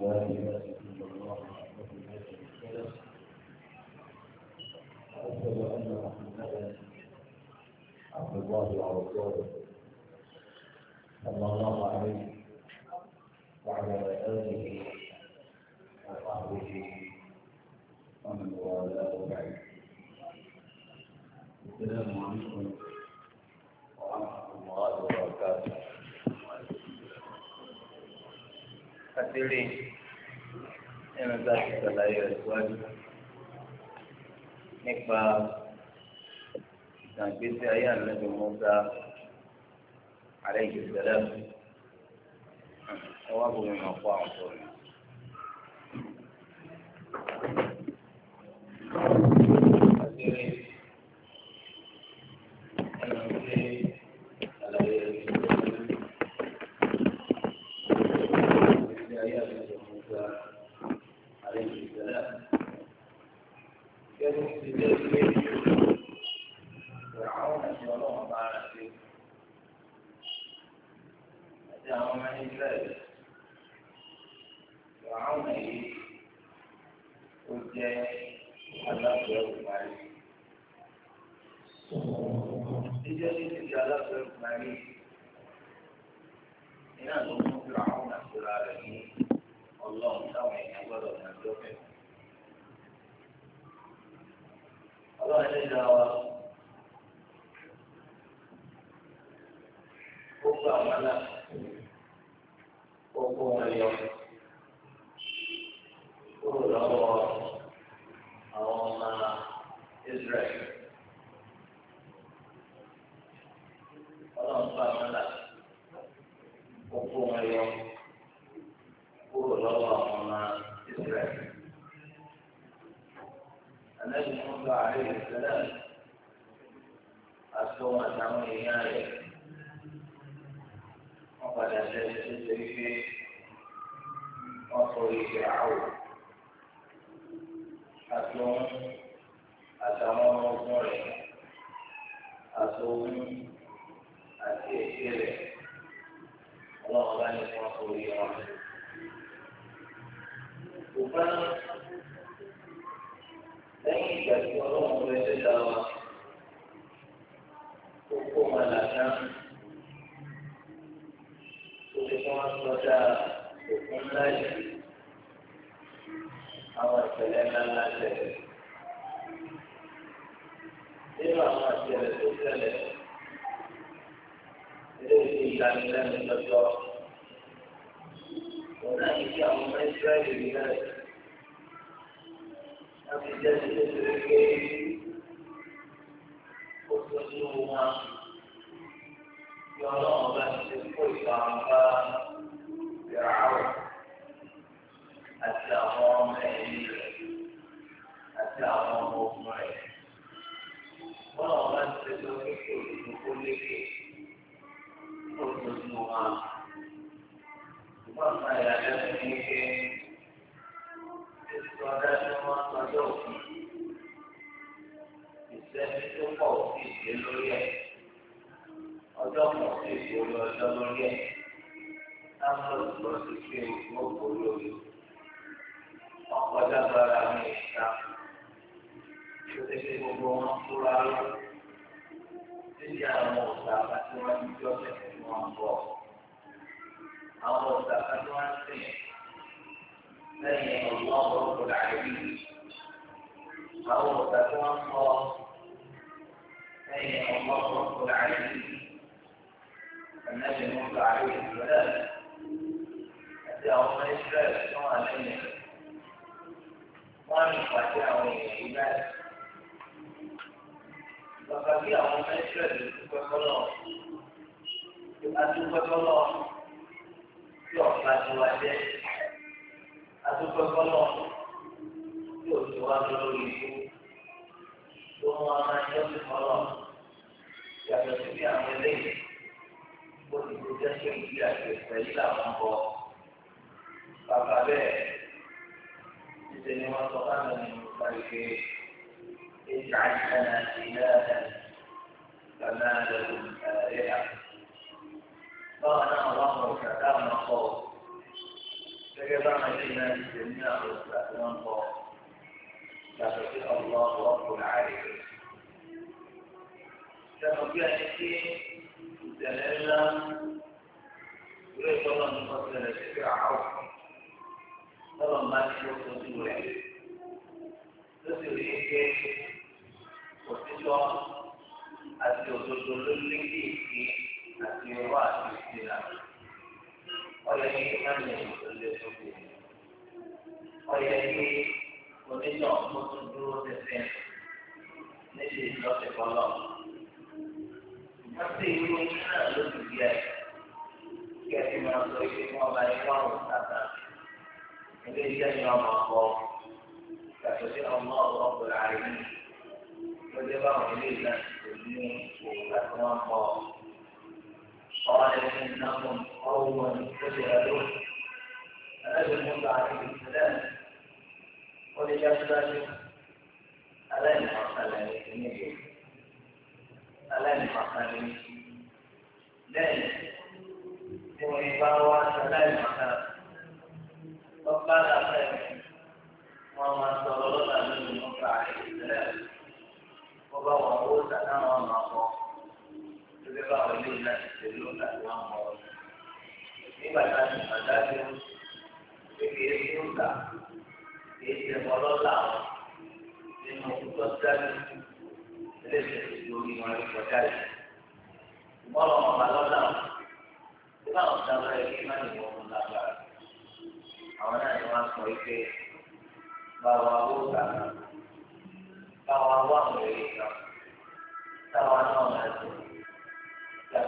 لا إله إلا الله وحده لا شريك له وأشهد أن محمدا عبد الله ورسوله صلى الله عليه sílé nínú tá a ti sàlàyé rẹ̀ síwájú nípa ìtàn ìgbésí ayé ànábì Mùsá alayhi salam ẹwà bùnmi máa kó àwọn sọ̀rọ̀.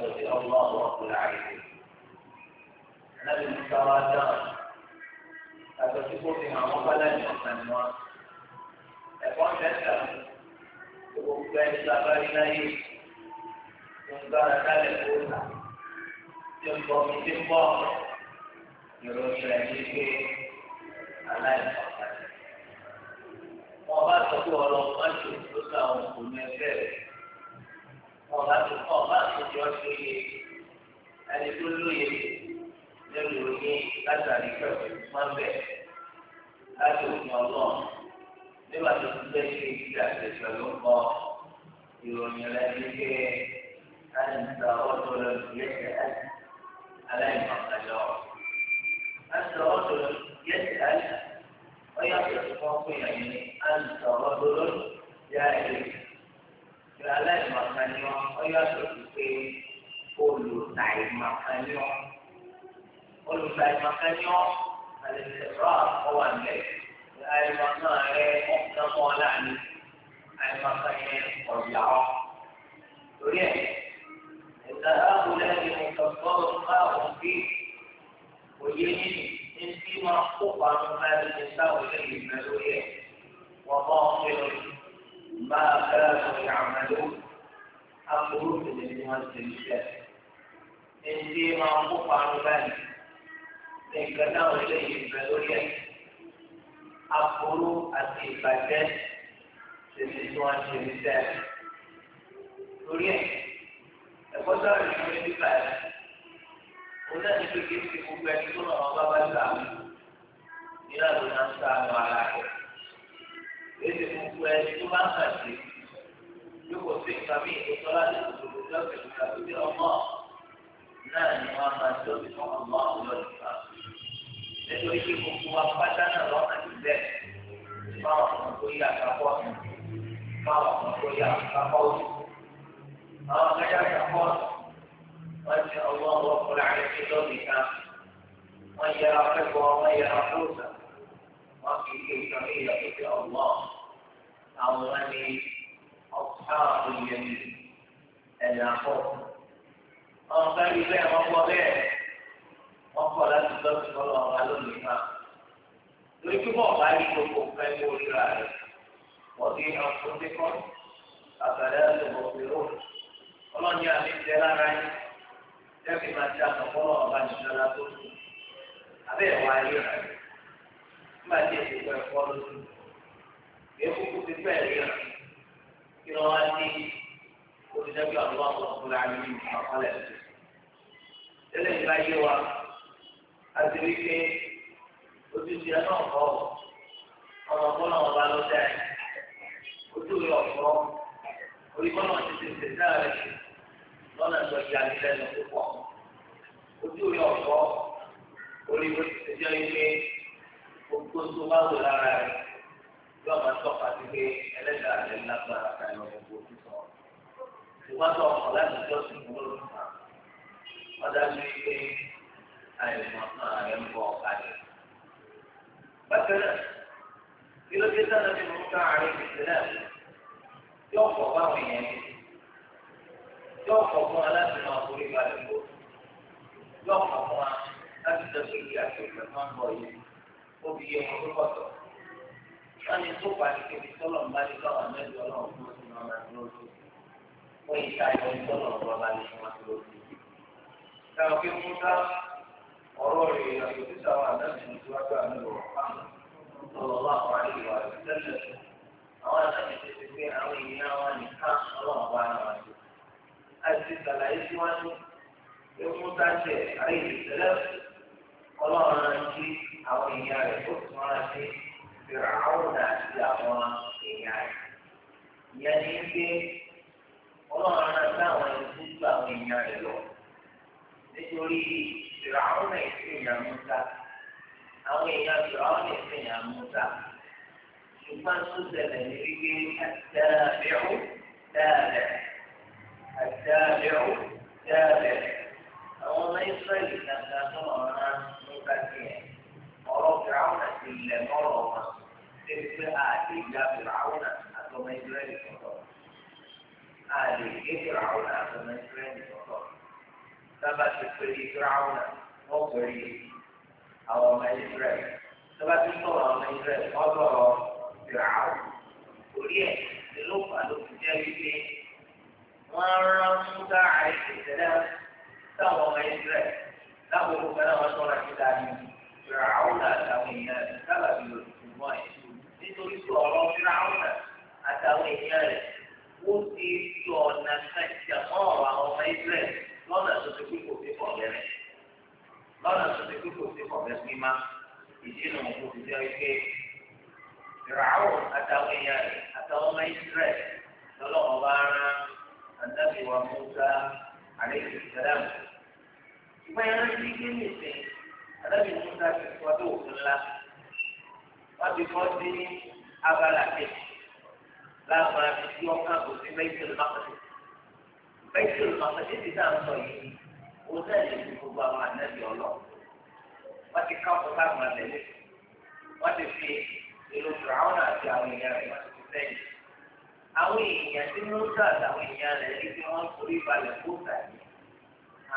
يستغفر الله رب العالمين نبي السرادان أتسكوتها وقلن يحسنوا أقوم تسلم وقال سفر إليه ينظر ذلك أولا ينظر من تنبار يروي إليه على الحسن وقال تقول الله أنت تسلم من تنبار ọba tó kọ ọba tó di ọjọ́ yẹ ẹni tó lóye lẹ́nu òye látàrí pẹ̀lú mọbẹ láti òfin ọlọ́run nígbà tó ti bẹ ṣe ìdílé àti pẹ̀lú ọkọ ìròyìn rẹ ní pé láti aláìmọ̀kan ni wọ́n ọ yàtọ̀ sí pé olùtàìmọ̀kan ni wọ́n olùtàìmọ̀kan ni wọ́n àlẹ́sẹ̀rọ̀ àkọ́wà ńlẹ̀ àìmọ̀kan rẹ̀ ọ̀kan mọ́ láàánú àìmọ̀kan yẹn ọ̀yà ọ́ torí ẹ̀ ẹ̀dá àwòrán ni mo kàn gbọ́ báwọn bí òye yìí ní tí wọ́n kópa nípa ẹni táwọn ẹlẹ́yìn náà lórí ẹ̀ wọ́n bá wọn pé lórí. ما كانوا يعملون أقول بالذي ما تنساه إنتي ما مقع بالي لكن أنا إليه بدوريا أقول أتيبتك بالذي ما تنساه دوريا ẹ̀kọ́ sọ̀rọ̀ ìlú ní bíbá ẹ wọn náà ní kékeré ti gbogbo ẹni tó náà wọn bá bá gbà mí nílànà náà ń sá àwọn ará rẹ èsì gbogbo ẹni tó bá ń tàṣe yóò fi kàmí ìtọ́lá ní òdòdó lọ́sẹ̀ tó kàbí ní ọmọ náà ni wọ́n máa ń tọ́jú wọ́n yẹra fẹ́kọ̀ọ́ wọ́n وفي شريعة الله أولاني أصحاب اليمين الأخوة أصحاب اليمين وهو بيه وهو لا تدرك الله على الإمام لكن ما غيركم كان يقول وفي أنفسكم أفلا تبصرون ọlọ́run ní àmì ìjẹ lára yín jẹ́ kí n máa ṣe àtọ̀kọ́lọ́ ọba nìkan látó abẹ́ ẹ̀wọ̀ ayé rẹ̀ nígbà tí èsì pẹ̀ fọ́ lójú èkúkú ti fẹ́ ríra kí wọ́n wá ní olùdókè àwọn ọ̀gbọ̀nà àmì àkọlẹ̀ tẹ́lẹ̀ ìgbà yé wa àti wípé ojúṣe náà kọ́ ọmọ bọ́lá ọba ló dá ẹ̀ ojú rẹ̀ ọ̀fọ́ orí bọ́lá ti ti ṣe dáa lọ́nà tó di àdílẹ́nu ojú rẹ̀ ọ̀fọ́ orí bó ti ṣe jẹ́ wípé gbogbo tó bá wò lára rẹ yóò máa tọ́ka sí pé ẹlẹ́dàá rẹ lágbára kàlọ́ gbogbo sísọ. ìwọ́n tó ọkọ̀ láti jọ sí ìwúrò nípa wọ́n dájú pé àìmọ̀ náà rẹ̀ ń bọ̀ ọ̀kadì. bákan náà kí ló dé sáà nínú ká àárín ìṣẹ̀lẹ̀ yóò fọ̀ báwọn èèyàn ní yóò fọ̀ fún wa láti máa forí balẹ̀ gbòó yóò fọ̀ fún wa láti jọ sí ìyá tó fẹ́ máa ń yìí ó fi yẹ wọn tó pọ̀tọ̀. wọ́n ní tó pàdé kébi sọ́lọ̀ ń bá ní káwọn mẹ́jọ ọlọ́run fún ọdún náà máa dúró sí. wọ́n yìí ta ìwọ sọ́lọ̀ ń bá ní wọn dúró sí. táwọn kí mú ká ọ̀rọ̀ rẹ̀ àti òṣìṣẹ́ àwọn àdáṣe ní síwájú àmì rọ̀ fáwọn ọlọ́wọ́ àwọn àdéhùn àti tẹ́lẹ̀ àwọn àdáṣe ti ti pé àwọn ènìyàn wọn nìkan ọlọ́run bá náà wájú. àti sàlàyé síwájú pé mú ká tẹ̀ àyè ìṣẹ̀lẹ̀ ọlọ́run rántí àwọn èèyàn rẹ̀ tó tún ara ṣe fèrè àwọn àti àwọn èèyàn rẹ̀. ìyẹn ni pé ọlọ́run ara sí àwọn ẹni tó ju àwọn èèyàn rẹ̀ lọ. nítorí fèrè àwọn ẹ̀sìn èèyàn mú تابع àwọn ما fèrè àwọn ẹ̀sìn èèyàn ọ̀rọ̀ fìràwọn àti ilẹ̀ mọ́rọ̀ wọn débi pé a lè gba fìràwọn àtọmọ ìsirẹ́lì sọ̀tọ̀ a lè gé fìràwọn àtọmọ ìsirẹ́lì sọ̀tọ̀ sábà ti pè é fìràwọn wọ́n pè é àwọn ọmọ ìsirẹ́lì sábà ti sọ̀rọ̀ ọmọ ìsirẹ́lì ọ̀dọ̀ fìràwọn orí ẹ̀ ló fà ló fi jẹ́ wípé wọ́n rán múta àìsèṣẹ́lẹ̀ táwọn ọmọ ìsirẹ́lì láwọn olùkọ́ náà wọ́n tọ́ra sí dáadé fìràwùn àtàwọn èèyàn rẹ̀ sábàbí olùkùnmọ́ ẹ̀ nítorí pé ọ̀rọ̀ fìràwùn àtàwọn èèyàn rẹ̀ ó ti fi ọ̀nà kan jàmọ́ ọ̀rọ̀ àwọn ọmọ Israẹ̀l lọ́nà tó ti kú kò sí kọ̀ọ̀lẹ́ rẹ̀ lọ́nà tó ti kú kò sí kọ̀ọ̀lẹ́ pímá ìdínà òkú ti jẹ́ pé fìràwùn àtàwọn ànábì musa ti kọ́ tó òkú ńlá wọ́n ti kọ́ sí abala kejì lágbára fi tí wọ́n kàn kó sí Baitul Maqdis Baitul Maqdis ti dáhùn sọ yìí ó náà lè fi gbogbo àwọn ànábì ọlọ́ wọ́n ti ká ọkọ̀ táwọn àtẹ̀lé wọ́n ti fi ìlú fìràwọ́n àti àwọn èèyàn rẹ̀ wọ́n ti fi sẹ́yìn àwọn èèyàn tí musa àtàwọn èèyàn rẹ̀ ní kí wọ́n forí balẹ̀ kó sàyè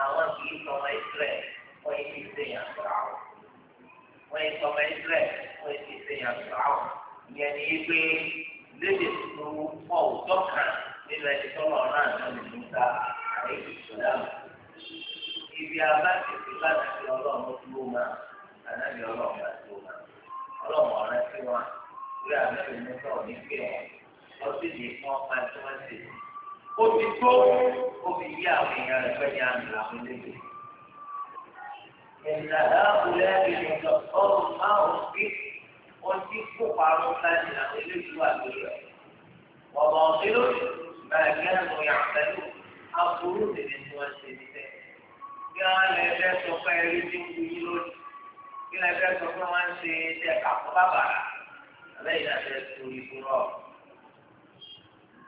àwọn kì í sọ ọmọ Israẹli wọ́n yìí ti ṣe yàn sọ̀rọ̀ àwọn wọ́n yìí sọmọ ìṣẹ̀lẹ̀ wọ́n yìí ti ṣe yàn sọ̀rọ̀ àwọn ìyẹn ni yìí pé lédè tuntun pọ̀ òótọ́ kan nínú ẹni tọ́lọ̀ náà náà ní níta àyè ìṣúná ibi abáṣepé láti fi ọlọ́run dúró máa ànábì ọlọ́run láti dúró máa ọlọ́run ọ̀rẹ́ sí wọn lórí ànábì nípa òní ní àmì làwọn lédè. إن هؤلاء يتصور معهم به وانتفق على مكاننا إليه وأبيه وباطل ما كانوا يعملون أقولون من هو السيدين قال يا سوف يريدون بيلون إلى يا سوف من سيدك أقبابا لين تسوري فرار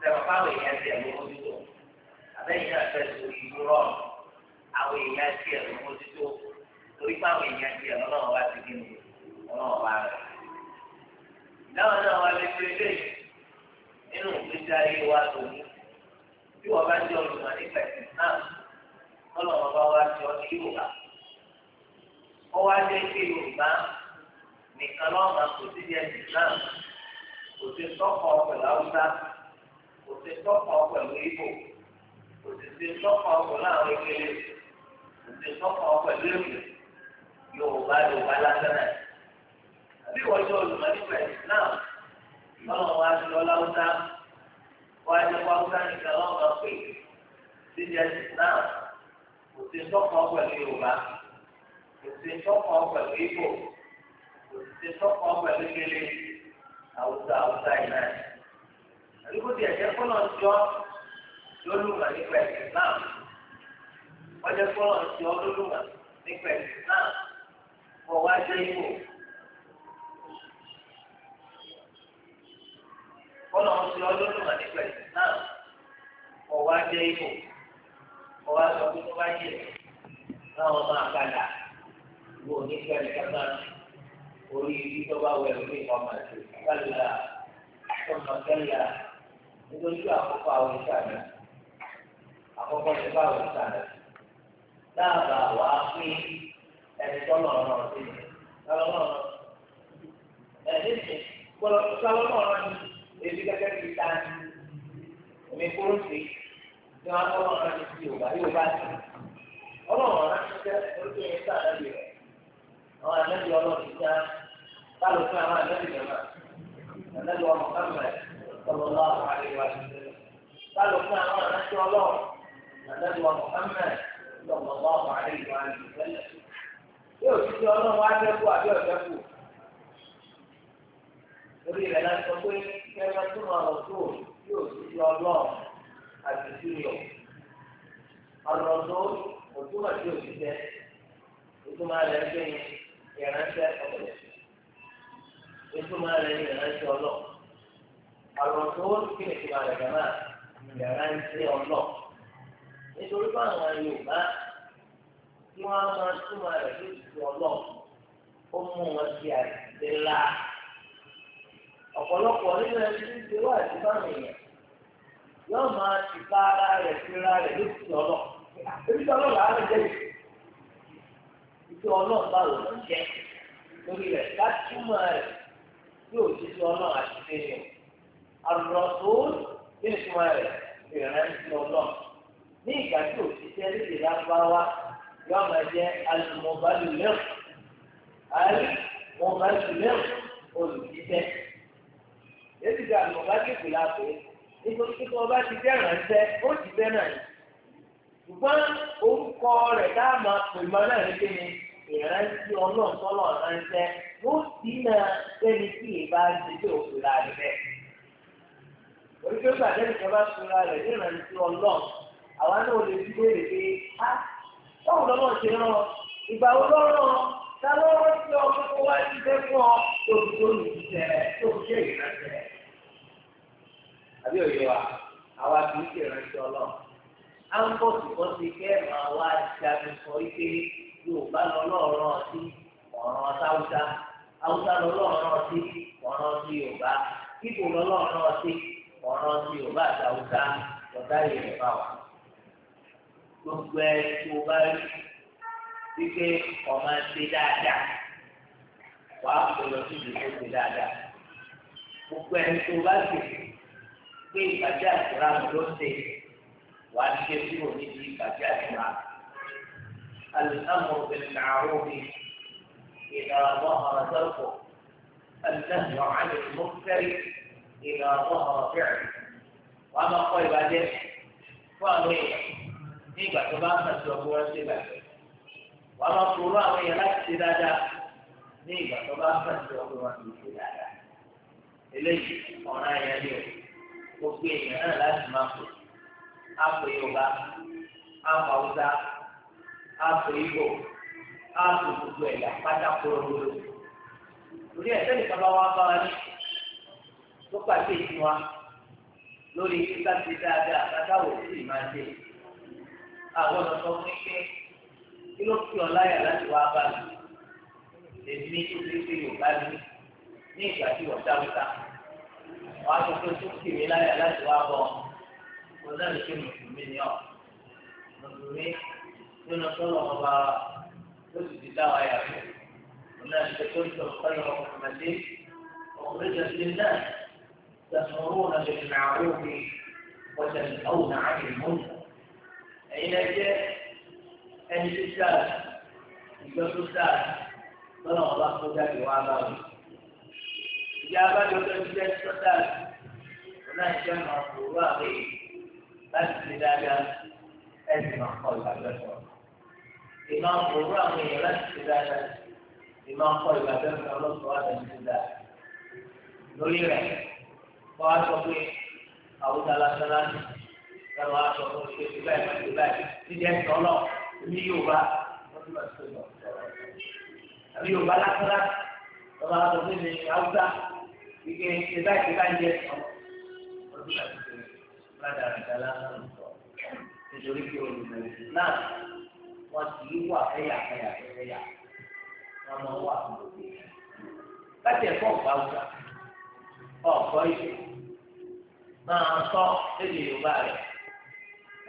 سبقاوي يأتي الموجود لين تسوري فرار أو يأتي الموجود torí pé àwọn èèyàn ti ẹ̀rọ náà wá sí kí ni ọlọ́wọ́ bá rẹ̀. ìdáhùn náà wá lè fi lé nínú ìgbésí ayé wa lòní bí wọ́n bá jẹ́ olùmọ̀ nípa ẹ̀sìn náà ọlọ́wọ́ bá wá sí ọ ní Yorùbá. ó wá dé sí Yorùbá nìkan lọ́ọ̀mà kò sí ní ẹ̀sìn náà kò sí tọ́kọ̀ pẹ̀lú Haúsá kò sí tọ́kọ̀ pẹ̀lú Ìgbò kò sí tọ́kọ̀ pẹ̀lú àwọn ìpele kò sí tọ́kọ̀ pẹ̀lú èkó yorùbá yorùbá lásán náà àbí wọ́n jọ olùmọ̀ nípa ìsìláàmù lọ́wọ́ wa ti lọ láwùsá wọ́n á jẹ́ wáwùsá nìkan lọ́wọ́ máa pè síjẹ́ ìsìláàmù kò sí tọ́kàn pẹ̀lú yorùbá kò sí tọ́kàn pẹ̀lú ibo kò sí tọ́kàn pẹ̀lú gele àwùsá àwùsá yìí náà àdúgbò tí ẹ̀jẹ̀ kọ́nà jọ lólùmọ̀ nípa ìsìláàmù wọ́n jẹ́ kọ́nà jọ lólùmọ̀ nípa wọ́n wá dé ìwò. wọ́n lọ́n ti ọdún lùmọ̀ nípa ìsìn náà wọ́n wá dé ìwò. wọ́n wá sọ pé tó bá yẹ láwọn máa padà wò nípa ìsìn náà orí ibi tó bá wẹ̀ lórí ọmọ àti ìgbàlódà ọmọ kẹlẹ nítorí àkọ́kọ́ àwọn ìsàlẹ̀ àkọ́kọ́ ti bá àwọn ìsàlẹ̀ dáàbà wàá pín. Kalau ẹni tọ́lọ̀ ọ̀rọ̀ sí ni lọ́lọ́mọ ọ̀rọ̀ ẹni tí kọlọ́ lọ́lọ́mọ ọ̀rọ̀ ni ebi gẹ́gẹ́ bí ta ni omi kúrú sí ni wọ́n lọ́lọ́mọ ọ̀rọ̀ ni ti yorùbá yorùbá sí ọlọ́mọ ọ̀rọ̀ ti jẹ́ orúkọ yẹn sí àdáyé rẹ̀ àwọn àdáyé ọlọ́run ti já kálọ̀ fún àwọn àdáyé rẹ̀ náà àdáyé ọmọ kámẹ́ ọlọ́lá àwọn àríwá ti jẹ́ kálọ̀ fún àwọn àdáyé ọlọ́run àdáyé ọmọ kámẹ́ ọlọ́lá àwọn àríwá ti jẹ́ tí òṣìṣẹ́ ọlọ́run wá dẹ́kù àbí ọ̀dẹ́kù. Orí rẹ̀ la sọ pé kẹ́kẹ́ tó máa lọ tó tí òṣìṣẹ́ ọlọ́run àti sílẹ̀. Ọ̀rọ̀ tó òtúmọ̀ sí òṣìṣẹ́ ìtumọ̀ rẹ̀ ń gbé ìránṣẹ́ ọ̀rẹ́. Ìtumọ̀ rẹ̀ ń ìránṣẹ́ ọlọ́run. Ọ̀rọ̀ tó kí ni ìtumọ̀ rẹ̀ gàmà ìránṣẹ́ ọlọ́run. Nítorí báwọn Yorùbá kí wọ́n á máa túmọ̀ rẹ̀ lójú ọlọ́ ó mú wọn sí àìsí ńlá ọ̀pọ̀lọpọ̀ nínú ẹni tí ń ṣe wá àti báwọn èèyàn yóò máa ti bá ara rẹ̀ síra rẹ̀ lójú ọlọ́ ebi tí ọlọ́ọ̀ làá lè jẹ́ ìtú ọlọ́ọ̀ bá wò lọ jẹ́ lórí rẹ̀ ká túmọ̀ rẹ̀ tí ò ti tú ọlọ́ọ̀ àti tẹ̀lé àrùrọ̀ tó ní ní ìgbà tí ò ti tẹ́ lóde yóò máa jẹ́ alùmọ̀bálùlẹ́ọ̀ alùmọ̀bálùlẹ́ọ̀ olùdíjẹ́. Èsì tí alùmọ̀bálùkù la pè é nítorí pé wọ́n bá ti jẹ́ ìrànṣẹ́ ó ti bẹ́ náà ni. Ṣùgbọ́n orúkọ rẹ̀ dá máa pè mọ́ náà ní kíni ìrántí ọlọ́ọ̀tọ́lọ̀ ránṣẹ́ ó sì náà sẹ́ni tí ìbá ń ṣe tí òkú la rí bẹ́ẹ̀. Oríṣiríṣi àtẹ́nìkan bá ṣe ra rẹ̀ ní ìrántí ọlọ́ọ̀ àwa náà lè dúró rè pé á báwo lọ́wọ́ ṣe rán ọ ìgbà wo lọ́rọ̀ ta lọ́wọ́ sí ọ kókó wá ṣiṣẹ́ fún ọ olùdó ní ìṣẹ̀ tó ń ṣe ìrìnàjẹ̀. àbí òye wa àwa kì í ṣe ìrìnàjẹ̀ ọlọ́run á ń bọ̀ síbọ̀ sí kẹ́ ẹ̀ máa wá ṣàmì sọ ike yorùbá lọ́lọ́rọ̀ sí ọ̀ràn táwùsá haúsá lọ́lọ́rọ̀ sí ọ̀ràn sí yorùbá ibo lọ́lọ́rọ̀ sí ọ̀ràn sí yorùbá àtàwùsá lọ́tà yorùbá wa gbogbo ẹni tó bá rí wípé ọmọ ṣe dáadáa wàá pè lọ sí ìdìbò ṣe dáadáa gbogbo ẹni tó bá sì pé ìpàdé àdúrà ló ṣe wàá ṣe kúrò níbi ìpàdé àdúrà alùpàmù obìnrin àárọ̀ mi ìdààmú ọ̀rọ̀ sọ́kọ̀ alùpàmù àlè mọ́kẹ́rì ìdààmú ọ̀rọ̀ fẹ́rẹ̀ wàá máa kọ́ ìbàjẹ́ fún àwọn èèyàn. ní ìgbà tó bá ń hàn sí ọgbọ́n wọn ṣe bàjẹ́ wà á máa àwọn èèyàn láti ṣe dáadáa ní ìgbà tó bá ń o gbogbo èèyàn náà láti máa yorùbá gbogbo ẹ̀yà ẹ̀sẹ̀ nìkan bá wá bá wa ní tó pàṣẹ lórí kíkà dáadáa kátàwọ̀ àgbọ̀dọ̀ sọ fún ike kí ló fi wọ́n dá wíta wọ́n aṣọ tó tó kì mí láyà láti wá bọ̀ láti wá bá mi lèmi tó fi fi yorùbá mi ní ìgbà tí wọ́n dá wíta wọ́n aṣọ to tó fi mi láyà láti wá bọ̀ mo náà lè fi mùsùlùmí ni ọ́ mùsùlùmí nínú sọ́lọ̀ ọba ló sì ti dá wa yà fún mo náà lè fi tó ìtọ̀ náà lo si ọkùnrin àti ọkùnrin to to ito sí náà تأمرون بالمعروف وتنهون عن المنكر ẹ̀yin náà jẹ́ ẹni tó sáà ìjọ tó sáà lọ́nà ọba tó jáde wá bá wù. ìjà abájọ tó ti jẹ́ tó sáà wọn náà jẹ́ mọ̀ òwúrọ̀ àwẹ̀ láti ṣe dáadáa ẹ̀sìn máa kọ́ ìgbàgbẹ́sọ̀. ìmọ̀ òwúrọ̀ àwọn èèyàn láti ṣe dáadáa ìmọ̀ kọ́ ìgbàgbẹ́sọ̀ ọlọ́sọ̀ọ́ àtẹ̀sí dáadáa. lórí rẹ̀ kọ́ á sọ pé àwùjọ alásán láti kẹlọ aṣọ fún ṣe ti báyìí máa ti báyìí níbi ọlọ ní yorùbá àbí yorùbá lásánlá lọba aṣọ fún mi ike ṣe báyìí ti báyìí jẹ ọ wọn ti máa ti ládàá àgbà lásán nítorí pé olùdó náà wọn kì wà ẹyà ẹyà ẹyà wọn máa wà fún láti ẹ̀kọ́ ọgbà haúsá ọgbọ ìṣe máa sọ èdè yorùbá rẹ.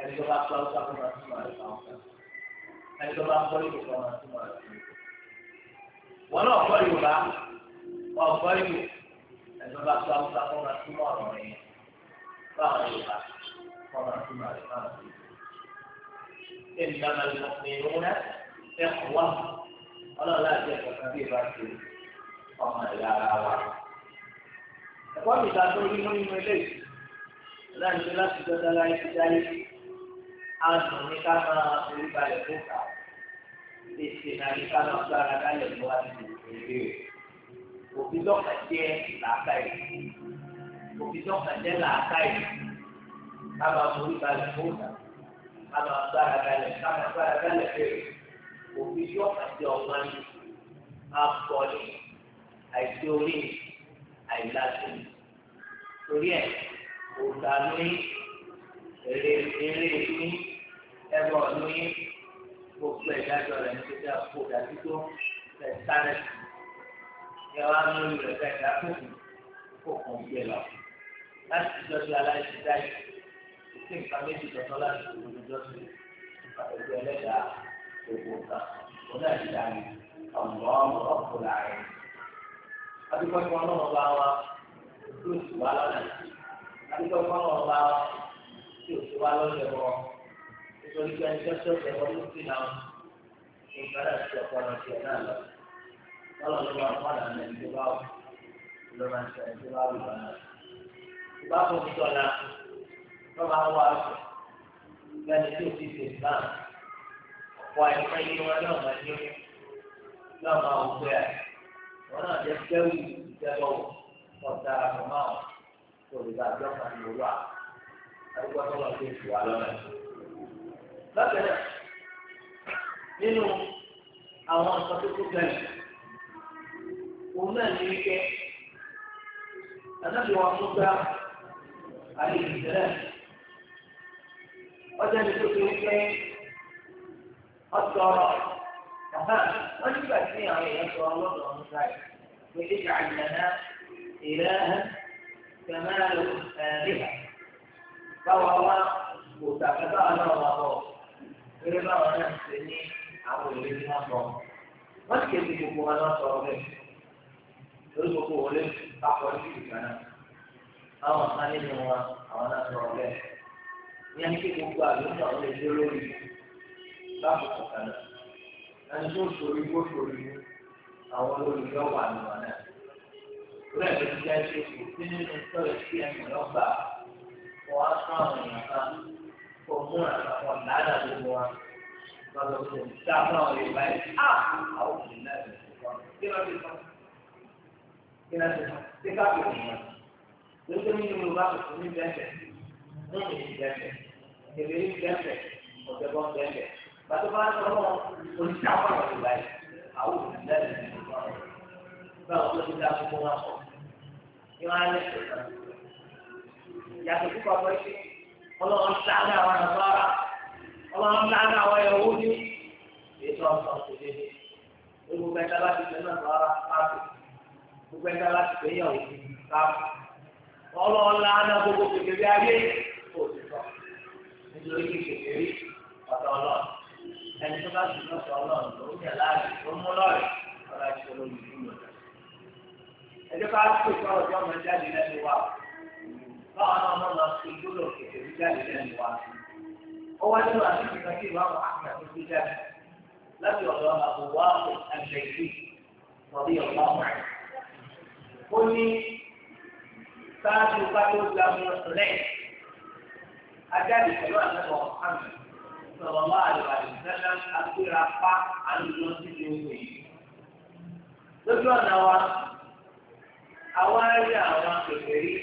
ẹni tó bá tó àwọn sáfù máa túmọ̀ rẹ̀ fáwọn kan ẹni tó bá tó bá tó àwọn sáfù máa túmọ̀ ọ̀rọ̀ rẹ̀ fáwọn Yorùbá wọn máa túmọ̀ rẹ̀ fáwọn kan. ẹni náà máa lọ pé òun náà ẹ kọ wá ọlọ́run àdùn ní ká máa orí balẹ̀ fún ká èsì náà ní ká máa gbára dálẹ̀ fún wa nínú ìwé rẹ̀ òfin lọ́kàn jẹ́ làákà yìí òfin lọ́kàn jẹ́ làákà yìí ká máa orí balẹ̀ fún ká ká máa gbára dálẹ̀ ká máa gbára dálẹ̀ fún rẹ̀ lọ́kàn jẹ́ ọmọ ní àìsí orí àìláṣẹ torí ẹ̀ kò dá ní èrè èrè ní ẹbọ lóyún gbogbo ìdájọ́ rẹ̀ ní pípẹ́ àpò dàbí tó fẹ́ sáré yẹ wá lórí rẹ̀ fẹ́ dá kókò kókò gbé lọ láti ìjọsí aláìsí dáì sí nǹkan méjì tọ́tọ́ láti ìwòlú ìjọsí àtẹ̀jọ́ ẹlẹ́dàá gbogbo nǹkan ọ̀dà ìdáni ọ̀gbọ́n ọ̀pọ̀ láàrin. adúgbò ìfọ̀ náà bá wa lóṣù wa lọ́nà adúgbò ìfọ̀ náà bá wa lóṣù wa lọ́nà torí pé ẹjọ́ tó tẹ̀ wọ́n ló fi náà ìgbàlá ti ọ̀pọ̀ ọ̀nà tiẹ̀ náà lọ. Bọ́lá ló máa wà lánàá ẹni bá wù ló máa ń sọ ẹni tó bá wù lánàá. Ìbá kò ní tọ́lá ló máa wá àgbẹ̀ lẹ́ni tó ti ṣe náà. Ọ̀pọ̀ àìpẹ́ yìí wọn náà máa yọ náà máa wù pé à. Wọ́n náà jẹ́ fẹ́wù ìjẹ́bọ̀ ọ̀tá àmọ́ máa tó lọ sí bákan náà nínú àwọn nǹkan tó tó gbẹ̀yìn òun náà ní wípé ànábì wọn tó gbá àyè ìṣẹ̀lẹ̀ ọjọ́ ní tó ti wípé ọ̀tọ̀ wọ́n nígbà tí àwọn èèyàn sọ ọlọ́dọ̀ ọ̀hún sáyé pé ìjà àjàdá ìlẹ́hìn kẹmẹ́rẹ́ ló ń bẹ̀rẹ̀ báwa wá kò tàbí báwa náà wà bọ̀. eré báwọn náà ń ṣe ní àwọn òwe tí wọ́n sọ. Wọ́n ti kéde gbogbo wọn lọ sọ ọ̀rẹ́ lórí gbogbo òwe papọ̀ ní ìgbà náà. Báwọn kan nínú wọn àwọn náà sọ ọ̀rẹ́. Ní ẹni kí gbogbo àlùfáà wọn lè dé lórí láàbùkù kan náà. Ẹni tó sori gbó sori àwọn olùyọ̀ wà ní náà. Ìwé ẹ̀rọ ti jẹ́ ṣe kò sí nínú sọ̀rọ̀ kò mú àkàkọ́ lánàá gbogbo wa lọ́dọ̀ tó dá fún àwọn yorùbá yìí á àwọn òbí náà lè fọ́ kí ló dé fún kí ló dé fún kí ká bẹ̀rẹ̀ wọn lóṣù nínú yorùbá kò fún mi bẹ́ẹ̀ mú mi bẹ́ẹ̀ èmi ní bẹ́ẹ̀ ọ̀sẹ̀ bọ́ bẹ́ẹ̀ bàtú bá ń sọ̀rọ̀ oníṣẹ́ àwọn àwọn yorùbá yìí àwọn òbí náà lè fọ́ báwo ló ti dá gbogbo wa sọ ni wọ́n á lè sọ̀rọ̀ yàtọ̀ sí kọ́ ọlọ́run ṣáájú àwọn nàbàrà ọlọ́run ṣáájú àwọn ẹ̀wọ́ ní ètò ọ̀sán tó dé ní gbogbo ẹ̀ka láti fẹ́ nàbàrà káàtó gbogbo ẹ̀ka láti fẹ́ yàwó káàtó ọlọ́run láàánú gbogbo kékeré ayé kò sí sọ nítorí kékeré ọ̀dọ̀ ọlọ́run ẹni tó bá sùn lọ́sọ̀ ọlọ́run ló yẹ láàyè ló mú lọ́rẹ̀ ọ̀rọ̀ ẹ̀jẹ̀ bá pèsè ọ̀dọ́ ọmọ jáde lẹ́nu wa báwa náà wọ́n lọ sí gbọ́dọ̀ kẹ̀kẹ́ bí jáde lẹ́nu wa. ó wá nínú àtúntò kan kí ìwà àwọn àmì àti gbé jáde láti ọ̀dọ̀ àbúwá àgbẹ̀jì wọ̀bí ọ̀gá ọ̀gá. ó ní sáájú bá tó gba mi lẹ́yìn ajáde pẹ̀lú àtẹ̀kọ̀ àmì sọ̀rọ̀ máa lọ àdìsẹ́lẹ̀ àgbéra pa àlùjọ síbi owó yìí. lójú ọ̀nà wa àwọn arí àwọn kékeré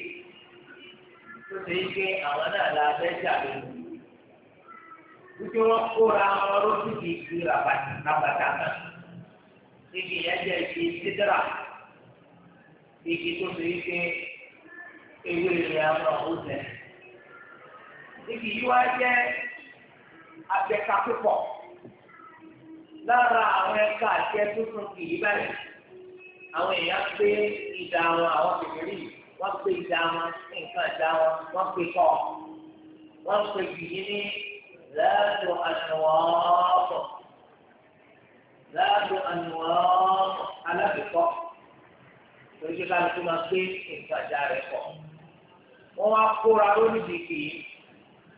tó ṣe é pé àwọn náà la fẹ́ jà lónìí wípé wọ́n kóra wọn lójú kì í ju rabata náà igi yẹn jẹ́ igi sídra igi tó ṣe é pé ewé rẹ̀ àwọn ọ̀húnṣẹ́ igi yìí wá jẹ́ abẹ́ka púpọ̀ lára àwọn ẹ̀ka àti ẹ̀túnṣun kì í báyìí àwọn èèyàn gbé ìdá àwọn àwọn kékeré yìí wọ́n pe ìdá wọn nǹkan ìdá wọn wọ́n pe kọ́ wọ́n pe yìí ní láàdùn ànúwọ́ọ̀tọ̀ láàdùn ànúwọ́ọ̀tọ̀ alábìkọ́ lójú láti tó máa gbé nǹkan ìdá rẹ̀ kọ́ wọ́n wá kóra lónìdìkì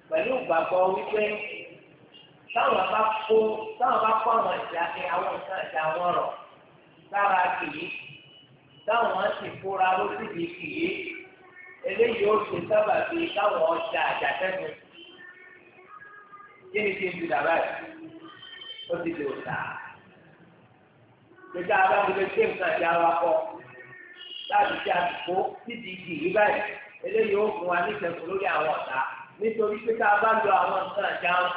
pẹ̀lú ìgbàgbọ́ wípé táwọn bá kó táwọn bá kó àwọn ìjà àwọn nǹkan ìjà wọn rọ̀ sára kìí táwọn á sì fúra ló sì di kìí eléyìí ó ṣe sábà bí káwọn ọjà àjàtẹ́nu kí ni kí n ti dàbà yìí ó ti di òòtà gbèsè abáwọlé tí nǹkan ti ara kọ láti ṣe àdìpó títí kìí báyìí eléyìí ó fún wa níṣẹ́kù lórí àwọn ọ̀tá nítorí pé tá a bá lo àwọn nǹkan àjáwọn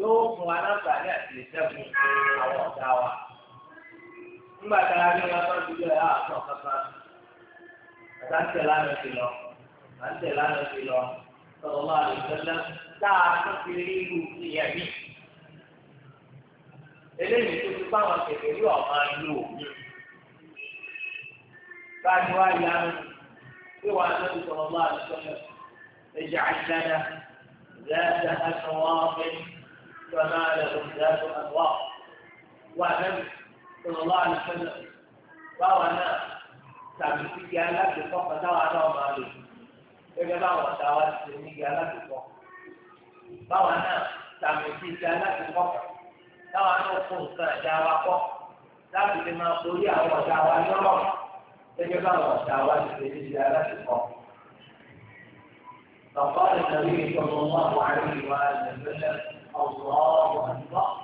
yóò fún wa láǹfààní àti ìṣẹ́gun àwọn ọ̀tá wa. nígbà tá a rí wọn tó ń dúró ẹ̀ á sọ kankan àtà ń tẹ̀lé àná sí lọ à ń tẹ̀lé àná sí lọ sọ̀rọ̀ máa lè tẹ́lẹ̀ tá a tó fi rí irú ìyẹn mi. eléyìí tó ti fáwọn kẹ̀kẹ́ yóò máa lò ó. báyìí wá yá mi pé wàá lọ́dún sọ̀rọ̀ máa lè tẹ́lẹ̀ ẹ̀jẹ̀ àìsàdá lẹ́ẹ̀dá aṣọ wọn fẹ́ sọ̀rọ̀ àlẹ́ òṣèlú àtọwọ́ wà lẹ́nu. صلى الله عليه وسلم báwa náà tàbí sígi alágbèékọ́ pátáwa náà máa lò gẹ́gẹ́ báwa táwa ti ṣe nígi alágbèékọ́ báwa náà tàbí sígi alágbèékọ́ táwa náà kó nǹkan ẹ̀dá wa kọ́ láti lè máa borí àwọn ọ̀dà wa lọ́rọ̀ gẹ́gẹ́ báwa táwa ti ṣe nígi alágbèékọ́. فقال النبي صلى الله عليه وآله وسلم الله أكبر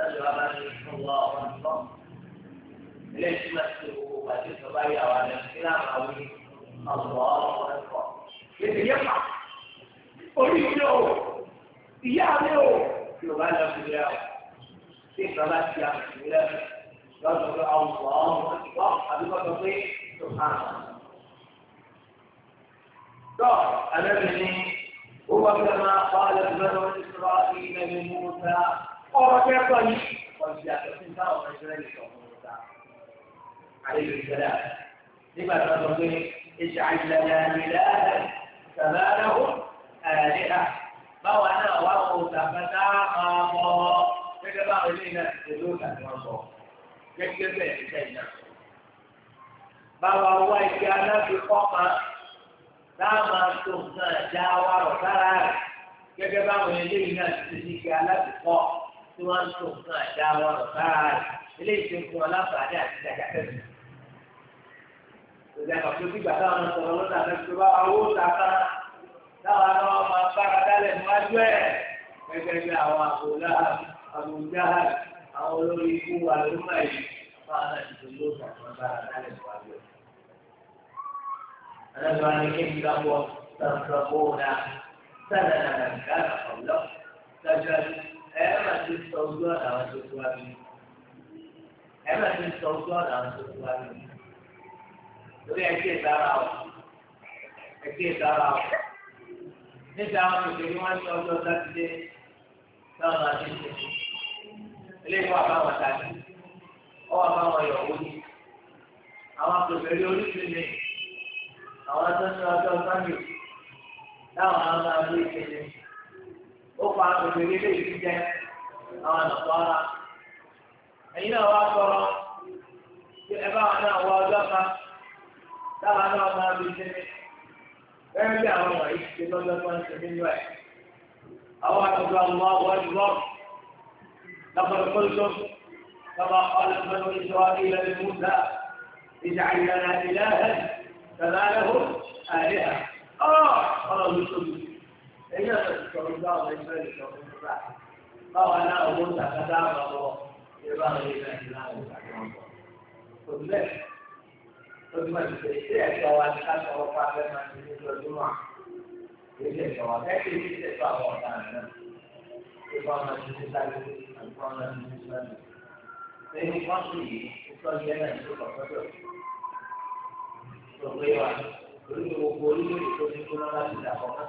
أشهد أن الله أكبر ليش نفسه قد يتغير على الإسلام الله أكبر لكن يقع oríṣiríṣi ìyá mi ò yorùbá lọ sí ilé ọ tí bàbá ti àmì ìlẹ lọ́dọ̀ pé àwọn ọmọ ọmọ ìgbọ́ àdúgbò sọ pé tó bá wọn. tọ́ àlẹ́ mi ni ó wá fẹ́ máa bá alẹ́ bẹ́ẹ̀ lọ́wọ́ ìṣòro àti ilẹ̀ mi mú ta. ọ̀rọ̀ tẹ́ sọ yìí ọ̀sì àtọ̀sí ń táwọn ọmọ ìṣẹ́lẹ̀ sọ fún un ta. Àlejò ìṣẹ̀lẹ̀ nígbà tó sọ pé ìṣe àìlànà ìlà sàmáràwò àyàdéhà báwa náà wà wọ sàkátà máa mọ gẹ́gẹ́ bá àwọn eléyìí náà ti ló tàbí wọn sọ gẹ́gẹ́ bẹ́ẹ̀ ní sẹ́yìn náà. Báwa wá ike aláfikọ́ máa dáàmà tó nǹkan àjà wa rọ̀ sára rẹ̀ gẹ́gẹ́ bá àwọn eléyìí náà ti ti ní ike aláfikọ́. tí wọ́n ń tó nǹkan ẹ̀dá wọn rárá eléyìí tó ń fún ọlọ́pàá àti àtẹ̀jáde. Ìjọba àpapọ̀ tí gbàgbọ́ àwọn sọ̀rọ̀ lọ́dà lẹ́sọ̀ bá owó tàkà táwọn àwọn ọmọ afárá dálẹ̀ níwájú ẹ̀ gẹ́gẹ́ bí àwọn àbòlá àbòjá àwọn olórí ikú wa ló mọ̀ yìí fáwọn àti ìdòdó àwọn afárá dálẹ̀ níwájú ẹ̀. Àlejò wa ni kí n gbàgbọ́ sàǹtàbọ̀ọ̀dà sàǹtàbọ̀ọ̀dà sàǹtàbọ̀ọ̀dà ẹ̀rọ ti sọ ojú ọ̀nà àwọn tó tó wá bí ẹ̀rọ ti sọ ojú ọ̀nà àwọn tó tó wá bí lórí ẹ̀kí ìtara ọ̀ ẹ̀kí ìtara ọ̀ níta àwọn kékeré wọn ní ọjọ́ sátidé náà máa ti sè eléyìí wà báwọn tàbí ọ wà báwọn yọ̀ wọ́n ní àwọn kékeré oríṣiríṣi àwọn tó ní ọjọ́ sábì táwọn àwọn máa bí ìkéde. ó fa gbègbè lé ìlú jẹ àwọn nàkọ́ra ẹ̀yin náà wá sọ̀rọ̀ pé ẹ bá wà náà wọ ọjọ́ kan táwọn náà máa fi sinmi bẹ́ẹ̀ bí àwọn wọ̀nyí ti ṣe lọ́jọ́ tó ń ṣe nínú ẹ̀ àwọn àtúntò àwọn ọwọ́ ìlú لقد قلتم ìlànà ìlànà ìlànà ìlànà ìlànà ìlànà ìlànà ìlànà ìlànà ìlànà ìlànà ìlànà ìlànà يوسف 那就是手头上的生意，手头上在，办完了我就想再干个多，要不然我一个人干，我干不动。对不对？同志们，现在早晚他说话的嘛，就是说嘛，有些早晚他就是说早晚干的，这帮人就是干的，那帮人就是干的。所以光是你做别人，你做不成就？所以嘛，所以我我一个月工资不拉拉就两万。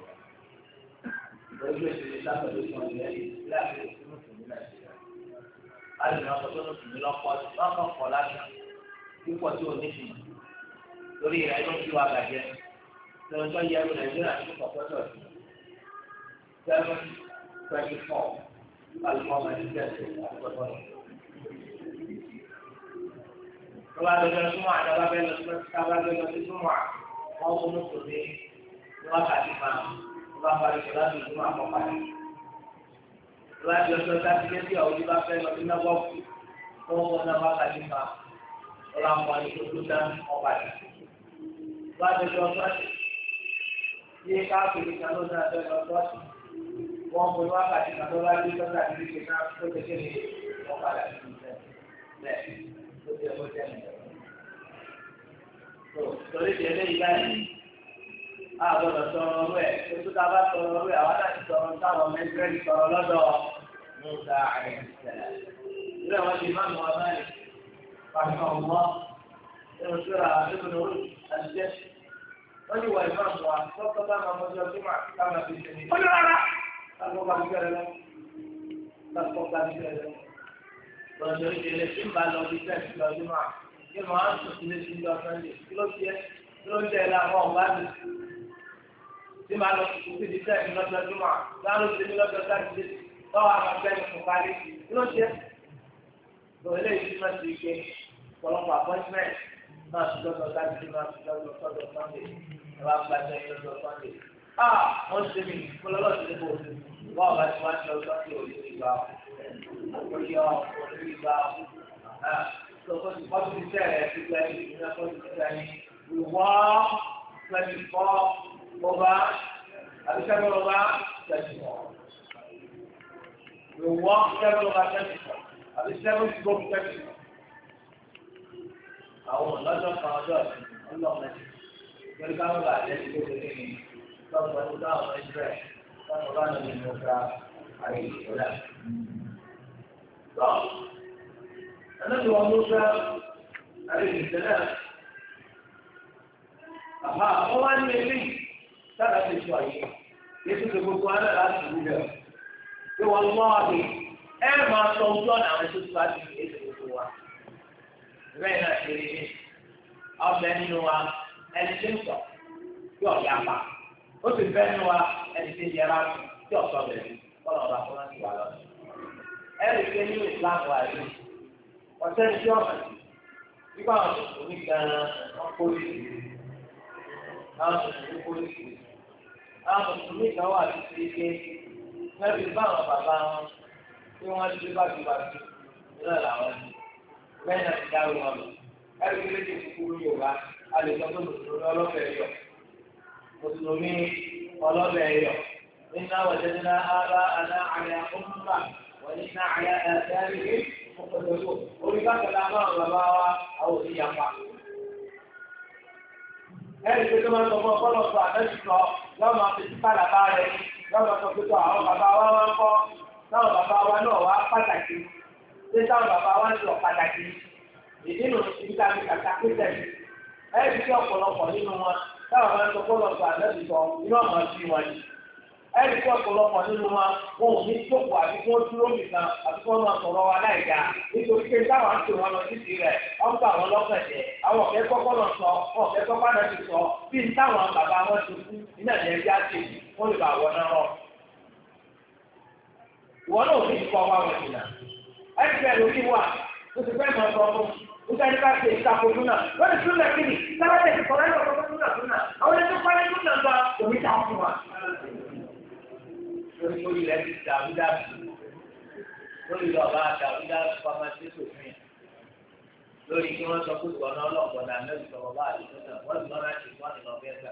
lójú ìṣẹ̀lẹ̀ sábẹ̀lú fún ilẹ̀ ìlú àti ìṣúná fún ilẹ̀ ìṣẹ̀lẹ̀. láti náà sọ́tún ní tùmí lọ́kọ́ lọ́kọ́ láti púpọ̀ tí ò ní fi lórí rẹ̀ ló fi wá bàjẹ́ lọ́jọ́ yẹrù nàìjíríà tó kọ̀ pẹ́tọ̀ sí. seven twenty four alùpùpù àti tẹ̀sí àgbẹ̀tọ̀ lọ. lọ́wọ́ àdójọ́ súnmọ́ àdàbà bẹ́ẹ̀ lọ sí súnmọ́ àwọn ọmọ mùsùlùmí bá parí sọlá tó ìdúmọ̀ àkọ́kọ́ yẹn. láti ọjọ́ sátidé tí àwọn oníbà fẹ́ lọ sí náwó kù tó wọ́n náà wá kàdé fa ọlọ́mọ ìlú tó dá ọba yẹn. láti ọjọ́ sátidé tí káàkiri kan ló náà fẹ́ lọ sọ́ọ̀tì wọ́n mú wákàtí kan tó bá dé sọ́tà ní ìgbé náà tó kékeré ọ̀pá láti ìgbésẹ̀ bẹ́ẹ̀ tó ti ẹ̀ àgbọ̀dọ̀ sọ̀rọ̀ ọ̀rọ̀ ẹ̀ oṣù tá a bá sọ̀rọ̀ ọ̀rọ̀ ẹ̀ àwọn àti sọ̀rọ̀ táwọn mẹ́tẹ́rì sọ̀rọ̀ lọ́dọ̀ mọ́tà àìsẹ̀lẹ̀. ilé wọn ti máa ń wọ abáyé pàṣẹ ọ̀wọ́ nínú síra nínú orí àṣẹ. wọ́n ti wọ ìmọ̀ àgbà tọ́kọ́ bá máa mọ́jọ́ tó máa táwọn àti sẹ́ni. ó ní rárá. lásìkò bá ti bẹ̀rẹ̀ lọ. lásìkò bá ti bẹ̀rẹ̀ lọ. lọ́dọ̀ ìdílé tí ń bá lọ bí sẹ́ni lọ́dún máa. kí ló ń tẹ̀ láwọn ọ̀gá mi tí màá lọ sùkúù sí ìdíjẹ́ mi lọ́jọ́ júmọ̀ màá lọ sí mi lọ́jọ́ sátidé lọ́wọ́ àwọn ọgbẹ́ mi fún kálí kí ló ṣe. lọ eléyìí tí wọ́n ti ṣe ọ̀pọ̀lọpọ̀ appointment máa fi lọ́jọ́ sátidé máa fi lọ́jọ́ sọ́jọ́ sunday ẹ bá gba ẹgbẹ́ lọ́jọ́ sunday. a wọ́n ṣe mí fọlọ́lọ́ ti bò wọ́n ọ̀gá tí wọ́n ti lọ sọ́jọ́ òní ìgbà òní ìgbà ìwọ́ twenty four ọba àbísẹ́gbẹ́ ọba tẹ̀síwọ̀ ìwọ sẹ́gbẹ́ ọba tẹ̀síwọ̀ àbísẹ́gbẹ́ ìgbó tẹ̀síwọ̀ àwọn ọ̀lọ́dọ̀ kan ọjọ́ ọlọ́mọdé pẹ̀lú káwọn bá àjẹ́ ìgbó tẹ̀lé ní lọ́gbọ̀n tó dáhùn ẹgbẹ́ káwọn bá nà ní ọ̀gá àyè ìṣọ̀lá. Lọ́ọ̀ ẹ̀lẹ́dì wọn ló fẹ́ àyè ìṣẹ̀lẹ̀ àmọ́ àwọn wá ní eléyìí sábà ti sọ yìí yéṣu tó gbogbo ara láti wú lẹ pé wọn mọ ọdẹ ẹ máa sọ ojú ọ̀nà àwọn tó bá ti fi èso gbogbo wa bẹ́ẹ̀ náà ṣe rí ọbẹ̀ nínú wa ẹni tí ń sọ tí ọ̀yà pa ó sì fẹ́ nínú wa ẹni tí ń yẹra tí ọ̀sọ̀ bẹ̀rẹ̀ kọ́nà ọba kọ́nà ti wà lọ. ẹni tí nínú ìsìlámù wa rí ọ̀sẹ̀ ní ọ̀nà nípa ọ̀sẹ̀ oníkan ọkọ̀ òṣèlú àwọn mùsùlùmí kó lè ṣe. àwọn mùsùlùmí kan wà ní ti ṣe báwọn bàbá wọn tí wọ́n ti bá ti bá ti náà làwọn ni bẹ́ẹ̀ náà dárò wọn lọ. ẹ̀rí méjì kúkúrú yorùbá a lè sọ pé mùsùlùmí ọlọ́fẹ́ yọ mùsùlùmí ọlọ́fẹ́ yọ nínú àwọn ìṣẹ́jú náà á àná àyà ó ń bà wọ́n ní náà àyà ẹni pé tó máa ń fún ọpọlọ sọ àtẹ́sí yóò máa fi sípà làbá rẹ yóò máa sọ pé tó àwọn bàbá wa wá kọ́ táwọn bàbá wa náà wá pàtàkì pé táwọn bàbá wa sọ pàtàkì ìdí nù ibi tá a fi kàkà pé tẹ̀lé ẹni pé ọ̀pọ̀lọpọ̀ nínú wọn táwọn wọn ẹ̀rí kí ọ̀pọ̀lọpọ̀ nínú wa wọn ò ní jókòó àbí kí wọ́n dúró nìkan àbí kí wọ́n máa sọ̀rọ̀ wa láìka nítorí pé táwọn àti wọn lọ títì rẹ̀ wọ́n àwọn ọ̀kẹ́ kọ́kọ́ sọ wọn ọ̀kẹ́ kọ́kọ́ náà ti sọ bí n táwọn bàbá wọn ti kú iná ní wọ́n lè bá wọn náà náà wa ẹ̀rí lórí lórí rẹ̀ ti dàrú dàbí lórí rẹ̀ ọba dàrú dàbí pàmò tí kò fún yà lórí kí wọ́n sọ pé gbọ̀nà ọlọ́gbọ̀nà mẹ́rin sọ̀rọ̀ bá àdúgbò náà wọ́n ti lọ́ra ti gbọ́n nínú ọbẹ̀ gbà.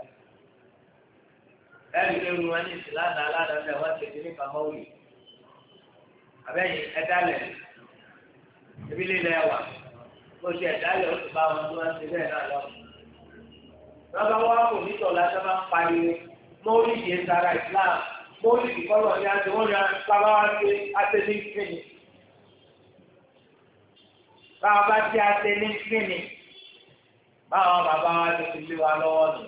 ẹ̀rí ló ń wọn ní ìsìlánà aládàáfẹ́ wọ́n ti di nípa mọ́wì àbẹ́yìn ẹ̀dálẹ̀ ibi lílẹ̀ wà bó ṣe ẹ̀dálẹ̀ ó ti bá wọn tó wọn ti bẹ́ẹ̀ náà lọ. lọ́gbà wọ́n kò ní sọ̀rọ̀ lásán máa ń pariwo mọ́wì yìí ń sara ìsìlámù mọ́lì ìfọ́lọ̀ ní àti wọ́n ní àtàwà àtẹ́lẹ́ ìfìnì. Báwa bá ti àtẹ́lẹ́ ìfìnì, báwa bàbá wa ti fi lé wa lọ́wọ́ nù.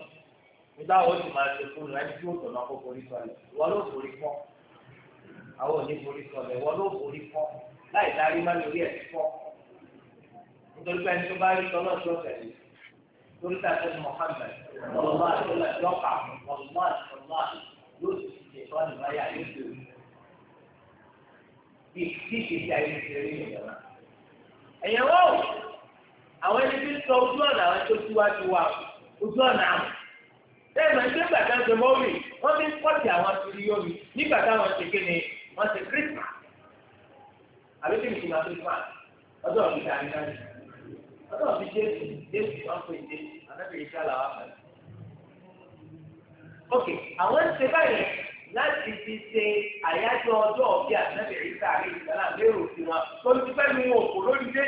Nígbà wo ti máa ṣe fún ẹni tí ó tọ̀ náà kó forí sọlẹ̀? Ìwọ ló forí kọ́. Àwọn ò ní forí sọlẹ̀, ìwọ ló forí kọ́. Láì darí má lórí ẹ̀ fọ́. Nítorí pé ẹni tó bá rí sọlọ́ sí ọ̀sẹ̀ Torí tàbí Mọ̀hámẹ́d, ọ̀lọ́mọ́ àti ọ̀lọ́mọ́ àti ọ̀lọ́mọ́ àti ọ̀lọ́mọ́ àti yóò sì fi ṣe sọ́ọ̀nù láyà yóò sì rí bí kí ìṣèṣì ayé ti rí ìyẹn náà. ẹ̀yẹ̀ wọ́n o àwọn ẹni tí ń sọ ojú ọ̀nà àwọn tó síwájú wa ojú ọ̀nà àwọn bẹ́ẹ̀ máa ń gbé gbàgbá ṣe mọ́wì wọ́n fi ń pọ̀tì àwọn tìrì yomi nígbà táwọn ṣe kéde wọ́n ṣe kírísìmà àbí kí nìkan máa kírísìmà ọjọ́ òbí ta ní náà ọjọ́ òbí jésù jésù wọ́n pè jésù ànábìyí sálà wà pẹ̀lú ok àwọn ṣe báyìí láti fi ṣe àyájọ́ ọjọ́ ọ̀bí àtẹ́bẹ̀ ìta àrí ìtàlá lérò sí wọn tó ti fẹ́ nu òkú lórí dé.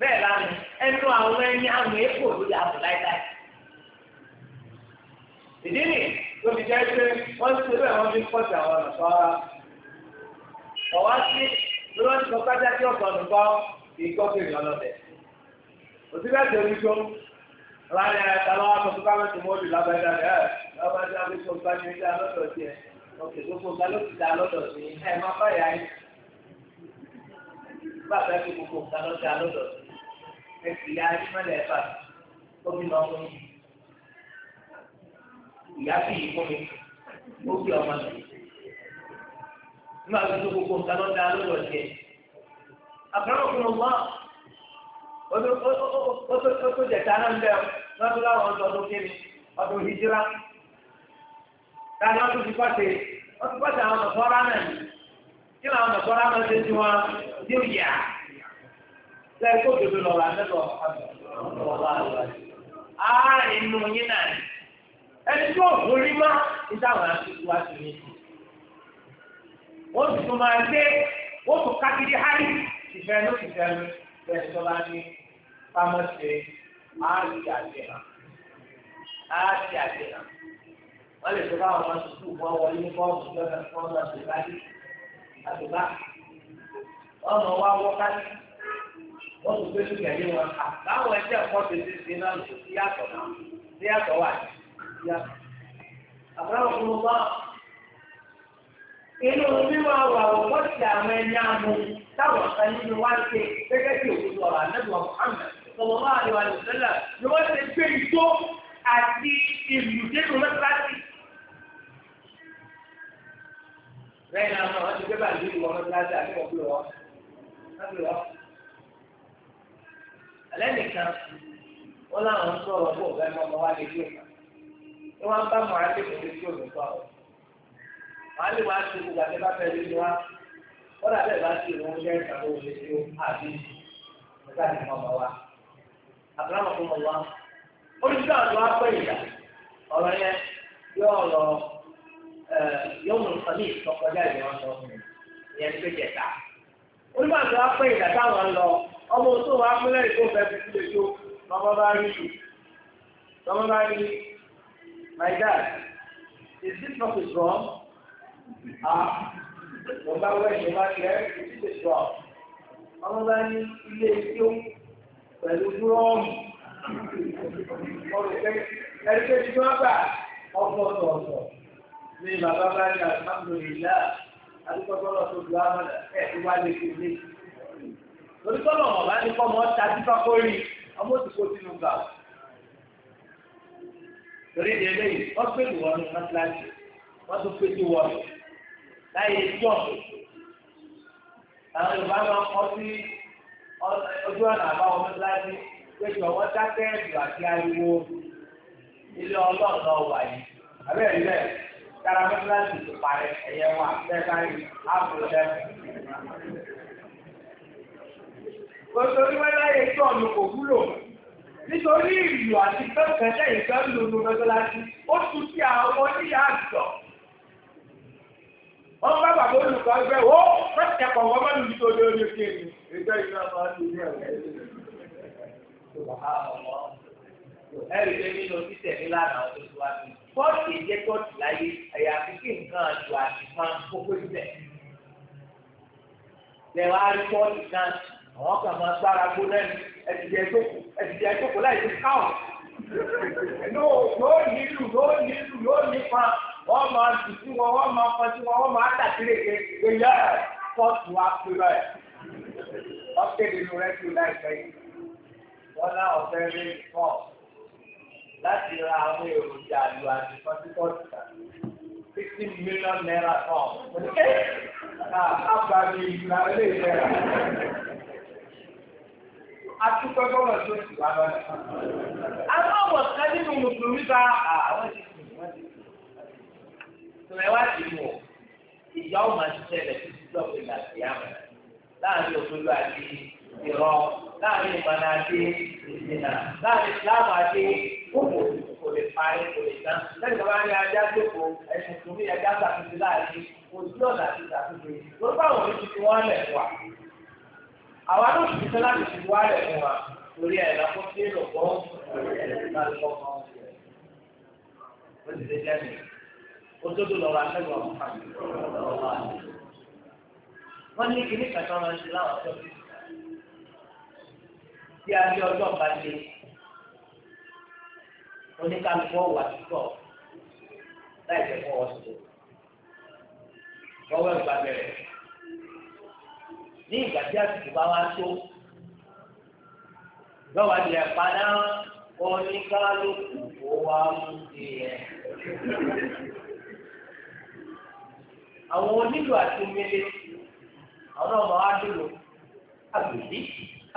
bẹ́ẹ̀ lánàá ẹnu àwọn ẹni àmì èkó lórí àbò láíláí. ìdí nì tó fi jẹ́ pé wọ́n ti ṣe bẹ́ẹ̀ wọ́n fi pọ̀ sí àwọn ọ̀nàkọ́ra. ọ̀wá sí lọ́wọ́ ti sọ kájá kí ọ̀sán nìkan ìgbọ́kùnrin ọlọ́dẹ. òsínbẹ́ láyé àtàwọn akọ̀tún káwọn ti mọ́ọ̀lù lábẹ́dá rẹ̀ lábẹ́dá rẹ̀ tó bá ní ilé alọ́dọ̀ tiẹ̀ ọ̀kẹ́ gbogbo nǹkan ló ti dá alọ́dọ̀ sí ẹ̀ má báyà yín bàbá fi gbogbo nǹkan ló ti alọ́dọ̀ sí ẹ̀ sì yá yín mọ́lẹ̀ ẹ̀fà tóbi náà fún yín ìyá sì yí fún mi ó ọmọ mi nígbà tó gbogbo nǹkan ló ti alọ́dọ̀ sí ẹ̀ àbúrò ó tó hijira dị wọ́n tún máa gbé wọ́n tún hárí ìfẹ́ ló kámọ́ ṣe á rí wọ́n lè ṣe báwọn ọmọ sùkúù wọn wọ yúnífọ́ọ̀mù lọ́nà tí wọ́n lọ àtùbá ọ̀nà wa wọ́ wọ́n tún gbé wọn ọ̀pọ̀ tètè sí lò sí náà sí wà àbúrò wa inú wíwá wà àwọn ẹni àmú táwọn kan nínú sọ̀rọ̀ àríwá ìṣẹ́lẹ̀ ni wọ́n ti gbé igbó àti ìlúdénú mẹ́tíláṣí. Bẹ́ẹ̀ ni àwọn ọ̀hún ti gbé bàbá ìlú wọn mẹ́tíláṣí àti wọ́n gbé wọn. Alẹ́ nìkan, wọ́n láwọn ń sọ̀rọ̀ bó ọ̀gá ẹ̀mọ́ ọmọ wa lè gbé ọ̀gá. Ṣé wọ́n bá mọ̀ àti kò sí òmìn pa ọ̀? Màá lè wá sí gbogbo àti bá fẹ́ lé wa. Wọ́n dàbẹ̀ bá sí ìwọ̀n jẹ́ ìgbàgbọ́ òṣèlú àti ìgbàgbọ́ ọmọ wa àbúrámà fún ọwọ́ oríṣi àjọ apẹ́ ìyá ọ̀rọ̀ yẹn yóò lọ yóò mú nǹkan ní ìtọ́kọjá ìyẹn wọn lọ ìyẹn ní péjẹ ta oríṣi àjọ apẹ́ ìyá táwọn lọ ọmọ tó wà á múlẹ̀ ìkó fẹ́ fi sílẹ̀ tó lọ́mọ bá rí lọ́mọ bá rí my dad is this not his wrong? ah mo bá wẹ̀ mo bá tẹ̀ ẹ́ is this his wrong? ọmọ bá ní ilé tí ó ń pẹ̀lú búrọ́ọ̀mù ọ̀rùkẹ́ ẹgbẹ́ tí wọ́n bá ọkọ̀ ọ̀tọ̀ọ̀tọ̀ ní bàbá bá ní àtàkùnrinlá adúgbòtọ́lọ̀ tó du amọ̀dà ẹ̀ tó wá lè fi lé. lórí tọ́lọ̀ wọn bá ní kọ́ mọ́ ta sí pákórì ọmọ òsì kó sínú gbà. torí ní eléyìí wọ́n pè ní wọnú mọ́tíláṣí wọ́n tún pè ní wọnú láyé jọ̀ọ̀. àwọn Yorùbá máa ń kọ́ sí ojú ọ̀nà àbáwọn mọ́tíláṣí péjọ wọ́n dákẹ́ ẹ̀dùn àti ariwo ilé ọlọ́ọ̀lọ́ wà yìí abẹ́ ẹ̀ lẹ́ẹ̀ kára mọ́tíláṣí ti parẹ́ ẹ̀yẹ ọ̀nà kò wúlò nítorí ìlú àti lẹ́yìn ó sí àwọn wọ́n bá bàbá olùkọ́ ẹgbẹ́ wo fẹ́ẹ̀kẹ́ kọ̀ wọ́n bá lù ní tòde orí òkè ni ẹgbẹ́ iná máa ń lò ní ọ̀rẹ́ ẹ̀rí lé jẹ́ tọ́ọ̀tì láyé ẹ̀yà àfikún nǹkan àjò àti máa ń kókó síbẹ̀. lẹ́wọ̀n á rí bọ́ọ̀sì náà àwọn kan máa gbára gbó lẹ́nu ẹ̀dìdì ẹ̀dókò ẹ̀dìdì ẹ̀dókò láì fi káwọn. lóò nílùú lóò nílùú lóò nípa wọ́n máa tù sí wọn wọ́n máa fọ́ sí wọn wọ́n máa tàkìlẹ̀ kẹ́ pé yá pọ́ọ̀tù wa pé lọ́ọ̀ wọ́n kéde inú rẹ̀ tó láìpẹ́ yìí wọ́n náà ọ̀fẹ́ rí pọ̀ láti ra àwọn èròjà àlù àti pọ́ńtíkọ́ọ̀tì sixty million naira kan àgbà mi ìgbà ilé ìlera atúpẹ́ bọ́lọ̀ tó ti wà lọ́nà. Àwọn ọ̀wọ̀ nínú mùsùlùmí ta àwọn ti tó ẹ wá sí mu ìjà ọmọ ṣẹlẹ̀ títí dọ́gbé láti àmà láàrin òdodo àti ìrọ láàrin ìmọ̀nà àti ìdènà láàrin ìsìlámù àti kókò kò lè parí kò lè tán lẹ́yìn tó bá ní ajá jókòó ẹ̀sùn tó ní ajá ṣàtúnṣe láàrin ojú ọ̀nà àti ìṣàtúnṣe tó bá wọn ti fi wọn lẹ̀ wá. àwa ló ti fi láti fi wá lẹ̀ fún wa torí ẹ̀ lọ́kọ́ sí ìrọ̀pọ̀ ẹ̀rọ ìbálòpọ̀ kan. ó ti ṣe jẹ́ nìyẹn òdodo lọ́rọ̀ akẹ́gbọ̀n Muhammad lọ́wọ́ àná. wọ́n ní kíní kàtà máa ń ṣe láwọn ọjọ́ bí a bí ọjọ́ bá dé oníkàlùkù ọ̀wà títọ̀ láì jẹ́ fún ọ̀sùn lọ́wọ́ ìgbà bẹ̀rẹ̀ ní ìgbà tí àsìkò bá wá tó lọ́wọ́ ilẹ̀ padà oníkàlùkù ọ̀wà mú ti yẹ àwọn onílù àti omele àwọn ọmọ wa dúró àbèdí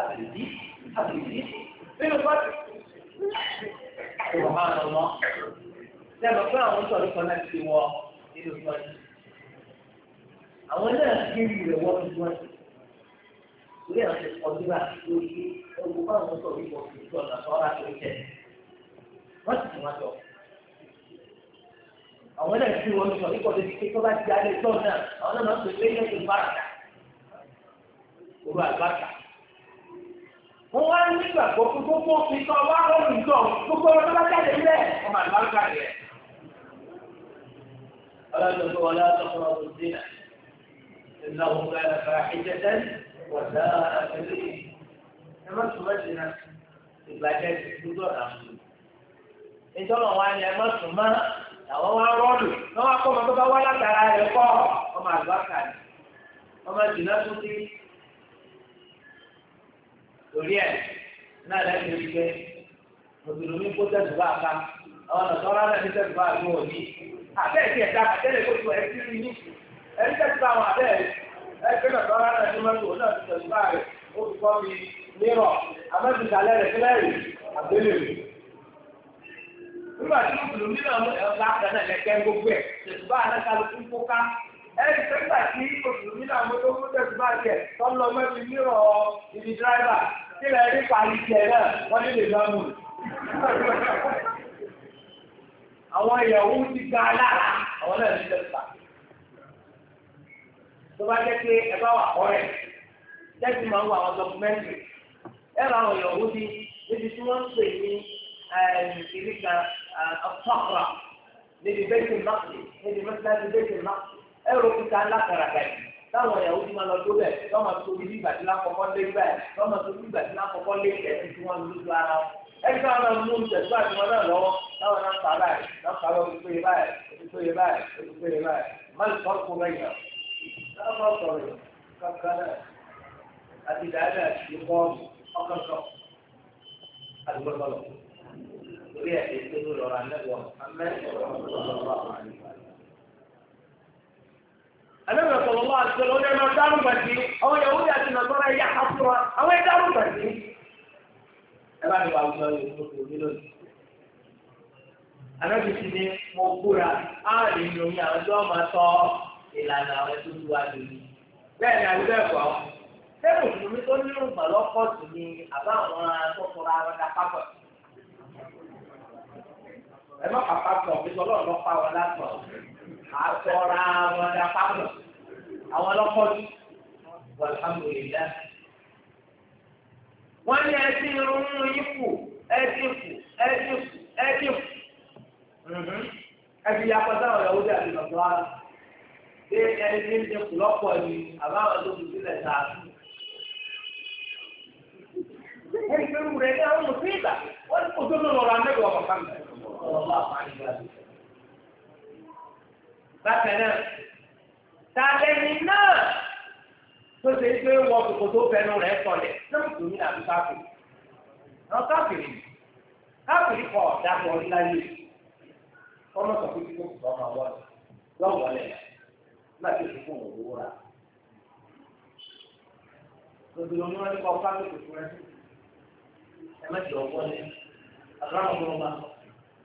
àbèdí àbèdí nínú pátì ìwọ̀n ọmọ lẹ́nu pé àwọn sọ̀rọ̀ kan náà ti wọ nínú pátì àwọn náà kiri rẹ̀ wọ́n ti wọ́n ti lórí àwọn ti kọ́ nígbà tó yé ọgbọ́n àwọn sọ̀rọ̀ ìwọ̀n ti sọ̀rọ̀ àtọ́ra tó tẹ̀ wọ́n ti tún wá sọ̀rọ̀ àwọn náà ti wọn sọ nípa ọdún kíkẹ́ tó bá ti alẹ́ tó náà àwọn náà máa ń pèsè ilé tó bàrà òru àgbàkà. wọ́n wá nígbà gbogbo gbogbo fi kọ́ wá lọ́rùn ìjọ gbogbo ọdún bá jáde lẹ́ ọmọ àgbàkà rẹ̀. ọlọ́dọ̀dọ̀ wọlé ọlọ́kùnrin ọdún dínà ìlànà òun gbà ẹ̀fà ìjẹ́tẹ́ wọ̀dà àtẹlẹ́yìn ẹ má tún mẹ́sìn ẹ làwọn wọn rọ́ọ̀lù náà wá kọ́ ọmọ tó bá wá látara rẹ̀ kọ́ ọmọ àlùbákà ni ọmọ tó ti torí náà lẹ́yìn kó bá a ká àwọn ọ̀nàtọ́ra náà ní tẹ̀sù bá a gbọ́ òní àbẹ́ẹ̀kì ẹ̀dá àtẹ́lẹ̀ kó tu ẹtí rí ní bá náà mọ́tò náà ti bá rẹ̀ ó kọ́ mi nírọ̀ nígbà tí mùsùlùmí náà mú ẹ̀rọ láàkà náà lẹ́kẹ́ gbogbo ẹ̀ tẹ̀sùbá alákàlùkù kó ká ẹ̀rí sẹ́gbà tí mùsùlùmí náà mú tó mú tẹ̀sùbá jẹ tọ́lọ mẹ́bi mírọ̀ ibi dráìbà sílẹ̀ rí parí jẹ náà wọ́n lè lọ mú. àwọn ìyàwó ti ga lára àwọn náà ní tẹ̀sùbá. tó bá jẹ́ pé ẹ bá wà ọ̀rẹ́ jẹ́sì máa ń wọ àwọn dọ́kúmẹ́ntì ẹ̀rọ àwọn ìyàwó ìrìkà ọ̀pọ̀pọ̀ níbi bẹ́ẹ̀kì máàkì níbi mẹ́tíláṣí bẹ́ẹ̀kì máàkì ẹ̀rọ kíkà alákàràkà yìí táwọn ìyàwó tí wọn lọ tó bẹ̀ lọ́mọ tó bí ìgbàdí lákọ̀ọ́kọ́ lé bẹ́ẹ̀ lọ́mọ tó bí ìgbàdí lákọ̀ọ́kọ́ lé ẹ̀sìn tí wọ́n lójú ara wọn ẹni tí wọn náà mú ìtẹ̀síwájú àti wọn náà lọ́wọ́ táwọn náà fà báyìí náà fà báyìí oṣù péye báyìí oṣù péye báyìí oṣù péye báyìí máa ń kó bẹ́ẹ̀ yàn. sábà sọ̀rọ̀ yìí kankan àti torí ẹ̀ lè tó lórí ọ̀rọ̀ anábì wa Muhammad sallallahu alaihi wa sallam. anábì wa sallallahu alaihi wa ọrụ máa dárú bàtí àwọn yahoo yà ti ọrụ ẹ àwọn dárú ẹ bá wà wúlọ yìí tó ti ní mo á lè àwọn máa tọ́ ìlànà àwọn tó tó wá bẹ́ẹ̀ ẹ má pàpà tọ̀ bí sọlọ́ lọ pa wọn látọ̀ àtọ̀ra wọn dá pápọ̀ àwọn ọlọ́kọ́jú walhamdulillah. wọ́n ní ẹtí irun yín kù ẹtí kù ẹtí kù ẹtí kù ẹbí yà pàtàkì àwọn ìyàwó dàbí lọ́dọ̀ ṣé ẹni tí ń ṣe kù lọ́pọ̀ ni àbáwọn tó fi sílẹ̀ sáà ẹni pé wúrẹ́ ní àwọn mùsùlùmí ìgbà wọ́n ti kò tó lọ́rọ̀ àmẹ́gbẹ̀ọ́ kọ̀ọ̀kan sallallahu alaihi náà tó ṣe pé wọ́n kòkò tó fẹnu rẹ̀ sọlẹ̀ lọ́wọ́ tó ní àbí káfíìn. àwọn káfíìn káfíìn kọ̀ dàpọ̀ láyé ọmọ sọ pé kíkó kò sọ́mọ wọ́n lọ́wọ́ lẹ̀ láti fi fún òwò rà. lọ́dún ní wọ́n ní kọ́ káfíìn kò fún ẹ ẹ ọ̀gbọ́n ní àgbà ọ̀gbọ́n máa sọ.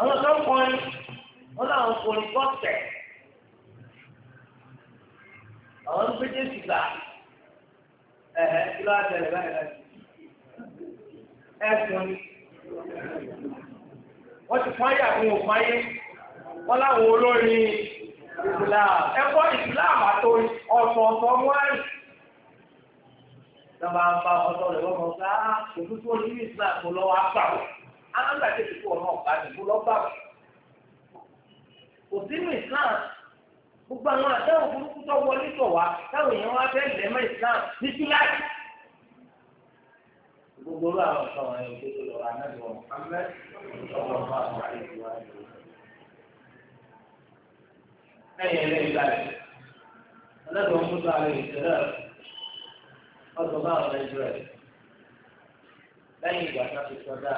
àwọn kan kọrin wọn làwọn kọrin kọ́tẹ̀ àwọn pété sìgbà ẹ̀hẹ́ kí ló á tẹ̀lé báyìí láti ẹ̀sùn ni wọ́n ti fún ayé àwọn òfáyé wọ́n láwọn olórin ìsìláàmù ẹ̀kọ́ ìsìláàmù àtòrí ọ̀sọ̀ọ̀sọ̀ mọ́rin lọ́ba bá ọ̀sọ̀ rẹ̀ wọ́n mọ̀ sáà òtútù onímọ̀ ìsìláàmù lọ́wọ́ àpàwọ̀ alágbà tí ìdìbò ọmọ ọ̀gá nìbú lọ́gbà wẹ̀. kò sínú Islam gbogbo àwọn àdáwò burúkú tó wọlé tọ̀ wá táwọn èèyàn wá fẹ́ lẹ́mọ̀ Islam ní túláàsì. gbogbo olú àwọn ọ̀sán wọn yóò tó lọ anáàbì wọn amẹ́ ọ̀sán wọn máa wà ẹ̀yìn ẹlẹ́yìn báyìí ọlọ́dún ọmọdé àlẹ́ ìṣẹ̀lẹ̀ ọdún báwọn ẹ̀jọ̀ rẹ̀ lẹ́yìn ìgbà tí wọ́n ti sọdá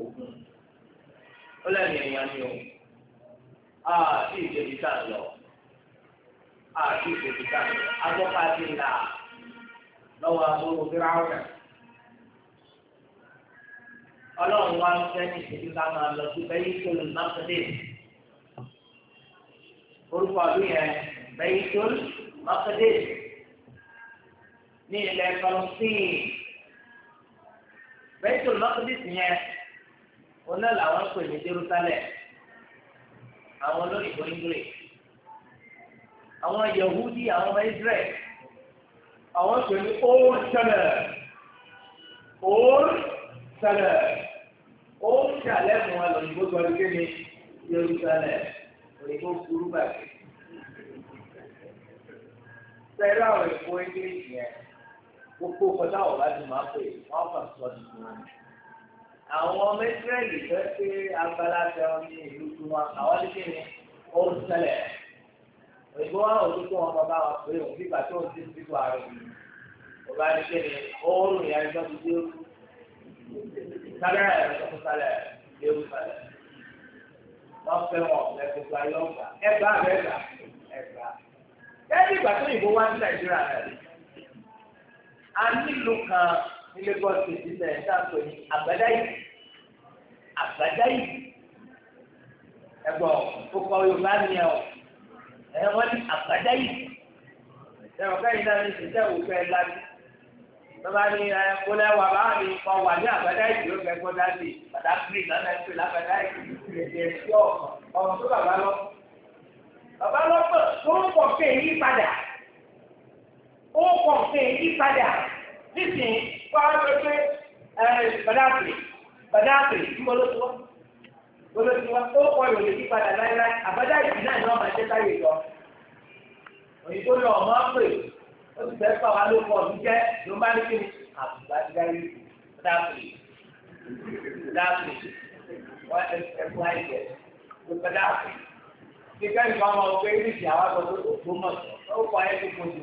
ògùn ó lẹ́yìn ẹ̀yàn ni o àti ìjẹbi tá a lọ àti ìjẹbi tá a lọ agbọ́pá ti là lọ́wọ́ agbóró fíráwùnà ọlọ́run wa ń fẹ́ ní ìṣèlú ká máa lọ sí bẹ́yì tó lè má fẹ́ dé orúkọ ọdún yẹn bẹ́yì tó má fẹ́ dé ní ilẹ̀ fọlọ́sìn bẹ́ẹ̀tù lọ́kùnrin yẹn oná làwọn pè ní Jerusalem àwọn olóyìnbó English àwọn Yahudi àwọn ọmọ Israel àwọn pè ní Old Salem Old Salem Old Salem wọn lọ́yìnbó tó ọdún kéde Jerusalem òyìnbó burú bàjẹ́ pẹ̀lú àwọn èkó English yẹn gbogbo kọjá ọ̀la ni màá pè wọ́n kàn sọ ní wọn. àwọn ọmọ ìsírẹ́lì fẹ́ pé agbára tẹ ọ ní ìlú tí wọn àwọn nígbè ní ó ń ṣẹlẹ̀. òyìnbó wa ò tó kó wọn bàbá wa pé òun bí bàtí òun ti dìbò ààrẹ yìí. ọba nígbè ní oorun ìyá ẹjọ́ ti dé òkú. sálẹ̀ ẹ̀rọ tó sálẹ̀ dé òkú sálẹ̀. wọ́n fẹ́ wọn ọ̀fẹ́ gbogbo ayé ọ̀gbà ẹgbàá rẹ̀ gbà ẹgbàá. kẹ́ẹ́dì ìgbà tó yìnbó wá ní Nàìjíríà náà a nílùú kan ní Lagos State bẹ́ẹ̀ ní sáà pẹ̀lú àgbàdá yìí àgbàdá yìí ẹ̀gbọ́n òkò Yorùbá ni ẹ̀ ẹ̀ wọ́n ní àgbàdá yìí ẹ̀rọ kẹ́yìn náà ní ìṣẹ̀ṣẹ̀ òkú ẹ̀ láti bàbá ní ẹ̀ kó lẹ́wà bá mi kọ́ wà ní àgbàdá yìí ló fẹ́ kọ́ dáadé bàtà kiri náà náà pè lágbàdá yìí lè ṣe ọ̀rọ̀ tó bàbá lọ bàbá lọ pẹ̀ tó ń pọ̀ pé yí padà ó kọ̀ sí ìpadà nísìnyí wọ́n á lọ pé bàdáàpì bàdáàpì ó kọ̀ ìròyìn ìpadà láéláé àbádá ìdí náà ni wọ́n máa ṣe táyé lọ. òyìnbó lọ ọmọ pè ó ti fẹ́ fà wá ló kọ̀ ọ̀dún jẹ́ ló máa ní kí ni àbùbá ti dá yé bàdáàpì bàdáàpì wọ́n ẹ̀ ẹ̀ fún àìjẹ́ bàdáàpì. kíkẹ́ ìfọwọ́ pé ìrìsì àwọn àgbọ̀ tó kò ó kọ ayé tó kọjú.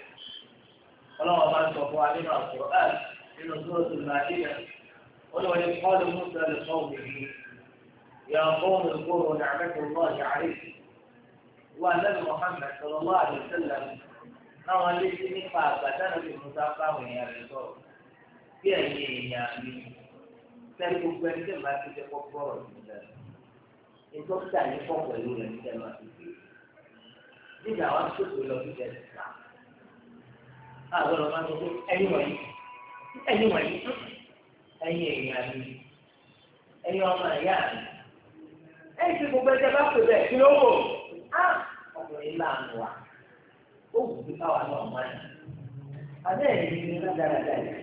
ọlọ́wọ́ bá ń sọ fún wa nínú àkùrọ̀ ẹ̀ nínú sọ́ọ̀tù nàìjíríà ó lọ ní kọ́lù mùsùlùmí lè sọ òun yìí yà fóònù gbòòrò ní àmẹ́kùn náà yàrá wa lẹ́nu Muhammad sọlọ́lá àdìsẹ́lẹ̀ náwọn létí nípa àgbàdàn àti musa fáwọn èèyàn rẹ̀ sọ̀rọ̀ bí ẹ̀yin èèyàn mi sẹ́ni gbogbo ẹni tẹ̀ máa ti jẹ́ kó gbọ́rọ̀ nígbà àgbọ̀dọ̀ máa sọ pé ẹyin wọ̀nyí ẹyin wọ̀nyí ẹyin èèyàn mi ẹyin ọmọ ìyá mi ẹyin tí gbogbo ẹjẹ bá pè bẹ́ẹ̀ kí ló wò á ọkùnrin láàánú wa ó wù mí káwa náà mọ́ ẹ̀ abẹ́ ẹ̀yin ni rádaràdà yìí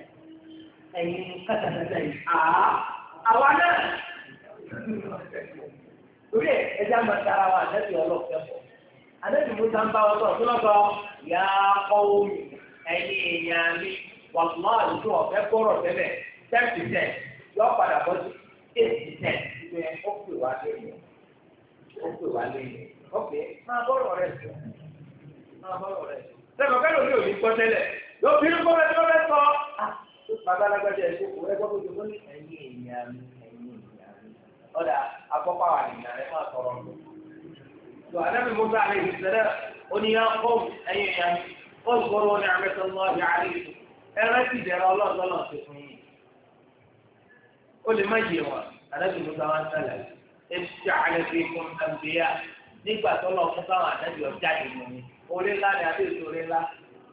ẹ̀yin kátàkátà yìí àá àwa náà torí ẹjẹ àmàtara wa àdẹ́bí ọlọ́ọ̀kẹ́ pọ̀ àdẹ́bí mo ta ń bá wọn lọ sí lọ́kọ̀ yà á kọ́ wọ́n ẹ̀yin èèyàn mi wàhálà ìlú ọ̀fẹ́ kọ̀rọ̀ tẹ́lẹ̀ ten percent yọ padà bọ́ sí eight percent ìgbẹ́ ó pè wá lẹ́yìn ó pè wá lẹ́yìn ok máa bọ́rọ̀ rẹ̀ sọ máa bọ́rọ̀ rẹ̀ sọ. sẹ́kọ̀ọ́ kẹ́lò mi ò ní gbọ́ tẹ́lẹ̀ yóò fi ní kọ́rẹ́ tó fẹ́ sọ. bàbá alágbájá ẹ̀ kókò ẹ gbọ́dọ̀ tó ní ẹ̀yin èèyàn mi ẹ̀yin èèyàn mi ọ̀dà akọ́pàá àyìnlá rẹ̀ máa sọ̀rọ̀ lọ. اذكروا نعمة الله عليكم ẹrẹ́tì dẹ̀rẹ́ ọlọ́ọ̀lọ́lọ́ ti fún yìí ó lè má yé wọn àdájọ́ musa wa ń sálẹ̀ ẹ̀ṣẹ̀ àlẹ́fẹ́ fún àgbéyà nígbà tó lọ fún káwọn àdájọ́ ọjà ìmọ̀ ni orí ńlá ni àbí èso orí ńlá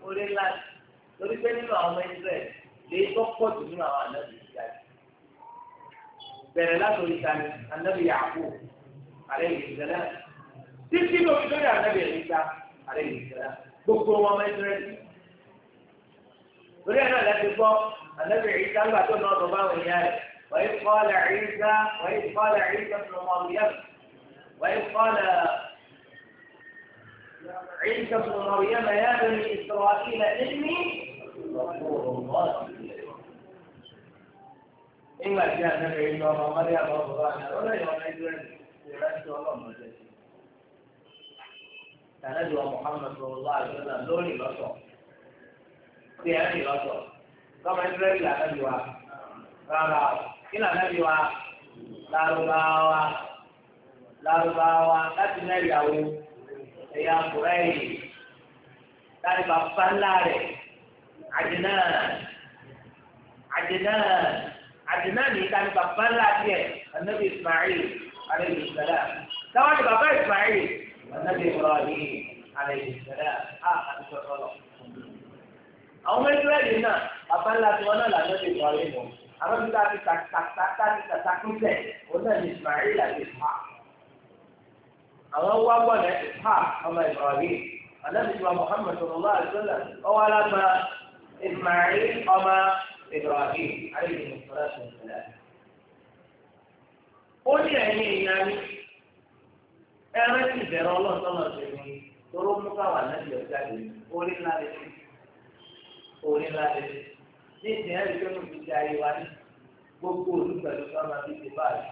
orí ńlá torí pé nínú àwọn ẹgbẹ́ lè tó pọ̀ jù nínú àwọn àdájọ́ ìjà bẹ̀rẹ̀ látòrí ìtàní ànábì yàgò àlẹ́ ìgbẹ̀lẹ́ títí lórí lórí ànábì ẹ̀ríkà àlẹ́ ìgbẹ̀lẹ́ gbogbo wọn máa ń rẹ sí. lórí ẹ̀ náà lẹ́sìn gbọ́ ànábì ìṣá ń gbà tó náà lọ bá wọn ìyá rẹ̀ wàyí kọ́lá ìṣá wàyí kọ́lá ìṣá tó lọ́mọ ọ̀rìyá wàyí kọ́lá عيسى بن مريم يا بني إسرائيل إني غفور الله إما جاء النبي صلى الله عليه وسلم ولا يوم يدرس في رأس الله مجلس tànàdùn Muhammad sallallahu alaihi wasallam lórí lọ́sọ̀ tí ẹ rìn lọ́sọ̀ lọ́mọ ìdúrẹ́lì lànàbí wa rárá o kí lànàbí wa lárúbáwá lárúbáwá láti mẹ́rìàwó ẹ̀yà kùrẹ́yì láti bàbá ńlá rẹ̀ àdínáà àdínáà àdínáà ní láti bàbá ńlá tiẹ̀ ànábì Ismail alayhi salam táwọn ní bàbá Ismail. والنبي إبراهيم عليه السلام آخر شرطه àwọn ọmọ ìsirẹ́lì náà bàbá ńlá tí wọn náà là lọ́dẹ ìbọ̀lẹ́ mọ́ àwọn tí wọn ti tàkàtàkà ti tàkàkùnṣẹ̀ òun náà ní Ismail àti Isha àwọn wá gbọ́dọ̀ Isha ọmọ ìbọ̀lẹ́ anábìsíwa Muhammad sọlọ́lá àdúrà ọwọ́ alágbá Ismail ọmọ ìbọ̀lẹ́ àyè ìmọ̀sọ̀rọ̀ sọ̀rọ̀ ó ní ẹ̀yìn ìyá ẹrẹ ti bẹ̀rẹ̀ ọlọ́ọ̀tọ́nà ṣe ni toró muka káwà náà yọ jáde orí ńlá rẹ sí orí ńlá rẹ sí ní ìsìn ẹ̀rí tó ń fi ti ayé wa ní gbogbo òdu pẹ̀lú sọ́mà bíi ti báyìí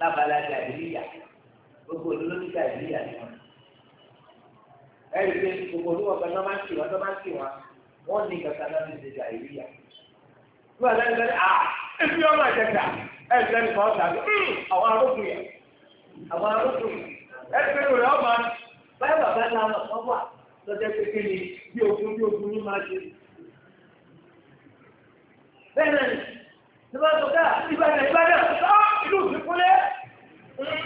lábala jàdìlíyà gbogbo òdu ló ti jàdìlíyà ni wọn. ẹ̀rí pé gbogbo òdu wọn pẹ̀lú ọmọ àti wọn tó máa ń wọn wọn ní kàkà náà ti ti jàdìlíyà. wọ́n lẹ́nu lẹ́nu à ẹ̀fí ọmọ àjẹjà ẹ̀rí lẹ́nu kan ọ̀sán hmm, àwọn arókùnrin àwọn arúgbó ẹgbẹ́ rẹ̀ ọmọ báyìí bàbá náà wọ́n wà lọ́jọ́ kékeré ni bí ogun bí ogun ní máa ṣe. bẹ́ẹ̀ náà ní bá sọ káà ah, ìbàdàn ìbàdàn sọ ìlú ìfúnlẹ̀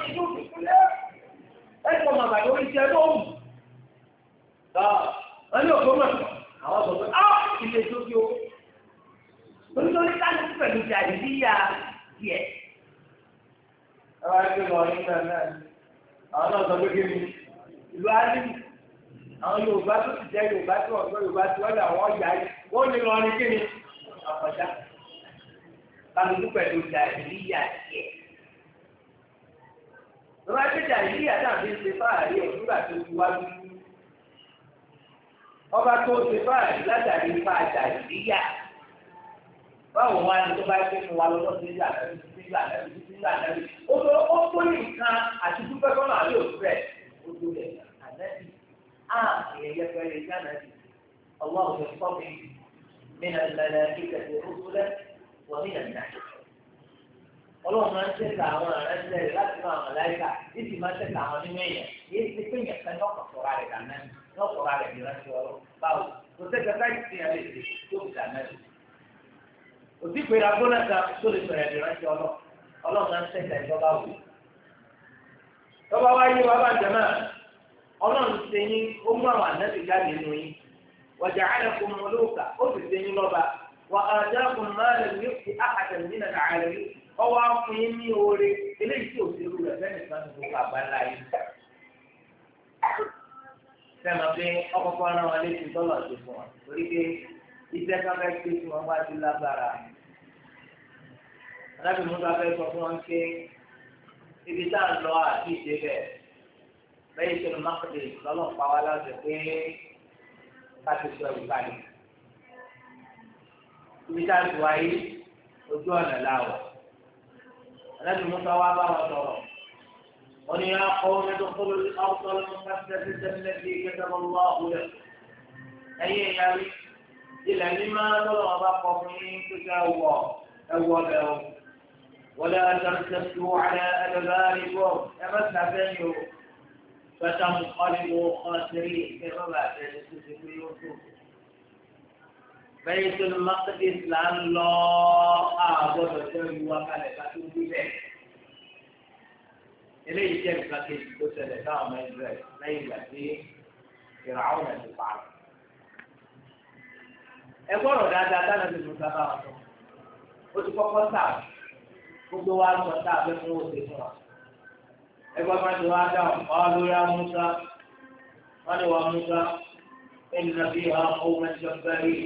ìlú ìfúnlẹ̀ ẹ̀kọ́ màmá tó ń jẹ́ lóhùn. wọ́n ní ògbómọ̀ àwọn sọ pé á ah, ilé tó kí o. onítorí ká ní pẹ̀lú jàdí yíyá díẹ̀ ẹwà ẹgbẹ́ lọ ní náà àwọn náà sọ kí ni ìlú alímù àwọn Yorùbá tó ti jẹ́ Yorùbá tó ọ̀gbẹ́ Yorùbá tó ọ̀dà àwọn ọjà yìí wọ́n ní lọ kí ni àpàjá kálukú pẹ̀lú dàìríyà tiẹ̀. lọ́wọ́ ẹgbẹ́ dàìríyà náà fi ṣe fáàrí ẹ̀ nígbà tó ti ọba tó ṣe fáàrí látàrí ipa dàìríyà báwo wá ní tó bá ṣe fún wa lọ́wọ́ sí ìyá rẹ̀ sí ìyá rẹ̀ nígbà náà ó lọ ó tó nìkan àti dúpẹ́ kọ́nà àlẹ́ òfurẹ́ ó tó lẹ̀ ànábì á ẹ̀yẹ pẹ̀lú ẹ̀yẹ ànábì ọwọ́ òjò fọ́ọ̀mù nínú ìlànà ìkẹ̀kẹ̀ òfurẹ́ wọ́n nínú ìlànà ọlọ́run máa ń tẹ̀sà àwọn aránṣẹ́ rẹ̀ láti máa mọ̀ láyíká títí máa ń tẹ̀sà àwọn nínú èèyàn yéé ti pé èèyàn kan lọ́kọ̀ sọ̀rọ̀ rẹ̀ dáná lọ́kọ̀ọ́ra rẹ̀ ní ránṣẹ́ ọlọ́ báwo kò tẹ́sà táyì sí ẹ̀ lè tó fi dáná rẹ̀ òsì pé ra kan tó lè sọ̀rọ̀ rẹ̀ ránṣẹ́ ọlọ́ ọlọ́run náà ṣẹ̀dá ìjọba wò. tọ́ba wá yé wa bá jẹ́mọ́ ọlọ́run ṣe yín ó mú àwọn ànábì jáde nù yín wọ̀jà àlẹ́kùn mọ̀lúùkà ó sì ṣe yín lọ́ba wà á jẹ́ kùn máa lè ní kí àkàtàn nínú àárẹ̀ yìí ọwọ́ á fún yín ní oore eléyìí tí òṣèlú rẹ̀ fẹ́ẹ̀ ní gbogbo àgbáńlá yìí. sẹ́mi pé ọkọ̀ fọ́nrán wọn pé iṣẹ́ alábì musa fẹ́ sọ fún wọn pé ibi tá à ń lọ àti ìdébẹ̀ lẹ́yìn tó ní mákàdé lọ́nà pa wá láti pé ká ti sọ ìgbà yìí ibi tá à ń tó wáyé ojú ọ̀nà láwọ̀ alábì musa wá bá wọn sọ̀rọ̀ wọ́n ní akọ́wọ́ mẹ́tọ́ kọ́lọ́ ọ̀sọ́ lọ́nà pàṣẹ tẹ́tẹ́ bí kẹtàbọ̀ lọ́wọ́ àwùjọ ẹ̀yìn ẹ̀yà rí ilẹ̀ mímọ́ lọ́wọ́ bá kọ́ fún yín tó ولا ترتدوا على أدباركم أمسحتني فتنقلبوا خاسرين كما بعد يوسف بيت المقدس لأن الله أعبد جوي وكالك تنبيه إليه جنب لكن كتلة دعم إزرائيل في فرعون الفعل ẹgbọ́rọ̀ dáadáa dáná ti lù sábà wọn ó ti kọ́kọ́ sáà gbogbo wa sọ tá a fẹ́ fún òde fún wa. ẹgbẹ́ máa ti wá dáhùn ọ́ lórí amúsá wọ́n ní wọ́n amúsá ẹni náà bí wọ́n kó mẹ́tọ́ bẹ́ẹ̀rì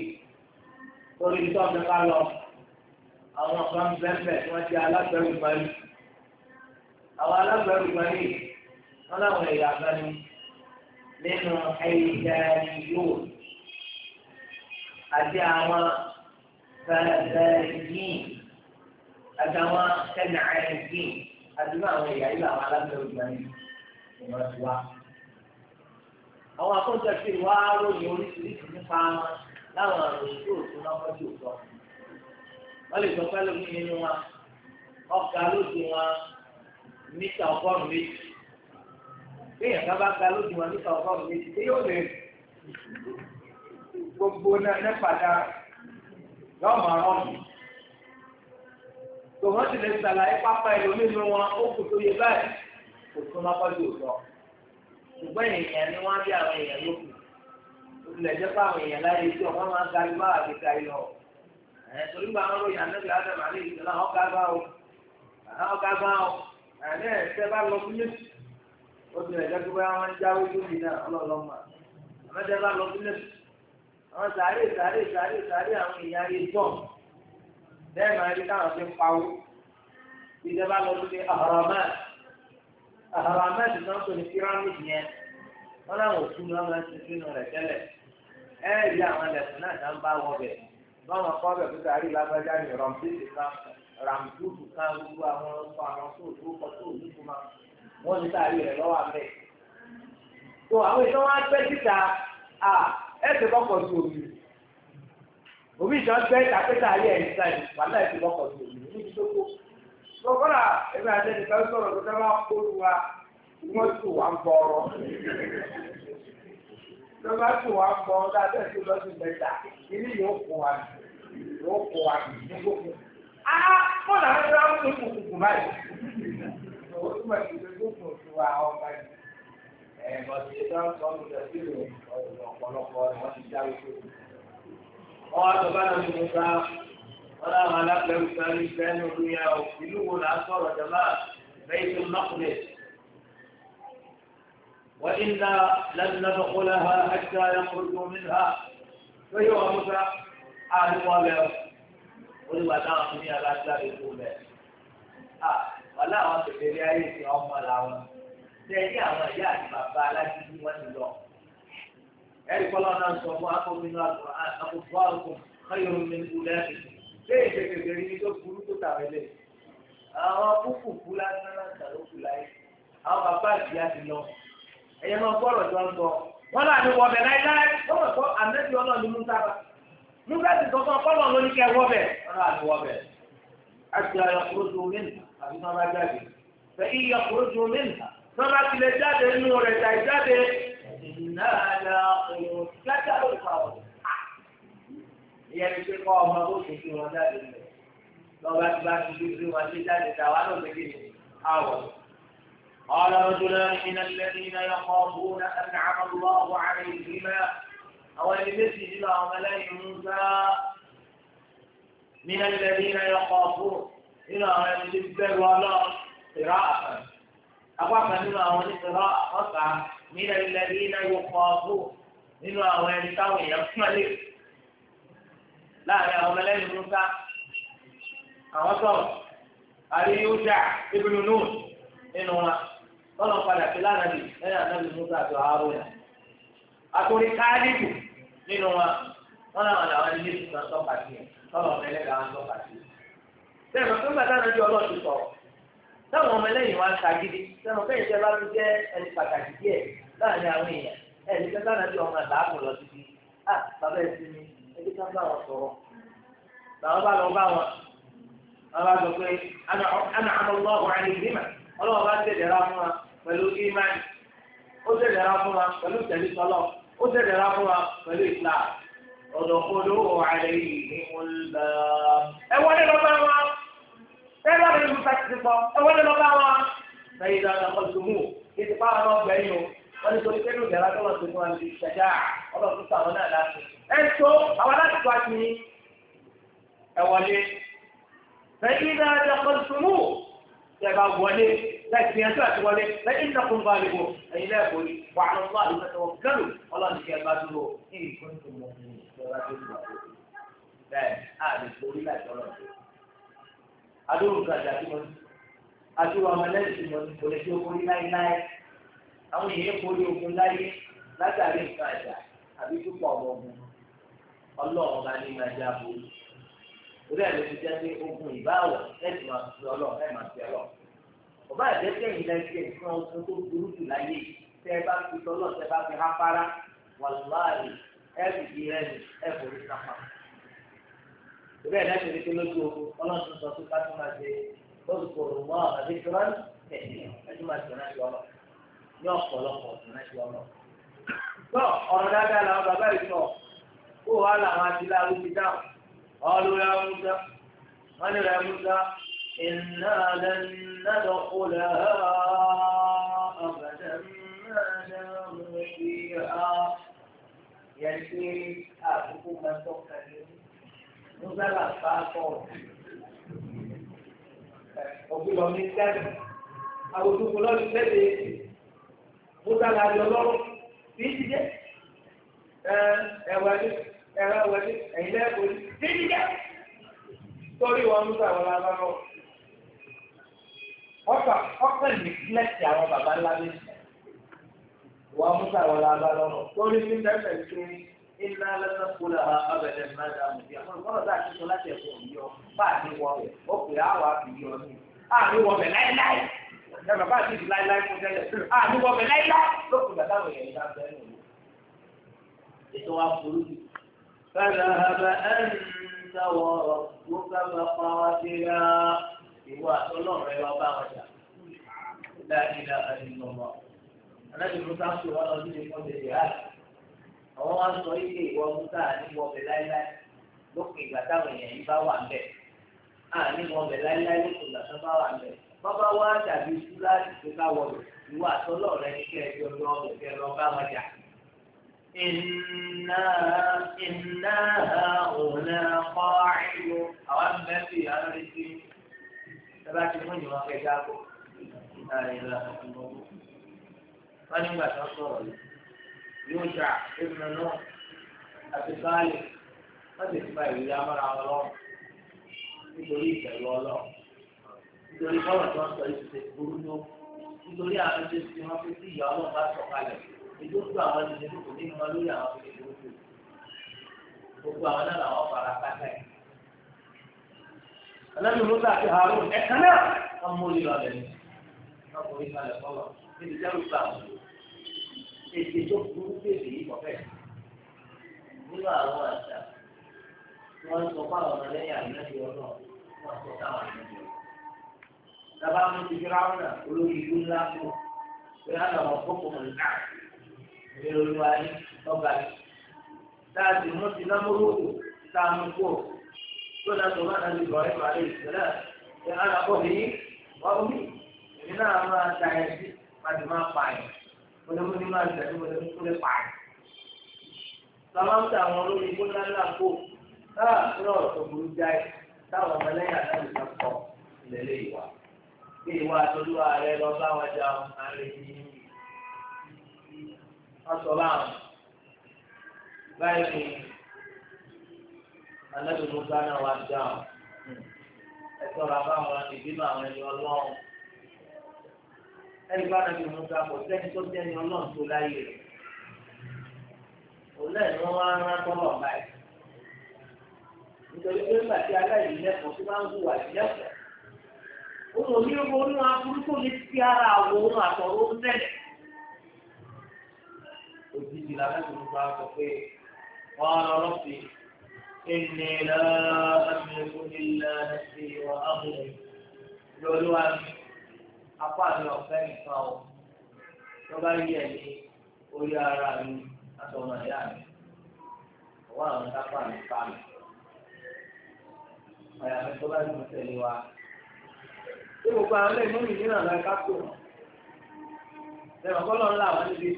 lórí ibi tó ń bẹ́ẹ̀ lọ àwọn kan bẹ́ẹ̀ tí wọ́n ti alágbẹ̀rù gbẹ̀rì. àwọn alágbẹ̀rù gbẹ̀rì wọ́n láwọn ẹ̀yà kan nínú ẹ̀yà yóò àti àwọn fẹ́ẹ́fẹ́ yìí. àtàwọn ẹnà ẹ̀sìn àdúgbò àwọn ẹ̀yà ìlú àwọn alábẹ̀rẹ̀ òjò ẹ̀yìn ti wá. àwọn akọ́jọ sí wá ròyìn oríṣiríṣi nípa wọn láwọn àròyìn tó òtún náà wọ́n ti sọ. wọ́n lè sọ pẹ́lú mi nínú wa ọkà lóde wọn mítà ọgọ́rùn-ún méjì. béèyàn ká lóde wọn mítà ọgọ́rùn-ún méjì tó wọ́n sì lè ṣàlàyé pápá ẹlòmíì nínú wọn ó kò tó yẹ báyìí kò tó lọ́kọ́jú òtọ́ ṣùgbọ́n èèyàn ni wọ́n bí àwọn èèyàn lókun olùlẹ̀jẹ́ fún àwọn èèyàn láyé tí wọ́n máa ń ga ibà àti ga ilọ̀ ẹ̀ torí anábì adam ọ̀gá gbá o ọ̀gá gbá o bá lọ sílé náà bá lọ sílé àwọn bẹ́ẹ̀ máa rí káwọn ṣe ń pawó ìjọba lọ sí ahọ́rọ́mẹ́ ahọ́rọ́mẹ́ ti náà tó ní pírámìdì yẹn wọ́n láwọn òkú ni wọ́n máa ń ṣe sínú rẹ̀ tẹ́lẹ̀ ẹ rí àwọn ẹlẹ́sìn náà dá ń bá wọ bẹ̀ báwọn kọ́ bẹ̀ tó sáré lágbájá ní rọ̀mùtìtì kan ràmùtùtù kan gbogbo àwọn ọkọ̀ àwọn tó òdúró kọ tó òdúró ma wọ́n ní sáré rẹ̀ lọ́wọ́ abẹ́ tó àwọn ìṣọ́ á pẹ́ síta à ẹ̀ kọ́kọ́ sí omi òbí ìṣàn gbẹ ìtàkẹ́tà ayé ẹ̀ ìṣàn wàhálà ìṣàn lọ́kọ̀ tó yẹ níbi tó kó. lọ́kọ́lá ẹ̀mí àti ẹnìkan sọ̀rọ̀ tó dáwà kóru wa wọ́n tù wá ń bọ̀ ọ̀rọ̀. tù wá ń bọ̀ ọ̀dà bẹ́ẹ̀ tó lọ́sùn mẹ́ta ilé yóò kó wa yóò kó wa ní gbogbo. a kọ́ làwọn ẹgbẹ́ wọn tó kù kùkù báyìí. òwò tó máa ti gbogbo kù tù wá ọ̀gá yìí. ẹ̀ẹ́dọ̀tí ọwọ́ bára mi nípa wọn làwọn alábẹ̀rù sáré ìfẹ́ ní olóyà ò ìlú wo là ń sọ̀rọ̀ jama lẹ́yìn tó nọ́kùnrin. وإنا لن ندخلها حتى يخرجوا منها فهو موسى أهل وابعه olùwà táwọn fún mi alágbára ikú bẹ à wọn láwọn tètè rí ayé ti ọmọ làwọn ṣe ní àwọn ìyá àti bàbá aláṣẹ tí wọn ti lọ. ẹ̀rí kọ́lá náà sọ fún akọ́mínú àkùnfọ́ àrùkùn káyọ̀rọ̀ mi wúlẹ̀ àkẹ́kẹ́ léè kékeré ní tó burú tó tàwé lé àwọn kúkú kú lásán náà tàló kú láyé àwọn bàbá ìyá ti lọ ẹ̀yẹ máa gbọ́rọ̀ jọ ń bọ̀ wọ́n náà ní wọ́bẹ̀ láíláí wọ́n mọ̀ sọ àmẹ́bí ọlọ́ọ̀ni musa bá musa ti sọ fún ọpọlọ lóní kẹ wọ́bẹ̀ wọ́n náà ní wọ́bẹ̀ àti ayọ̀kúrójú mẹ́nu إنا داخلون كتبوا القول ìyẹn ti kọ́ ọmọ bó ṣe fi wọn jáde lẹ̀ lọ́ba tí bá ti fi fi قال رجلان من الذين يخافون أنعم الله عليهما أو المسجد لهم ملائك موسى من الذين يخافون إلى أن تبدل ولا قراءة أقوى من أول قراءة قطعة nílẹ̀ ilẹ̀ iná yóò kọ́ ọ́gbó nínú àwọn ẹni táwọn èèyàn fún ẹ láàrin àwọn ẹlẹ́yìn musa àwọn sọ̀rọ̀ àrí yúdà ibùdó nùn nínú wa lọ́nà padà sí lánàá bì lẹ́yìn ànábì musa àti ọ̀hárò yà àtòrí káàdìbù nínú wa wọn làwọn làwọn ẹni yéésù náà tọ́ka sí ẹ̀ lọ́nà ọmọ ẹlẹ́yìn fún bàtà náà di sọ̀rọ̀ táwọn ọmọ ẹlẹ́yìn wa ń ta sẹ́nu kẹ́yìn tẹ́ bá ti jẹ́ ẹni pàtàkì díẹ̀ láàrin àwọn èèyàn ẹ̀ ní kẹ́kẹ́ náà bí ọmọ ìbáàbò lọ síbi à bàbá ẹ̀ sí mi ẹbí ká bá wọn sọ̀rọ̀ làwọn bá lọ bá wọn wọn bá sọ pé àná àná ọlọ́wọ́ àní ìdímà ọlọ́wọ́ bá tẹ̀lé ra fún wa pẹ̀lú ìmáì ó tẹ̀lé ra fún wa pẹ̀lú tẹ̀lé sọlọ ó tẹ̀lé ra fún wa pẹ̀lú ìlà ọ̀dọ̀kọ̀dọ̀ àlẹ́ yìí ẹ wọlé lọ bá wa ẹ lọ́ọ̀rẹ́ mi ta ti pọ̀ ẹ wọlé lọ bá wa ṣèyí dáadáa kọ́ wọ́n ní torí pé ní ìdára tó wọ́n ti fún wa ní ìṣẹ̀dá ọlọ́run tó sàwọn náà láti. ẹ ń tó àwọn aláṣẹ wa ti ẹ wọlé. fẹ́yìn náà dàkọ̀ sùnmù tẹ̀ bá wọlé láti kan àti àti wọn àti wọn ọmọ kò lè ṣe okòrí láéláé àwọn èèyàn kórè ogun láyé látàrí nǹkan àjà àbí púpọ̀ ọ̀gbọ̀n ọlọ́run bá ní máa já bo orí ẹ̀ ló ti jẹ́ pé ogun ìbáwọ̀ ẹ̀sì máa fi ọlọ́run ẹ̀ máa fi ọlọ́run ọba àjẹsẹ̀ yìí lẹ́yìn tẹ̀ fún ọdún tó burú jù láyé tẹ́ ẹ bá fi tọ́lọ́ tẹ́ bá fi hápára wàlúwàlú ẹ̀ fi di rẹ́nu ẹ̀ forí sápá orí ẹ̀ lẹ́yìn tẹ̀ lójú ọlọ́run sọ pé ká tó máa ṣe ó ti mọ́ àdéhùn ní ọ̀pọ̀lọpọ̀ ọ̀sán láti ọmọ. Tọ́ ọ̀rọ̀ dáadáa làwọn bàbá yìí sọ, kó wàá làwọn adìláwò ti dáhùn. Ọlú rẹ̀ Musa, wọ́n ní rẹ̀ Musa, iná lẹ́ nàdọ̀ kó lẹ́ ọ̀bẹ̀dẹ̀ mẹ́rin ha. Yẹn ṣe àkókò máa tọ́ka ní Musa là bá tọ̀. Òbí lọ ní sẹ́yìn, àwòdúkú lọ́dún sẹ́yìn. mọ́tà láàrin ọlọ́rọ̀ kì í ti jẹ́ ẹ̀wẹ̀lì ẹ̀wẹ̀lì ẹ̀yìn lẹ́ẹ̀kọ́ kì í ti jẹ́ torí wọn ń sọ àwọn aláwọ̀ ọkà ọkà nìkílẹ̀tì àwọn baba ńlá méjì wọn ń sọ àwọn aláwọ̀ torí tó kó dà mí bí àwọn àdéhùn yọ ẹ bàbá àti ìdí láíláí fún tẹ́lẹ̀ àdúgbò mi láíláí lókùn bàtà wọ̀nyẹ̀ ní bá bẹ́ẹ̀ nù. ètò wa burú jù. fẹ́lẹ̀ ẹ̀bẹ̀ ẹ̀ ń sáwọ́ ọ̀gbọ́n fẹ́lẹ̀ pa wá sí ra ìwọ àtọ́lọ́run ẹ lọ bá wọn jà. láìlà àdìmọ̀mọ̀ aláàbí musa sọ ìgbà táwọn èèyàn yìí bá wà ń bẹ̀. àníwọ bẹ láíláí lókùn ìgbà tó bá wà ń bẹ̀ bàbá wa dàbí fúláàdì tó ká wọlé ìwà àtọ́lọ́ rẹ ní kẹ́ ẹjọ́ lọ kẹ́ lọ bá wọn jà. Iná iná òun kọ́ àìlú àwọn mẹ́fì alárísí ẹ̀rọ ti mú ìwọ̀n kẹjá kó. Wọ́n nígbà tó sọ̀rọ̀ yìí yóò ṣà ìrìnà náà àti báyìí wọ́n ti fi báyìí yá mọ́ra wọn nítorí ìtẹ̀lú ọlọ́run nítorí bọ́ọ̀lù tí wọ́n sọ yìí ṣe burú ló nítorí àwọn ẹgbẹ́ tí wọ́n fi sí ìyá ọlọ́run bá sọ kalẹ̀ ètò tó àwọn ẹgbẹ́ tó kò ní wọn lórí àwọn ẹgbẹ́ tó kù gbogbo àwọn náà làwọn fara pátá yìí. ọlọ́run ló gbà pé àrùn ẹ̀ka náà wọ́n mú orí lọ lẹ́nu wọ́n kò ní kalẹ̀ fọlọ́ níbi tẹ́rù gbà wọ́n èdè tó burú bèbè yìí kọ̀ bẹ́ẹ̀ nínú àwọn àṣà wọ́n sọ fáwọn ọmọ lẹ́yìn àyẹ̀lẹ́ Tàbá mi ti fi ráwọn náà olórí ìlú ńlá fún un. Bí wọ́n lọ wọ́n fọ́pọ̀ mọ̀ nígbà ní olúwa ní ọgbà yìí. Táàtì mú ti lámúrúkú tá a mú kú. Tó náà tó bá nàbí bọ̀ ẹ́ pàdé ìṣẹ̀lẹ̀. Bí wọ́n lọ kọ́ mi yí, wọ́n mú mi. Èmi náà máa ta ẹ̀ sí, má ti máa pààyàn. Mo lè mú ní máa tẹ̀lé, mo lè mú kúlé pààyàn lọ́wọ́ ń tàwọn olórí ikú ńláńlá kó náà lọ́rọ̀ tó burú jáì táwọn ọmọlẹ́yìn àtàlùkọ́ ilẹ̀ lè wà bí ìwà àtolúwa rẹ lọ bá wọn jà ọ àárẹ yìí wọn sọ báwọn báyìí ni anábì musa náà wá jà ọ ẹ sọ̀rọ̀ àbáwọn ìbímọ àwọn ẹni Ọlọ́run ẹni bá nàbí musa kò sẹ́ni tó sẹ́ni Ọlọ́run tó láyé rẹ òun náà ni wọn wá rán tọrọ báyìí nítorí pé nígbà tí aláìlú lẹkọọ tó máa ń hùwà ìlẹkọọ òun ò ní ronú aburú tó lè fi ara àwọn ohun àtọ̀rọ̀ ń tẹ̀lẹ̀. òjijì làbẹ́sùn ń bá a sọ pé wọ́n lọ lọ́sì ẹni lọ́ọ́dún nílá ẹ̀sìn ìwọ̀n áhùn lọ́lọ́wà mi apá mi ọ̀fẹ́ nìkan o tó bá rí ẹ̀ ní orí ara mi àtọ̀nà ìyá mi ọwọ́ àwọn dápà mi pa mi ọ̀yà tó bá rí mi tẹ̀lé wa tí gbogbo àwọn ẹlẹ́yìn mọ́mì nínú àlá kápò ẹ̀rọ kọ́lọ́ ńlá àwọn níbi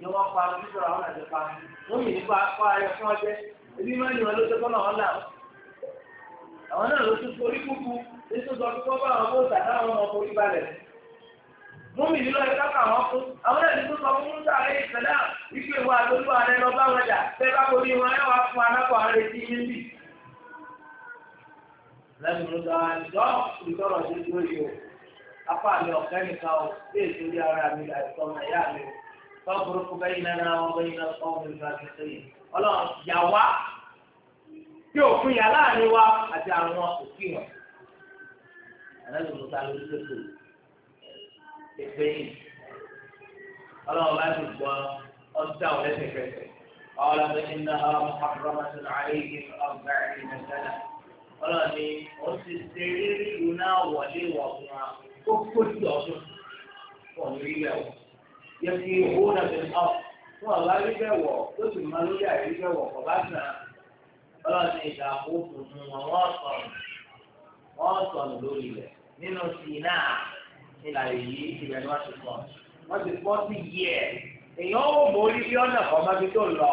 ni wọ́n pa títọ́ àwọn àti pa mọ́mì nípa apá ayọ̀ fún ọjẹ́ ebi máa ń yọ lóṣù kọ́lọ́ wọn làwọn àwọn náà ló tún forí kúkú ètò sọ fún kọ́kọ́ àwọn bó tà táwọn ọmọ forí balẹ̀ mọ́mì nílò ẹ̀ká kà wọ́n àwọn náà tó sọ fún múta ayé ìṣẹ̀dá ìpè wà lójú ààrẹ lọ bá wọn jà bẹ́ẹ̀ bá forí wọn ẹ̀ wá fún anákọ̀ àárẹ̀ sí yín bì lẹ́nu lọ́dọ̀ àjọ ìtọ́rọ̀ ṣe tó yìí o apá mi ọ̀kẹ́ nìkan o bí èso rí ara mi àìsàn ọmọ ìyá mi o tọ́kùrú kú bẹ́yìn náà náà wọ́n bẹ́yìn náà ọ̀hún mi ìgbà tuntun yìí ọlọ́run yà wá tí òfin yà láàrin wa àti àwọn òfin wọn lẹ́nu lọ́dọ̀ àjọ ìtọ́rọ̀ ìpè yìí ọlọ́run bá ti gbọ́ ọjà ọ̀lẹ́sẹ̀kẹsẹ̀ ọlọ́run iná ọmọ ọlọ́run ni òun ti ṣe rírí iná wọlé wọ̀ fún wa ó kójú ọdún pọ̀ ní rírẹ̀ wọ̀ yẹ kí owó náà fi hàn fún ọ̀la rírẹ̀ tó sì máa lórí àìrírẹ̀ wọ̀ sàn ọlọ́run ni ìdá àkókò fún wọn wọ́n sọ̀rọ̀ wọ́n sọ̀rọ̀ lórí rẹ̀ nínú sinna ìlànà yìí ìbẹ̀rù wọn ti sọ̀rọ̀ wọ́n ti pọ́ sí yíẹ̀ èèyàn ó mọ orí bí ọ̀nà kọ̀ọ̀mọ́bí tó lọ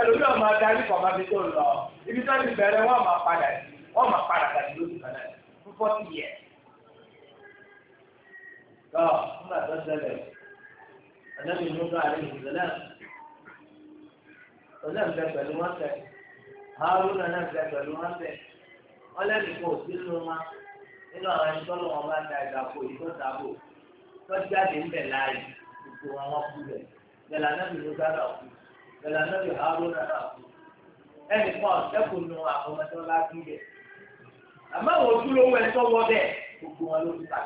ẹlòmíràn máa darí kọ̀ọ̀mọ́bí tó lọ ibi tó ti bẹ̀rẹ̀ wọ́n máa padà sí wọ́n máa padà gàdí lójú kan náà fún fọ́tí yẹ. Lọ nígbà tó ṣẹlẹ̀ ànábì Musa àlejò ìṣẹ̀lẹ̀ ọ̀nà ìfẹ́ pẹ̀lú wọn tẹ̀ Haruna náà fẹ́ pẹ̀lú wọn tẹ̀ wọ́n lẹ́nu kò sí nínú wọn nínú àwọn ẹni tọ́lọ́ wọn bá da ìdàpọ̀ ìtọ́sàbò tọ́jáde ń bẹ̀ láàyè gbogbo wọn wọ́n kú bẹ̀ bẹ̀lẹ̀ ànábì Musa náà kú bẹ̀lẹ̀ ànábì Haruna náà kú ẹnì kan ọ̀sẹ́kùn nu àwọn ọmọdé wọn bá kú bẹ̀ àmọ́ àwọn ojúlówó ẹ̀ tọ́wọ́ bẹ́ẹ̀ gbogbo wọn ló ti ta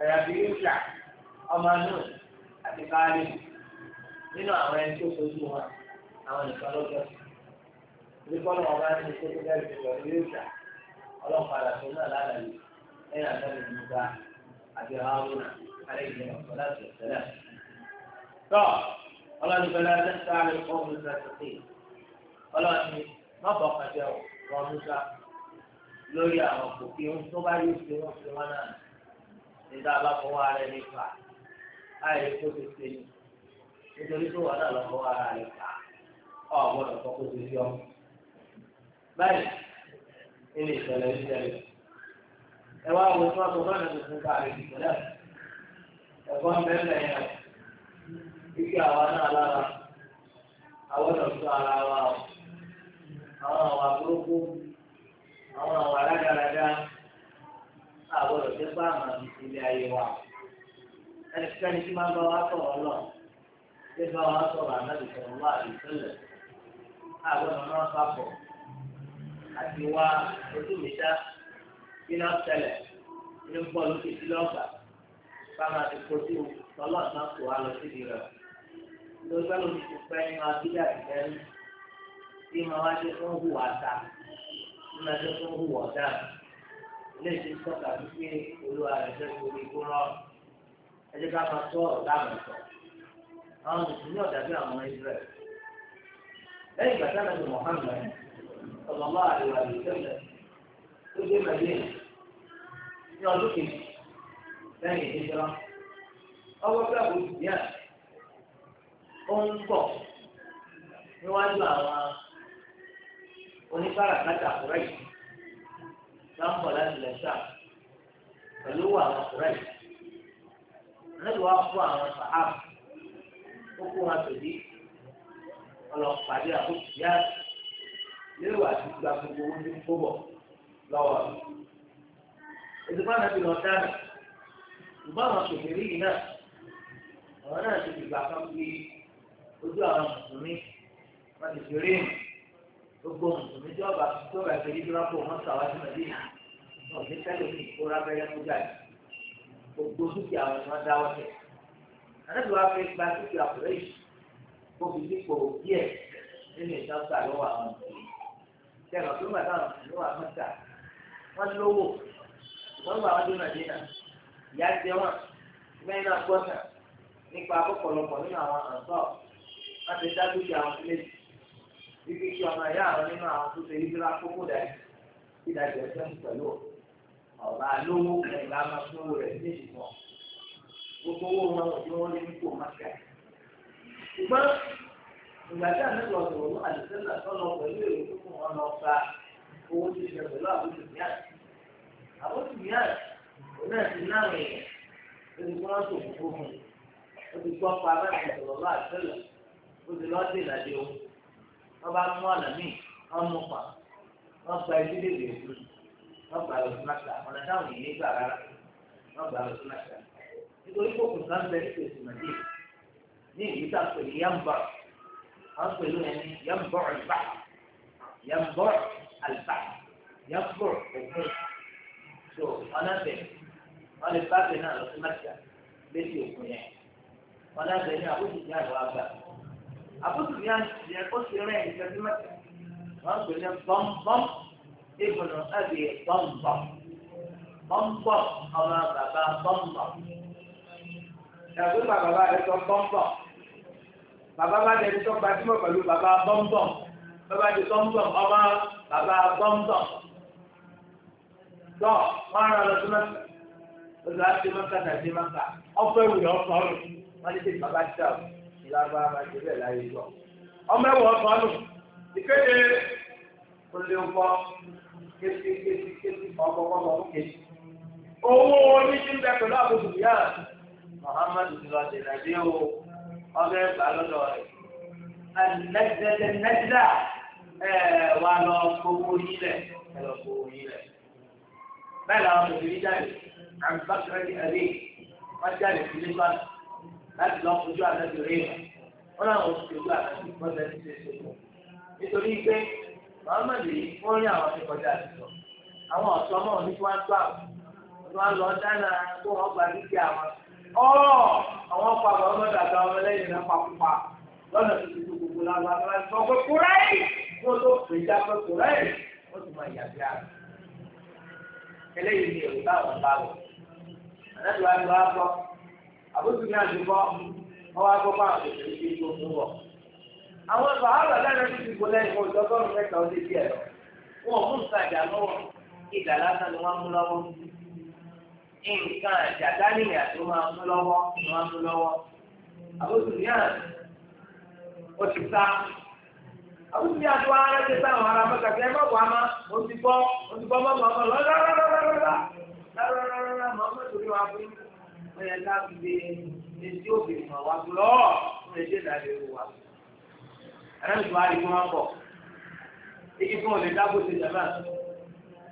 àyàfi yíṣà ọmọ náà àti káàlì nínú àwọn ẹni tó fojú wọn àwọn nìkan lọ́jọ́ ìdíkọ́nù ọba ní ṣe tó bẹ́ẹ̀ ti wọ̀ ní yíṣà ọlọ́pàá àti náà lálàyé ẹ̀yìn àtàlẹ̀ nígbà àti ọ̀hánà àlejò ọ̀pọ̀ láti ọ̀sẹ̀lẹ̀. tọ́ ọlọ́nìbẹ̀lẹ̀ ẹ̀ṣẹ̀ lórí àwọn kòkè ń tó bá yóò ṣe wọn ṣe wọn náà nígbà bá fọwọ́ ara ẹni fà láì kó ti ṣe ni nítorí tó wà náà lọ ara rẹ fà ọ gbọdọ̀ kọ́ kó ti yọ. báyìí nínú ìṣẹ̀lẹ̀ ìṣẹ̀lẹ̀ ẹ wá wo tí wọ́n sọ fún káàrí ìṣẹ̀lẹ̀ ẹ̀gbọ́n mẹ́fẹ̀ yẹn kíkí àwa náà lára àwọn ọ̀dọ́ ara wa àwọn àwọn àbúrò kó àwọn àwọn aládáradá àbọ̀dọ̀ tó bá àmà ilé ayé wa ẹnikẹ́ni tí máa ń bá wa sọ̀rọ̀ lọ tí bá wa sọ̀rọ̀ ànábì sọ̀rọ̀ wá àdìsẹ́lẹ̀ àbọ̀dọ̀ máa ń papọ̀ àti wá ojú mi dá iná tẹlẹ̀ inú bọ́ lókè sí lọ́gbà báwọn àti kojú tọ́lọ̀ náà kò wá lọ síbi rẹ̀ lọ́gbà lókè ti pẹ́ nínú abíyá ìfẹ́ tí màá wá dé fún hùwà ta. nínú ẹjọ́ tó ń hùwà ọ̀dà ilé ìṣe sọ́kà wípé olúwa rẹ̀ fẹ́ torí ikú ká máa tọ́ ọ̀dà sọ àwọn mùsùlùmí ọ̀dà bí àwọn israẹl lẹ́yìn ìgbà sáà lẹ́nu Muhammad ọ̀lọ́mọ àríwá ìṣẹ̀lẹ̀ tó dé ní ọdún oníbàràkátà kúrẹ́yì sáńpọ̀ láti lẹ̀ sá pẹ̀lú àwọn kúrẹ́yì nílùú wa fún àwọn sàhábà ó kó wọn tòbí ọlọ́pàdé àkókò yá lérò àti gba gbogbo owó ní kóbọ̀ lọ́wọ́ rẹ̀. ìdúgbò náà ti lọ dáná ìgbà àwọn sòkèrè yìí náà àwọn náà ti dìgbà kan fi ojú àwọn mùsùlùmí wọn ti fi rí ìmọ̀ gbogbo mùsùlùmí tí ọba tó bá ṣe yíjọba kó wọn sọ àwọn ẹdínà ọdún tẹ́lẹ̀ ní ìkóra abẹ́rẹ́ tó gbà yìí gbogbo dúkìá wọn wọn dáwọ́ tẹ àdébò wa fẹẹ gba dúkìá pẹ̀lú èyí kó fi dípò díẹ̀ nínú ìjọba lọ́wọ́ àwọn mùsùlùmí tẹnà tó gbà táwọn mùsùlùmí wà mọta wọn lówó wọn gbà wọn dúnà dínà ìyá jẹ wọn mẹ́rin náà gbọ́sà nípa akọ́kọ̀lọpọ̀ nínú àwọn kíkí sí ọmọ ìyá àwọn nínú àwọn tó ṣe yíṣẹ́ lákòókò dẹ̀ kí dájọ́ ẹ̀sẹ̀ ń pẹ̀lú ọ̀bá lówó rẹ̀ ní ìdìbò gbogbo owó wọn lé ní kò ṣùgbọ́n ìgbà tí àná lọ sọ̀rọ̀ lọ́wọ́ sọ́nà pẹ̀lú èrò tó fún wọn lọ owó pẹ̀lú mìíràn mìíràn náà ti náà wọ́n bá mú ọ̀nà míì wọ́n mú pa wọ́n gba ẹbí lèlè fún wọ́n gba lọ sí màṣá ọ̀nà táwọn yìí gbà rárá wọ́n gba lọ sí màṣá nítorí kókò kan bẹ ní pèsè màdé ní ìlú tá a pè ní yambọ àwọn pèlú yẹn ní yambọ àlùbá yambọ àlùbá yambọ òkun tó ọ̀nà bẹ wọ́n lè bá bẹ náà lọ sí màṣá lẹ́sìn òkun yẹn ọ̀nà bẹ ní àbójútó àlọ́ àgbà àbúrò ní àṣìṣe ó ti rẹ̀ ìṣẹ́jú mẹ́ta wọ́n pè ní bọ́m̀bọ́m ìbùnú ẹ̀bì bọ́m̀bọ́m bọ́m̀bọ́m ọmọ bàbá bọ́m̀bọ́m ẹ̀gbọ́n bàbá rẹ̀ sọ bọ́m̀bọ́m bàbá bá dẹ̀ sọ gbajúmọ̀ pẹ̀lú bàbá bọ́m̀bọ́m bàbá dẹ̀ bọ́m̀bọ́m ọmọ bàbá bọ́m̀bọ́m tọ́ wọ́n rán lọ sí mẹ́ta lọ́sọ̀rọ̀ àti mẹ́ta tàbí mẹ́ta ọ lábá máa ṣe bẹ́ẹ̀ láyé jọ. ọmọ ẹ̀wọ̀n kan nù ìkéde olùkọ́ kéṣe kéṣe kéṣe ọgbọgbọgbọ kéṣe. owó oníṣẹ́ ń bẹ pẹ̀lú àbùkù yá muhammadu sọlá ṣe dàbí o ọmọ ẹgbà lọ́dọ̀ rẹ̀. ẹnẹ́dẹ́dẹ́ nẹ́dà ẹ̀ wà lọ fowó yílẹ̀ ẹ̀ lọ láti lọ fojú ànábì rí wọn wọn làwọn oṣù tó ànábì wọn bẹ ti ṣe ṣe fún nítorí pé muhammed yìí wọn rí àwọn ti kọjá àtijọ́ àwọn ọ̀ṣọ́ ọmọ òní tí wọ́n ń tó àwọn tí wọ́n lọ dáná tó wọ́n gba dúkìá wọn ọ́ àwọn pa àwọn ọmọdé àti àwọn ẹlẹ́yìn náà papòpà lọ́nà tuntun tó gbogbo làwọn àgbà tó gbogbo àbúrò ní àdúgbò wọn wá gbọ́ fáwọn àgbègbè ní ìlú òmùwọ̀. àwọn sàhábà dáná ti dìbò lẹ́yìn fún ìjọgọ́rùn mẹ́ta ó lé díẹ̀ lọ. wọn ò mú nǹkan lọ́wọ́ lásán ni wọ́n mú lọ́wọ́. nǹkan àjà mú lọ́wọ́ ni wọ́n mú lọ́wọ́. ní àná ó ti sá. ní àdúrà ti ará bọ́ wọ́n yẹ ká gbé etí òbèrè mọ̀ wá gbọ́ fún etí ìdàgbé wa. Àdájọ́ wa rí fún wọn bọ̀. Èyí fún òde dábò ṣe jàmbá.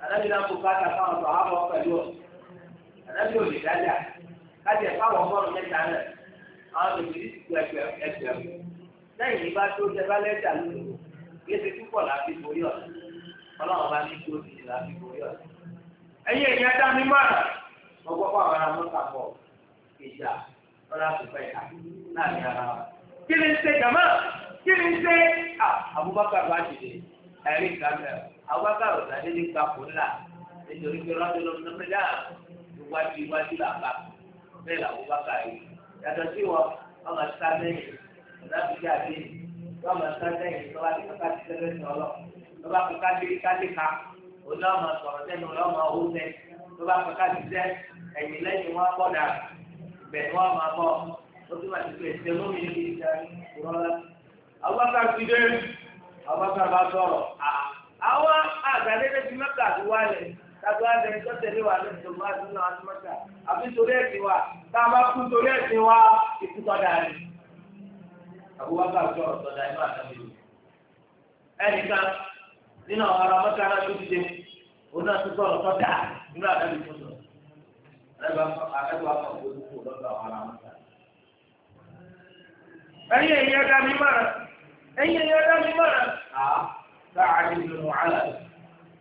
Àdájọ́ náà kò bá tàbá wọn sọ̀ ábọ̀ pẹ̀lú ọ̀. Àdájọ́ òde dájà. Kájẹ fáwọn ọgọ́rùn-ún mẹ́ta náà. Àwọn tòbí ti ẹgbẹ̀ ẹgbẹ̀. Lẹ́yìn ìbá tó jẹba lẹ́jà lónìí, kí ìjà lọ́la àtúpẹ́ ìka láàrin ara wa. kí ni ń ṣe jàmọ́ kí ni ń ṣe Abubakar wa dìde ẹ̀rí ìgbàgbẹ́ Abubakar ọ̀sà délé gba kó ńlá nítorí pé rọ́jò lọ́mọ náà mẹ́lá iwájú iwájú làbá bẹ́ẹ̀ làbúbakar yìí yàtọ̀ sí wọn ọmọ sábẹ́yìn ọ̀dàbíjà bẹ́ẹ̀ ọmọ sábẹ́yìn tọ́wá ti kọ́kà ti sẹ́lẹ̀ sọ̀rọ̀ tọ́wá kọ́kà ti kálíka ọ̀dọ́ ọmọ sọ̀rọ̀ sẹ́nu ọlọ́mọ ọ̀hún sẹ́ tọ́wá kọ́kà ti sẹ́ ẹ̀yìn lẹ́yìn wọn kọ́ dà bẹ́ẹ̀ wọ́n máa bọ̀ ó ti wà nípa ìṣẹ́ lómi ní ìjà ìrọ̀lá. ti dé bá sọ̀rọ̀ àwọn ti mẹ́ta tó tẹ̀lé wa tó máa dúró àti àbí torí ẹ̀sìn wa tá a bá kú torí ẹ̀sìn wa ikú tọ́da rẹ̀. Abubakar sọ̀rọ̀ tọ́da inú ẹnìkan nínú àwọn ará náà tó òun náà sọ̀rọ̀ tọ́da inú ẹ̀yin ẹ̀yin ẹ̀dá mi mọ̀ràn ẹ̀yin ẹ̀yin ẹ̀dá mi mọ̀ràn. à bá a ní ìlú wàhálà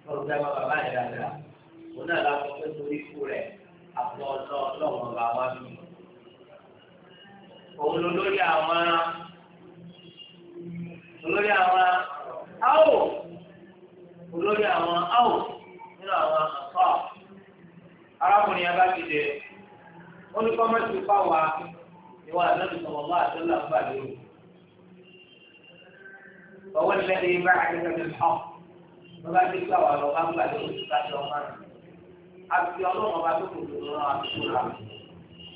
lọ́rùn dá bá bàbá yẹn dáadáa òun náà la sọ pé torí ikú rẹ̀ àpò ọlọ́run bá wá bí. òun ló lórí àwọn olórí àwọn áwò olórí àwọn áwò nínú àwọn àpá arákùnrin abájídé olùkọ́ mẹ́tò fáwọn ìwà àdánù sọ̀rọ̀ máa tó là ń bà lérò. Ọwọ́ ilẹ̀ ní ibà àdéhùn ní ọ̀. Wọ́n bá dé gbà wà lọ bá ń bà lérò sí káṣí ọmọ rẹ̀. Àti ọlọ́run ọba tó kò tó lọ́wọ́ àdúgbò rà.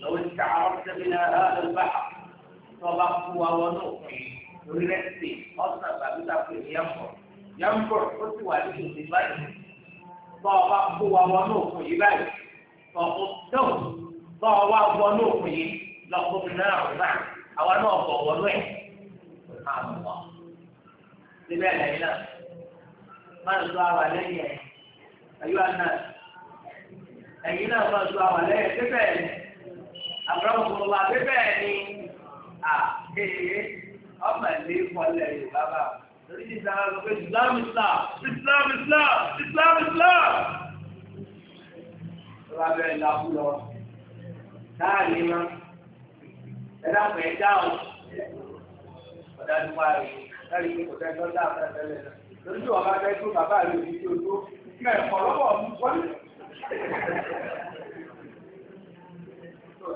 Lọ́wọ́ ti ta àwọn sẹ́mi náà lọ́wọ́ ló bá a. Tí wọ́n bá kú wa wọnú òkun orílẹ̀-èdè ọ̀sán àbíta pè ní ẹ̀fọ́. Yẹ́nbọ̀ ó sì wà nínú ìdí báyìí. Tọ́ ọba kú wa wọnú òkun lọ́kọ́ fi náírà kò bá àwa náà bọ̀ wọlé ẹ̀ máa ń bọ̀. síbẹ̀ lẹ́yìn náà máa ń sọ àwà lẹ́yìn ẹ̀ ayé wa náà ẹ̀yìn náà máa sọ àwà lẹ́yìn ẹ̀ síbẹ̀ ni àbúrò kò wá síbẹ̀ ni à ee ọmọ ìlú ìfọlẹ̀ yorùbá bá lórí ti sara lọ pé Islam Islam Islam Islam Islam Islam. Ìjọba bẹ̀rẹ̀ ìlà kú lọ. Táà ní ẹ̀dá pẹ̀ ẹ̀dá o ọ̀dà tó wà rẹ̀ láti fi kò tẹ́tọ́ dá àpẹẹrẹ tẹ́lẹ̀ náà lórí tí wọ́n bá fẹ́ tó bàbá rẹ̀ òbí tó tó mẹ́ ẹ̀kọ́ lọ́wọ́ ọ̀hún wọ́n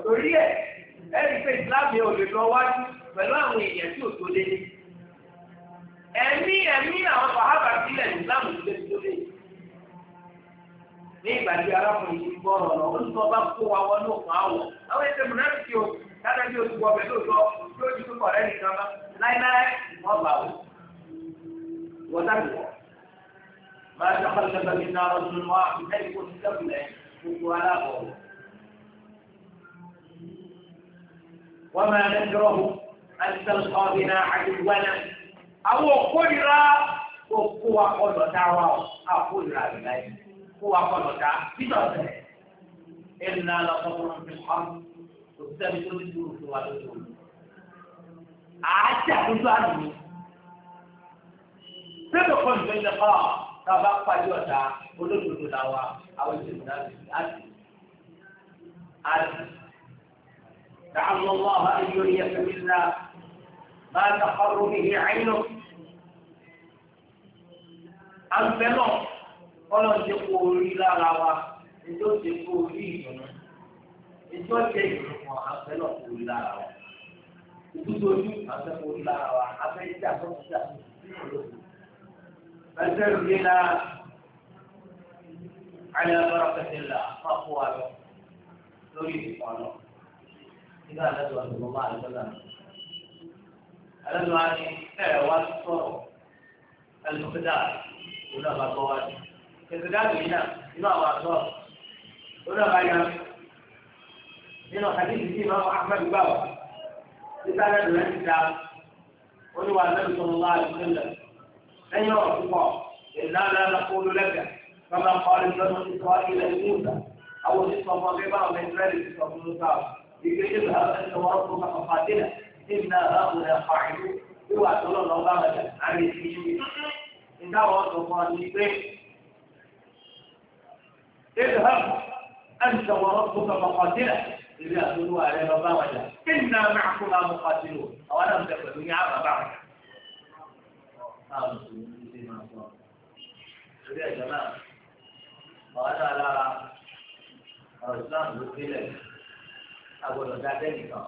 torí ẹ̀ ẹ̀rí pé ìsìláàmù ò lè lọ wájú pẹ̀lú àwọn èèyàn tí ò tó dé ẹ̀mí ẹ̀mí àwọn bàbá sílẹ̀ ìsìláàmù tó dé tó dé ní ìgbà tí arákùnrin ti gbọ́ ọ̀rọ̀ ó ní kájọ bí oṣù wọbẹ lóòótọ́ yóò di púpọ̀ rẹ nìkan mọ́ láíláí wọ́n gbà wò wọ́n dàbí wọ́. máa ń dákọ̀ lọ́dọ̀ mi náà ọdún wa lẹ́yìn kó ti dẹ́kun lẹ̀ gbogbo aláàbọ̀ wọ̀. wọ́n máa ń dúró àti sẹ́lẹ̀ ọ̀bì náà àti wẹ́nà. àwọn òkúrira kò kó wa kọ́ lọ́dá wa ọ̀ àkúrira rẹ̀ láì kó wa kọ́ lọ́dá bí òkúta mi tó ní dúró fún wa lójú òní. àájà lójú àná mi. sẹ́dọ̀ kọ́ ìgbẹ́ ilẹ̀ pa tá a bá pàdé ọ̀dà olódodo là wa àwọn ìṣèlú náà ti di àti àti. لعل الله أن يريك منا ما تقر به عينك àgbẹ̀ náà ọlọ́run ti kú lára wa ètò ti kú orí ìdùnnú ìjọ jẹ ìfọ̀n afẹ́ náà kò lára wa ìdúró ojú afẹ́ kò lára wa afẹ́ ìdí àkọ́kọ́ ìdí àkọ́kọ́ ẹgbẹ́ ìdílé la àyà lọ́rọ̀ pẹ̀lú la máa kó wa lọ lórí ìfọ̀n lọ nígbà àlejò àtúntò máa lọ lọ́la àlejò wa ni ẹ̀rọ wa sọ̀rọ̀ ẹlòmídà òun náà bá gbọ́ wa ni kẹsìdáàbì yìí náà nínú àwọn àtọ́ òun náà bá nínú àdéhùn tí ìmọ̀ ahmed gbà wá títà lẹ́nu rẹ̀ ti dáa ó ní wà lẹ́nu tó ń wá àdúgbò lẹ́yìn ọ̀rọ̀ púpọ̀ ìlànà lakúlù lẹ́kẹ̀ kọ́má kọ́lé lọ́nà títọ́ ilẹ̀ ìmúta àwọn oníṣòwò fún ọgbẹ́ báwọn ìsirẹ́lì ti sọ fún musa ìgbésẹ̀ bá ẹ̀sẹ̀ wọ́n fún ọkọ̀ fàdílà nínú àwọn ẹ̀fà ìlú wíwà tó lọ́nà ọba rẹ̀ láti fi ṣe ìdáwọ̀ ọ̀sọ̀ fún ọdún pé ìdíhàbù ẹ̀sẹ̀ wọ́n fún ọkọ̀ fàdílà ìrìn àtolúwa rẹ lọ bá wàjà kéyìn náà máa kó máa mú pàṣẹ lò àwọn náà ń bẹ pẹ̀lú ní àbá bá wàjà. báwo ló ń ṣe máa sọ orí ẹ̀jọ̀ náà àwọn náà lára ọ̀rọ̀ Islam ló délẹ̀ àgbọ̀dọ̀ dá dẹ́nìkan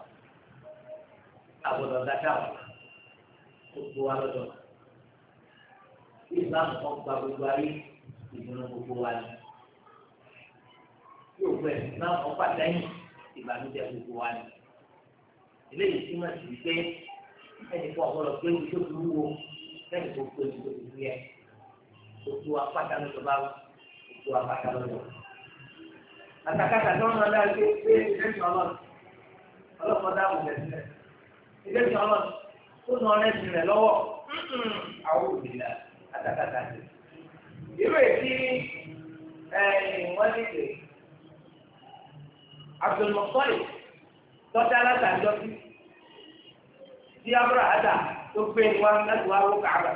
àgbọ̀dọ̀ dá dáwọ̀ gbogbo wa lọ́dọ̀ Islam kan gba gbogbo ayé ìdùnnú gbogbo wa ni yóò gbẹ Islam kan pàtẹ́yìn ìbànújẹ́ gbogbo wa ni eléyìí túmọ̀ sí pé ẹnì kan ọ̀gbọ́dọ̀ pé ojú tó burú wo lẹ́yìn tó pé ojú tó burú yẹ gbogbo apáta lọ́dọ̀ bá gbogbo apáta lọ́dọ̀ àtàkàtà tí wọ́n máa dá gbé pé ẹ̀sìn ọlọ́run ọlọ́pàá dá òun ẹ̀sìn rẹ̀ ẹ̀sìn ọlọ́run tó nà ẹ̀sìn rẹ̀ lọ́wọ́ àwọn òbílà àtàkàtà ti. irú èsì wọ́n ní pé abdulmọ̀tọ́lì tọ́jà látàjọ́ sí tí abúlé àdá tó gbé ní wá láti wá wó kàrà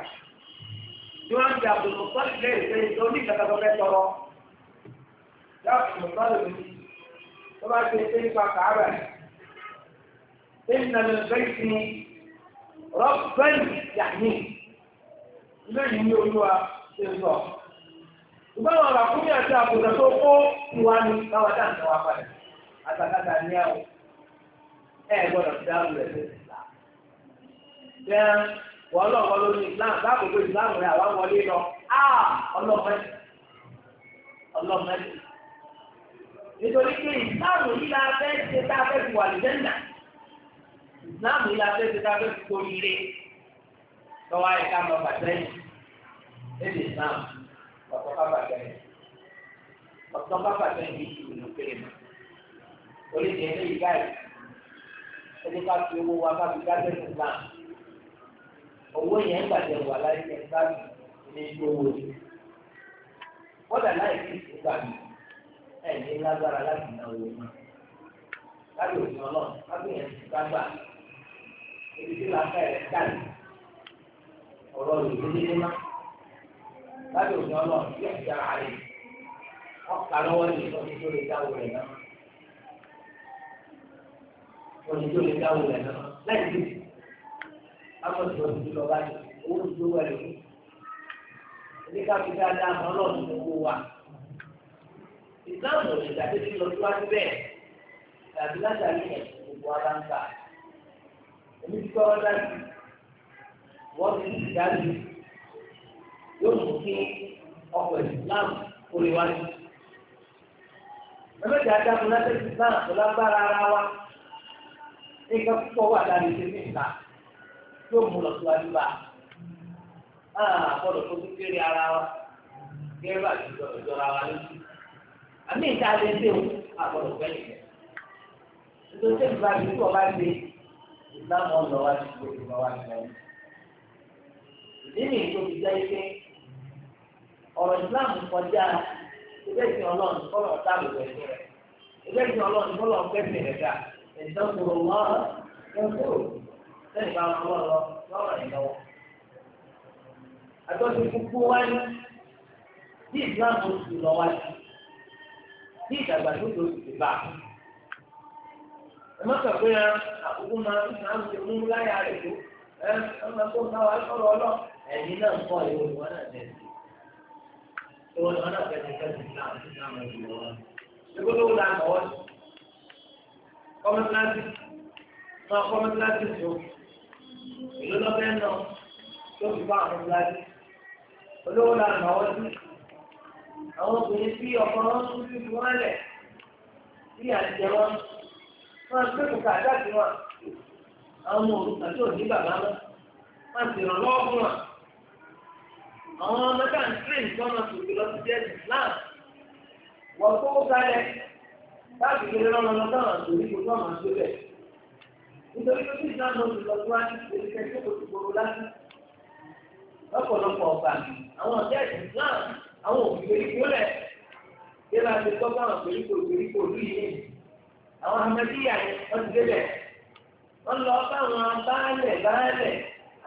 tí wọ́n fi abdulmọ̀tọ́lì léèrè pé tó ní kàkà tó fẹ́ tọrọ yá abdulmọ̀tọ́lì mi tó bá ti ṣe nípa kàrà ìnà mi bẹ́ẹ̀ sí rọ́bẹ́ẹ̀lì yàní ilé yìí ní olúwa ṣe ń sọ. ìgbà wọn rà fún àbùdá tó kó tiwa ni káwọn dáhùn náà wá àtàkàtà ní ẹ̀wọ̀n ẹ̀ gbọ́dọ̀ fi dáhùn rẹ̀ lẹ́sẹ̀ ìlà. Ṣé wọ́n lọ́kọ́ lórí ìsìláàmù lákòókò ìsìláàmù rẹ̀ àwa wọlé lọ ọlọ́mọdé ọlọ́mọdé. Nítorí pé ìsìláàmù yìí la fẹ́ ṣe tá a fẹ́ fi wà lẹ́nà. Ìsìláàmù yìí la fẹ́ ṣe tá a fẹ́ fi torí rẹ̀. Lọ́wọ́ ayé ká lọ bàtẹ́yìn. Ẹ̀dì ìsìláàmù ọ̀tọ́ bá bàtẹ́yìn. ọ̀tọ́ bá yìí ti wù ní kéré náà. oríṣi ẹgbẹ́ yìí báyìí ẹni ká fi owó wa ká fi dájọ́ ní náà owó yẹn ń gbàjẹ́ wà láì ní ní ìlú owó yìí kódà láì sí ìgbà mi ẹ̀ ní lágbára láti ná owó náà lábẹ́ òfin ọlọ́run lábẹ́ yẹn ti ebi tí làákà ẹ̀ ọ̀rọ̀ má òfin ọlọ́run yóò rẹ̀ ọ̀nà tó lè dáwọ́ rẹ̀ náà láì dé. Amọ̀tí wọn ti lọ báyìí, owó ti lówó ẹ̀ lóko. Oníkàfi dáadáa àmọ́ ọlọ́run ló kó wa. Ìsáàmù ò lè dàbí sí lọ síwájú bẹ́ẹ̀. Tàbí látàrí ẹ̀ gbogbo ara ń bà. Èmi ti kọ́ ọ́dá sí. Wọ́n ti ti dájú. Yóò mú kí ọkọ̀ ìsìláàmù kó wájú. Ẹgbẹ́ ìjà dákun látẹ̀sí náà kó lágbára ara wa nǹkan púpọ̀ wà lára ìṣe ní ìta yóò mú lọ síwájú bá a gbọ́dọ̀ tó tún kéré ara wa kéré bá ti gbọ́dọ̀ jọra wa lójú àmì ìta lè dé o àgbọ́dọ̀ fẹ́ nìyẹn nítorí tẹ́lifí bá ti kú ọba gbé ìsìlámù ọ̀nà wa ti kú ìgbà wa ti lọ́wọ́ ìdí nìyí tó fi jẹ́ ike ọ̀rọ̀ ìsìlámù kọjá ẹgbẹ́ ìsìn ọlọ́run kọ́lọ̀ ọ̀tá àbùkù rẹ̀ ẹgbẹ́ ìsìn ọlọ́run kọ́lọ̀ ọ̀fẹ́ ìdókòwò lọ́rọ̀ kẹ́kọ̀ọ́ lẹ́yìn bá wọn lọ́rọ̀ lọ́rọ̀ ìlọ́wọ́. àtọ́jú kúkú wáyé bí ìsìláàmù ti lọ wáyé bí ìdàgbàsókè oṣù ti bá ẹ má sọ pé ah, àkókò máa ń sàn án ti mú láyà rẹ̀ tó ẹ ọmọ tó bá wa sọ̀rọ̀ ọlọ́ ẹ̀yin náà ń kọ́ ìwé ìwọ náà tẹ̀ sí. ìwọ náà tẹ̀ sí kẹ́sì náà ti náà mọ̀ ìwọ náà. ìgbólóhùn náà mọ̀ wọ́n ti kọ́mọ́ tó ìlú lọ́fẹ́ náà tó fi bá àwọn kíláàsì olówó la nà ọ́ sí àwọn obìnrin tí ọkọ wọn ń fi fi wọn lẹ̀ sí àjẹ wọn wọn gbé kòkà àdáàbí wọn àwọn ọmọ òrùka tó ní bàbá wọn wọn sì ràn lọ́wọ́ fún wọn àwọn ọmọ táà ń tírè nǹkan ọmọ tòkè lọ sí jẹ́ ìsìláàmù wọ́n kó kalẹ̀. láti kéré lọ́lọ́lọ́ táwọn àtòrí kò tó àwọn àtòrí ẹ̀. nítorí pé kí ìdáná ti lọ síwájú sí ẹ̀ka tó ti gbogbo láti. lọ́pọ̀lọpọ̀ ọ̀gbà àwọn ọ̀jẹ́ àwọn lẹ̀ ti yìí. àwọn amẹ́bíyà yẹn wọ́n ti débẹ̀. wọ́n lọ báwọn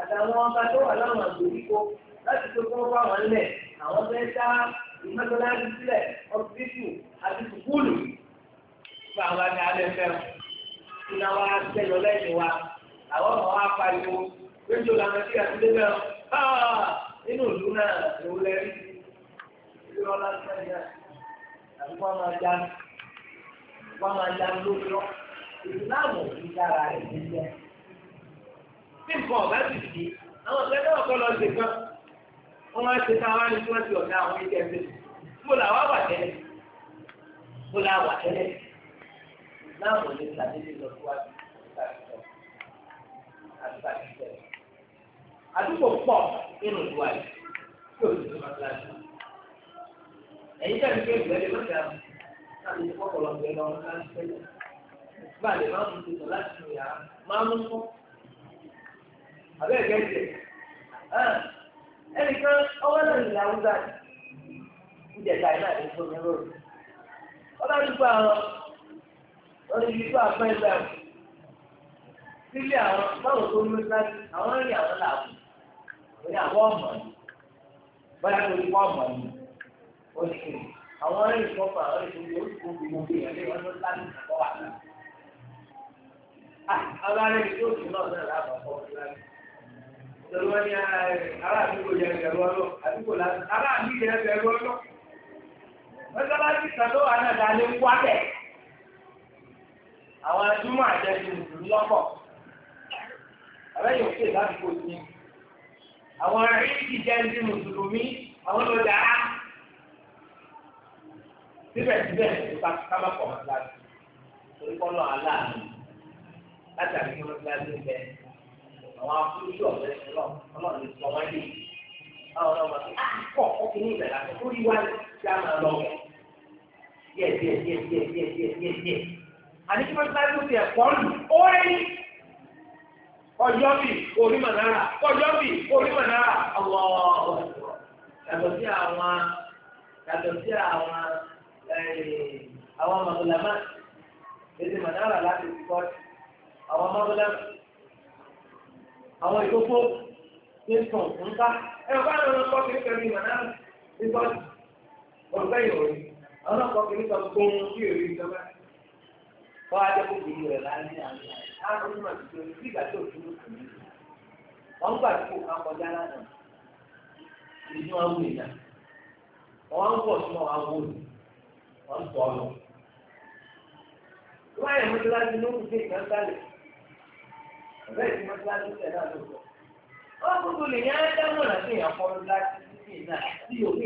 àtàwọn ọba tó wà láwọn láti tó kọ́ fún àwọn àmì alẹ́ fẹ́ o kí náà wọ́n á tẹ̀yọ lẹ́yìn wa àwọn ọmọ wa pariwo péjọ làwọn ẹbí àti lébẹ́ o báà ah, nínú ìlú náà lòún lẹ́rí ìlú ọlá sẹ́yìn náà àti wọ́n máa já wọ́n máa já lórí lọ ìsìláàmù ti dára rẹ̀ nílẹ̀ bí nǹkan ọ̀gá sì di àwọn ọ̀gá náà kọ́ lọ sí kan wọ́n máa ṣe ká wá ní tí wọ́n ti ọ̀gá àwọn ilé ẹgbẹ́ mo làwọn àwà tẹ́lẹ̀ mo làwọn àwà tẹ́lẹ̀. láwọn ò lè lọ síwájú àtúntà ìṣẹ́. àdúgbò pọ̀ nínú ìwà yìí tí ò sì máa láti. ẹ̀yin tẹ̀lé pé ìwé lè lọ́jà láti ní kọ́kọ́rọ́ ìwé lọ́wọ́ láti tẹ́lẹ̀. ìgbà lè máa mú tuntun láti nù yàrá máa mú fún. àbẹ́ ẹ̀gẹ́ ẹnìkan ọwọ́ náà ní àwùjá ìjẹta ìlànà ìfowópamọ́. ọlọ́run gbọ́ àwọn. wọ́n ti fi kó àpẹ́ ìgbà sílé àwọn báwọn tó ń lọ sáájú àwọn rí àwọn làwọn òní àwọn ọmọ ni báyà tó ní kó ọmọ ni ó ní àwọn rí ìfọ́fà àwọn rí ìfọ́fà ó ti kó gbogbo wọn ló sáájú wà ah, àwọn ará tó sùn náà láti. àdúgbò yẹn àdúgbò àwọn ẹdínwó àjẹsí mùsùlùmí lọ́pọ̀ àbẹ́yẹ̀ òkè láti kó sí àwọn ẹ̀ríkì jẹ́ndí mùsùlùmí àwọn ló dáa síbẹ̀síbẹ̀ nípa kábà pọ̀ mọ́ láti torí kọ́ náà aláàánú láti àbí kọ́ láti ń bẹ àwọn afúrúṣù ọ̀rẹ́ ọlọ́run ní sọ wọ́n dé báwọn náà wọ́n ti kọ́ ọkùnrin ìbẹ̀ láti kórìíwá sí àmà lọ́wọ́ díẹ̀ díẹ̀ díẹ̀ díẹ̀ díẹ̀ díẹ̀ díẹ̀ díẹ̀ àdíkí mọ́sálásí ti ẹ̀kọ́ lù ó rí ọjọ́ bì orí mànára ọjọ́ bì orí mànára ọ̀wọ̀ yàtọ̀ sí àwọn yàtọ̀ sí àwọn eh, àwọn mọ̀tòlámà èdè mànára láti kọ́ àwọn mọ̀tòlámà àwọn ìkókó ní sùn ń bá ẹ̀rọ bá lọ́nà kọ́ kí ní kẹ́mi mànára ní bọ́ọ̀lù ọ̀gbẹ́yìn òní àwọn ọkọ̀ kì ní sọ gbóhùn sí èrè ìjọba. wọ́n á jẹ́ kó bí rẹ̀ láàrin àwọn àwọn onímọ̀ tuntun bí ìgbà tó dúró kù ní. wọ́n gbà tí kò kọjá lánàá ìdí wọn wù ìyá wọ́n ń pọ̀ sí wọn wọ́n ń tọ́ lọ. wọ́n yẹ mọ́tíláṣí sálẹ̀ ìdí mọ́tíláṣí tẹ̀ náà wọ́n lè láti èèyàn láti sí òkè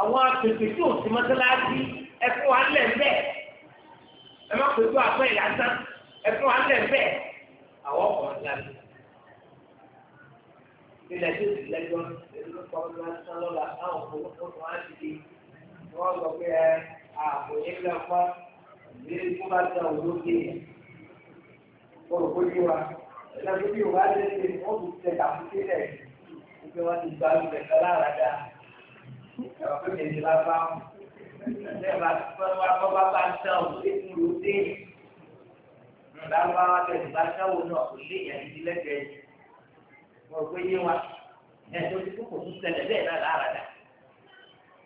àwọn agbègbè tí ò sí mọ́sálásí ẹ̀fún wa lẹ̀ bẹ́ẹ̀ ẹ má pèsè àpẹ́ ìlànà ẹ̀fún wa lẹ̀ bẹ́ẹ̀ àwọn ọkọ̀ mọ́sálásí. nílẹ̀ tó ti lẹ́jọ́ lórúkọ lásán lọ́la táwọn olókùnkùn á ti di wọ́n lọ pé ẹ ààbò nílẹ̀ ọ̀pá ìdílé tó bá ta olókè yẹn. Bọ́lọ̀ kó yé wa ẹ̀dá tó bí o bá lé ṣe wọ́n ti tẹ̀ àfikún rẹ̀ ìgbé wọn ti gba ìgbẹ̀ká lára dáa. Ẹ̀rọ̀fẹ́ mi ti lábá mú. Lẹ́ẹ̀ma wá kọ́ bá bá ń tán o, ó kún ló dé. Lábá wá bẹ̀rẹ̀ bá tán o náà kò lé ìyàrá ìdí lẹ́gbẹ̀ẹ́. Mo gbé yé wa. Ẹ̀sọ́ ti kú kò tún ṣẹlẹ̀ bẹ́ẹ̀ náà láradà.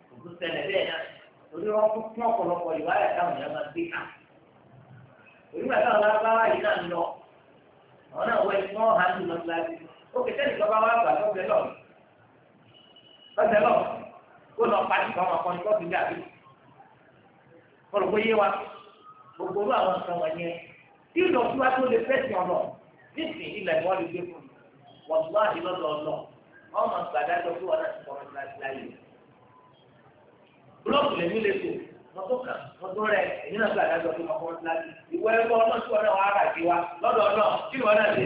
Kò tún ṣẹlẹ̀ bẹ́ẹ̀ náà. Torí wọn kú fún ọ̀pọ̀lọpọ̀ ìwádìí àtàwọn ìyá máa gbé Àwọn ẹ̀sìn wọn hàn Ó kẹ́kẹ́ nìkan bá wá gbà lọ́sẹ̀ lọ́ọ̀ kó lọ pàdé kan wọn kọ́ni kọ́ọ̀tù ní àbí kọlùkọ́ yé wa gbogbo olú àwọn nǹkan wọ̀nyẹn tí ìlọ tí wàá tó lè fẹ́sìn ọ̀nà nísìn ilẹ̀ wọn lè gbé fún mi wọ́n tún wá ìlọ́dọ̀ ọ̀nà wọ́n mọ̀ gbàdájọ́ tó wà láti kọ́ ọ̀nà láti láyé búlọ́ọ̀kù lèmi lè tò mọ́tò kan mọ́tò rẹ̀ èyí náà gbàdájọ́ tó mọ̀ kọ́ ọ̀nà láti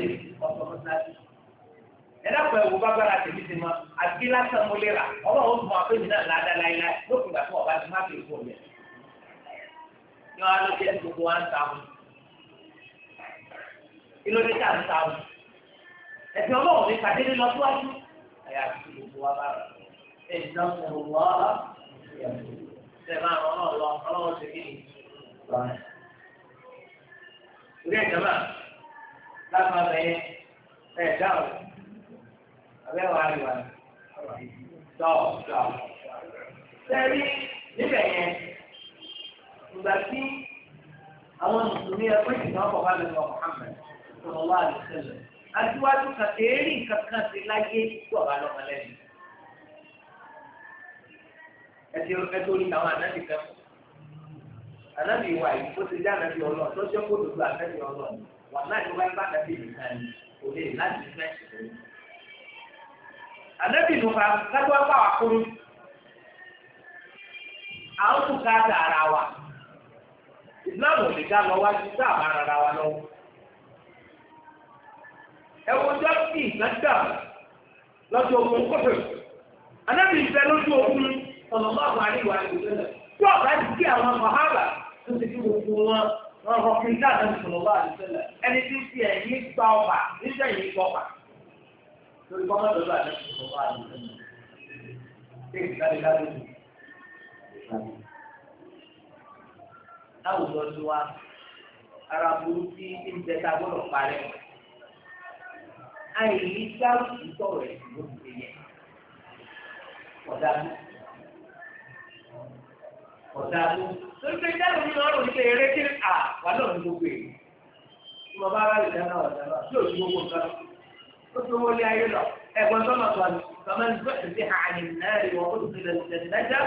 ìwọ ẹ̀dàpọ̀ ẹ̀wò bábára tèmi ti mọ àti lásán mo lè rà ọlọ́run ó fún wa pé mi náà ládàá láéláé lókun ìgbà tí wọ́n bá ti má fi fún mi. ní wọn á ló jẹ́ gbogbo wa ń ta wọn. kí ló dé tá ń ta wọn. ẹ̀sìn ọlọ́run mi pàdé ní lọ síwájú. àti gbogbo wa bá rà. ẹ̀sìn náà fún un wá. ṣe máa ràn ọ́nà lọ ọlọ́run ṣe kí ni. ìrẹ́ ìjọba láti máa bẹ̀yẹ ẹ̀ dáhùn abẹ́ wà á rí wa tọ́ tọ́ sẹ́rí níbẹ̀ yẹn ìgbà tí àwọn mùsùlùmí ẹgbẹ́ ìgbà ọkọ̀ bá lọ́wọ́ Muhammad sọ̀rọ̀ wá àdìsẹ́lẹ̀ adúwájú kan èérí kankan sí láyé tó ọ̀bá lọ́mọ lẹ́nu ẹ̀sìn ẹ̀sìn orí àwọn ànábì kan ànábì wa yìí ó ti dá ànábì ọlọ́ọ̀ tó jẹ́ kó dòdò ànábì ọlọ́ọ̀ wà náà ni wáyé bá ànábì nìkan ni kò lè láti fẹ́ ànábì nùfà kátó wá pàwà kúrú àwọn ara wa ìsìláàmù ò lè dá lọ wájú a máa rara wa lọ́wọ́ ẹ̀wọ̀n jọ́sìn ìgbàgbà lọ́jọ́ ogun kọ́fẹ̀ ànábì ìfẹ́ lójú ogun ọ̀nàmọ́àmù àríwá ìgbésẹ̀ tí ọ̀gá ti kí àwọn tó ti gbogbo wọn wọn ẹni lórí bọ́mọ̀ lọ́dọ̀ àdéhùn tó wà ní ìlú ṣé ìdájọ́ dájú ni. láwùjọ tí wa ara burú tí ta gbọ́dọ̀ parẹ́ àìní sáàtì sọ̀rọ̀ ẹ̀ ló ń ṣe yẹ ọ̀dàbí ọ̀dàbí lórí pé dáhùn mi lọ́rùn ní eré kí à wà lọ́rùn gbogbo èyí tí mo bá rárẹ̀ dáná ọ̀dàbí yóò di gbogbo nǹkan ó ti wọlé ayé lọ ẹ̀gbọ́n tó lọ sọ̀rọ̀ tọ́mọ nígbà tí a àyè náà rí wọn ó ti lè lè dájá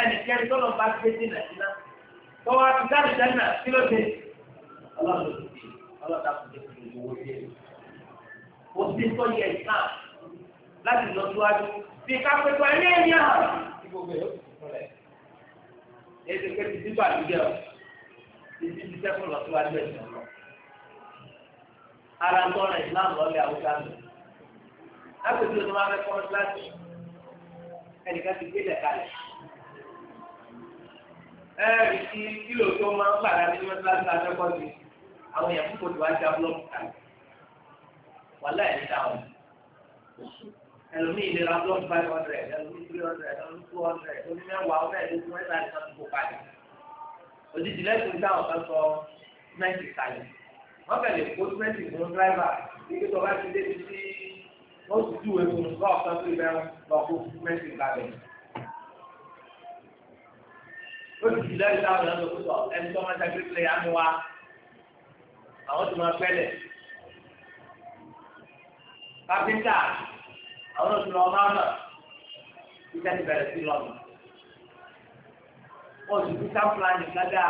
ẹnì kẹrin tó lọ bá gbé sí nàìjíríà tó wá ti dáhùn sẹ́nà kí ló dé ọlọ́run ló ti ọlọ́dà kò dé kò lè wọ dé o ti sọ yẹ ìsàn láti lọ síwájú bí kápẹ́tọ̀ ayé yẹn hàn gbogbo ẹ̀ ó ti kọ́lẹ̀ ẹ̀ ẹ́ ti kẹ́ ti dìbò àdúgbò ẹ̀ ti ti ti sẹ́kùn lọ síwájú ẹ̀ sọ̀rọ̀ ara ń tọ́ra islam lọ́lẹ̀ àwùjá mi. lápẹ̀tì ló ti máa fẹ́ kọ́ síláàsì ẹnìkan ti gbé lẹ̀kalẹ̀. ẹ̀ẹ́dì tí kílò tó máa ń pàdé àti mọ́sálásí àtẹ́kọ́ sí àwọn èèyàn púpọ̀ tó wá já búlọ́ọ̀kì kalẹ̀. wàhálà ẹ̀ níta wọn. ẹlòmíì ìlera búlọ́ọ̀kì five hundred ẹlòmíì three hundred ẹlòmíì two hundred onímẹ̀wàá ọ̀mẹ́ẹ̀dógún mẹ́ta nìkan tó kó kalẹ̀. òjijì lẹ́sìn táwọn kan sọ mẹ́tì kalẹ̀ wọ́n bẹ̀rẹ̀ pósímẹ́ǹtì fún dráìvà ibi tó bá ti débi tí wọ́n ti dùwẹ̀ fún un kọ́ ọ̀kan tó ibẹ̀ lọ kó pósímẹ́ǹtì kalẹ̀. ó ti dìlẹ́ ìta ọ̀nà lọ́kùtọ̀ ẹni tó máa ń ṣàkíyèsí lẹ́yìn àánú wa àwọn tó máa pẹ́lẹ̀. kápẹ́ńtà àwọn tó lọ máa mọ̀ iṣẹ́ ti bẹ̀rẹ̀ sí lọ́nà. wọ́n ti fi sáfúlàní kájà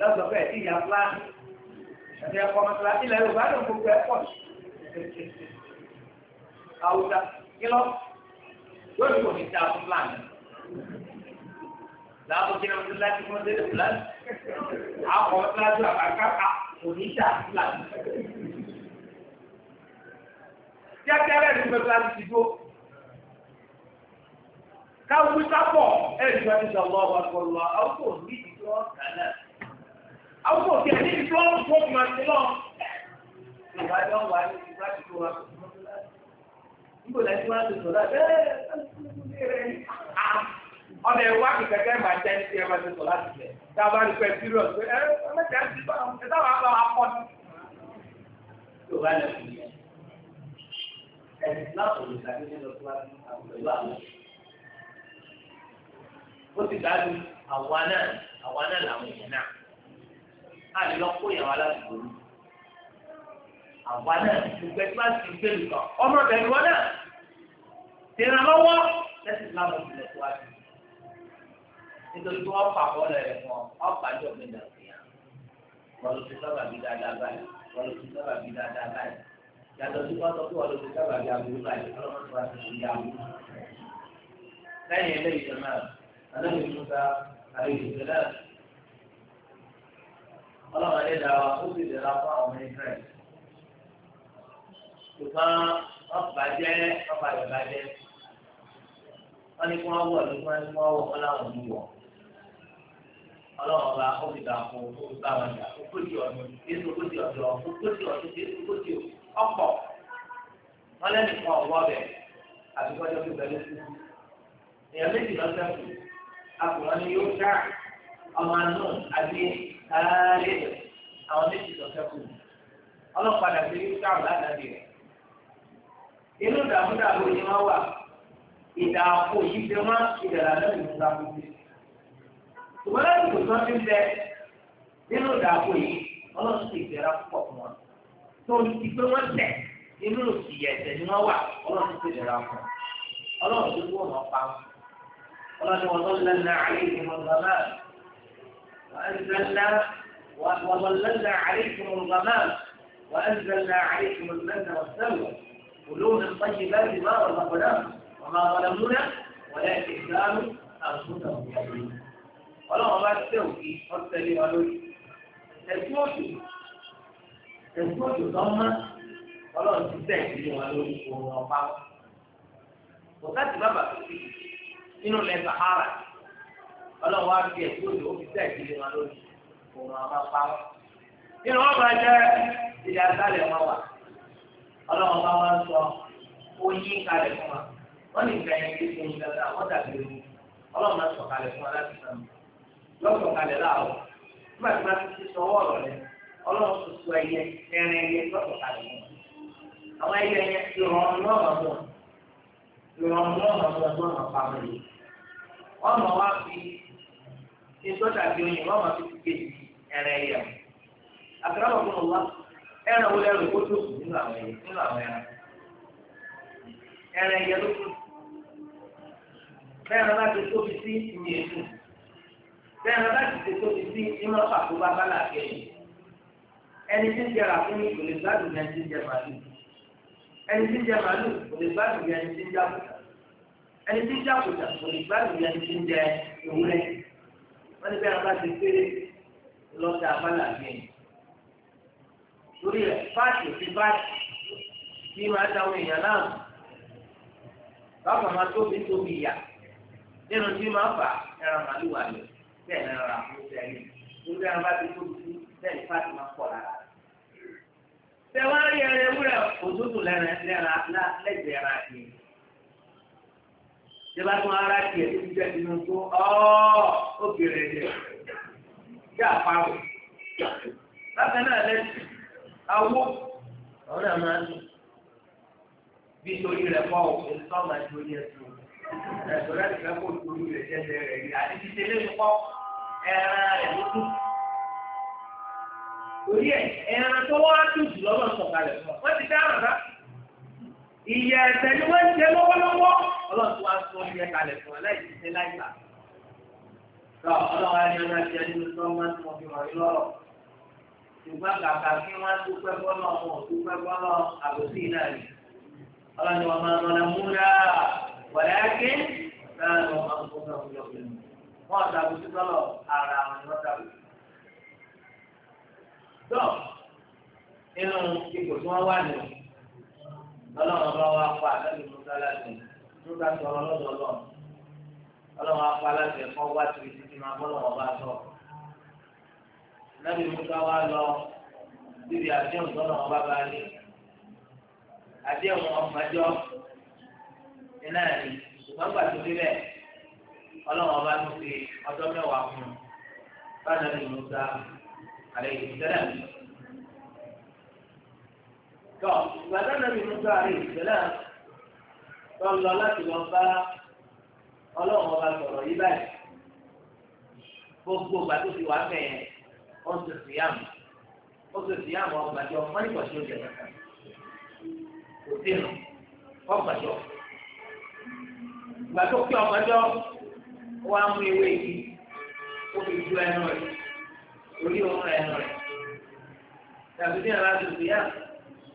lọ́sọ̀fẹ́ ìyá fúlàní ẹ̀sìn ẹ̀kọ́ mọ́tòlá ilẹ̀ yorùbá ló ń gbogbo ẹ̀ pọ̀ àwùjá kílọ̀ yóò ní kò ní ta fún fúlàní láàbò kí ni wọ́n ti láti fún ọdẹ fúlàní àkọ́ fúlàní àbáká kò ní ta fúlàní. kíákíá rẹ̀ ní pẹ̀lú láti ti dúró káwùjá pọ̀ ẹ̀ ní wọ́n ti ọ̀gbọ̀n lọ àwọn kò ní ìdíjọ́ kan náà àwọn kò tiẹ̀ ní ìfúnlọ́ tó fi máa ní ìgbà tí kò wá tó tó lọ. níbo lẹ́yìn wá tó tó lọ bẹ́ẹ̀ máa jẹ́ ní ẹ̀ máa sọ láti jẹ. tá a bá rí pé pírọ̀ pé ẹ ẹ ti bá ẹ sábà bá wa pọ̀ ní. tó bá lẹ̀ fún yẹn ẹ̀sìn náà kò lè ṣàdédé lọ síwájú pẹ̀lú àwọn ó ti dájú àwa náà àwa náà làwọn èèyàn náà àlọ́kó ìyàwó aládùúgbò mi. àwa náà gbogbo ẹgbẹ́ àti ìgbẹ́ mi kan ọmọ bẹ̀rù wọn náà tẹ̀ràn lọ́wọ́ lẹ́sìn ìlànà ìbílẹ̀ tó wájú. nítorí pé wọ́n fà bọ́ọ̀lù rẹ̀ fún ọ ọ̀pá jọ pé dàgbìyà wọ́n lọ sí sábà bí dáadáa báyìí wọ́n lọ sí sábà bí dáadáa báyìí yàtọ̀ sí wọ́n sọ pé wọ́n lọ sábà bí aburú báyìí ọlọ́run tó wá sí ìyá lẹ́yìn ọlọ́run lè dára ó sì lè ra fún àwọn israẹli ṣùgbọ́n ọ̀bàjẹ́ ọ̀bàjẹ́ wọ́n ní kí wọ́n ní kí wọ́n ní wọ́n wọ̀ wọ́n láwọn ò ní wọ̀ ọlọ́run ọba ó fi dà fún ó wọn dà ogójì ọdún yéésù ogójì ọdún ogójì ọdún yéésù ogójì ọ̀pọ̀ wọn lẹ́nu kan ọ̀wọ́ ọbẹ̀ àti kọ́jọ́ fi pẹ̀lú sí èèyàn méjì lọ́sẹ̀ kù akùnrin ni yóò dá ọmọ anú adé sáré àwọn méjì lọ́sẹ̀ kù ọlọ́pàá dàbí káwọn lánàbí rẹ̀ inú dàmúdàbò ni wọ́n wà ìdá yìí wọ́n náà ṣùgbọ́n láti kò tán ti bẹ nínú yìí ọlọ́run ti púpọ̀ fún wọn tó ti pé wọ́n tẹ̀ ni wọ́n wà ọlọ́run ti ìdẹ̀ra fún wọn ọlọ́run tó wọ́n pa wọn tó وأنزلنا وظللنا عليكم الغمام وأنزلنا عليكم المن والسلوى كلوا من طيبات ما رزقناكم وما ظلمونا ولكن كانوا أنفسهم يظلمون ولو ما تسوي حتى لي ولوي تسوي تسوي ضمة ولو تسوي لي ولوي وما بعض وكانت بابا في إنه لا يتحرك ọlọ́run wá fi ẹ̀sìn ó fi tẹ̀ ìdílé wọn lórí òun àwọn nínú asálẹ̀ wọn wà bá wọn sọ oyin kalẹ̀ fún wa wọ́n ní ìgbà yẹn wọ́n dàbí máa sọ kalẹ̀ fún wa láti sàn lọ́sọ̀ kalẹ̀ nígbà tí wọ́n ti ti sọ soso ẹyẹ ẹrin ẹyẹ lọ́sọ̀ kalẹ̀ fún wa àwọn ẹyẹ ìrọ̀rùn mọ̀ ìrọ̀rùn mọ̀ pàmò yìí fi ìtọ́jà bí oyin wọ́n máa fi ti ké ẹ̀rẹ̀ ẹ̀yà. àkàràwọ̀ fún wa ẹ̀rọ wo lẹ́rù kó tó kù nínú àwọn ẹ̀yà nínú àwọn ẹ̀yà. ẹ̀rẹ̀ ẹ̀yà ló kù. bẹ́ẹ̀ni bá ti tóbi sí ìyẹn ètò. bẹ́ẹ̀ni bá ti ti tóbi sí ìmọ̀ pàtó bá bá làákẹ́ yìí. ẹni tí ń jẹrà fún mi kò lè gbádùn ní ẹni tí ń jẹ màálù. ẹni tí ń jẹ màálù kò lè ní ẹni tí ń jẹ àkùtà. ẹni tí ń jẹ àkùtà kò lè ní ẹni tí ń jẹ òwúrẹ́ wọ́n ní bí wọ́n bá ti kéré lọ́sẹ̀ abala yẹn. torí rẹ̀ páàkì òfi páàkì bí máa dáwọn èèyàn náà báwọn máa tóbi tóbi yà nínú tí máa fà ẹran màlúù wà lọ bẹ́ẹ̀ ni ara àwọn ọ̀sẹ̀ yìí torí àwọn bá ti tóbi sí bẹ́ẹ̀ ni páàkì máa pọ̀ lára. tẹ̀wọ́n á rí ẹran ewúrẹ́ òtútù lẹ́rẹ̀ẹ́ lẹ́gbẹ̀ẹ́ ara yẹn tẹ́lá tún ara tiẹ̀ tó ti jáde nínú tó ọ́ ó bèrè rẹ̀ kí àparò. Bákan náà lẹ́sìn awó àwọn náà máa ń lò bí torí rẹ̀ kọ́ òfin tó máa torí ẹ̀ tó. Ẹ̀sọ́ láti fẹ́ kó torí rẹ̀ jẹ́jẹ́ rẹ̀ rí àti títí lẹ́nu kọ́ ẹran rẹ̀ ló dùn. Torí ẹ̀ ẹran tó wá dùn jùlọ náà sọ̀kalẹ̀ fún ọ. Wọ́n ti dá àrùn náà ìyẹ ẹsẹ̀ ni wọ́n ń jẹ lọ́wọ́lọ́wọ́ ọlọ́run tó wá sọ ìyẹ kalẹ̀ fún aláìsí ṣe láìsà. lọ ọlọ́run á ní ọjà tí a nínú sọ máa ń tún ọbẹ̀ wọ̀nyí lọ́rọ̀. ṣùgbọ́n kàkà kí wọ́n dúpẹ́ bọ́lọ̀ wọn ò dúpẹ́ bọ́lọ̀ àbòsí náà rí. ọlọ́run wọn máa ń lọ múra wọ̀lẹ́kí náà lọ máa ń gbọ́dọ̀ ọ̀gbìn. wọ́n ṣàbòsí bọ́lọ̀ ara wọn ni wọ́n ṣàbòsí nínú ipò tí wọ́n wà nínú ọlọ́run bá wá pa àtàkì musa láti tó ká sọ̀rọ̀ lọ́dọọlọ́ ọlọ́run apá aláṣẹ kọ́ wá sí ibi tí máa bọ́lọ̀ wọn sọ. nábì musa wá lọ síbi àdéhùn tọ́lọ̀ wọn bá bá rí àdéhùn ọmọdéjọ́ iná rí ṣùgbọ́n gbà tó débẹ̀ ọlọ́run ọba tó fi ọjọ́ mẹ́wàá fún un bá nàbì musa àlẹ́ ìṣẹ́lẹ̀ mi tọ́ ìgbàdá nàbì Musa àrẹ ìṣẹ̀lẹ̀ tó ń lọ láti lọ bá ọlọ́run ọba sọ̀rọ̀ yí báyìí gbogbo ìgbà tó fi wà mẹ́ẹ̀ ó ń sèṣì yá mu ó ń sèṣì yá mu ọgbà jọ wọ́n ní kọ̀ọ̀ṣì oúnjẹ kàkà kò sí nù ọgbà jọ ìgbà kí ọgbà jọ wọ́n mú ewé yìí ó fi ju ẹnu rẹ̀ orí òun rẹ̀ ẹnu rẹ̀ tàbí ní ẹ̀rọ àti òṣìyá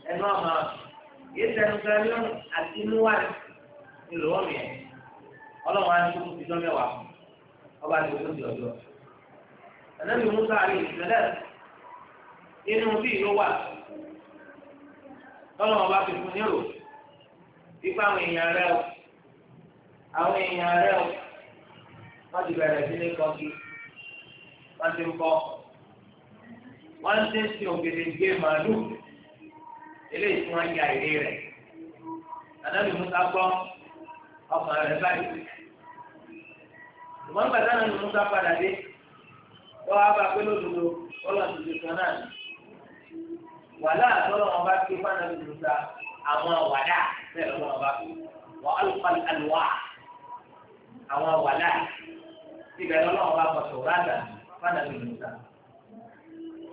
ẹnu àmà yìí sẹnu sẹnu àti inú wa ni lọ́wọ́ mi ẹ̀ ọlọ́run á ní kókó ti dán mẹ́wàá ọba ní kókó ti ọjọ́ ẹ̀nẹ́bí musa àrí ìṣẹ̀lẹ̀ inú bí ìlú wà tọ́lọ́ ọba fi fún nírò ipa àwọn èèyàn rẹ o àwọn èèyàn rẹ o wọ́n ti bẹ̀rẹ̀ sí ní kọ́kí wọ́n ti ń kọ́ wọ́n ti ń sin òkèdè gbé màálù eléyìí tí wọ́n ya ìrí rẹ̀ ànábì musa gbọ́ ọkàn rẹ̀ báyìí ìwọ́n gbàdá náà ni musa padà dé lọ́wọ́ abá pé lódodo ọlọ́run ti sọ náà wàhálà àtọ́lọ́ wọn bá ké fún ànábì musa àwọn wàdà bẹ́ẹ̀ lọ́wọ́ wọn bá ké wọ́n alùpàlù àlùwà àwọn wàdà ibẹ̀ lọ́wọ́ wọn bá kọ̀tọ̀ rádà fún ànábì musa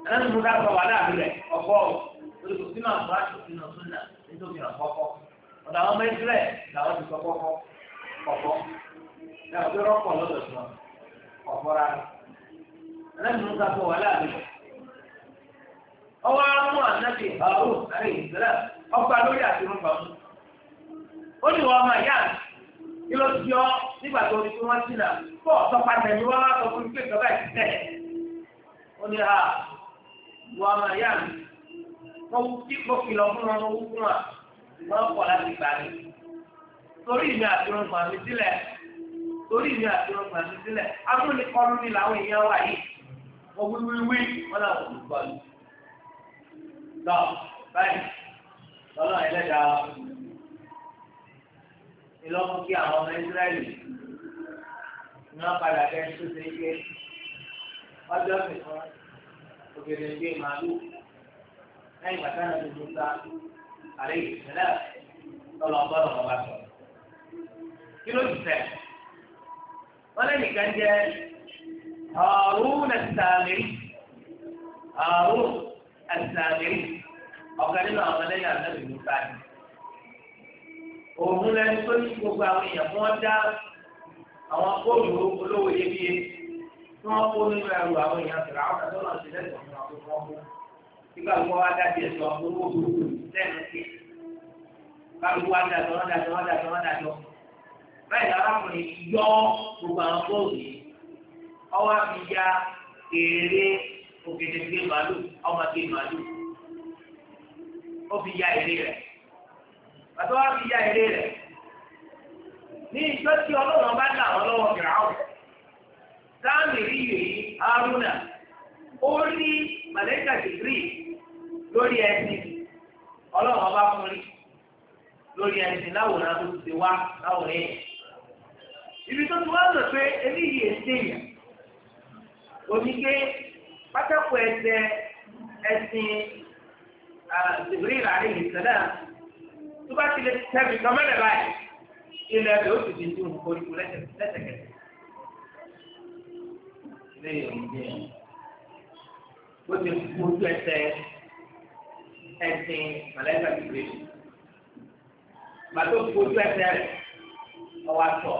ànábì musa kọ̀ wàdà àbúrẹ̀ ọ̀pọ̀ ọ̀pọ̀ torí kò sínú náà sún náà nítorí àkọ́kọ́ ọ̀dà àwọn ọmọ ìsirẹ̀ làwọn ti sọ kọ́kọ́ kọ̀kọ́ náà bí rọ́pọ̀ lọ́dọ̀ kọ̀kọ́ rárá ẹlẹ́nu ń sàkó wà láàbí ọwọ́ amú ànábì àrò àrè ìsirẹ̀ ọgbà lórí àtìrúgbà mú ó ní wọn máa yá kí ló ti nígbà tó ní kí wọ́n ti nà fọ́ ọ̀tọ́ pàtẹ́ni wọ́n á sọ fún mi pé ìjọba ó ní ha wọn máa yá mi wọ́n ti kó kìlọ̀ fún wọn owó fún wa wọ́n kọ̀ láti gbà mí. torí mi àti wọn gbà mí sílẹ̀ torí mi àti wọn gbà mí sílẹ̀ amúnikọ́rú ni làwọn èèyàn wà yìí wọ́n wíwíwí wọn làwọn kò gbọ́ lù. lọ báyìí lọ́nà ẹlẹ́dàá ìlọ́mú kí àwọn ọmọ ìsírẹ́lì ní wọ́n padà bẹ́ẹ̀ tó ṣe ọjọ́ kìkan ògèdè gbé màálù lẹ́yìn bàtà náà tuntun ta àlẹ́ yìí sílẹ̀ lọ́lọ́ ọgbọ́dọ̀ wọn bá sọ. kí ló ti fẹ́? wọ́n lé nìkan jẹ́ ọ̀rùn ẹ̀sàmìrì ọ̀rùn ẹ̀sàmìrì ọ̀kan nínú àwọn ọmọdé yàrá lẹ́yìn nípa ni. òun lẹni tó ní gbogbo àwọn èèyàn fún wọn dá àwọn góòlù olówó iyebíye tí wọ́n kó nínú ẹrù àwọn èèyàn tẹ̀lé àwọn àtọ́nà ìṣẹ̀lẹ̀ tó ń nígbà tó wá dá díẹ̀ sọ owó burúkú lẹ́nu sí kálukú wá dá sọ wọ́n dá sọ wọ́n dá sọ wọ́n dá sọ. báyìí lárákùnrin yọ gbogbo àwọn bóòlù yìí ọwọ́ fi ya èrè òkèdèkè màálù ọmọdé màálù ó fi ya èrè rẹ̀ pàtó wá fi ya èrè rẹ̀ ní ìjọ tí ọlọ́run bá dà wọ́n lọ́wọ́ fìràwọ̀ sáàmì rí yìí haruna ó rí màlẹ́kà dìgírì lórí ẹsìn ọlọ́run ọba fún rí lórí ẹsìn láwòrán tó ti wá láwòrán yẹn. ibi tó ti wá lọ pé eléyìí èsì yẹn oníke pátákó ẹsẹ ẹsìn ìbírí ìlànà ìṣẹ̀lẹ̀ tó bá ti lè tẹbi kọmẹlẹ báyìí ilẹ̀ ẹ̀dọ̀ ó sì ti dùn koríko lẹ́sẹ̀kẹsẹ̀. ilé ìròyìn bó ti kú ojú ẹsẹ̀ ẹ̀sìn mọ̀lẹ́kà ìgbèrè. Màtó fojú ẹsẹ̀ rẹ̀ ọwọ́ àtọ̀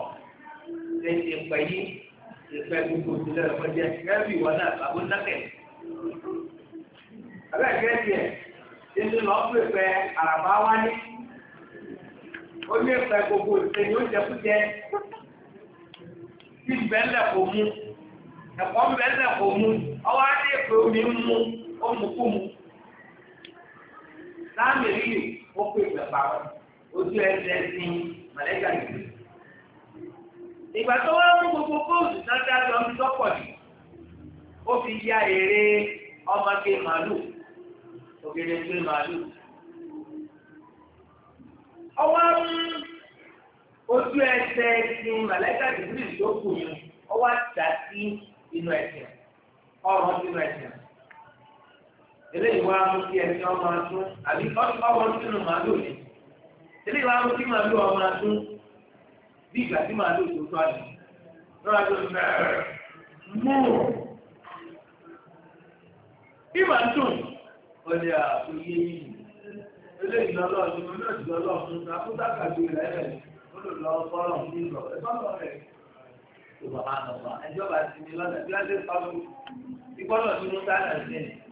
ṣe ìpẹ́ yìí ìpẹ́ gbogbo ìdílé rẹ̀ kọjá kẹ́rì ìwọ náà bàbá nákẹ́. Abẹ́ ìgbẹ́ tiẹ̀ nínú lọ́pọ̀ ìpẹ́ àràbá wá ní. Ó ní ìpẹ́ gbogbo ìpẹ́ ni ó jẹ kú jẹ. Bí bẹ́ẹ̀ kò mú, ẹ̀kọ́ bẹ́ẹ̀ kò mú, ọwọ́ adé ìpẹ́ omi ń mú, ó mú kú mu láàmì rí i ó pè pẹ̀pà wọn ojú ẹsẹ̀ ní mọ̀lẹ́gà yìí. ìgbà tó wá mú gbogbo góòlù náà dájọ́ ń dọ́pọ̀ jù ó fi ya èrè ọmọge màálù ògèdè gbé màálù. ọwọ́ mú ojú ẹsẹ̀ ní mọ̀lẹ́gà yìí tó kù yìí ọwọ́ àti dàtí inú ẹsẹ̀ ọrùn inú ẹsẹ̀ eléyìí wá mú kí ẹni ọmọ atún àbí ọwọ́ sínú màálù ni eléyìí wá mú kí màálù ọmọ atún bí ìgbà tí màálù tó tó àná lọ́wọ́ àti ọ̀sùn bẹ́ẹ̀ mú o bí màálù ọ̀lẹ́ àkóyé yìí eléyìí lọ́lọ́ ọ̀sùn mi náà ti lọ́lọ́ ọ̀sùn mi àkókò àkàdé rẹ̀ ẹ̀ ó lè lọ bọ́lọ̀ ní ìlọ̀ ẹ̀ bọ́lọ̀ rẹ̀ ìwà àná wa ẹjọ́ bá ti ní lọ́nà bí wọ́n ti sọ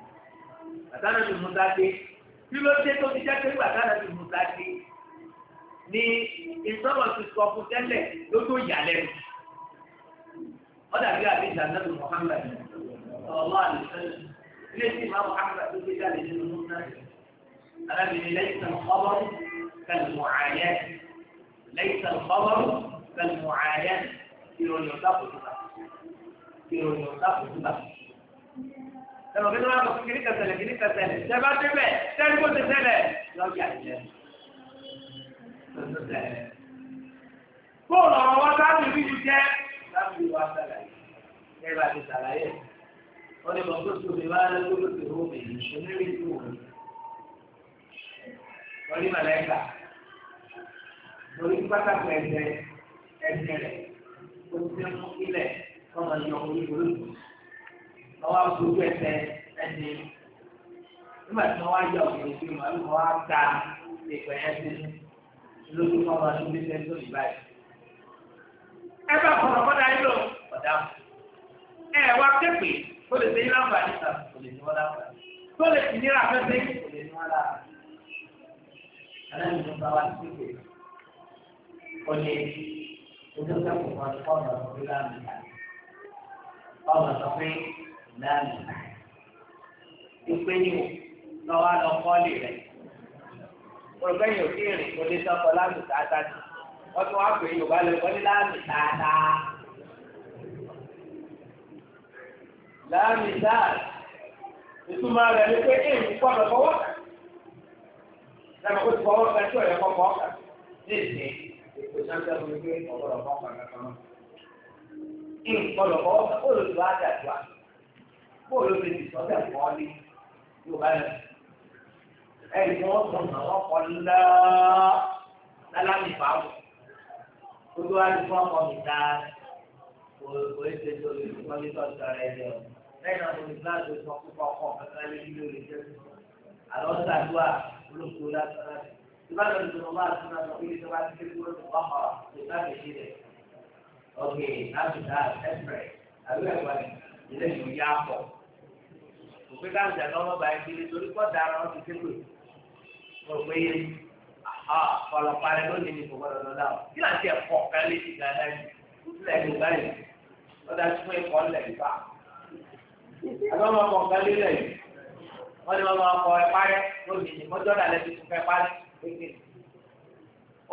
bàtàna bí musa dé bí ló dé tó ti jẹ́ pé bàtàna bí musa dé ni ìsọ̀rọ̀ ti sọ fún tẹ́lẹ̀ ló tó yà lẹ́nu ọ̀dà bí àbí ìdánilẹ́nu Muhammad ọ̀lọ́ àdìsẹ́lẹ̀ ilé tí ìmọ̀ Muhammad tó gbé jáde nínú musa alábìnrin lẹ́yìn tẹ̀ ọ̀bọ̀ kẹlẹ̀ mọ̀ àyẹ́ lẹ́yìn tẹ̀ ọ̀bọ̀ kẹlẹ̀ mọ̀ àyẹ́ ìròyìn ọ̀dà kò bá ìròyìn ọ̀dà kò bá ẹnu kí ló máa bọ̀ kíkiri kẹsẹ̀lẹ̀ kíkiri kẹsẹ̀lẹ̀ ṣẹ bá débẹ̀ sẹ́ni kó ti ṣẹlẹ̀ lọ́ọ̀kì àjẹ́ fóònù ọ̀rọ̀ wa sáàbì bí ju jẹ́ sáàbì wa sàlàyé ẹ bá ti sàlàyé wọ́n ní bọ̀ǹkó tó mi máa ń lọ́wọ́ tó ti rú mi onírè tó wù mí wọ́n ní màlẹ́kà lórí pátákó ẹ̀jẹ̀ ẹ̀jẹ̀ rẹ̀ ó ti mú ilẹ̀ kọ́mọ ní ọkùnrin olóògùn ọwọ́ agbójú ẹsẹ̀ ẹni nígbà tí wọ́n á yọ sí wọn àbí wọ́n ta ìpè yẹn sí lójú wọn máa tún bí sẹ́ńtò ìbáyìí. ẹ bá kọ̀ọ̀rọ̀ kọ́dà yín lò ọ̀dà ẹ wá kéèpè tó lè ṣe yín láǹfààní kan kò lè ní wọn láǹfààní tó lè fi yín láfẹ́fẹ́ kò lè ní wọn láǹfààní. aláìní ló bá wá sí ìpè ojú sẹ́kùn kan kọ́ láàmì ìpè ní o lọ́wọ́ lọ kọ́ọ̀lì rẹ̀ olùkẹ́yìn òkè rìn kò lè sọ́kọ láàmì tààtàà wọ́n tún wá pè é yorùbá lọ wọ́n ní láàmì tààtàà láàmì tààtàà ìtumọ̀ rẹ̀ ni pé èyí ń kọ́ lọ fọwọ́ kà lẹ́nu kó ti fọwọ́ kà tí ọ̀yẹ́ kọ́ fọwọ́ ní ìsìn kò sáńtẹ́ fún mi pé ọ̀gbọ́dọ̀ fọwọ́ kà kankan náà ń kọ́ fọwọ́ kà ó lè tó bóyá ló ti sọ́jà kọ́ọ́lì yóò bá lẹ̀. ẹ̀yìn tí wọ́n sọ̀rọ̀ náà wọ́n kọ́ ńlá lálámì báwò gbogbo wa ti fún ọkọ mi ta kò kò é ṣe torí ìfúnpọ̀ ní sọ́jà rẹ̀ jẹ́ o lẹ́yìn náà mo ní kíláàsì sọ púpọ̀ ọkọ̀ kankan lé nílò rẹ̀ jẹ́ o àlọ́ sàdúà olóko lásán ìbára ní ìdùnnú máa tún náà sọ pé ti ké kúrò ní wàhà ìgbà méjì rẹ̀ ọ̀gẹ̀ àbùdá ẹ̀fẹ̀ àbí ẹ̀wà ilé ìlú yá pọ̀ kò pé káwọn ìjà náà ọmọbàá ìgbélé torí kọ́ dára wọn ti ké pè mo rò pé yé ọlọ́pàá rẹ lónìí ni kò gbọ́dọ̀ lọ dáhùn kí láti ẹ̀kọ́ kálí ti ga náà yìí kúlẹ̀ ló báyìí lọ́dà tí wọ́n ẹ̀kọ́ lẹ̀ nípa àbí wọn kọ̀ kálí lẹ̀ yìí wọ́n ní wọn máa kọ ẹ parẹ́ lónìí ni mọ́jọ́ dàlẹ́ ti tún fẹ́ parẹ́ pé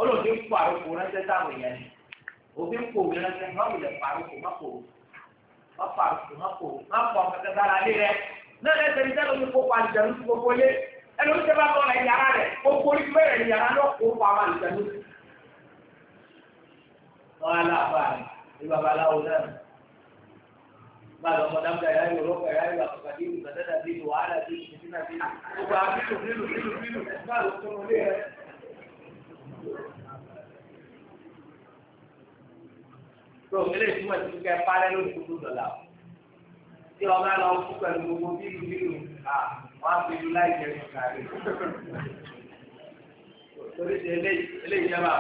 olùdí ń kó àrùkù ránṣẹ́ sáwọn èèyàn ni òbí ń kó òbí ránṣẹ́ má wulẹ̀ pàrùkù má kò má pàrùkù má kò má pọ̀ kẹ́kẹ́ náà lẹ́sẹ̀ ní sẹ́nu kó pa àlùjẹ̀nu sí gbogbo lé ẹni oúnjẹ bá bọ̀ rẹ̀ yàrá rẹ̀ gbogbo orí bẹ̀rẹ̀ ní yàrá náà kó pa àwọn àlùjẹ̀nu sí. wọn á láàbà ní babaláwo náà bá lọ mọ dábìlà yàrá yòrò kọ yàrá yòrò àkàkàdé ìlú gbàdádà bí ìlú wàhálà bí ìlú sínà bí gbogbo àbílù bílù bílù bílù bá tó mọ lé rẹ. tó o kéré ìtumọ̀ ìtumọ̀ kẹ́ parẹ́ lónìí kúndùn dọ̀là tí ọba lọ kú pẹ̀lú gbogbo bílù bílù à wọ́n á fi lu láì jẹ́ ní kàrí. torí ṣe eléyìí jẹba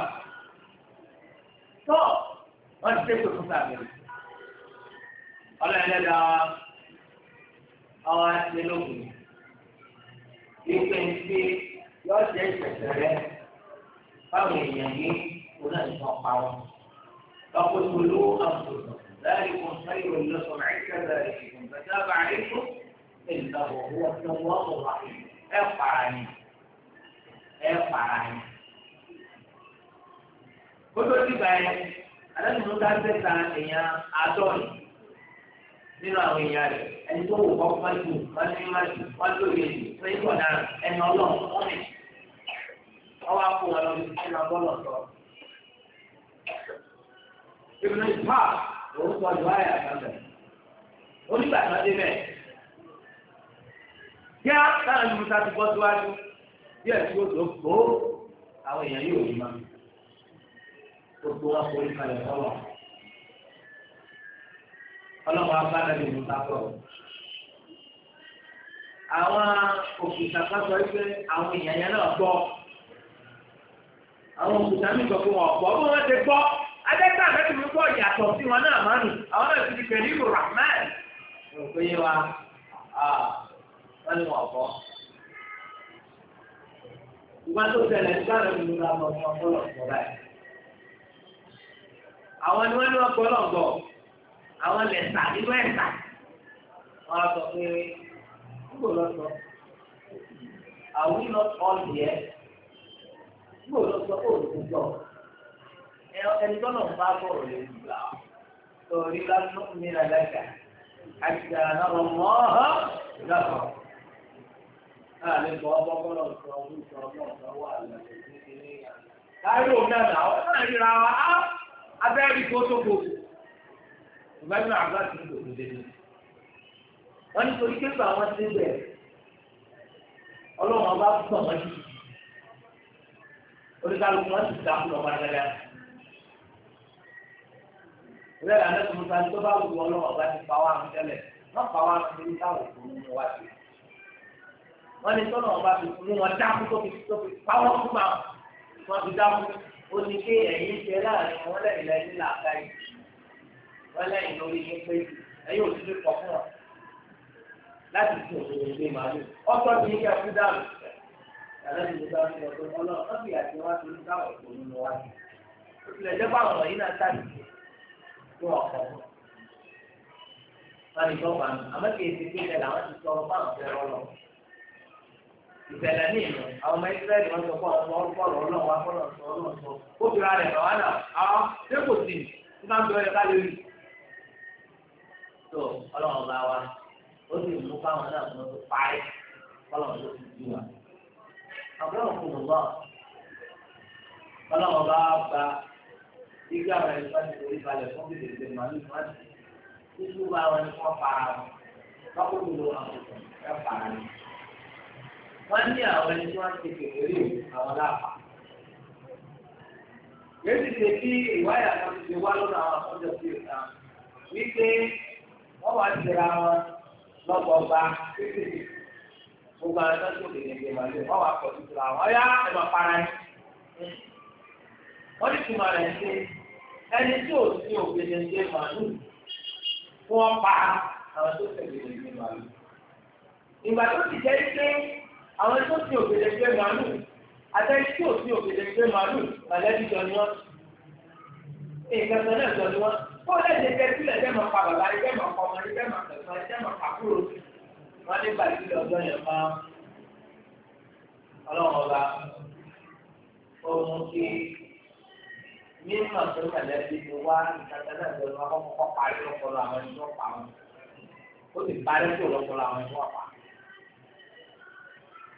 tó wọ́n ti tẹ́kọ̀ọ́ fún sàmì ọlọ́ọ̀lẹ́dà ọwọ́ àti lóògùn ìpè ń fi yọ jẹ́ ìṣẹ̀ṣẹ̀ rẹ báwọn èèyàn yìí kò náà ń sọ pa wọn lọ́kọ́ tó lówó àwọn tó sọ. ذلكم خير لكم عند ذلكم فتاب عليكم إنه هو التواب الرحيم ارفعني ارفعني kótó ti báyìí alẹ́nudó ká sẹ́ta èèyàn àádọ́rin nínú àwọn èèyàn rẹ̀ ẹni tó wò wọ́n wá ju wọ́n ní wá ju wọ́n lóye ju pé kò náà ẹni ọlọ́run wọ́n mi wọ́n wá kó wọn lọ sí ẹni ọlọ́run sọ. ìbùnú ìpá lòun sọ ìwà ẹ̀yà kankan onígbà tí wọ́n dé bẹ́ẹ̀. kí á táwọn ẹni musa ti bọ́ síwájú bí ẹ̀sìn yóò tó gbó àwọn èèyàn yóò yí máa gbogbo wọn kò ní kalẹ̀ sọ́wọ́ ọlọ́wọ́ abánábi musa sọ̀rọ̀ àwọn òkúta sásọ ẹgbẹ́ àwọn èèyàn yẹn náà gbọ́ àwọn òkúta mi gbọ́ pé wọ́n gbọ́ bí wọ́n ti gbọ́. adẹ́gbẹ́ àfẹ́tì mi pọ̀ yàtọ̀ sí wọn náà máa nù àwọn náà ti di pẹ̀lú ìlú rahman òkú yé wa wọ́n ní wọ́n kọ́. ìgbà tó tẹ̀lé nígbà tó àwọn ni wọ́n ní àwọn lẹ̀sà nínú ẹ̀sà wọ́n á ẹni tọ́lọ̀ ń bá sọ̀rọ̀ lè gbà torí lásán mi là lẹ́kà àti àlọ́ mọ́ ọ́ lọ́kọ̀. Láàrin bọ́ ọgbọ́ bọ́lọ̀ sọ ọdún sọ ọgbọ́n sọ wà lọ́kọ̀ ní Láàrin òun náà náà ọ̀sán ìríra wa á abẹ́rẹ́ ìfowó tó kò. Ìgbàgbọ́n àgbà ti ń dòdò dédé. Wọ́n ní torí pé àwọn ti ń bẹ̀rẹ̀. Ọlọ́run ọba gbọ̀n wọn jù. Oníkàlùkù wọn ti dàkú lọ́wọ́ ìrẹ́ àná tó ń ta tó bá wù ọlọ́wọ́ bá ti pa wá àmì tẹ́lẹ̀ wọ́n pa wá àmì tẹ́lẹ̀ táwọn kò ní wá sí. wọ́n ní tọ́nà ọba fi mú wọn dákú tó fi tó fi pawọ́ fún wa wọ́n fi dákú ó ní pé ẹ̀yìn ṣe láàrin wọn lẹ́yìn lẹ́yìn làákà yìí wọ́n lẹ́yìn lórí yín pé ẹ̀yìn ò tún pọ̀ fún ọ láti tún òṣèlú ìgbé màálù ọ̀tọ̀ ní ilé ẹ̀kú dànù àlejò ìgbà N'o ọ̀pọ̀ wọn ìjọ wà ní àmọ́ kì í ti pé ìṣẹ̀lẹ̀ àwọn ti sọ fáwọn fẹ́ rọ́lọ̀ ìṣẹ̀lẹ̀ ní ìlú àwọn ọmọ ìsírẹ́lì sọ fún ọmọ sọ sọ ó fi ra rẹ̀ náà àwọn ṣé kò sí ní ń bẹ rí bá ó sì irú àwọn ẹni bá ti forí balẹ̀ fún bèbè ìgbẹ́ màálù fún àti títú bá wọn ni wọ́n para wọn lọ́kùnrin lo ni. wọ́n ní àwọn ẹni ti àwọn láàpá. lẹ́sìn kí ìwáyà kan ti wá lọ́nà àwọn àkọ́jọ sí ìta wípé wọ́n wá wọn gbogbo àwọn wọ́n ẹni tí ò sí ògbédèdè màálù wọ́n pa àwọn tó sì ògbédèdè màálù. ìgbà tó ti jẹ́ pé àwọn tó sì ògbédèdè màálù àtẹ́yìn tí ò sí ògbédèdè màálù màlẹ́bí jọ ni wọ́n. nǹkan kan náà jọ ni wọ́n. kó o lẹ́sẹ̀ jẹ́ sílẹ̀ jẹ́ máa pa bàbá jẹ́ máa pa ọmọ jẹ́ máa tẹ̀sán jẹ́ máa pa kúrò. wọ́n ní gbàgbé ọjọ́ yẹn máa ọlọ́run ọba ó mú kí mímọ̀ tó mẹ̀lẹ́bí ti wá ìtajà náà lọ lọ kọ́kọ́ parí lọ́pọ̀lọ́ àwọn ẹni tó pa wọn ó sì parí tó lọ́pọ̀lọ́ àwọn ẹni tó pa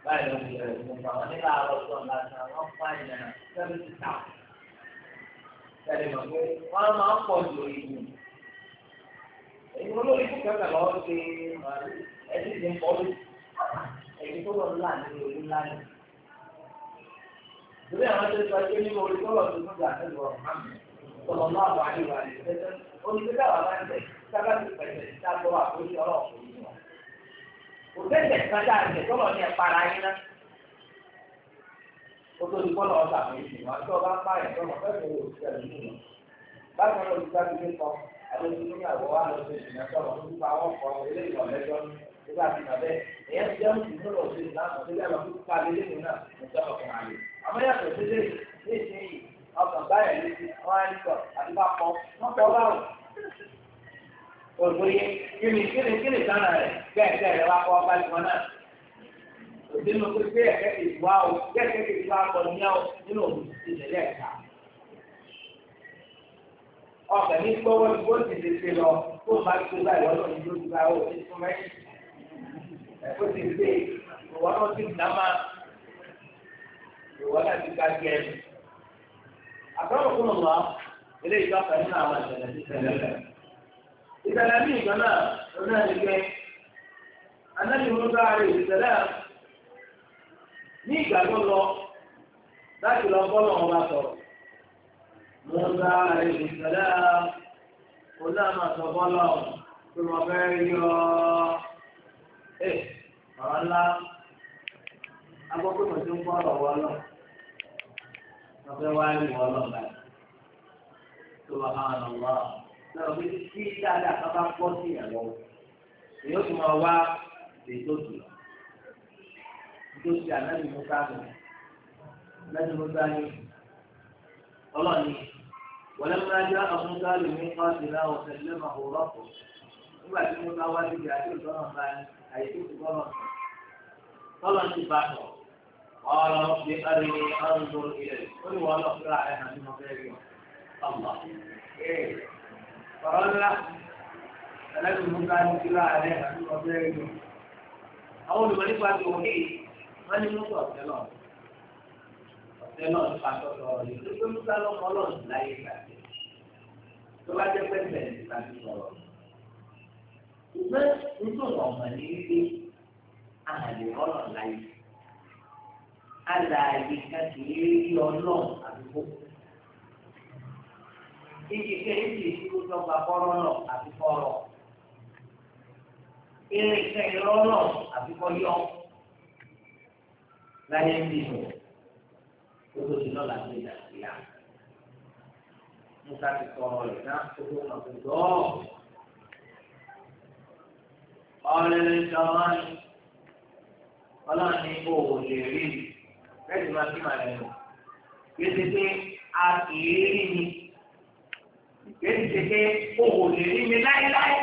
báyìí ló ń bẹ̀rẹ̀ ìmúpa wọn nígbà àlọ́sọ̀ lásán wọn pa ìyàn sẹ́fìtì tà tẹ̀lé mọ̀ pé wọ́n máa ń pọ̀ ju ìlú èyí olórí fún kẹfẹ lọ́wọ́ ṣe ẹni tí ń pọ̀ lù èyí tó lọ ńlá ní olú ńlá nìyí ìwé àwọn tó sọ pé nínú orí tọ́lọ̀ tó tún gbà tẹ́lẹ̀ wọ̀ sọ̀rọ̀ náà wà ní ìwà rẹ̀ tẹ́tẹ́ oníṣẹ́ká wà ń bẹ̀ sábà ti pẹ̀lẹ̀ sábọ̀ àkóso ọ̀rọ̀ òkùnrin wọn. òtẹ́tẹ̀ kájà rẹ̀ tọ́lọ̀ ní ẹ̀pára yín ná. ó tó ti bọ́lọ̀ ọ̀sà fún ìsìn wọn tó bá bá ẹ̀ tọ́lọ̀ fẹ́ẹ́ fẹ́ òṣìṣẹ́ rẹ̀ nínú. bákan náà olùkọ́ ti dé kọ́ àlejò nígbà tí àmọ́ ní ìsinyìí ọkàn báyà ti ti lọ kó o bá ti báyìí lọ́dọ̀ ní lójú ti fún mẹ́rin ẹ̀ kó ti gbé ìwọ́n ti dàmá. ìwọ náà ti ka jẹ ẹ. àtàwọn fún ọmọ ilé ìjọba nínú àwọn ìṣẹ̀lẹ̀ ti ṣẹlẹ̀ rẹ̀. ìṣẹ̀lẹ̀ bí ìgbà náà ló náà ní pé anáyọ̀ ló bá rẹ̀ ní ìgbà tó lọ láti lọ ọba náà máa sọ tó yọ tó ọ̀fẹ́ wá rí wọn lọ́la tó bá máa lọ náà wí sí dáadáa ká bá pọ́ sí ẹ̀ èyí ó tún máa wá ètò ìlọ ètò ìlọ ànábì musa nù ànábì musa ní ọlọ́ọ̀ni wọlé máa jẹ́ àwọn gáàlù ní ọ́sìnlá ọ̀sẹ̀ lẹ́mà òrọ́pọ̀ nígbà tí musa wá síbi àti ìtọ́nà bá ní àìsí ìtọ́nà tọ́lọ́ ti bá tọ̀. قال رب أرني أنظر إليك قل والله راعيها من غير الله إيه فقال له فلازم هم قالوا كلا عليها من غير أول ما نبغى توحيد من نموت أبدالله أبدالله نبغى توحيد نقول مثلا خلاص لا يبقى tó bá jẹ́ pẹ́ẹ́pẹ́ ní ìbámu sọ̀rọ̀. ṣùgbọ́n nítorí ọ̀mọ̀ ní ilé àlè ọ̀rọ̀ láyé alààyè kan kì í rí ọlọ́run àdúgbò. Ibi kẹ́hìntì ìdúró gba kọ́rọ́ náà àti kọ́rọ́. Irinṣẹ́ irọ́ náà àti kọ́yọ́. Láyé ń bìnnú, gbogbo ti lọ́la ní ìdàgbéyà. Musa ti sọ̀rọ̀ rẹ̀ náà tó tó kàn fún gbọ́. Ọ̀rẹ́ ìjọba ni ọlọ́run ní lè rí lẹ́sì máa fi màá lẹ́nu. Gbèsè pé a kì í rí mi. Gbèsè pé o ò lè rí mi láéláé.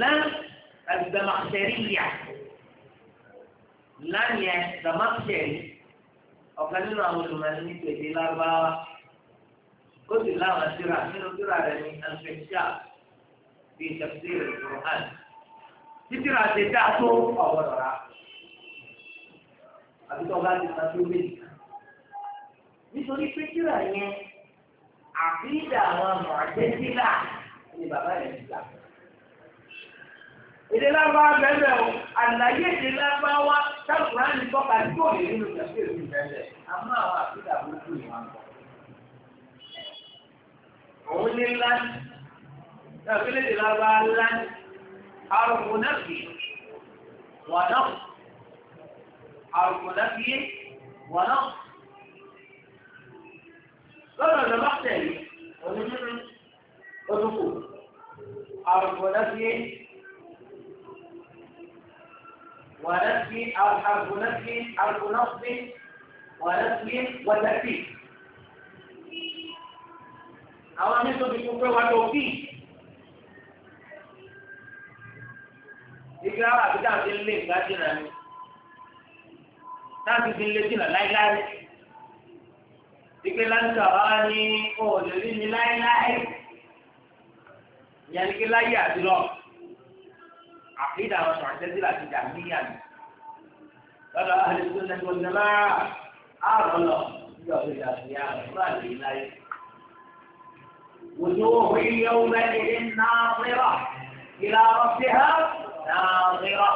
Lán àgbàmọ̀sẹ̀rí yà. Lán yẹn gbàmọ̀sẹ̀rí. Ọ̀kan nínú àwọn olùmọ̀ọ́ni ní pèsè lárúbáwá. Ó sì láwọn síra nínú síra rẹ̀ ní Alfẹ́ṣà bíi tafsir al-Qur'an. Títí ra ṣe dáa tó ọ̀wọ́ rọra àbí tó bá ti san tó méjì kan. nítorí pé kíra yẹn àfíìdà àwọn mọ̀ọ́dẹ́sílà ni bàbá yẹn ti gbà. èdè lábá bẹ́ẹ̀ o àlàyé èdè lábá wa sábùrà ní tọ́ka tí kò lè nínú ìjọba èdè ìbẹ̀rẹ̀ àmọ́ àwọn àfíìdà burúkú yìí wọn kọ. òun ní ńlá ní àfíìdà lábá ńlá ní àrùn mọ̀nàfì wọ̀nàfì. حرف نفي ونقص لما جمع تاني ونجمع الركوب حرف نفي ونفي أو حرف نفي حرف نصب ونفي وتأكيد àwọn mẹ́tò ti kún pé wà ló bí. Ibi ara àbíkà ti ń lé ìgbà jìnnà ni. láti fi lé jìnnà láíláí ike lantɛ ɔhɔ ni o lè rí mi láéláé ìyẹn ike láyé afi àfihàn àwọn ọ̀sán àti ẹ̀dínlá ti dà níyàn lọ́dọ̀ àdìsú nàìjíríà ọ̀sán náà àrùn lọ sí ọ̀sán ìjà sí àrùn fúlà lè rí láyé. وجوه يومئذ ناظرة إلى ربها ناظرة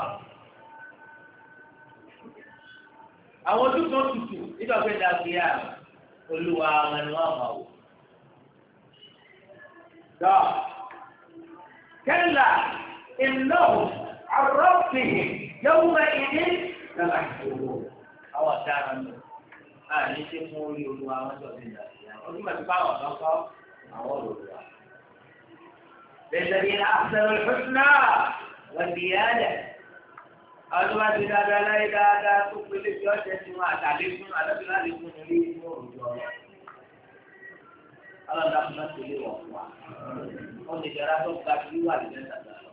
àwọn ojú kan tutù nígbà pé dàbí yà olúwa wọn ni wọn mọ̀ wò. dọ́ kẹ́lá iná arọ́bìnrin yóò wá ìdí lọ́la ìṣòro àwọn ọ̀daràn mi a ní ṣe fún orí olúwa wọn sọ ní dàbí yà ojú mọ̀ bá wà kan kọ́ àwọn olùwà. للذين أحسنوا الحسنى والزيادة àwọn tó bá ti dáadáa láyé dáadáa tó pélé tí ọ̀sẹ̀ ti wọn àtàlẹ́ fún àlọ́bìnrin láti fún ní ilé inú òòjọ́ ọ̀rọ̀. ọlọ́dà fún láti ilé wọ̀ fún wa wọ́n ti jẹ́ra tó ga sí wà ní mẹ́ta gbà lọ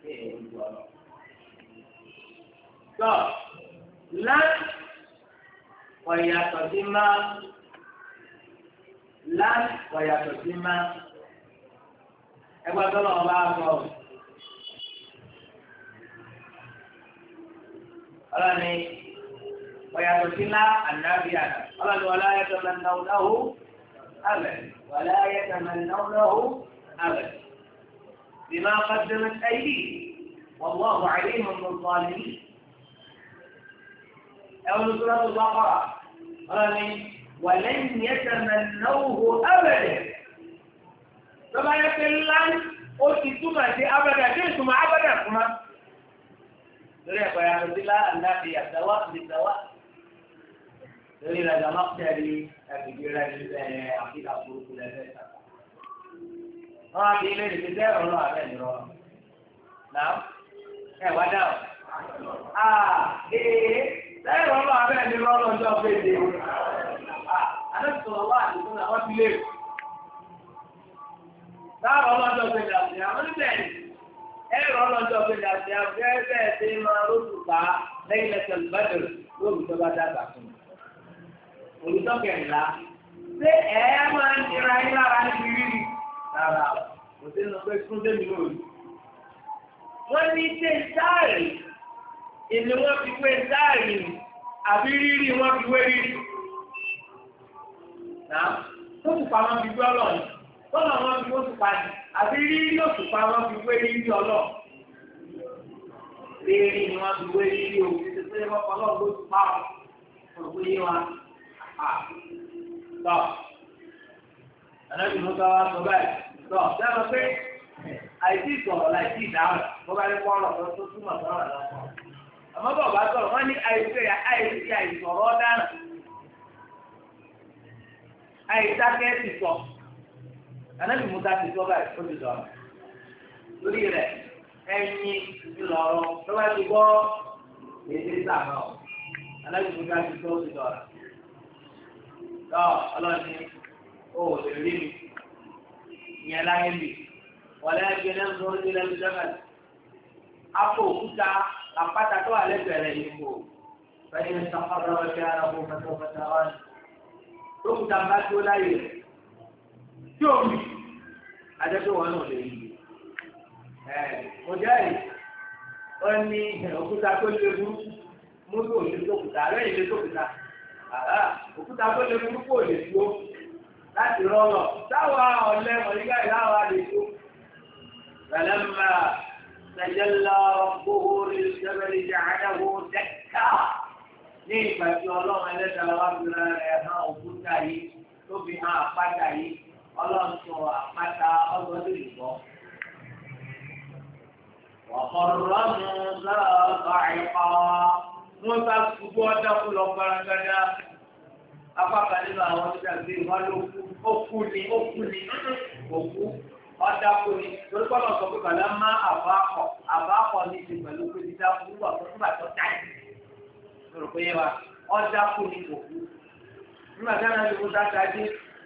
sí ẹ̀rọ ìlú tọ́ láti ọ̀yàtọ̀ sí máa láti ọ̀yàtọ̀ sí máa ẹgbẹ́ tó lọ́wọ́ bá a sọ̀rọ̀. ọlọ́ni ọ̀yàtọ̀ sílá ànábì àná ọlọ́ni wọlé ayẹtọ̀ mẹ́nàwó abẹ̀ wọlé ayẹtọ̀ mẹ́nàwó abẹ̀ bímá kọ́sẹ́mẹ́ ẹ̀yí wọ́wọ́ ọ̀hún àyè mọ̀mọ́ ẹ̀wọ̀n sọ́lá tó bá kọ́ra ọlọ́ni wọlé ìyẹtọ̀ mẹ́nàwó abẹ̀ tọ́ba yẹ kí ńlá ó ti túmọ̀ sí abẹ́dà tí ìtumọ̀ abẹ́dà fún wa. لذلك بيان الله النافية سواء بالسواء lórí ìrajà máa ń tẹ̀lé agbègbè rẹ̀ ẹ̀ àfíà burúkú lẹ́fẹ̀ẹ́ ta. wọ́n á fi ilé ìdíje tẹ́ ọ̀rọ̀ abẹ́ ìrọ̀ náà ẹ̀ wá dà ọ́. à ee tẹ́ ọ̀rọ̀ abẹ́ ìrọ̀ lọ́jọ́ péde. àdókòtò wà àdókò náà wọ́n ti lé. táwọn ọlọ́jọ́ péde àti àwọn oníbẹ̀rẹ̀ ẹ̀rọ ọlọ́jọ́ pé dàbí abẹ́rẹ́ ṣe máa rọ́ọ̀tù pa lẹ́yìn lẹ́sẹ̀ lùbẹ́dẹ̀ lóòótọ́ bá dàgbà fún un. Òrùtọ́ kẹ̀ńlá ṣé ẹ máa ń nira yín lára níbi rírì rárá o kò sí nínú pé fún débi lóòrì. Wọ́n ní ṣe sáàrì ìní wọ́n fi wé sáàrì àbí rírì wọ́n fi wé rírì. Nàá tó kù pa wọn fi gbọ́ lọ́yìn tọ́lọ̀ wọn fi wọ́n tupa ni àbí rírí òṣùpá wọn fi wé rírí ọlọ́ rírí ni wọn fi wé rírí o títí pé wọn kọlọ́ ló tupa o wọn fi yé wọn a tọ́ ẹ̀rọ ìmúta wa sọ báyìí tọ́ sẹ́wọ́n pé àìsí ìsọ̀rọ̀ láìsí ìdáhùn bó bá ní kọ́ ọ̀rọ̀ tó tó túmọ̀ sọ̀rọ̀ lọ́kọ̀ àmọ́ bọ̀ bá sọ̀rọ̀ wọ́n ní àìsí àìsí àìsọ̀rọ̀ dáná àìsákẹ́ ti sọ̀rọ̀ ànábì musa ti tó báyìí ó ti sọ̀rọ̀ lórí rẹ̀ ẹ̀yìn ńlọrọ̀ tó bá ti gbọ́ èdè sàmà ọ̀ ànábì musa ti tó ti sọ̀rọ̀ tọ́ ọlọ́ni ó lè rí mi ìyẹn láyé mi wọlé ẹgbẹ́ náà ń sọ ojú lẹ́nu sẹ́fẹ̀lì afọ òkúta àpáta tó wà lẹ́gbẹ̀ẹ́ yìí kò fẹ́ẹ́ ní sàkọ́rọ̀ ọ̀kẹ́ ara kò fẹ́ẹ́ tó tó wá ní. tó láyé rẹ̀ tí ò rí adẹ́gbẹ́ wọn náà lè rí mo jẹ́rìí ó ní òkúta tó lé burúkú mo ní òye tókùtà lẹ́yìn lé tókùtà òkúta tó lé burúkú ò lè tó láti rọrọ̀ táwa ọ̀lẹ́ mọ̀lẹ́gà ìláwa lè tó pẹ̀lẹ́mà tẹ̀jẹ́lá gbogbo ìṣẹ́bẹ̀lì jàǹdàgbò dẹ́ká ní ìgbà tí ọlọ́run ẹlẹ́dàá wa fi hàn òkúta yìí tó hàn àpáta yìí ọlọ́sọ àpáta ọlọ́dún ìbọn. Ọ̀kọ̀rọ̀lọ́nù lọ́ọ̀lọ́ àyíká wọ́n bá gbogbo ọjọ́ kú lọ gbaragada. Apákan nínú àwọn ọjà gbé wọn ló kú, ó kú ni, ó kú ni, kò kú, ọjà kú ni. Torí pọ́nà sọ pé bàlá má àbákọ̀, àbákọ̀ ní ti pẹ̀lú pé dídá kú wà fún nígbà tó dáì. Mo rò pé yẹ wa, ọjà kú ni kò kú. Nígbà tí a náà ti kú dáadáa dé,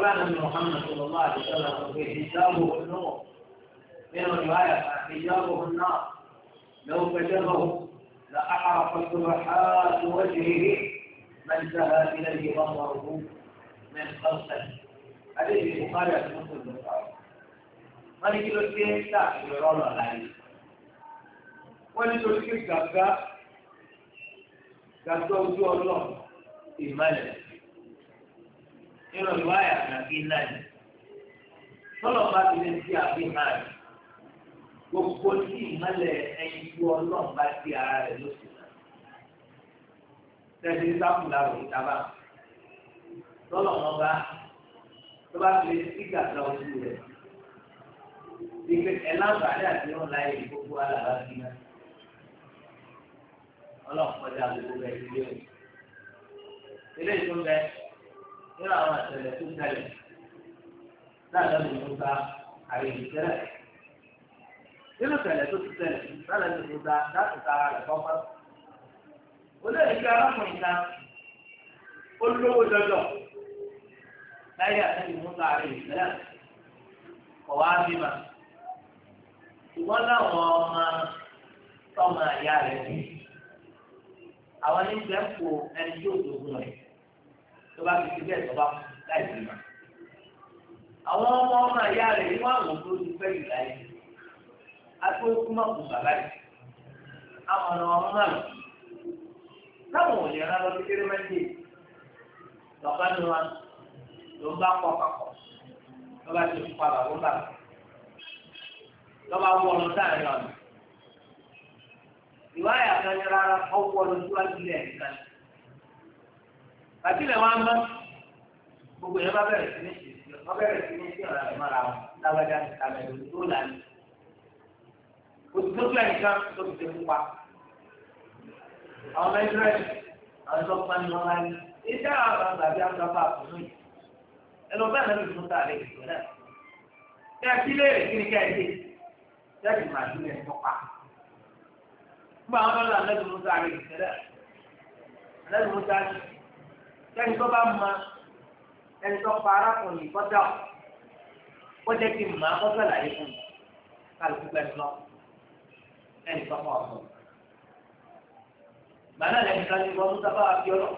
ولا محمد صلى الله عليه وسلم حجابه النور من رواية حجابه النار لو كتبه لأحرقت سبحات وجهه من ذهب إليه بصره من خلقه هذه البخاري في مسلم البخاري wọ́n ní kí ló dé láàfin rọ́lọ̀ láyé wọ́n ní وجوه الله gàgá gàgá nínú ìwà àyàfi náà ni tọ́lọ̀ bá ti lè fi àfihàn rẹ̀ gbogbo tí ìmọ̀lẹ̀ ẹyin tí ọlọ́run bá ti ara rẹ̀ lóṣù náà tẹ̀sí sáfùlà rò ìtaba tọ́lọ̀ wọn bá tó bá fi lè fi gàdá ojú rẹ̀ ìgbẹ́ ẹ̀láǹfààní àti ìrún láyé gbogbo alàbá sí náà ọlọ́run kọjá gbogbo ẹ̀ sílé o ilé ìtúndẹ̀ nínú àwọn àtẹlẹ tó tẹlẹ láàrín ọdún mọ́ta àyèjì tẹlẹ nínú tẹlẹ tó ti tẹlẹ láàrín ọdún mọ́ta láti tara rẹ kọ́kọ́. olóyè kí arákùnrin kan ó lówó dọdọ láyé àtẹlẹ mọ́ta àyèjì tẹlẹ ọ̀wá bímọ ṣùgbọ́n láwọn ọmọ tọ́mọ àyà rẹ̀ bí àwọn oníṣẹ́ ń po ẹni tó dògùn rẹ̀. tó bá fi bẹ́ẹ̀ tó láì sí ma. àwọn ọmọ ọmọ ìyá rẹ̀ ní wọ́n àwọn tó ti fẹ́ láyé àti okú má bàbá yìí àwọn ọmọ ọmọ náà táwọn ò lọ sí kéré ló ń bá pọ̀ papọ̀ lọ́ba ti pa bàbá bàbá lọ́ba wọ ọ̀nà àti ilẹ̀ wọn mọ́ gbogbo yẹn bá bẹ̀rẹ̀ sí ní ṣe wọ́n bẹ̀rẹ̀ sí ní ṣe ọ̀rọ̀ àti mọ́ra wọn lágbájá àmẹ́lò tó lànà òtútù ẹ̀ nìkan tó ti fún wa àwọn ọmọ ìsirẹ́lì àwọn ìsọ fún ẹni wọn wá ní iṣẹ́ àwọn àgbàgbà bí àwọn àgbà àkùnú yìí ẹ lọ bẹ́ẹ̀ lọ́dún tó tààlẹ́ ìgbẹ́ náà kí ẹ kí léèrè kí ni kí ẹ dé jáde màá ju ẹ̀ tó pa nígbà wọn lọ́dún àlẹ́ tó tààlẹ́ ìgbẹ́ náà àlẹ́ tó tààlẹ́ kẹ́ni tó bá ma ẹni tó pa arákùnrin kọ́dà kọ́jà kí n máa kọ́sọ̀ láyé fún mi kálukú gbẹ̀dú lọ ẹni tó pa ọ̀sán. Bàálà lẹ́yìn kan ní wọ́n Musa bá wa fi ọlọ́.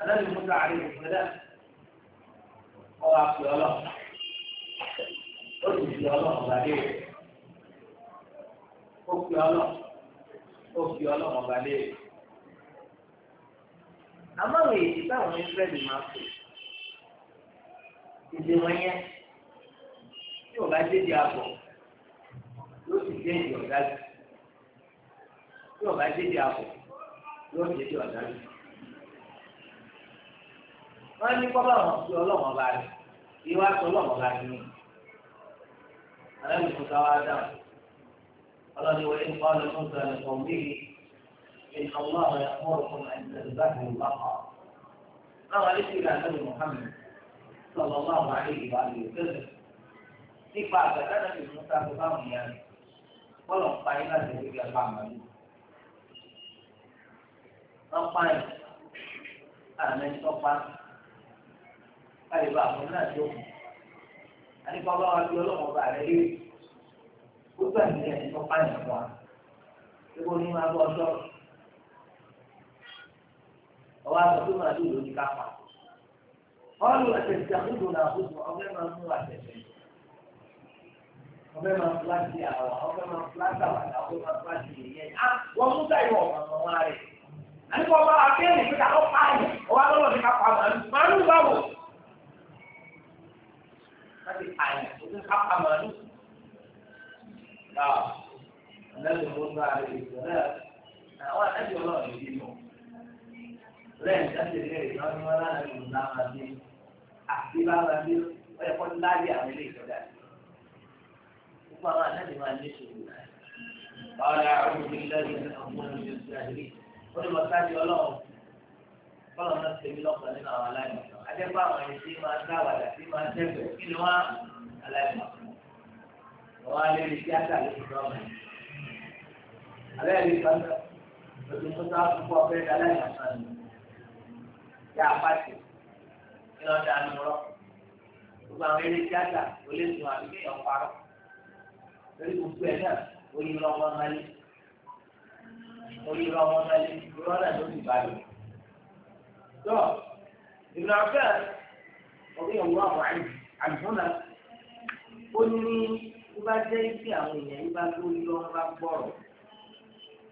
Adáni Musa àrí ìfúnlẹ̀ ọ wa fi Ó sì fi ọlọ́ ọ̀gá dé o. Ó fi ọlọ́ ó fi ọlọ́ ọ̀gá dé o àmọ́ àwọn èyí táwọn Ísírẹ́lì máa pè ìdè wọn yẹn tí ò bá dé di àbọ̀ ló sì dé di ọ̀dájú tí ò bá dé di àbọ̀ ló dé di ọ̀dájú. wọ́n ní kọ́ bá wọn fi ọlọ́wọ́n bá rẹ̀ ìwà sọ ọlọ́wọ́n bá rẹ̀ nìyí. alábìsùn káwá dáhùn ọlọ́ni wọlé ń pa ọ́ lọ́sọ̀tàn ẹ̀kọ́ mìíràn. إن الله يأمركم أن تذبحوا بقرة أنا ليس إلى النبي محمد صلى الله عليه وآله وسلم nípa àgbàdànà ní ìmúta tó bá wọn yára bọ́lọ̀ ń pa iná tẹ̀lé bí apá màlúù. wọ́n pa ẹ̀ àmì tọ́pa káyọ̀ bá àwọn náà tó kù. àníkọ́ bá wa bí ọlọ́mọ bá rẹ̀ lé gbogbo àti ẹ̀sìn tọ́pa ẹ̀ fún wa. gbogbo ní wọn abọ́ sọ̀rọ̀ ọwọ́ àgbàdo máa lù lórí kápá. ọ̀rù àtẹ̀sí àkókò náà àkókò ọ̀fẹ́ máa ń mú àtẹ̀sẹ̀. ọ̀fẹ́ máa ń fúláṣí àwọn ọ̀fẹ́ máa ń fúláṣí àwọn ọ̀fẹ́ máa ń fúláṣí ìyẹn. a ah, wọ́n mú sáyọ̀ ọ̀mọ̀ wọn rẹ̀. àníkọ́ ọba akéèrè pé kàkọ́ pààyàn ọwọ́ àgbàdo ní kápá màálù màálù báwò. láti pààyàn ó ti màálù. náà ọ̀nà ìmúlò àrẹ̀ ìgbọ̀n náà àwọn àtẹ́jọ́ náà lẹ́yìn sáṣẹ ilé rẹ̀ náà ni wọ́n lára ní ìlú náà máa dé àti báwa dé wọ́n yẹ kó láyé àwọn ilé ìjọba rẹ̀. Gbogbo àwọn àdáni máa ní ìṣòro náà. Ọ̀rẹ́ àwọn olùdarí àwọn olùdarí wọ́n ní wọ́n sáájú ọlọ́run bọ́lá náà tẹ̀lé lọ́kàn nínú àwọn aláìmọ̀. Adébá àwọn ẹni tí máa dáwàdà tí máa tẹ̀lé kí ni wọ́n aláìmọ̀. Wọ́n á ní tíátà lóṣù tó ọ̀gbìn. Alẹ́ ìlú kan náà, tó sáà púpọ̀ fẹ́ẹ́ Ya a pàṣẹ kí lọ́ọ́ da nù rọ gbogbo àwọn eré tíátà ó lè sùn àbí kéèyàn parọ́ lórí gbogbo ẹ̀ náà oyin lọ́wọ́ mọ́lé oyin lọ́wọ́ mọ́lé irọ́ náà ló ti bàjẹ́ tó ìgbà bẹ́ẹ̀ ọ̀gbìn òwúrọ̀ àwọn àìsàn ó ní bí bá jẹ́ ibi àwọn èèyàn yìí bá lórí lọ́wọ́ bá gbọ́rọ̀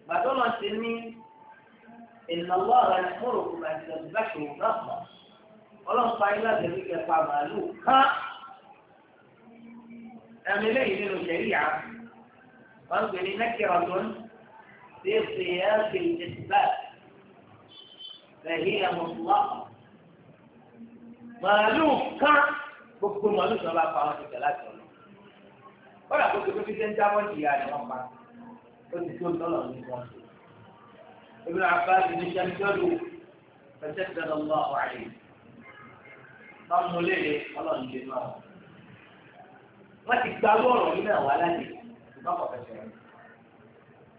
gbàdọ́ lọ sí ní. إن الله يأمركم أن تذبحوا نصبا ولو صايلا ذلك فعملوه ها أم إليه من الشريعة لي نكرة في صياغ الإثبات فهي مطلقة مالوكا بكل مالوكا لا فاهم ثلاثة ولا بكل بكل بكل بكل بكل بكل بكل بكل بكل بكل ابن عباس بن شمشد فشدد الله عليه قالوا ليه والله ان جيت معه ما تكتبوا هنا ولا لي ضبط الشيء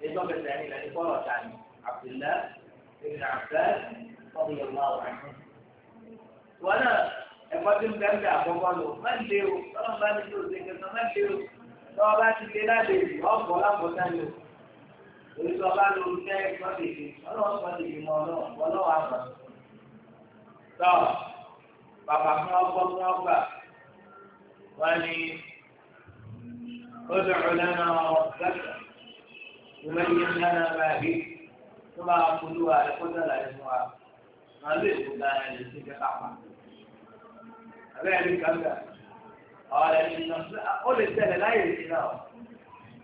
ايه ضبط يعني لان فرج عن عبد الله ابن عباس رضي الله عنه وانا الفاتن كان بي ابو قالوا ما ليه طبعا ما ليه زي كده ما ليه طبعا ما ليه لا ليه ابو ابو ثاني oríṣi ọba ló ń fẹ́ ìsọ́dèdè ọlọ́run sọ́dèdè mọ́ ọlọ́run ọlọ́run àgbà. tọ́ bàbá fún ọgbọ́n fún ọgbà wọ́n ní ọdún ọ̀lànà ọ̀gbẹ́sà ìmọ̀lẹ́yìn ńlá báyìí tó máa polú wa ẹ̀kọ́ dàlà ẹ̀ fún wa máa lè kó dára ẹ̀ sí kẹta pa. àbẹ́rẹ́ mi kàn gbà ọ̀rẹ́ mi nà ó lè tẹ̀lé láyé ìdí náà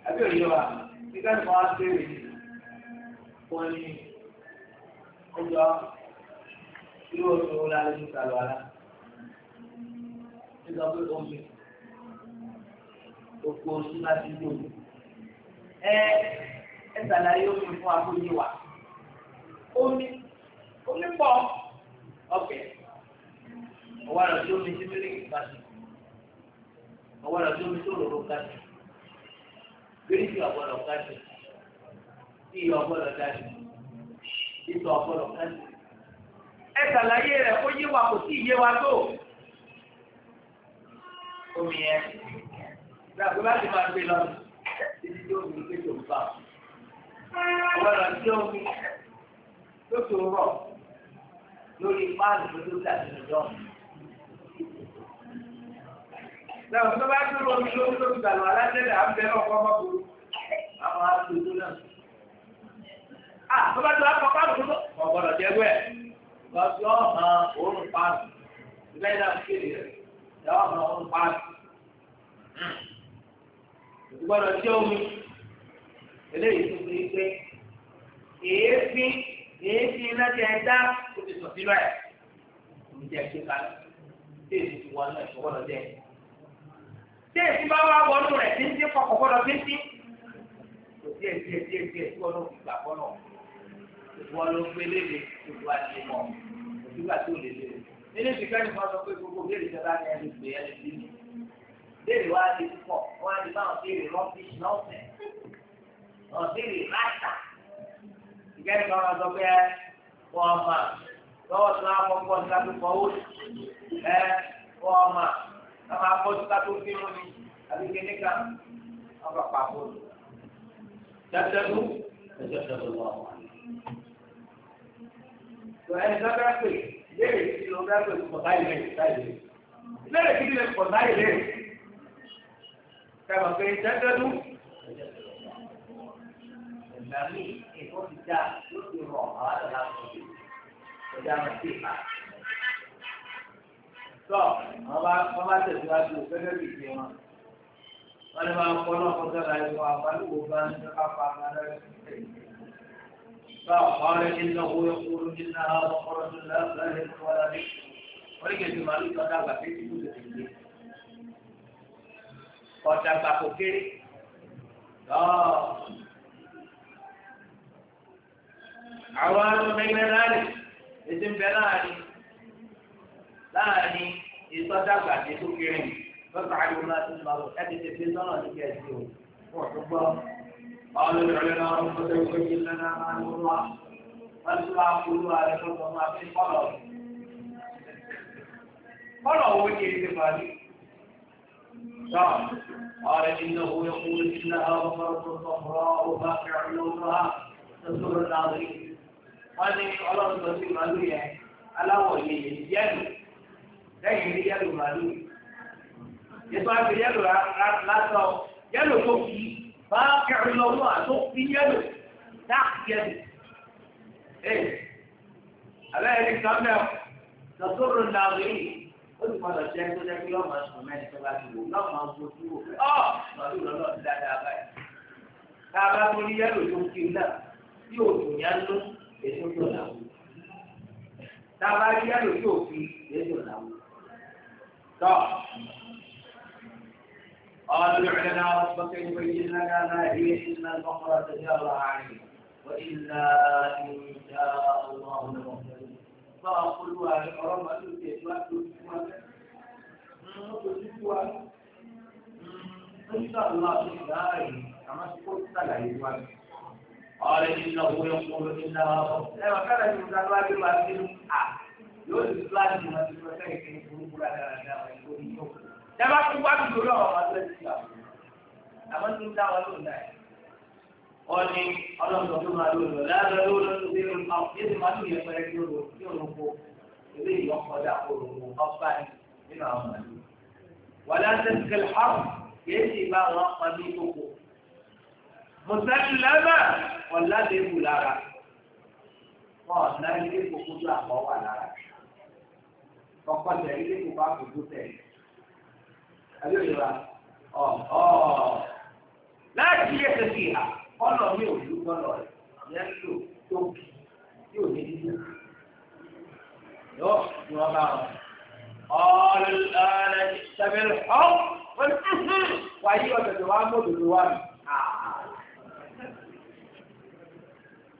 àbí òye wa ìgbẹ́ni wọ́n á bèèrè wọ́n ní ọjọ́ irú oṣù wo la lè ní ìsàlọ̀ àlá nígbà pé omi òkú oṣù láti dùn ẹ ẹ ṣàlàyé omi fún akóyè wa omi omi pọ̀ ọ̀kẹ́ ọwọ́ àròjọ́ omi tí mílíkì bá ti ọwọ́ àròjọ́ omi tó lòlò ká sí bíríkì ọ̀gbọ́dọ̀ kájú iyì ọ̀gbọ́dọ̀ dájú ìtọ̀ ọ̀gbọ́dọ̀ kájú. ẹ ṣàlàyé rẹ̀ kó yé wa kò sí ìyé wa tó. omi yẹn gbàgbé bá ti máa gbé lọ títí tí omi gbé tó ń bà. ọ̀gbọ́dọ̀ tí omi tó tó rọ̀ lórí páàlù tó tó dà nínú dọ́ọ̀mù. lẹ́wọ̀n tó bá dúró omi lórí lórí ìgbàlọ́ aládẹ́lẹ̀ à ń bẹ ọkọ ọmọkùnrin àwọn àtúntò náà. à tó bá dúró akọ pàrọ̀ tó ọ̀gbọ́dọ̀ jẹ́gbẹ́ lọ́sí ọ̀nà òórùn pàrọ̀ ìgbẹ́ náà kéde rẹ̀ lọ́ ọ̀nà òórùn pàrọ̀. ìgbọ́dọ̀ jẹ́ omi eléyìí tó fi pé èéfín èéfín iná ti ẹ̀ dá o ti sọ̀ sílẹ̀ omi jẹ́ kí kalẹ̀ tí èsì ti wọ́n tí èsì bá wà wọnú rẹ̀ tí ń dín kọ̀kọ̀ gbọ́dọ̀ tí ń dín. kò díẹ̀ díẹ̀ díẹ̀ díẹ̀ tí wọ́n ló fi gbà bọ́nà wọ́n ló gbé léde gbogbo àti mọ̀ òdúgbà tó lè lé. nínú ìsìnká ni wọ́n sọ pé gbogbo béèrè ìjọba ni ẹni gbé ẹni bí mi. béèrè wa di púpọ̀ wọ́n á di báwọn béèrè rọ́bìṣì lọ́sẹ̀ wọ́n béèrè ráṣà. ìkẹ́ni kan ká máa ká tó fi irun ni àbí kíní kan wọn bá pa àpò lò. jẹjẹrú jẹjẹrú lọ. tó ẹni tó bá pè léèrè kí ló bá pè kò láyé léèrè láyé léèrè kí ló kò láyé léèrè. kẹ́mọ̀ pé jẹjẹrú ìgbà míì èkó ti rọ̀ àwọn àtàlà tó ti kọjá lọ sí ìpàdé tọ́ wọ́n bá tẹ̀síwájú gẹ́gẹ́ bí ìpín wọn. wọ́n ní máa ń kọ́ náà fún sọ́la ìwọ àbálùwò bá ń tọ́ka pa ara rẹ̀. tọ́ ọ̀rẹ́ ní náà owó ẹ̀kọ́ olú ní náà ọkọ̀rọ̀ tó lábẹ́ ìfọ̀lá rẹ̀. wọ́n ní kẹ́sì máa ń dàgbà pé kí kúrò tẹ̀lé. ọ̀dà gbàgbọ́ kéré. àwọn ọmọ ẹgbẹ́ láàrin ètò ìbẹ̀ láàrin. láàrin ìtọ́jàgbà àti ìtòkìrìn lọ́sọ̀ àdúgbò láti ń bàbọ̀ ẹ̀ tètè fi sọ́nà ní kí ẹ ti o fún ọ̀túnbọ̀. قال العلماء ربنا يبين لنا ما نرى فاسمع قلوبها لكم وما في قرار قرار هو الاتفاق شعر قال إنه يقول إنها بقرة صفراء فاقع لونها تسر الناظرين هذه على البصير أدوية على وجه الجنة lẹ́yìn rí yẹ́lò màálù yẹ́tọ́ á fi yẹ́lò lásán yẹ́lò tó fi bá kẹrin lọ́wọ́ àtó fi yẹ́lò dáàkì yẹ́lò ee abẹ́rẹ́ ní sọ́mẹ́ lọ́sọ̀rọ̀ nàwé ó ti padà jẹ́ tó jẹ́ kí lọ́mọ sùn mẹ́rin tó bá ti wò lọ́mọ ọgbọ́n tó wò ọ́ màálù lọ́lọ́ ti dáadáa báyìí tá a bá tó rí yẹ́lò tó fi náà tí òògùn yẹn ló èso tó làwù tá a bá rí yẹ́lò tó fi èso làwù. قالوا لنا ربك يبين لنا ما هي إن البقرة تجارة عليه وإلا إن شاء الله لمهتدون فأقولها الحرم أتوتي إن شاء الله بالله كما قلت له قال إنه يقول إنها رب لا إيه، كان من ذلك yóò ti fúláṣí náà ti fẹ́ sẹ́yìn kí ní burúkú dáadáa ìlú yìí yóò. dábàá tó wá dùn lórí ọ̀rọ̀ ọ̀dọ́ ti gbà àmọ́ tó ń dá wọn lóun náà. wọ́n ní ọlọ́dún tó máa lò lọ láàárọ̀ ló lọ sí ilé ọmọ yéé máa lò yẹ pẹ́rẹ́ kí ó lò kó ilé ìyọkọ̀dà òròmù ọ̀fà nínú àwọn màlúù. wọ́n dá sẹ́sìkẹ́lì hàrù yéé sì bá wọn pa ní kókó. mùsàlùmá ọ̀làdébù lára wọn ọ̀nà ilé kókó tó àbọ̀ wà lára rẹ̀. kọ́kọ́ tẹ̀lé ní bá gbogbo tẹ̀lé. Àbí òye wa, ọ̀ ọ̀ láti yẹ kẹ̀kẹ́ ìhà kọ́lọ̀ mi ò lú kọ́lọ̀ rẹ̀ yẹn lò tó kì tí ò ní dídú. Yọ ni wọ́n bá wọn. Ọ̀làlẹ̀ ìṣẹ̀bẹ̀rẹ̀ ọ̀ wọ́n ti sùn. Wàyí wa mọ̀ òdòdó wa mi.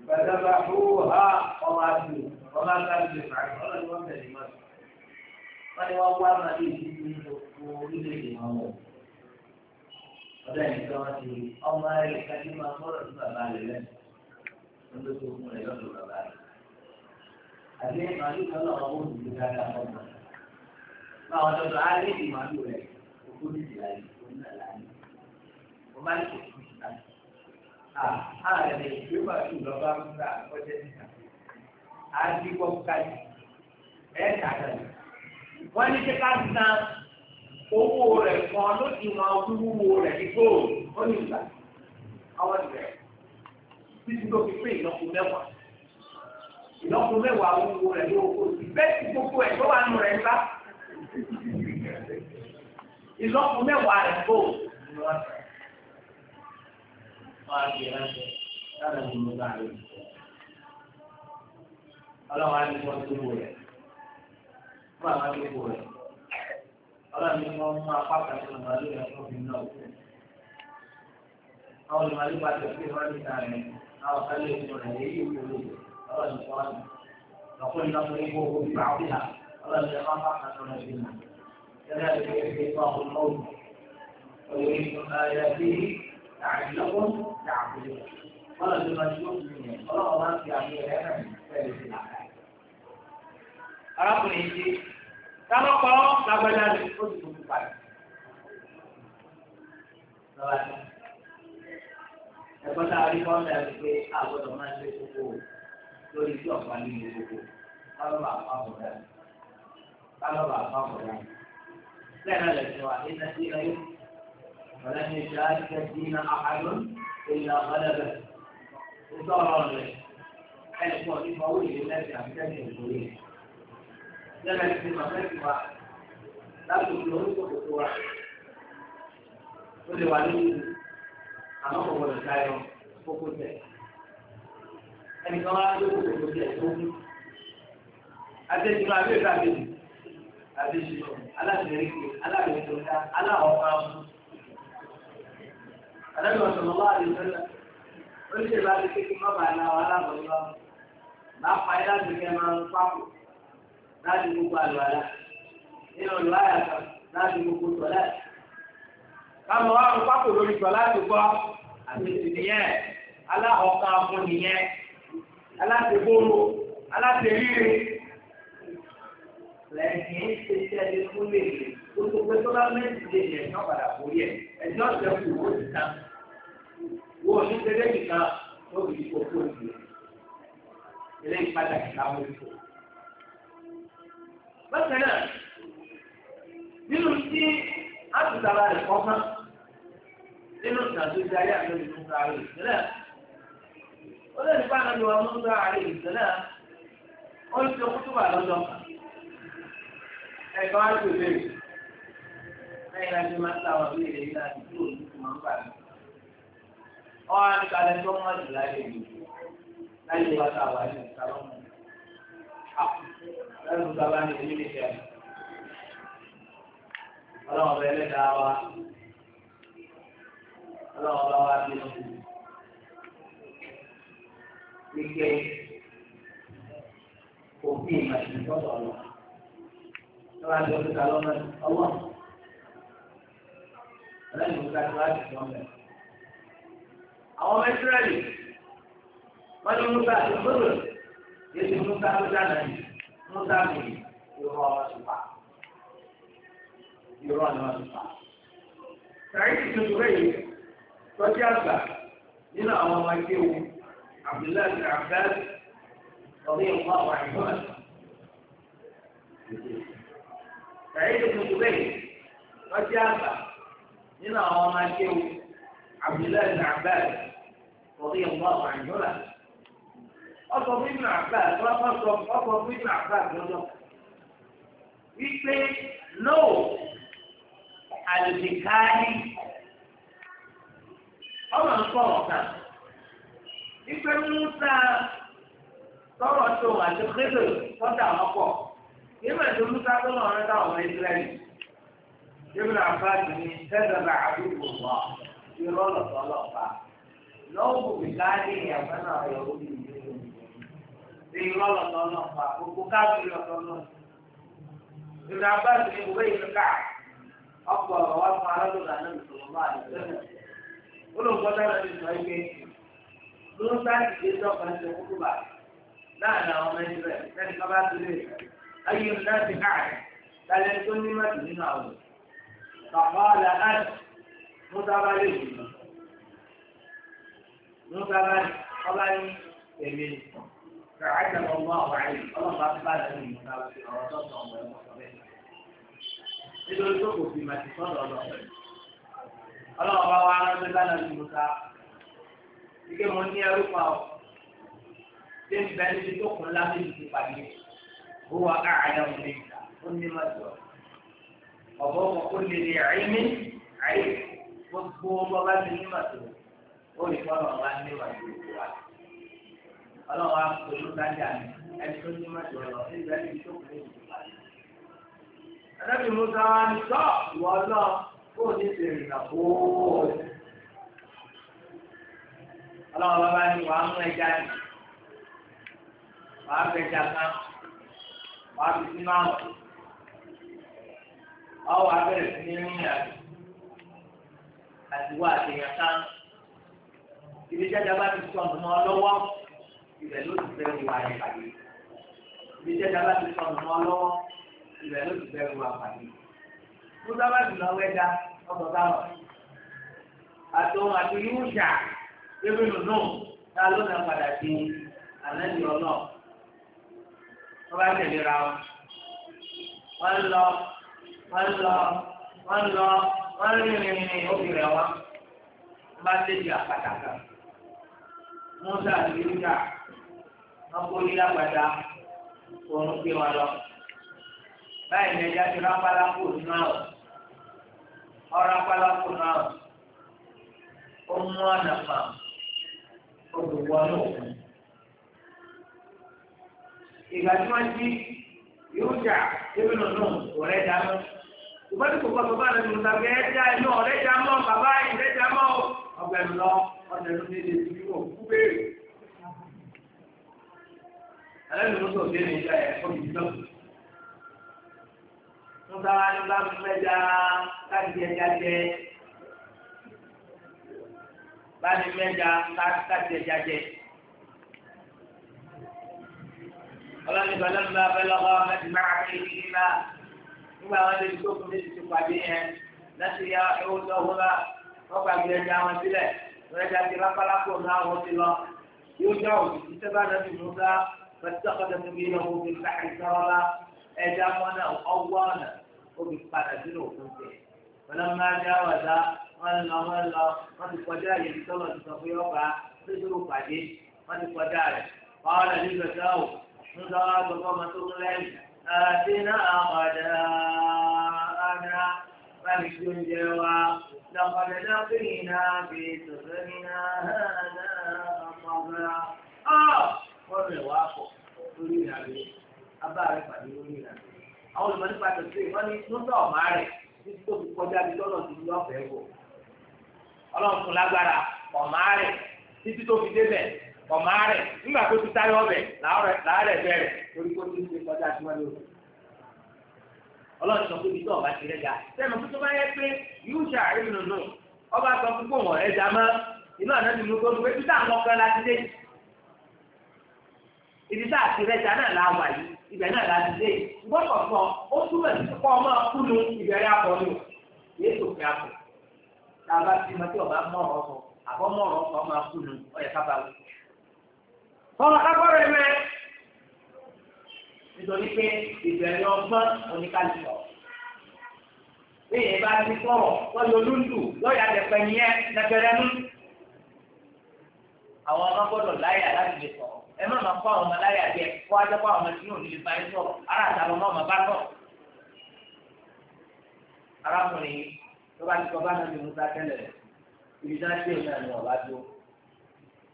Bàdàbà hùwà ọmọ àti ọmọ àti àti ìfàgbọ́n ni wọ́n tẹ̀lé mọ́tò wọ́n ní wọ́n wá máa lè fi ní oko orílẹ̀-èdè wọn wọ̀. ọ̀dọ́ ẹ̀nìkan wọn ti ọmọ rẹ̀ kájú máa mọ́rọ̀ sí bàbá rẹ̀ lẹ́nu wọ́n ló tó fún rẹ̀ lọ́dọ̀ bàbá rẹ̀. àbí màálù kan náà wọ́n wọ́n ti dáadáa fún wọn. máa wọn dọ̀dọ̀ á lé ìmàlú rẹ̀ okó ní ìlàyé onílàlàyé. wọ́n máa ń ṣe fún ìta. ààrẹ lè gbé màálù lọ́ba wọ́n ní kíkà san owó rẹ̀ kan lódiwọ̀n wíwúwo rẹ̀ ní góòlù ó ní ìgbà àwọn ìbẹ̀rẹ̀ títí tó fi pé ìlọ́po mẹ́wàá ìlọ́po mẹ́wàá wíwúwo rẹ̀ ló kó sí bẹ́ẹ̀ tí gbogbo ẹ̀ tó wà nù rẹ̀ ńlá mẹ́wàá rẹ̀ fún àwọn akẹ́kọ̀ọ́ rẹ̀ ọlọ́run ni wọ́n mú apá kan nínú màálù rẹ̀ fún mi náà kú. àwọn olùmọ̀lú bá ti fi wọ́n níta àwọn kálí ìlú rẹ̀ èyí ìkòló ọlọ́run kọ́ ọ́nà lọ́kọ́ iná fún ikú owó bíbá ọ̀bíà ọlọ́run ni wọ́n apá kan nínú rẹ̀ bínú. yẹ́nà ti fi fún àwọn ọmọ òun òye ni wọ́n ti yóò fi yẹn ọlọ́run wá ń fi arákùnrin yìí dé sábà kọ́ lágbájá rẹ̀ ó sì tó kúpa rẹ̀. ẹ̀kọ́ tá a rí kọ́ ọ́nà rẹ̀ pé a gbọ́dọ̀ máa ṣe kókó lórí tí ọ̀pá nínú kókó kálọ́bà àpapọ̀ rẹ̀ kálọ́bà àpapọ̀ rẹ̀ bẹ́ẹ̀ náà lẹ́sìn wa ní nàìjí ayé ọ̀lẹ́ ní ìṣe àṣẹ sí iná àkàlọ́ ìlà ọ̀lẹ́bẹ̀ ń sọ̀rọ̀ rẹ̀ ẹnì kan ní fọwọ́ ìlú lẹ́sìn àbíkẹ́sìn lẹ́nu ẹ̀sìn mọ̀lẹ́bí wa láti òkè orúkọ kòkó wa ó lè wà lóyún àmọ́ kò wọlé káyọ kókó tẹ̀. ẹnìkan wá ló kókó tẹ̀ tó kú. àtẹ̀jùmọ̀ àbẹ́ẹ̀ká mi àbẹ́ẹ̀ṣẹ̀ alábẹ̀rẹ̀kẹ̀ alábẹ̀rẹ̀kẹ̀ aláwọ̀ká mú. àdájọ́ ọ̀sán lọ́wọ́ àdìsẹ́lẹ̀ ó ní ìbáraẹ̀kẹ́ kí má bàa náà wà lábọ̀ yọ. máa pa ẹ́ láti kẹ́ máa ń pápò láti gbogbo àlùwàlá nínú àlùwàlá kan láti gbogbo tọ́lá. káwọn wá ń pákó lórí tọ́lá ti gbọ́ àtẹ̀sí nìyẹn aláhọ̀ọ́ká fún nìyẹn aláṣẹ́gbóró aláṣẹ́ríire lẹ́yìn ṣiṣẹ́ ní fúnlẹ̀ gbogbo pé tọ́lá méjì lè yẹ kí wọ́n padà borí ẹ̀ ẹ̀jẹ̀ ọ̀sẹ̀ kù ó ti tán wọ́n ní tẹ́lẹ̀ nìkan lórí ìfowópamọ́ ìlú ilé ìpadà ìlànà ìfowópamọ́ bákan náà nínú tí a ti sábà rẹ̀ kọ́kán nínú ìtàgé ayé àgbẹ̀lẹ̀ ìmúta àrẹ ìṣẹ̀lẹ̀ ó lè nípa àná ìwà ìmúta àrẹ ìṣẹ̀lẹ̀ ó ń ṣe kútùbà lọ́jọ́ ẹ̀ka wá sí ìbéèrè lẹ́yìn láti máa ń sáwọn ìbéèrè yìí láti tó olùkú máa ń bà mí. ọ̀ á ní kalẹ̀ tó mọ̀ jù láyé ìlú láyé wa tá a wà ní ìta lẹ́nu bàbá ní ìlú nìkẹ́. ọlọ́run ọba ẹlẹ́dàá wa ọlọ́run ọba wa bí oṣù wíkẹ́ òbí ìmọ̀sí tọ́tọ̀ lọ. lọ́wọ́ àti ọdún kalọ́ mẹ́rin ọwọ́ ọlọ́run ọba ti wá ti sọ mẹ́rin. àwọn mẹ́tírẹ́lì wọ́n ní musa àti gbọ́dọ̀ yéé ti musa ló dáná yìí. Musa ní irọ́ ọ̀rọ̀ ti pa. Irọ́ ni wọ́n ti pa. Sàyíǹsì tuntun rẹ̀ yìí tọ́jú àgbà nínú àwọn ọmọ ẹgbẹ́ wo Abdullahi bin ọ̀rẹ́ ìwọ àwọn àìsàn. Sàyíǹsì tuntun rẹ̀ tọ́jú àgbà nínú àwọn ọmọ ẹgbẹ́ wo Abdullahi bin ọ̀rẹ́ ìwọ àwọn àìsàn. ọkọ̀ bíbélì àgbà ọkọ̀ àgbà lọ́dọ̀ wípé ọmọ nǹkan wípé musa tọrọ tó àti tọ́jà musa tó lọ ní bá lọ́wọ́ ìyàgbọ́n náà yọ̀ wọ́n bí mi. irọ́ lọ́tọ́ pa gbogbo káàkiri ọ̀tọ́ náà. ìrìn abáàsì ni òwe yìí ká ọkọ̀ ọ̀rọ̀ wá fún arábìnrin àná ìṣòwòmọ́ àdìsẹ́nà. olùkọ́tà náà ti sọ ike lóńtà ìdílé sọ́kàn ṣe kúkú bá láàrin àwọn ọmọ ẹni rẹ̀ ká bá ti lè ayé náà ti káàkiri lálẹ́ tó ní nínú àwọn bàbá lè ní فعلم الله عليه الله تعالى من المتابعين ndị ike mo ní ẹrú pa ọ ṣé tó kún ti pàdé ó lè gbà ó ní má jọ ọ̀bọ̀ kó lè gbogbo bá ti ní má jọ ó lè fọ́nà ní ọlọ́run á pè ló dájà ní ẹni tó ní mọ́tò ọ̀rọ̀ nígbà tí tó kù ní ìgbà yìí. ẹlẹ́bi musa wa ni tọ́ ìwọ náà kó o ní bèrè nà kóó. ọlọ́run bàbá ni wàá mú ẹja ni wàá fẹja kan wàá fi sínú àwọn ọwọ́ abẹ́rẹ́ sí ní rìn àjò àti wá àtẹ̀yàn kan ìdíjáde bá ti sọ̀nù mọ́ ọ lọ́wọ́ ibẹ̀ ló ti bẹ̀rù wa rẹ̀ pàdé ibi tí ẹja bá ti sọ ọ̀nà wọn lọ́wọ́ ibẹ̀ ló ti bẹ̀rù wa pàdé musa bá ti lọ wẹ́dá ọ̀sọ̀ táwọn àtòun àti yúùṣà ebi nùnú tá a ló nà padà sí ànábì ọlọ́ wọ́n bá tẹ̀lé ra wọn wọ́n lọ wọ́n lọ wọ́n lọ wọ́n rìnrìn obìnrin wọn wọ́n bá tẹ̀lé àpàtàkà musa àti yúùṣà wọn kó ní lágbàdá oorun gbé wọn lọ báyìí ní ẹja ti rápálá kò nínú àwọ̀ ọ̀rápálá kò nínú àwọ̀ ó mú ọ̀nà mà olùwọ́ náà fún ìgbà tí wọ́n ti yóò jà ebi nínú ọ̀rẹ́ dáná ìgbàdí kò gbọdọ̀ bá rẹ̀ lùtà bẹ́ ẹ já iná ọ̀rẹ́ já mọ́ bàbá ẹ̀ já mọ́ ọ̀gbẹ̀rún lọ ọ̀dẹ̀rún ní ilé ìdílé òkú béèrè alẹ́ ló tó dé ní ìgbà yẹn kó mi tó. Nígbà wá ní bá fẹ́ já káàdì ẹja jẹ. Bá ní fẹ́ já káàdì ẹja jẹ. Ọlọ́ni bàlẹ́ mi máa fẹ́ lọ́kọ́ mẹ́tì máa fi kí má. Nígbà wọn lè tó fún mi ti pàdé yẹn láti yá ewu tó wọ́n bá wọ́n gbàgbé ẹja wọn sílẹ̀. Wọ́n ẹja ti rápálákò náà wọ́n ti lọ. Yóò jẹ́ òkú tí sẹ́bà náà ti mú sáà. فاتخذ سبيله في البحر سربا أجابنا وقوانا وبقنا سنو كنتين فلما جاوز قال له قد فجاه يبتغى تطيبا تجر قدي قد فجاه قال لي لفتاه نزار بقوم تغلين آتنا غداءنا ملك جوا لقد لقينا في سفرنا هذا خطبا آه kọ́rin ẹ̀wà pọ̀ lórí ìrìnàjò abá àwọn olùmọ̀ nípa tẹ̀sí ní lọ́sọ̀ ọ̀mà rẹ̀ títí tó fi kọjá bí lọ́nà ti ní ọ̀fẹ́ wò. ọlọ́run fún lágbára ọ̀mà rẹ̀ títí tó fi débẹ̀ rẹ̀ nígbà tó ti táyọ̀ ọbẹ̀ bẹ̀rẹ̀ torí kó kọjá ọlọ́run sọ pé ibi tá a ti rẹjà náà la wà yìí ibẹ̀ náà la ti dé gbọ́dọ̀ sọ ó túbọ̀ sí kọ́ ọmọ kúlù ìbẹ̀rẹ̀ àbọ̀lù yéé tó fi àpò tá a bá ti mọ tí ọba mọ̀rọ̀ sọ àbọ̀ mọ̀rọ̀ sọ ọmọ kúlù ọ̀yẹ̀ ká bá wù. ọmọ agbọ́rọ̀ ẹ̀mẹ́ nítorí pé ìbẹ̀rẹ̀ ọgbọ́n oníkàlùkọ̀ bí èyí bá ti sọ̀rọ̀ lọ́yọ̀ lóńdù lọ́yà lẹ́pẹ̀ yẹn lẹ́pẹ̀rẹ̀ nù àwọn ọmọ gbọ́dọ̀ láyà láti lè sọ̀rọ̀ ẹ má máa kọ́ àwọn ọmọ láyà jẹ kó wá jẹ́ kó àwọn ọmọ tí yóò nílé báyìí sọ̀rọ̀ ara àtàwọn ọmọ bá tọ̀. arákùnrin tó bá ti kọ́ bá náà ní musa tẹ́lẹ̀ ibi náà ṣe ìlú àná ọ̀bá tó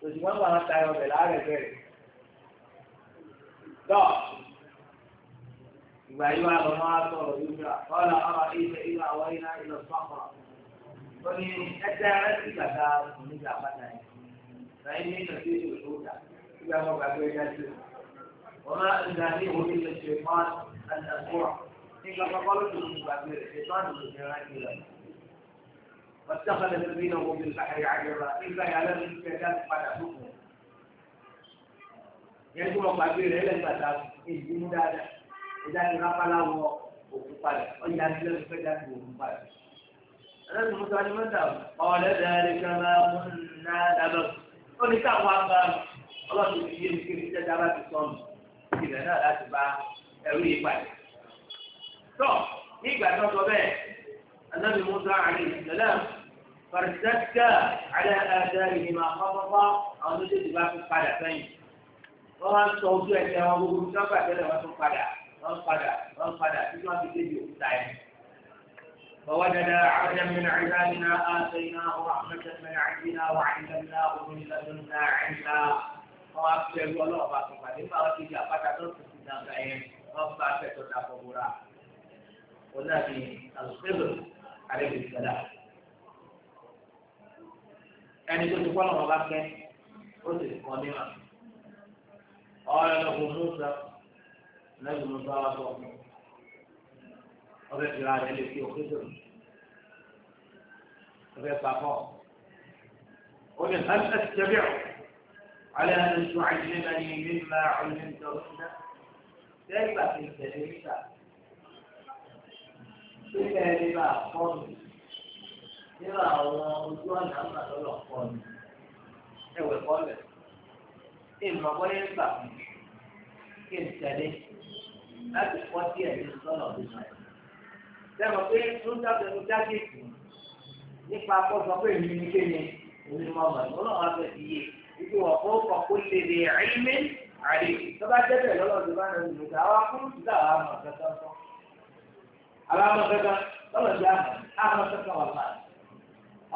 òsì wọn bá wọn tayọ ọbẹ̀ láàrẹ̀ bẹ̀rẹ̀. tọ́ ìgbà yìí wà lọ́mọ́ àtọ̀rọ̀ yìí gbà ọ̀là ọ̀rọ̀ ilẹ̀ ilẹ̀ àwọn iná ilẹ̀ sọ́kọ̀ ó ní ẹgbẹ́ rẹ̀ sì gbàgbà òní إلى مبعدية وما أنهيه إلا الشيطان أن أسمع إلا فقالت المبعدية الشيطان من واتخذ سبيله في البحر عجبا إلا يعلم الكتاب على حكمه yẹtu ọgbà bíi rẹ lẹ gbàdá èyí mú dáadáa ìdáni rápálá wọ òkú padà ọjà ti lẹnu fẹjá ti òkú padà. ẹlẹ́nu mọ́tò alimọ́tà ọ̀lẹ́dẹ̀ẹ́rẹ́ kẹ́mẹ́ ọ̀hún náà dábẹ́ ó ní káwọn agbára. ọlọ́run ti yé mi kí ni jẹ́jẹ́ bá ti sọnù ìbẹ̀ náà láti bá ẹrú yìí pàdé. tọ́ ní ìgbà tó sọ bẹ́ẹ̀ anábì musa alayhi salam farisatika alẹ́ àdáyé ni máa fọ́fọ́fọ́ àwọn méjèèjì bá tún padà sẹ́yìn. wọ́n wá ń sọ ojú ẹ̀jẹ̀ wọn gbogbo tí wọ́n gbàgbé lẹ̀ wọ́n tún padà wọ́n padà wọ́n padà tí wọ́n fi débi òkúta ẹ̀. فوجد عبدا من عبادنا آتيناه رحمة من عندنا وعلمناه من لدنا علما wọn á fi ẹrú ọlọ́run bá tó pàdé nígbà wọn ti di àpáta tó ti ti dàgbà yẹn wọn bá fẹ́ tó da fọ́ bóra wọn náà ní alùpùpù àdébù ìgbàlá ẹni tó ti kọ́ lọ́wọ́ bá fẹ́ ó sì kọ́ níwà ọ̀rẹ́ lọ́kùn mọ́sá lẹ́yìn mọ́sá wà sọ fún ọbẹ̀ fìlà rẹ̀ lè fi òkúta ọbẹ̀ pàpọ̀ ó ní hàn ẹ̀sì tẹ̀lé ọ̀. على أن تعلمني مما علمت رشدا دائما في التلميذ Sílẹ̀ ẹni bá kọ́ mi nínú àwọn ojú ọ̀nà àmàlọ́lọ́ kọ́ mi. Ẹ̀wẹ̀ kọ́ lẹ̀. Ìmọ̀ bọ́lá ń gbà mí kí n tẹ̀lé láti kọ́ díẹ̀ ní sọ́nà òdìbò. Sẹ́wọ̀n pé ń dábẹ̀rù jáde ìgbìmọ̀ nípa akọ́sọ pé èmi ní kéde òun ni mo mọ̀ ní ọlọ́run á fẹ́ fi yé e ibi wọ̀ fún ọkọ̀ lè lè ẹ̀yìnmí àlè tọ́ba jẹ́bẹ̀ lọ́lọ́dún bá nàá nìyẹn àwọn akúrúsì dà wà mọ̀ kankan sọ. àwọn àmọ̀ kankan lọ́lọ́dún àmọ̀ àmọ̀ kankan wà láàyè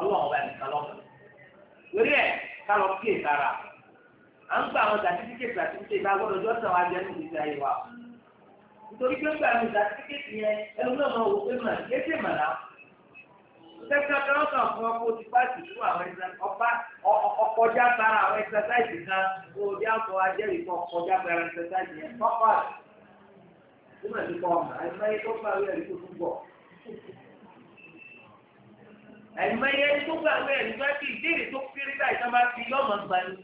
ọlọ́run bá nìkan lọ́mọ. lórí ẹ̀ ká lọ kí èkara à ń gba àwọn sàtífíkèsì sàtífíkèsì bá gbọ́dọ̀ jọ́ sàn wá jẹ́ nínú ìgbésí ayé wa. nítorí pé ń gba àwọn sàtífíkèsì yẹn ẹlòmíràn máa wò sẹ́kẹ̀kẹ́ ọ̀sán fún ọkọ̀ ojú pàṣẹ fún àwọn ẹ̀sẹ̀ ọ̀pá ọkọjá sára àwọn ẹ̀sẹ̀sáìsì kan kó o bí àpò ajẹ́rìí kan ọkọjá sára ẹ̀sẹ̀sáìsì yẹn tọ́pà túmọ̀ sí kọ́ ọ̀mà àìmọye tó gbà wí ẹ̀rí tó tún bọ̀. àìmọye tó gbà wí ẹ̀rí tó ti ìdíyìí tó kéré báyìí tó máa fi yọ̀mọ̀ gbani.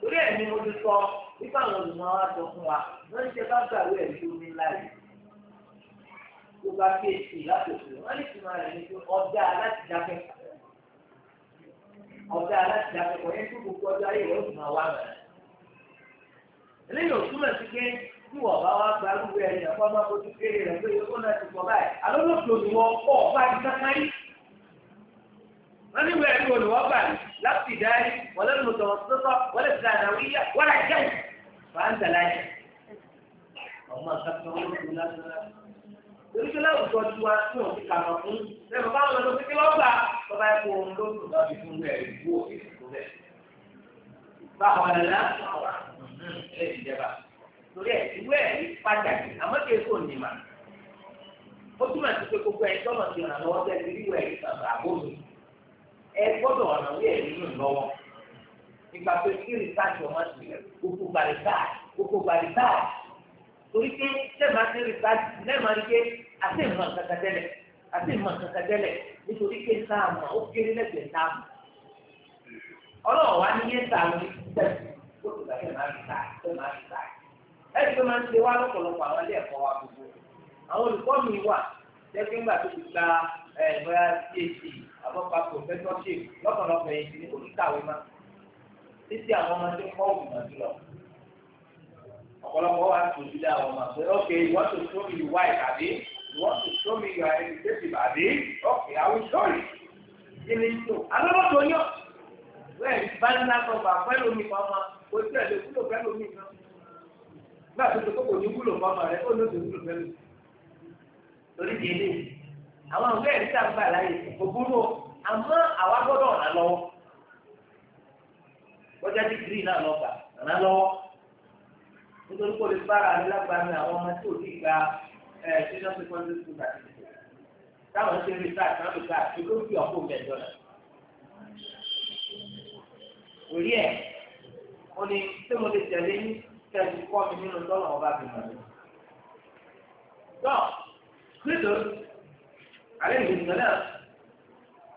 torí ẹ̀mí mo ti sọ nípa àwọn olùmọ̀ wa sọ fún wa lórí bá gbà wí ẹ̀rí tó ní tó bá gbé èsì láti òkèèrè wọn lè fi máa rẹ̀ ní pé ọjà láti dákẹ́ ọjà láti dákẹ́ kọ̀ yẹn tó gbogbo ọjọ́ ayé rẹ̀ ó sì máa wá rẹ̀. eléyìí ò túmọ̀ sí pé tí wọ́n bá wá gba lúwẹ̀ ẹ̀yìn ẹ̀fọ́ máa bójú kéré rẹ̀ pé ó náà ti sọ báyìí alólòpọ̀ olùwọ́ pọ̀ bá ti kankan yìí. wọ́n ní wẹ́ẹ̀ ní olùwọ́ bà ní láti dárí wọ́n lẹ́nu torípé láwùjọ ti wá tí wọn ti kàmọ fún lẹ́nu bá wọn lọ sí kílọ gbà bàbá ẹ̀kọ́ ohun ló ń lọ sí fún bẹ́ẹ̀ ìbú òfin fún bẹ́ẹ̀. báwo ni láwọn ọ̀rọ̀ ẹ ti jẹba torí ẹ ìwé ẹ pàtàkì àmọ́ kí èso ní ma ó túmọ̀ sí pé gbogbo ẹ tọ́nà ti ràn lọ́wọ́ bẹ́ẹ̀ ti rí ìwé ẹ bàbá àbómi gbọ́dọ̀ ọ̀nà àti ìmọ̀ kankan tẹ́lẹ̀ àti ìmọ̀ kankan tẹ́lẹ̀ nítorí pé a ó kéré lẹ́gbẹ̀ẹ́ tá ọlọ́run wa ní yé ta ló ní tẹ̀ ó ti gbàgbé máa fi ta ẹ máa fi ta ẹ ti máa ń ṣe wá lọ́pọ̀lọpọ̀ àwọn ilé ẹ̀kọ́ wa gbogbo àwọn olùkọ́ mi wà jẹ́pẹ́ ńgbà tó ti gba phd àbọ̀pá professorship lọ́pọ̀lọpọ̀ ti ní oníkàwé má títí àwọn You want to show me you are educated, Abi? Okay, I will show you. You need to. I don't know to you. Where is Banna from? I follow me, Mama. Go to the school, follow me. Náà tó tó kò ní wúlò fọmọ rẹ, ó ló ti wúlò fẹ́mi. Torí di ilé, àwọn ọ̀gá ẹ̀rí tá a gbà láyè kò gbúrò, àmọ́ àwa gbọ́dọ̀ ọ̀nà lọ́wọ́. Bọ́jà dígírì náà lọ́gbà, ọ̀nà lọ́wọ́. Nítorí kò lè bára ní lágbàá àwọn ọmọ tí ò gba ẹ̀ ṣe lọ́sí kọ́ńtì táwọn sáà náà lùkà fi ọ̀pọ̀ mẹ́jọ náà. Orí ẹ̀ ó ní tí mo lè tẹ̀lé ní kẹ́ẹ̀sì kọ́ mi nínú tọ́lọ̀ ọba mi mọ̀ Tọ́ Kristo alẹ́ ìgbìmọ̀ náà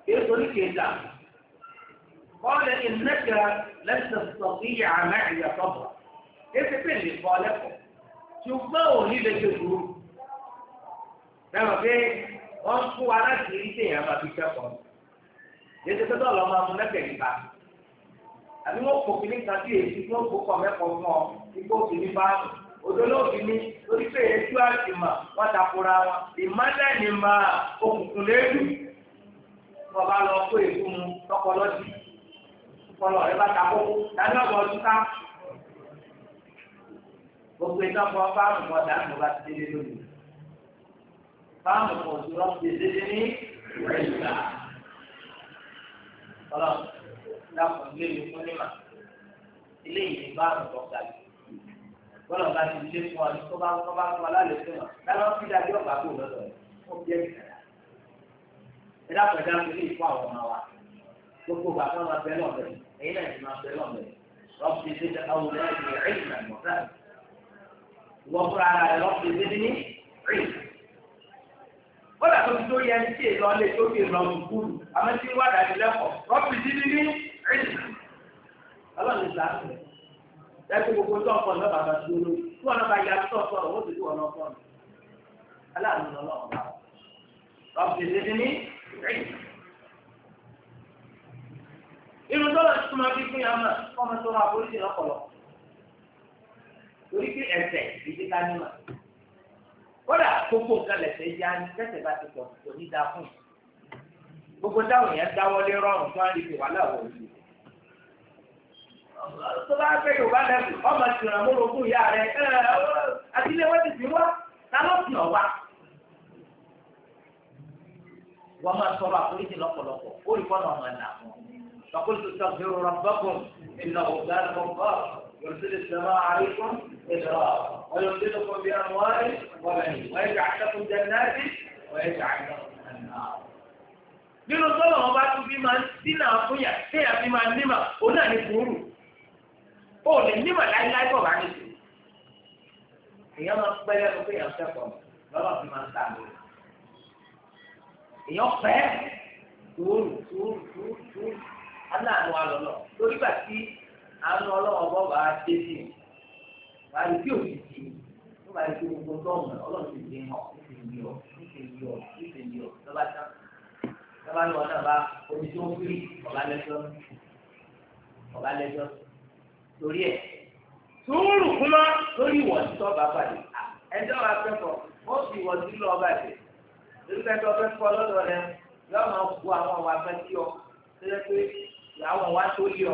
kìí sọ ní kéjà. Kọ́lẹ̀ ìnẹ́kẹ̀rẹ́ lẹ́sẹ̀ sọ̀kìyà àmẹ́ ìyàtọ̀ bọ̀. Èsì pé lè kọ́ lẹ́kọ̀ọ́. Ṣùgbọ́n òní lè ṣe burú dáhùn pé wọ́n fún wa láti rí téèyàn máa fi kẹ́kọ̀ọ́ yéṣe tó dọ̀lọ́ máa mú lẹ́kẹ̀ẹ́ nípa àbí wọ́n kò kíní kan sí èyí tí wọ́n kó kọ̀ mẹ́kọ̀ọ́ fún ọ ipò kíní báàmù odolóògì ni orí pé ètò àti mà wọ́n takora wọn ìmọ̀lẹ́ ni mà òkùnkùn lẹ́nu wọ́n bá lọ kó èkó mu tọkọ lọ́sí kọlọ rẹ bá takoko dání ọ̀bọ̀ ọdún gbogbo ìtàn kan fáwọn ọ̀dà fáwọn ọmọ òṣùwọ̀n ti dédé ní ìrẹsà. Ọlọ́run dákun ilé mi fún nímà. Ilé yìí bá àrùn tó ga jù. Bọ́lá bá ti lé fún ọ ní tó bá tó bá tó alálẹ̀ fún ọ. Dáná fi dájú ọ̀gá kò lọ́dọ̀ rẹ̀. Ó bí ẹ̀mí kàdá. Ẹ dákun ẹ̀dá mi lè fún àwọn ọmọ wa. Gbogbo bàbá máa bẹ lọ́bẹ̀. Ẹ̀yin náà ti máa bẹ lọ́bẹ̀. Rọ́bì ti dé àwọn ọmọ kódà tó fi tó yẹ ẹni tí èlò ọlẹ́ tó fi lọ sùkúlù àmọ́ tí wà dàbí lẹ́kọ̀ọ́ rọ́pì sí ní ní ẹ̀yìn ọlọ́run ìgbà rẹ̀ lẹ́kọ̀ọ́ gbogbo tó ọkọ̀ ní bàbá tó ló tí wọn bá ya tó ọkọ̀ rẹ̀ wọ́n ti tó wọn ọkọ̀ rẹ̀ aláàánú lọ́wọ́ rọ́pì sí ní ní ẹ̀yìn. inú dọ́là tó máa fi fún yàrá kọ́mọ́tò máa forí kódà gbogbo nǹkan lẹsẹ yá ni tẹsẹ bá ti pọ̀ kò ní da fún gbogbo táwọn yẹn dáwọ́lé rọrùn tó ń rí ti wà láwọn òbí tó bá fẹ́ yorùbá lẹ́kùn ọmọ ìṣúná mo rògbò ìyá rẹ àti ilé wọn ti fi wá ta ló fi hàn wá. wọ́n máa sọ̀rọ̀ àforíjì lọ́pọ̀lọpọ̀ ó rí fọ́nà ọmọ ẹ̀ nà fún un. sọ́kúlù tó sọ̀rọ̀ bí rọ̀bọ́kùn ìnáwó gbàgbọ́ يرسل السماء عليكم إدرارا ويرسلكم بأموال وبنين ويجعل لكم جنات ويجعل لكم أنهارا nínú tọ́lọ̀ wọn bá tún fi máa ń sínà fúnyà téèyàn fi máa nímà òun náà ní sùúrù ó lè nímà láíláí bọ̀ bá ní sùúrù èèyàn máa pẹ́ lẹ́nu pé èèyàn fẹ́kọ̀ọ́ lọ́wọ́ fi máa ń tà lórí èèyàn pẹ́ sùúrù sùúrù sùúrù sùúrù aláàánú alọ́lọ́ lórí gbà tí àánú ọlọ́wọ́ bọ́ bá dé sí i wà á rí kí sí i wọ́n bá rí kí gbogbo dọ́ọ̀mù ọlọ́run ti dín ọ̀ ní ti yí ní ti yí ní ti yí lọ́ba tán lọ́ba ní wọn náà omi tó ń firi ọ̀bá lẹ́jọ́ ọ̀bá lẹ́jọ́ lórí ẹ̀ sùúrù kúmọ́ lórí ìwọ̀sí tó bá pàdé ẹjọ́ wa kẹ́kọ̀ọ́ ó sì ìwọ̀sí lọ ọba ẹ̀sẹ̀ lórí kẹ́kọ̀ọ́ kẹ́kọ̀ọ́ lọ́dọ̀ rẹ yọ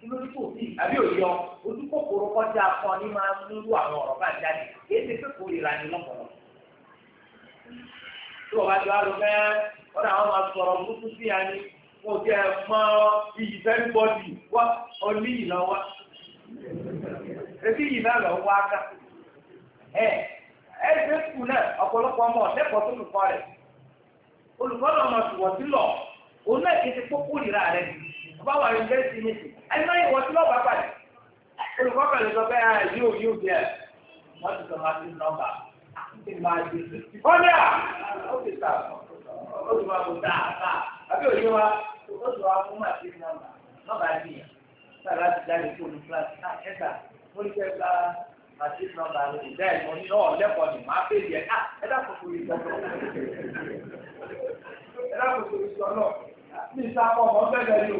kí ló dé kò sí àbí òyọ ojú kòkòrò kọjá kan ní máa ń rú àwọn ọ̀rọ̀ bá jáde kí fẹ́ kó ìlà ní lọ́pọ̀lọpọ̀. tí wọ́n bá jọ àlọ́ fẹ́ wọ́n náà wọ́n máa sọ̀rọ̀ sí ya ni mo jẹ́ iyì wá náà wá ká ẹ ẹ ṣe kù náà ọ̀pọ̀lọpọ̀ ọmọ tó lùkọ́ ẹgbẹ́ ìwọ tí lọ́ba pàdé olùkọ́ kan lè sọ pé ah yóò yóò jẹ wọ́n ti sọ máa ti nọ́mbà ti máa di ọ̀dà ah, ó ti sà ó ti máa kó dà á àbí òye wa ó ti wá fún màtí nọ́mbà nọ́mbà nìyẹn sára ti dá lè fóònù kíláàsì náà ah, ẹ̀ka mo ní fẹ́ gba màtí nọ́mbà rẹ̀ bẹ́ẹ̀ mo ní náà oh, lẹ́kọ̀ọ́ ni màá fẹ́ yẹ ká ah, ẹ dákun tó yẹ sọ́kọ̀ ẹ dákun tó yẹ sọ́kọ̀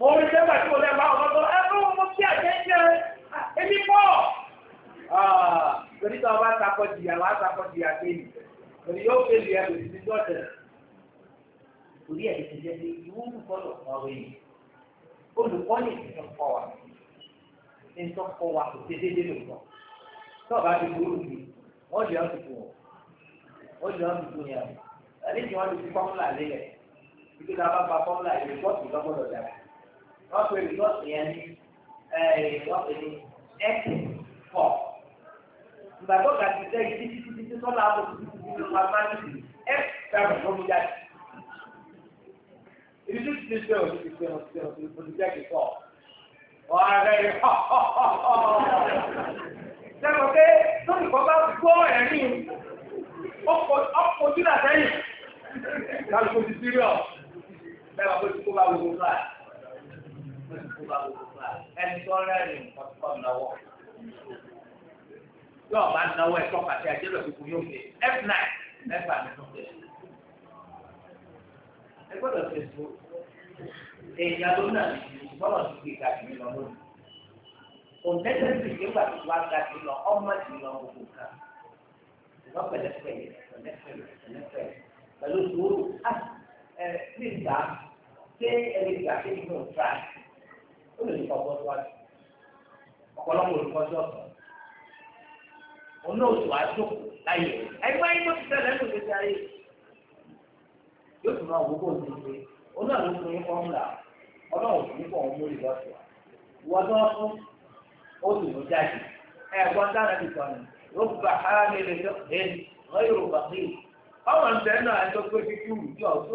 mo rí sẹ́gbà tí mo lẹ́gbàá ọ̀gá tó ẹ fún mo sí àjẹjẹ ah, èmi pọ̀. Ah, torí tí wọn bá sakọ jìyà wọn á sakọ jìyà kéyì torí yóò fẹ́ lu ẹrù ìdí tó ọ̀tẹ̀. torí ẹ̀ ti jẹ́ pé ìwú olùkọ́ lọ ọ̀rọ̀ yìí olùkọ́ lè ti tó kọ́ wa ní tó kọ́ wa kò tẹ́ déédéé lòtọ́ tó o bá ti burú bi wọ́n lè ọ́ dùkú wọ́n lè ọ́ dùkú yẹn àlejò wọn lè fi fọ́múlà wọ́n pe rìsọ́ọ̀tì yẹn ní wọ́n pe ní ẹ̀kẹ́ pọ̀. ìgbà tó ga ti sẹ́yìn títí títí tí sọ́lá àbò títí títí tí wọ́n máa ń tì ẹ̀ sábà tó mú jáde. ibi tí ti ṣe òní ti ṣe òní ti ṣe òní ti ṣe òní pọ̀. wọ́n á rẹ̀ rí họ́ họ́ họ́ họ́. sẹ́wọ̀n pé lórí kan bá gbọ́ ẹ̀rín ọkọ̀ ojú làtẹ́yìn. kálukú ti sírí ọ̀ bẹ́ẹ̀ wá pé kó bá gbogbo fúláì ẹni tó rẹ́rìn kọ́kọ́ náwó yóò bá náwó ẹ̀ tọ́ka sí àjẹlò ìkú yóò fi f9 mẹ́fà mi tó tẹ̀. ẹ gbọ́dọ̀ ṣe tó èèyàn ló náà gbọ́dọ̀ ti gbé ga jùlọ lónìí. òǹtẹ́tẹ́sì nígbà tó wá ga jùlọ ọmọ jùlọ gbogbo kan ìwọ́n pẹ̀lẹ́pẹ̀lẹ́ pẹ̀lẹ́pẹ̀lẹ́ pẹ̀lẹ́pẹ̀lẹ́ pẹ̀lú sùúrù ẹ ẹ ní ìgbà ṣé ẹ lè gbà ṣé ìgbà ò tíra ó lè fa ọgbọ́n síwájú ọ̀pọ̀lọpọ̀ olùkọ́jú ọ̀sán òun náà oṣù àjòkò láyè ẹgbẹ́ yín tó ti tẹ̀lé ní òṣèṣẹ́ ayé yóò tún máa wò òun náà ló fún yín ọlọ́run wọ́n tó fún jáde ẹ̀gbọ́n ti sọ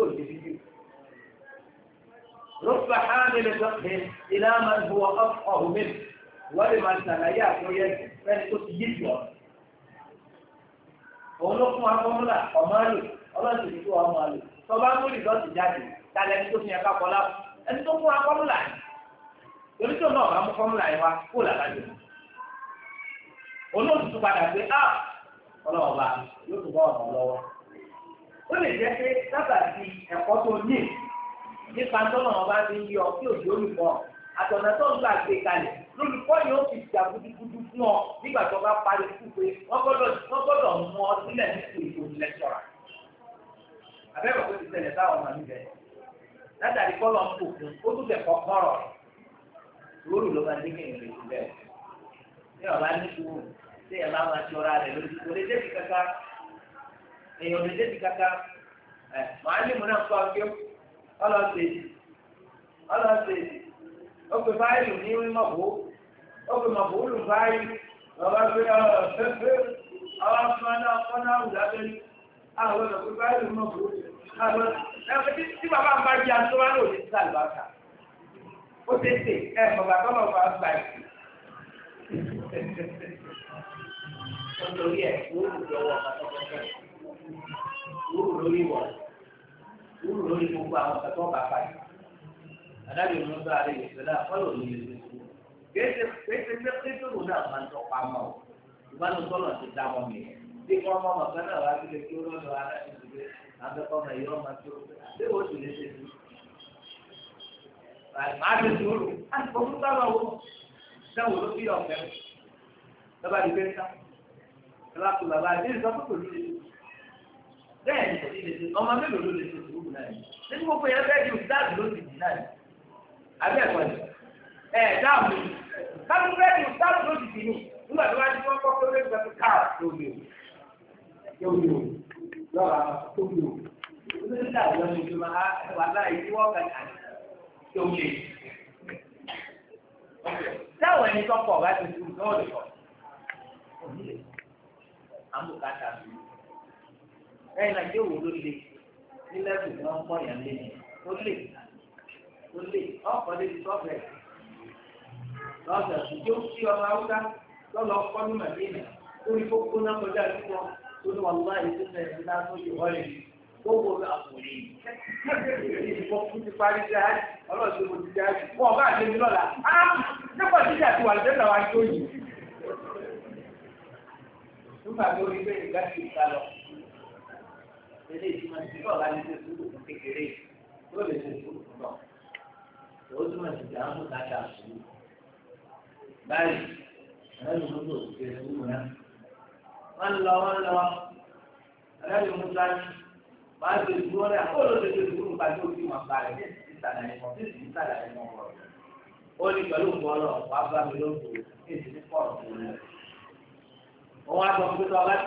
ni رب حامل فقه إلى من هو أفقه منه ولما سنيات يجب فإن تسجد òun ló fún wa fọ́múlà ọ̀mọ́lù ọlọ́sìn ní kí wọ́n mọ̀ lò tọ́ba tó lè lọ́ọ̀tì jáde tàlẹ́ ní tó fi ẹ̀ka kọ́lá ẹni tó fún wa fọ́múlà yìí torí tó náà bá mú fọ́múlà yìí wá kó làbájọ. òun ló tutù padà pé á ọlọ́ọ̀ba yóò tún bá ọ̀nà lọ́wọ́. ó lè jẹ́ pé sábà di ẹ̀kọ́ tó ní nípa tọ́nà ọba ti ń yí ọ kí òjò olùkọ́ àtọ̀nà tó ń gbà gbé kalẹ̀ lólùkọ́ yóò fi jà gudugudu fún ọ nígbà tó bá parí kúpe wọ́n gbọ́dọ̀ mú ọ sílẹ̀ nítorí ìdòwú lẹ́tọ̀rà. àbẹ́rẹ́ kò ti ṣẹlẹ̀ táwọn ọmọ mi bẹ̀rẹ̀ látàrí kọ́lọ̀ ń kò fún ó tún bẹ̀ kọ́kọ́rọ̀ lórí ló máa ń dínkì ìrìn ìlú bẹ́ẹ̀. bí ọba ní sùúrù ṣé ẹ máa máa ti ọ̀rá rẹ̀ lórí òdèdè ti kaka èèyàn kaka ẹ̀ màálí mu náà kọ́ ọlọ́sẹ̀dì ọlọ́sẹ̀dì ó pe fáìlì ní mọ̀bó ó pe mọ̀bó lù fáìlì lọ́wọ́ pé ọ̀fẹ́fẹ́ ọwọ́ fúnná fúnná ọ̀dàbẹ́ àwọn ọ̀dọ̀ pé na kúrò lórí gbogbo àwọn kẹtọ́ bàbá yìí adájọ́ ìlú bá rẹ̀ ìṣẹ̀lẹ̀ àkọ́lọ̀ ló lè lè kú kéṣe pé kéṣòro náà máa ń tọpa mọ́ ọ ìbánu tọ́lọ̀ ti dá wọn mi bí wọ́n mọ́ ọmọ kan náà wá sílẹ̀ kí ó lọ́dọ̀ aláṣẹ ti gbé abẹ́kọ́ ọmọ ìyọ́ ọmọ tó ṣé wọ́n sì lè ṣe sí máa ti sùúrù àti fòkú sábà wò dáwò ló bí ọ̀fẹ́ lọ́ba ìgbésà lọ́ba kù bàbá àti ìsọ́kùnkùn lórí bẹ́ẹ̀ ni kò lè ṣe ọmọ mélòó ló lè ṣe sùúrù náà yìí nínú gbogbo yẹn bẹ́ẹ̀ ni òṣìṣẹ́ ló ti dì náà yìí àbí ẹ̀kọ́ ni ẹ̀ dáàbò kájú bẹ́ẹ̀ ni òṣìṣẹ́ ló ti dì ní nígbà tó bá ti wọ́n kọ́ pé ó lè gbà tó káà tó o tó ìjọba wà tí wọ́n kàn tó ẹni tó ti lè ẹ̀yìn náà yóò wò ló le nílẹ̀ tó ní ọkọ yẹn lé ní ó lè ó lè ọkọ lè ti sọ́fẹ̀ lọ́sẹ̀ tó kí ọmọ awúdá lọ́lọ́ ọkọ ní màdínà ó ní kókó náà kọjá sí wọn tó ní wọn láàyè tó fẹ́ ti náà tó yọ ọ́ lè gbogbo ní àpòlì ìdìbò fún ti parí dáa ọlọ́ọ̀dún mo ti dáa wọn ọba àti èmi lọ́la ah! nípa títí àti wàlúùdẹ́ nígbà tó eléyìí máa ti lọ́ọ̀lá ní ṣe sùúrù fún kékeré tó lè ṣe sùúrù fún lọ. Ìwọ́n túmọ̀ sí ìjà ń bùkà dà sùúrù. Báyìí, ẹ̀rọ ìlú tó ṣe sùúrù náà. Wọ́n ń lọ, wọ́n ń lọ. Ẹ̀rọ ìlú mú sáyé. Wọ́n ṣe sùúrù rẹ̀. Ó ló ṣe sùúrù nípa tí ó fi bá rẹ̀ ní ìsàlàyé mọ́, ní ìsàlàyé mọ́ ọ̀rọ̀. Ó ní pẹ̀lú ìgbọ́lọ̀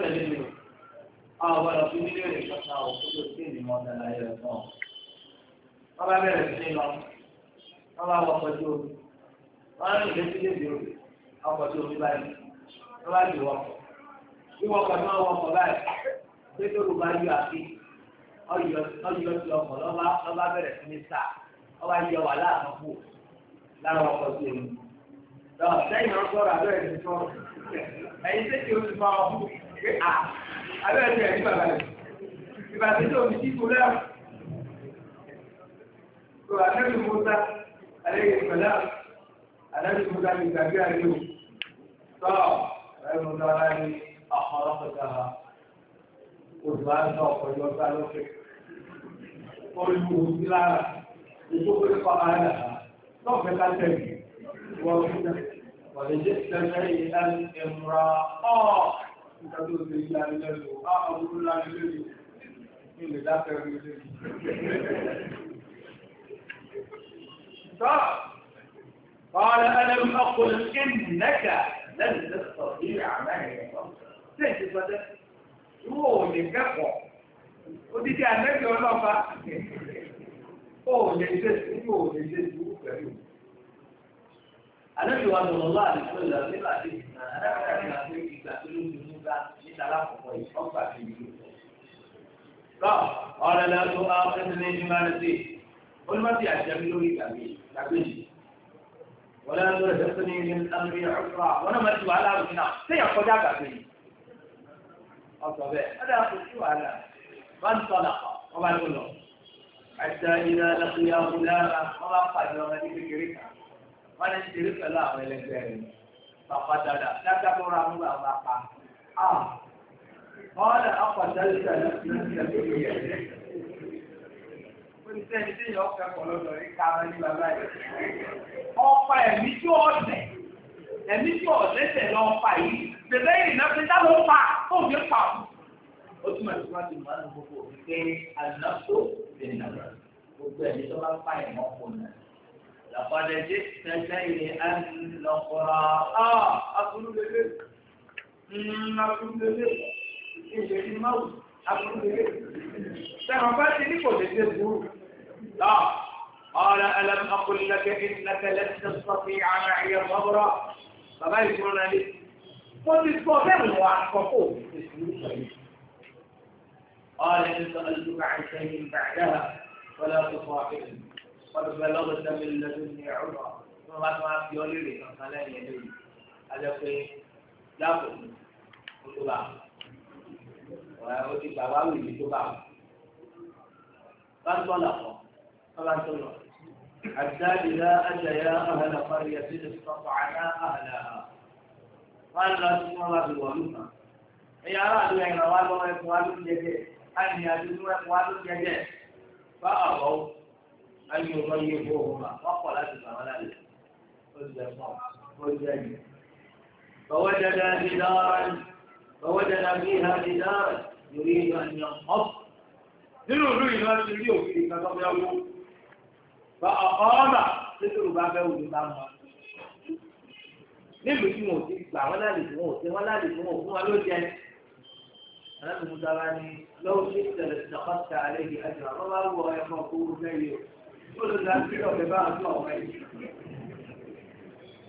wá àwọn ọ̀gbọ́dọ̀ fi nílé rẹ̀ kọ́ta òkú tó sí ìlú wọn dáná ayé ọ wọ́n bá bẹ̀rẹ̀ sí lọ wọ́n bá wọkọ̀ tó omi wọ́n á omi ọkọ̀ tó omi báyìí wọ́n bá lè wọkọ̀ bí tó wọ́n wọkọ̀ báyìí tó yọ àfi ti ọkọ̀ bẹ̀rẹ̀ sí ní yọ lára ọkọ̀ tó omi. sẹ́yìn sọ̀rọ̀ Ah, Abẹ́rẹ́ tẹ̀ ní bàbá rẹ̀. Ìbàdí tó fi kíkú náà. Tó àdébí Musa, àdébí Ìpẹ̀lá, àdébí Musa ní ìgbàgbé àríwò. Tọ́ àdébí Musa wá ní ọ̀pọ̀lọpọ̀ pẹ̀lú ń sọ ọ̀pọ̀lọpọ̀ ọ̀sá lókè. Olùwò sí lára. Ìjókòó ní kọ́ ara dàgbà. Lọ́ọ̀fẹ́ ká tẹ̀lé. Wọ́n ń jẹ́ sẹ́fẹ́ ìlànà ìtàdó ṣe إنك لن تستطيع معي alẹ́lẹ́lò ní ilẹ̀ dákẹ̀rẹ̀ ilẹ̀ قال أنا لم أقل إنك لن تستطيع معي تجد بدأ هو نكفو ودي كان نكفو ولا فا هو نكفو هو نكفو أنا جوان الله عليه وسلم لما أنا أنا أنا أنا قال لا تؤاخذني بما نسيت قل ما في أجمل لي تبي ولا ترهقني من أمري عسرا وأنا مرجو على ربنا سيقول ذاك فيه أصبح أنا أقول على من طلق وما يقول له حتى إذا لقي غلاما وما قد رمني بكرك وأنا اشترك الله من الجاهل فقتل لا تكون رحمه الله قال أقتلت نفسك بيدك Oníṣẹ́ ìdí ìyọ́ kẹ́kọ̀ọ́ lọ́dọ̀ rí kára ní bàbá yìí. Ọ̀pá ẹ̀mí tí ọ̀dẹ̀, ẹ̀mí tí ọ̀dẹ̀ tẹ̀ lọ pa yìí, bèbè yìí náà fi dá ló pa, ó fi pa. Ó túmọ̀ sí wá ti máa ń gbogbo òfin pé àlùnáfó lè nà rẹ̀. Gbogbo ẹ̀mí tó bá pa ẹ̀mọ́ pọ̀ náà. Làpàdé dé tẹ́tẹ́ yìí á ń قال ألم أقل لك إنك لن تستطيع معي صبرا فما يقولون لي قل اصبروا عن قال إن سألتك عن شيء بعدها فلا تصاحبني قد بلغت من لدني عذرا ثم ما في ولدي فقال لي هذا láàbò ó tó bá ó ti gbà wá wìlì tó bá bá ń tọ́lá kọ́ bá bá ń tọ́lá. حتى إذا أتيا jẹjẹ jẹjẹ bá ayé láti bàwọn ti فوجد جدارا فوجد فيها جدارا يريد أن ينقض nínú ìlú ìlú ti rí òfin ìkan tó fẹ́ wó bá ọ̀ọ́mà títúrù bá fẹ́ wùdú bá wọn. nílùú tí wọn ò ti gbà wọn láàyè tí wọn ò ti wọn láàyè tí wọn ò fún wọn ló jẹ. aláàbò mú dára ni lọ́wọ́ sí ìṣẹ̀lẹ̀ ìṣàkóso àlejò àjọ àwọn bá wù ọ kó wù fẹ́ yìí o. ó lọ sí àti ìṣẹ̀lẹ̀ bá wọn fún ọ̀wẹ́ yìí.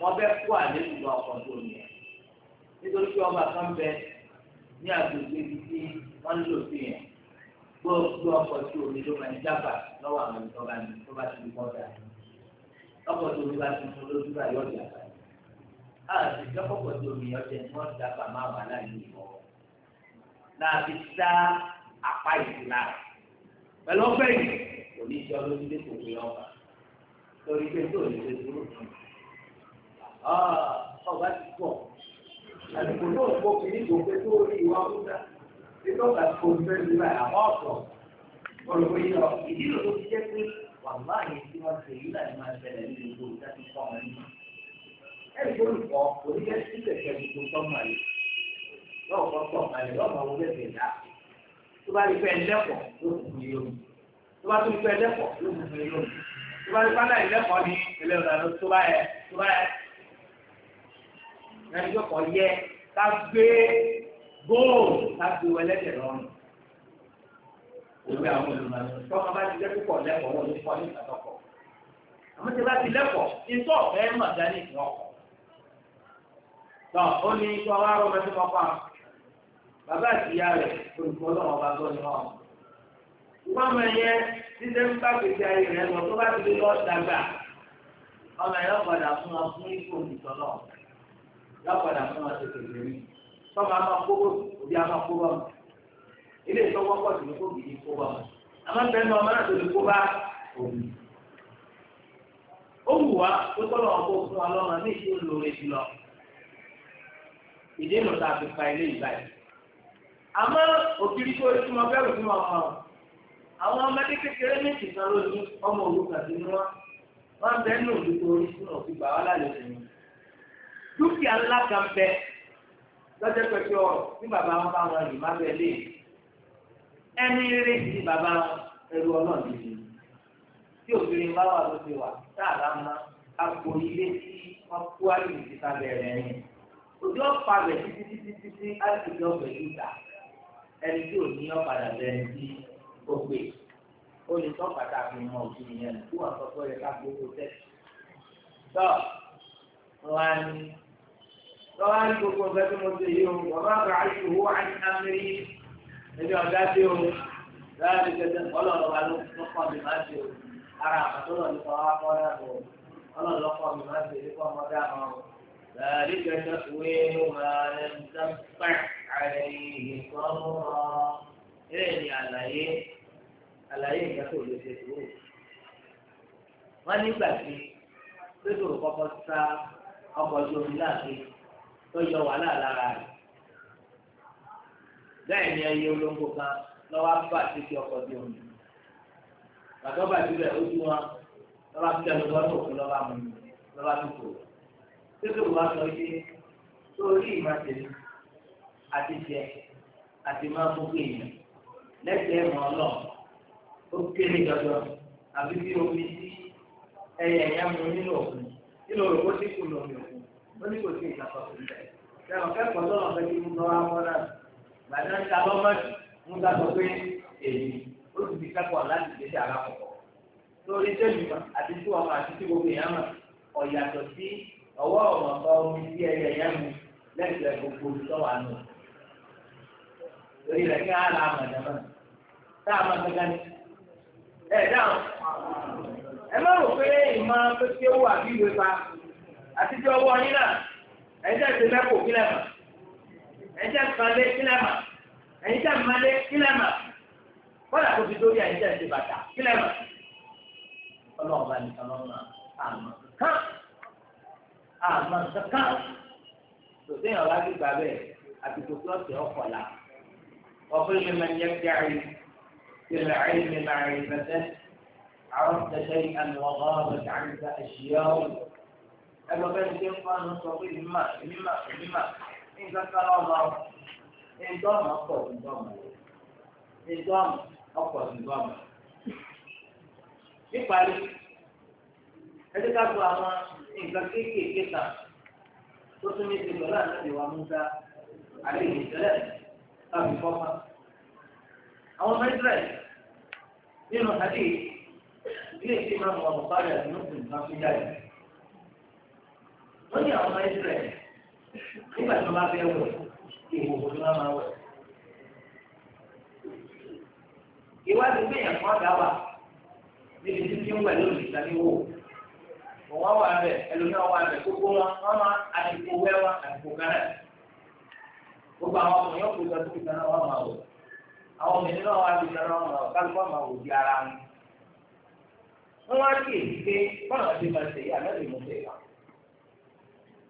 wọ́n bẹ́ kó àlejò lọ ọkọ̀ tó ní ẹ̀ nítorí pé ọba kan bẹ ní àgbègbè ibi tí wọ́n lò sí yẹn gbogbo ọkọ̀ tí omi ló máa ń jábà lọ́wọ́ àwọn ìjọba ní tó bá ti di kọ́ta ọkọ̀ tí omi bá ti fún lójú bá yọ̀ jábà àti ìjọkọ̀kọ̀ tí omi ọ̀jẹ̀ ni wọ́n jábà máa wà láàyè ìwọ̀ láti dá apá ìsìlá pẹ̀lú ọgbẹ́ yìí kò ní í ṣe ọlọ́dún lẹ́kọ̀ọ́ pé ọba torí pé tó lè ṣe dúró fún Ah, ọba ti pọ̀ àdìgbò náà kó kiri gòkè tó rí ìwà kúta nínú ọ̀gá tó fẹ́ lù láì àwọn ọ̀sọ̀ olùkọ́ yìí lọ ìdí lòdò ti jẹ́ pé wàhálà yìí tí wọ́n ṣe yìí láì máa ṣẹlẹ̀ nínú ìlú ìta ti pọ̀ wọn nínú. ẹ̀rí tó tọ́ mọ̀ yìí lọ́wọ́ kọ́ tọ̀ mọ̀ yìí tó bá rí pé ẹlẹ́pọ̀ ló kù yìí lómi tó bá rí pé tó bá rí pé náà yóò kọ́ yẹ ká gbé góòlù ká gbé wẹlẹ́dẹ̀ lọ́rùn. Òwe àwọn olùmọ̀lẹ́ tọ́ka bá ti lẹ́kọ̀ọ́ lẹ́kọ̀ọ́ wọn ní kọ́ ní ìtàkọ́kọ́. Àmọ́ tí bá ti lẹ́kọ̀ọ́ ìtọ́ ọ̀fẹ́ mọ̀ dání ìtàn ọkọ̀. Tọ́ ó ní ìtọ́ wa rọ́ mẹ́tí kọ́kọ́ àwọn. Bàbá àtìyá rẹ̀ olùkọ́ lọ́wọ́ bá gbọ́ ní wọn. Wọ́n mọ ẹyẹ títí ń bá gbèsè ayé rẹ̀ lọ tó bá ti lọ́ọ́ dàgbà. Ọmọ ẹ̀yọ́ padà fún wọn fún ipò ìtọ́ lápadà fún wọn ṣe kèké mi sọ́mà máa kó bò òbí a máa kó bá wọn ilé ìtọ́wọ́ pọ̀ sí ní kó kìí kó bá wọn àmọ́ bẹ́ẹ̀ ni ọmọ náà tó lè kó bá òun. ó wù wá pé kọ́lọ̀ ọkọ̀ fún wa lọ́mọ ní ìṣe olóore jù lọ ìdí ìlọta fi fa ilé ìbáyìí àmọ́ òkìrí tó orí tí mo fún ọmọ wọn àwọn ọmọdé kékeré méjì kan ló ọmọ òwúkà sínú wọn wọn bẹ́ẹ̀ ní òdúgbò orí sínú òfin dúkìá ńlá kan bẹ lọ́jọ́ pẹ̀lú ọ̀rọ̀ tí bàbá wọn bá wọn yìí má bẹ lé ẹni rí sí bàbá wọn ẹrú ọlọ́ọ̀dì ni tí obìnrin bá wà ló ti wà tá a bá mọ àpò ilé tí wọ́n kú àyè ti ta bẹ̀rẹ̀ ni ojú ọ̀pá rẹ̀ títí títí títí láti fi ọ̀bẹ yìí ta ẹni tí ò ní ọ̀padà bẹ̀rẹ̀ tí ó gbé ó lè tọ́ pàtàkì mọ òjú nìyẹn tí wọ́n sọ ká gbogbo tẹ̀ tọ́ wọn á ní lọ́wọ́ ní gbogbo ọ̀gá tí mo ṣe yìí o bàbá àgbà àìsù owó àti amírí ẹbí ọ̀gá tí o lọ́wọ́ ní gbẹdẹ ọlọ́run wa ló kọ́ mi máa ṣe o ara àtọ́lọ́ ní kọ́ akọ́ dàbọ̀ ọlọ́run ló kọ́ mi máa ṣe ní kọ́ ọmọ dàbọ̀ o lọ́wọ́ gbẹdẹ ìwé máa lẹ́ dápẹ́ àlẹ́ yìí kọ́ mọ́ ẹ̀ ní àlàyé àlàyé ìgbà tó lè ṣe sùúrù wọ́n nígbà tí pé tó yọ wàhálà lára rẹ̀ bẹ́ẹ̀ ni ẹyẹ olóńgbò kan lọ́wọ́ bá títí ọkọ̀ bí omi bàtà ọba ìbílẹ̀ ojú wọn lọ́wọ́ bí ẹnu lọ́wọ́ tó fún lọ́wọ́ àmú lọ́wọ́ tó fò títí wò wá sọ pé sórí ìmọ̀tẹ́lẹ̀ àti jẹ àti máa mú kí èèyàn lẹ́sẹ̀ mọ́ lọ ó kéré jọjọ àbí bí omi sí ẹyẹ ẹ̀yà mú nínú òkun nínú òròkó tí kù lómi ó ní kò sí ìkàkọ̀ sílẹ̀ ṣẹ́wọ̀n kẹ́kọ̀ọ́ lọ́wọ́ fẹ́ kí múlọ wá mọ́ náà gbàdá ń ta lọ́mọ́dì mú ká sọ pé èyí ó sì ti kẹ́kọ̀ọ́ láti dédé alákọ̀ọ́ lórí tẹ́lifà àti tí wọn àti tí gbogbo èèyàn mà ọ̀yàtọ̀ sí ọwọ́ ọ̀mọ̀kọ omi sí ẹyẹ yẹn mu lẹ́gbẹ̀ẹ́ gbogbo olùsọ̀wọ́ àná lórí rẹ̀ kí á la àmàdà náà tá a máa gbẹ́gá ní. ẹ dáhùn ẹ má rò pé ìmọ̀ pé kí ó wà bí ìwé pa àti tí ọwọ́ yín náà ẹ̀yin tẹ́ ti mẹ́kò kí lẹ́mà ẹ̀yin tẹ́ ìfàlẹ́ kí lẹ́mà ẹ̀yin tẹ́ ìmọ̀lẹ́ kí lẹ́mà kọ́lá tó fi dórí ẹ̀yin tẹ́ ti bàtà kí lẹ́mà ọlọ́ọ̀bá ní ọlọ́mà àmọ́ kán àmọ́ kán tòtẹ́yìn ọ̀la gbígbà bẹ́ẹ̀ àti tòtẹ́ ọ̀sẹ̀ ọ̀kọ̀lá ọ̀fẹ́ mi máa ń yẹ kí àyè ìrẹ̀ àyè mi máa rìn bẹ́tẹ́ àwọn tẹ̀lé àmì ẹlọ́bẹ̀ ní ṣe ń fọ́nù sọ pé mímà mímà mímà nǹkan kan ọmọ ìdọ́mù ọkọ̀ ìdọ́mù ìdọ́mù ọkọ̀ ìdọ́mù. níparí ẹni ká tó àwọn nǹkan kéékèèké kan tó tún ní ti pẹ̀lú àtẹ̀lé wa Musa àti ìṣẹ̀lẹ̀ tàbí kọ́kọ́. àwọn ọmọ nínú àdéhìí ilé ìṣẹ́ máa ń ọ̀pá rẹ̀ nǹkan fi jáde. ó ní àwọn ọmọ Israẹli nígbà tí wọ́n bá fẹ́ wọ̀ ìwòwò ni wọ́n máa wọ̀. ìwádìí pé èèyàn kan àgbà wà níbi tí tí ń wẹ̀ lórí ìsàníwò òun àwọn àrẹ ẹlòmíràn wà rẹ gbogbo wọn wọn máa àdìpọ̀ wẹ́ wọn àdìpọ̀ kárẹ̀ gbogbo àwọn ọmọ yóò kó lọ sí ìtàn náà wọn máa wọ̀ àwọn obìnrin náà wà lórí ìtàn náà wọn máa wọ̀ kálukọ́ máa wò di ara wọn. wọ́n wá kí èyí pé bọ́ọ̀lù àti màṣẹ́yì àlẹ́ lè mú bẹ́ẹ̀ wá.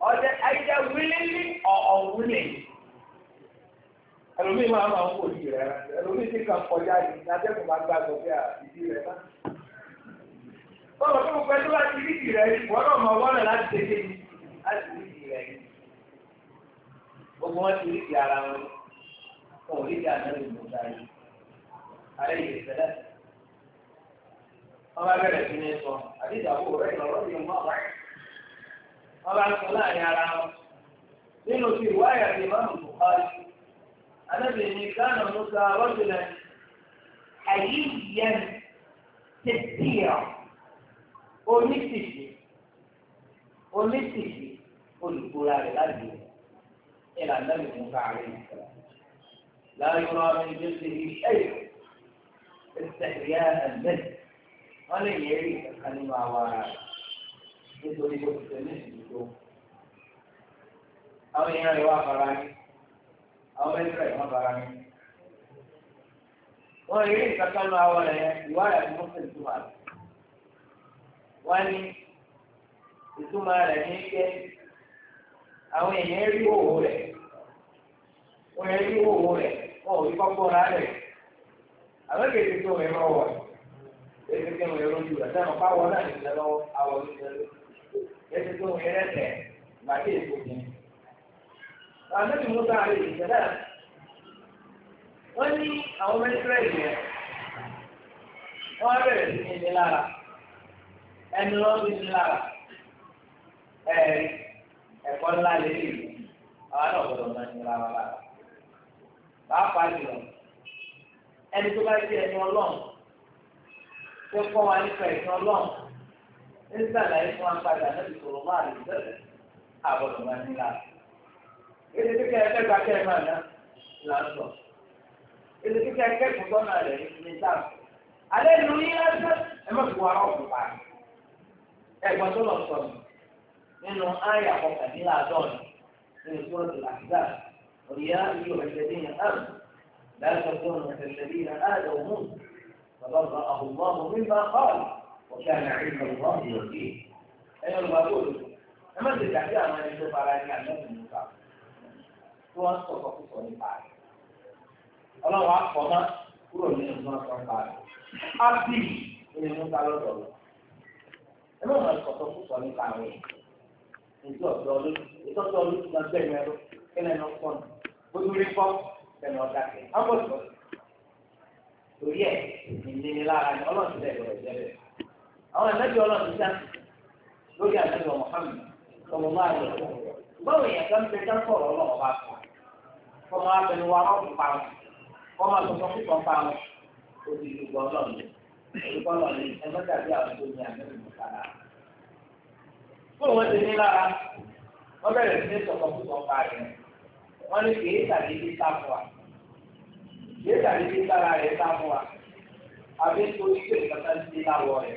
or they either willingly or unwilling. ẹlòmíì máa ń wò yìí rẹ ẹlòmíì ti kàn kọjá ní atẹ́kùn máa rẹ bọ́lá tó láti rí wọ́n náà wọ́n láti láti rí gbogbo wọn ti rí ìdí ara wọn rí ìdí àná ìlú ọ̀gá yìí. yìí wọ́n bá bẹ̀rẹ̀ wọ́n bá ń sọ láàrin ara wọn nínú ti wáyà ní ìmọ̀ Bukhari anábì ní kánà Musa rọ́jùlẹ̀ àyíyẹn tẹ̀síyà onísìsì onísìsì olùkóra rẹ̀ láti ìlànà Musa rẹ̀ nìkan. لا يرى من جسده شيء استحياء البدء ولن يعيش الخليمة وراءه nítorí kó ti tẹ̀lé ìdúró. Àwọn èèyàn rẹ̀ wá fara ní. Àwọn mẹ́tìrì rẹ̀ wọ́n fara ní. Wọ́n rí ìsàkánu àwọn rẹ̀ ìwádìí àti mọ́sẹ̀lì tó wà. Wọ́n ní ìtumọ̀ rẹ̀ ní pé àwọn èèyàn rí òwò rẹ̀. Wọ́n rí òwò rẹ̀. Wọ́n ò rí kọ́kọ́ rà rẹ̀. Àwọn kèké tó rẹ̀ máa wọ̀ ẹ̀. Ètò ìkẹ́wọ̀n ẹ̀rọ ju rẹ̀ sẹ́nu pàwọ́ náà ní lọ́wọ́ àwọn oníṣẹ́ lọ́wọ́. ẹsẹ̀ tó ń yẹrẹ tẹ̀ gbàgbé èso ni. Àmì Musa àlè ìṣẹ̀lẹ̀ wọ́n ní àwọn mẹ́tírẹ̀ yẹn wọ́n bẹ̀rẹ̀ sí ní ní lára ẹnu lọ́wọ́ sí ní lára ẹ̀rí ẹ̀kọ́ ńlá lélẹ̀ àwọn náà gbọ́dọ̀ máa ní lára lára. Pàápàá jùlọ ẹni tó bá ti ẹni ọlọ́run tó kọ́ wa nípa ẹ̀sìn ọlọ́run. nígbà láyé fún apáda náà ìṣòro máa lè bẹ̀rẹ̀ àbọ̀dọ̀ máa ní lára. Èdè kíkẹ́ ẹgbẹ́ gba kẹ́ ẹ máa ná là ń sọ. Èdè kíkẹ́ ẹgbẹ́ kò gbọ́nà rẹ̀ ní sáà. Alẹ́ ìlú yín lásán ẹ má fi wá ọ̀pọ̀ pa. Ẹ̀gbọ́n tó lọ sọ nínú ayé àkọkàndínláàdọ́rin nínú sọ́ọ̀tù àgbà òrìyá ìlú ẹ̀jẹ̀dín àrùn láti ọjọ́ ìrìnàjò ìṣẹ̀lẹ̀ àdàwọ̀mù bàbá bàbá àhùnmọ́ وكان علم الله وفيه أنا الغدود أما أنت تعطي أما أنت فاراني عن نفس المصاب هو أصدق فقط ونفعل الله أعطى ما kúrò nínú ìgbọ́n kan bá rẹ̀. á bì í ní mú ká lọ́dọ̀ lọ. ẹ má máa sọ̀tọ̀ fún sọ nípa àwọn ètò ọ̀dọ́ olóṣù ètò ọ̀dọ́ olóṣù náà bẹ̀rẹ̀ mẹ́rọ kí lẹ́nu ọkọ ọ̀dà kẹ́. á bọ̀ torí ẹ̀ ìninilára ni ọlọ́run ti bẹ̀rẹ̀ bẹ̀rẹ̀ àwọn ẹ̀mẹ́jọ ọlọ́run já lórí àjọyọ̀ Muhammad sọmọ máa yọ báwo yẹn kan bẹ dákọ̀ ọlọ́run ọba kan kọ́mọ abẹnuwa ọ̀hún pa kọ́mọ àtọ́sọ́ púpọ̀ pa òbí gbogbo ọlọ́run ní àmì ìmọ̀sára. ní lára wọn bẹ̀rẹ̀ sí ní sọ̀kọ̀ púpọ̀ pa rẹ̀ tàbí kí sára rẹ̀ sáfù wa àbí nítorí pé ìkàtà ti láwọ̀ rẹ̀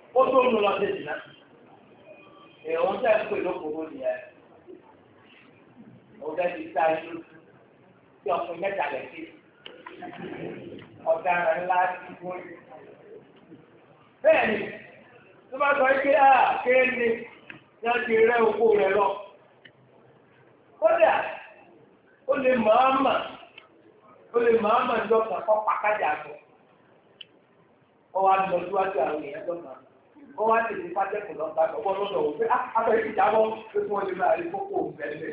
ó tó ń lọ sí ìdìnnà èèyàn tẹ́ ń pè lókòwò nìyẹn òun tẹ́ ti sá inú tí ọkùnrin mẹ́ta lẹ̀ sí ọ̀daràn ńlá ti wọ́n. bẹ́ẹ̀ni tó bá sọ pé a kéèlè yóò ti rẹ́ oko rẹ̀ lọ kódà ó lè màámà ó lè màámà lọ́kàn kọ́ pàkàjà àgbọ̀ ọ wa lọ síwájú àwọn èèyàn lọ́kàn ó wá lè ní pájẹ́kù lọ́ta gbọ́ lọ́dọ̀ òun pé abẹ́rẹ́ ah, ìjábọ̀ pé kí wọ́n lè máa rí kókó òun bẹ́ẹ̀ ni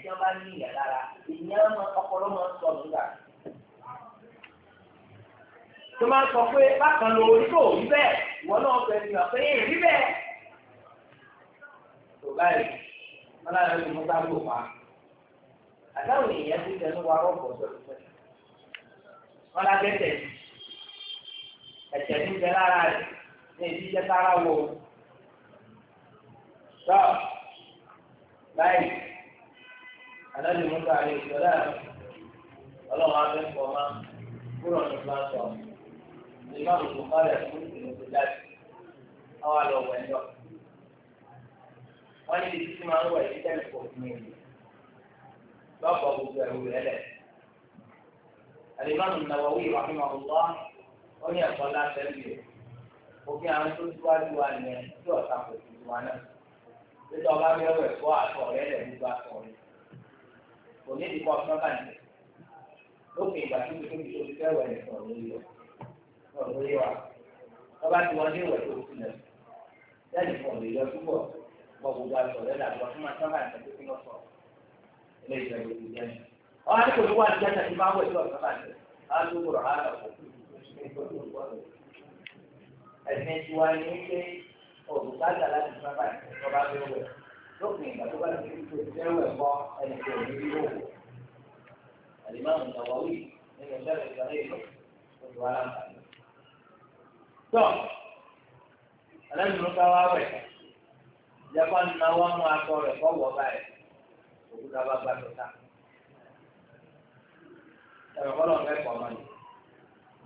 tí wọ́n bá ní ìyà lára ìyẹn ọpọlọ máa ń sọ nígbà. tó máa sọ pé bákan lo orí kò rí bẹ́ẹ̀ ìwọ náà fẹ́ ni wà pé rí bẹ́ẹ̀. tó báyìí wọn lára mo bá lò wá. àtàwọn èèyàn ti tẹnu wa rọ̀pọ̀ sọ̀rọ̀ ẹ̀jẹ̀ ní bẹ lára rẹ̀ ní èyí jẹ́ sára wo. Tọ́ báyìí, àdájọ́ mọ́tò àlè ìṣọ̀lá ọlọ́run abẹ́ pọ̀ máa kúrò ní pàṣọ. Ìgbà òkú kọ́lẹ̀ fún ìrìnàjò jáde, àwọn àlọ́ wẹ̀ lọ. Wọ́n ní ibi tí máa ń wẹ̀ ní tẹ́lẹ̀ pọ̀ fún mi. Lọ́pọ̀ gbogbo ẹ̀rù rẹ̀ lẹ̀. Al-Imam An-Nawawi rahimahullah ó ní ẹ̀kọ́ láti àwọn tó síwájú wa ni ẹ̀ tí ọ̀sà kò sí wa náà nítorí ọba mi ọwọ́ ẹ̀kọ́ àtọ̀ rẹ̀ lẹ̀ gbogbo àtọ̀ rẹ̀ kò ní ìdíkọ̀ ọ̀sán bàjẹ́ lókè ìgbà tó ti tóbi tó fẹ́ wẹ̀ nìkan lórí rẹ̀ náà lórí wa ọba tí wọ́n dé wẹ̀ tó ti lẹ́yìn kan lè yọ túbọ̀ bọ gbogbo àtọ̀ rẹ̀ làgbọ̀ fún ẹ̀sìn tiwa ni wípé òbúkátà láti fún abáyé ọba bí ó wẹ̀ lópin ìgbà tó bá ti fi tó ti fẹ́rù ẹ̀kọ́ ẹni tó ní bí ó wò. àlìmáàmù ìyàwóyì nínú ìbẹ̀rẹ̀ ìgbàlẹ̀ ìlú oṣù aláǹfààní. tó alẹ́nulọ́ká wá wẹ̀ ìjọba nínú àwọn ọmọ akọ rẹ̀ kọ́ wọ̀ báyìí òkúta bá gbàdúrà. ẹ̀rọ kọ́lọ̀ ń fẹ́ pọ̀ mọ́ ni.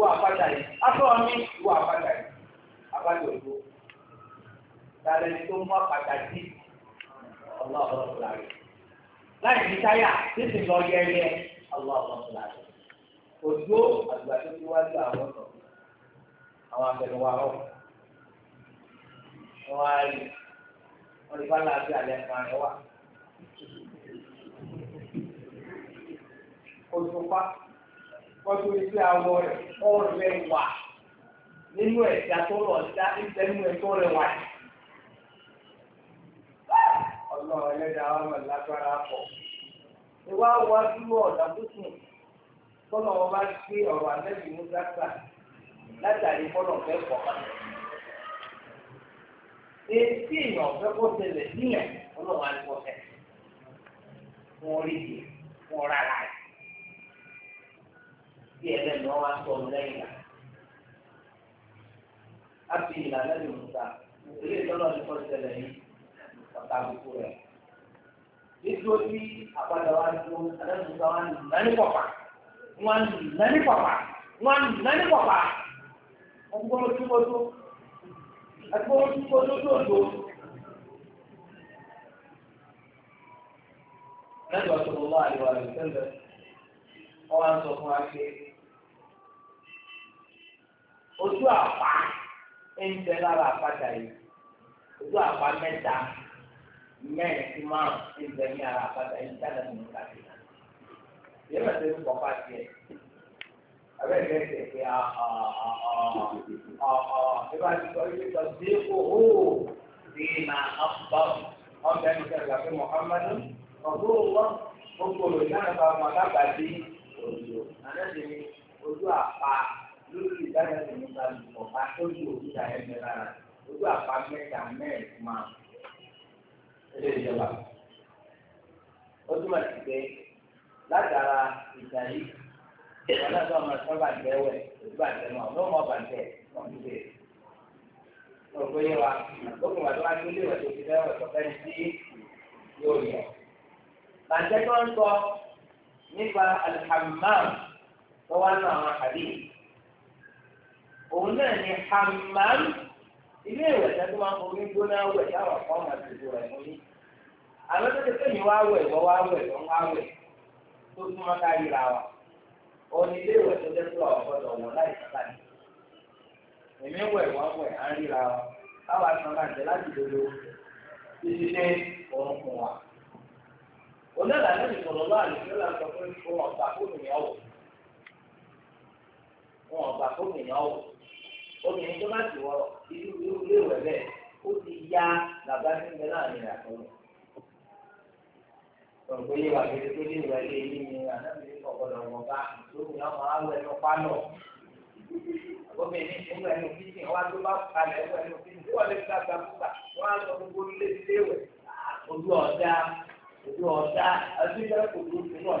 ìwọ àpáta yìí aṣọ mi ìwọ àpáta yìí àpáta òdo tààrẹ ni tó mú àpáta yìí ọlọ́ọ̀bọ̀ fúlàrí láì ní táyà títí lọ yẹyẹ ọlọ́ọ̀bọ̀ fúlàrí òdo àgbà tó ti wọ́n tó ti àwọ̀ rẹ̀ ọ̀rẹ́ wà nínú ẹ̀dá tó lọ dá ìfẹ́ nínú ẹ̀ tó wà yìí. ọlọ́run ẹlẹ́dàá wa mọ̀ lágbára pọ̀. ìwà wa dúró ọ̀dà tó sùn tọ́lọ̀ wọn bá gbé ọ̀rọ̀ àtẹ́bí mú dáta látàrí bọ́lọ̀ fẹ́ pọ̀ kalẹ̀. Etí èèyàn ọ̀fẹ́ kó tẹlẹ̀ níyàn ọlọ́run àlùkò fẹ́. Wọ́n rí i, wọ́n rárá rẹ̀ tí ẹlẹ́nu wa sọ ọ́n lẹ́yìn rẹ̀. a fi ìlànà lè mú ta ilé ìtọ́nà nípa ìṣẹ̀lẹ̀ yìí ọ̀tá àbùkù rẹ̀. nítorí tí àpàdà wa dúró alẹ́nu ta wọn nání pọ̀pà wọn nání pọ̀pà wọn nání pọ̀pà ọgbọ́n tí wọ́n tó ẹgbọ́n tí wọ́n tó tó tó. Nẹ́tọ̀ sọ̀rọ̀ wá àríwá rẹ̀ sẹ́lẹ̀, wọ́n á sọ fún wa pé ojú àpá ń bẹ lára àpáta yìí ojú àpá mẹ́ta mẹ́rin tí máa ń bẹ ní ara àpáta yìí dáadáa tó ń ká sí i. yẹ́n bá tẹ́lẹ̀ kọ́ fà tiẹ̀ abẹ́rẹ́ bẹ́ẹ̀ tẹ̀ pé ìbá ti sọ ilé sọ sí owó sí máa ń bọ̀ ọ̀bẹ ní sẹ́yìn àti Muhammadu ọ̀gbọ́n gbogbo olùyàrá bá wọn ojú àná ojú àpá lórí ìdánilẹ́sẹ̀ nípa ìfọ̀pá tó ní òkúta ẹgbẹ́ lára ojú àpá mẹ́ta mẹ́rin máa ẹlẹ́ ìjọba. ó túmọ̀ sí pé látara ìtàn yìí ìwọ̀n náà tó ọmọ sábà gbẹ́wẹ̀ ojú àtẹnu àwọn ọmọ bàtẹ kọ̀m̀pútẹ̀. ó pé yẹ wa lókun wà tó wá nílé ìwẹ̀ tó fi fẹ́ràn ìtọ́fẹ́ sí yóò yẹ. bàtẹ́ tó ń sọ nípa alhamam tó wá nù àwọn àdéhùn òun náà ni hammam ilé ìwẹ̀ tẹ́tí máa ń fún gbóná wẹ̀ táwọn kan máa ti dùn rẹ̀ fún mi. wá wẹ̀ wọ́n wá wẹ̀ wọ́n wá wẹ̀ tó tún máa ká yíra wa. òun ilé ìwẹ̀ tó tẹ́tí wà wọ́n wọ̀ láì sábà ní. èmi wẹ̀ wọ́n wẹ̀ á ń ríra wa káwa san máa jẹ láti dodo títí dé òun fún wa. òun náà làlẹ́ ìsọ̀rọ̀ lọ́wọ́ àlùfẹ́ làǹtọ̀ fún ọ̀gbà fóònù yẹn wò. fóònù yẹn wò obìnrin tó bá ti wọ irú irú ìwẹ̀ bẹ́ẹ̀ ó ti ya bàbá tí ń bẹ láàrin ìràtọ́ lọ. Òǹkó yé wà pé tó lè wẹ̀ lé yín ni ànábìrin kọ̀ọ̀kọ̀lọ̀ wọ̀ bá lómi ọmọ awẹ̀ lọ pálọ̀. Obìnrin ti wẹ̀ òfìsì wá tó bá kalẹ̀ wẹ̀ ní òfìsì tí wọ́n lè fi àgbà fúgbà wọ́n á lọ gbogbo ilé ilé ìwẹ̀. Ojú ọ̀dà ojú ọ̀dà ọdún kò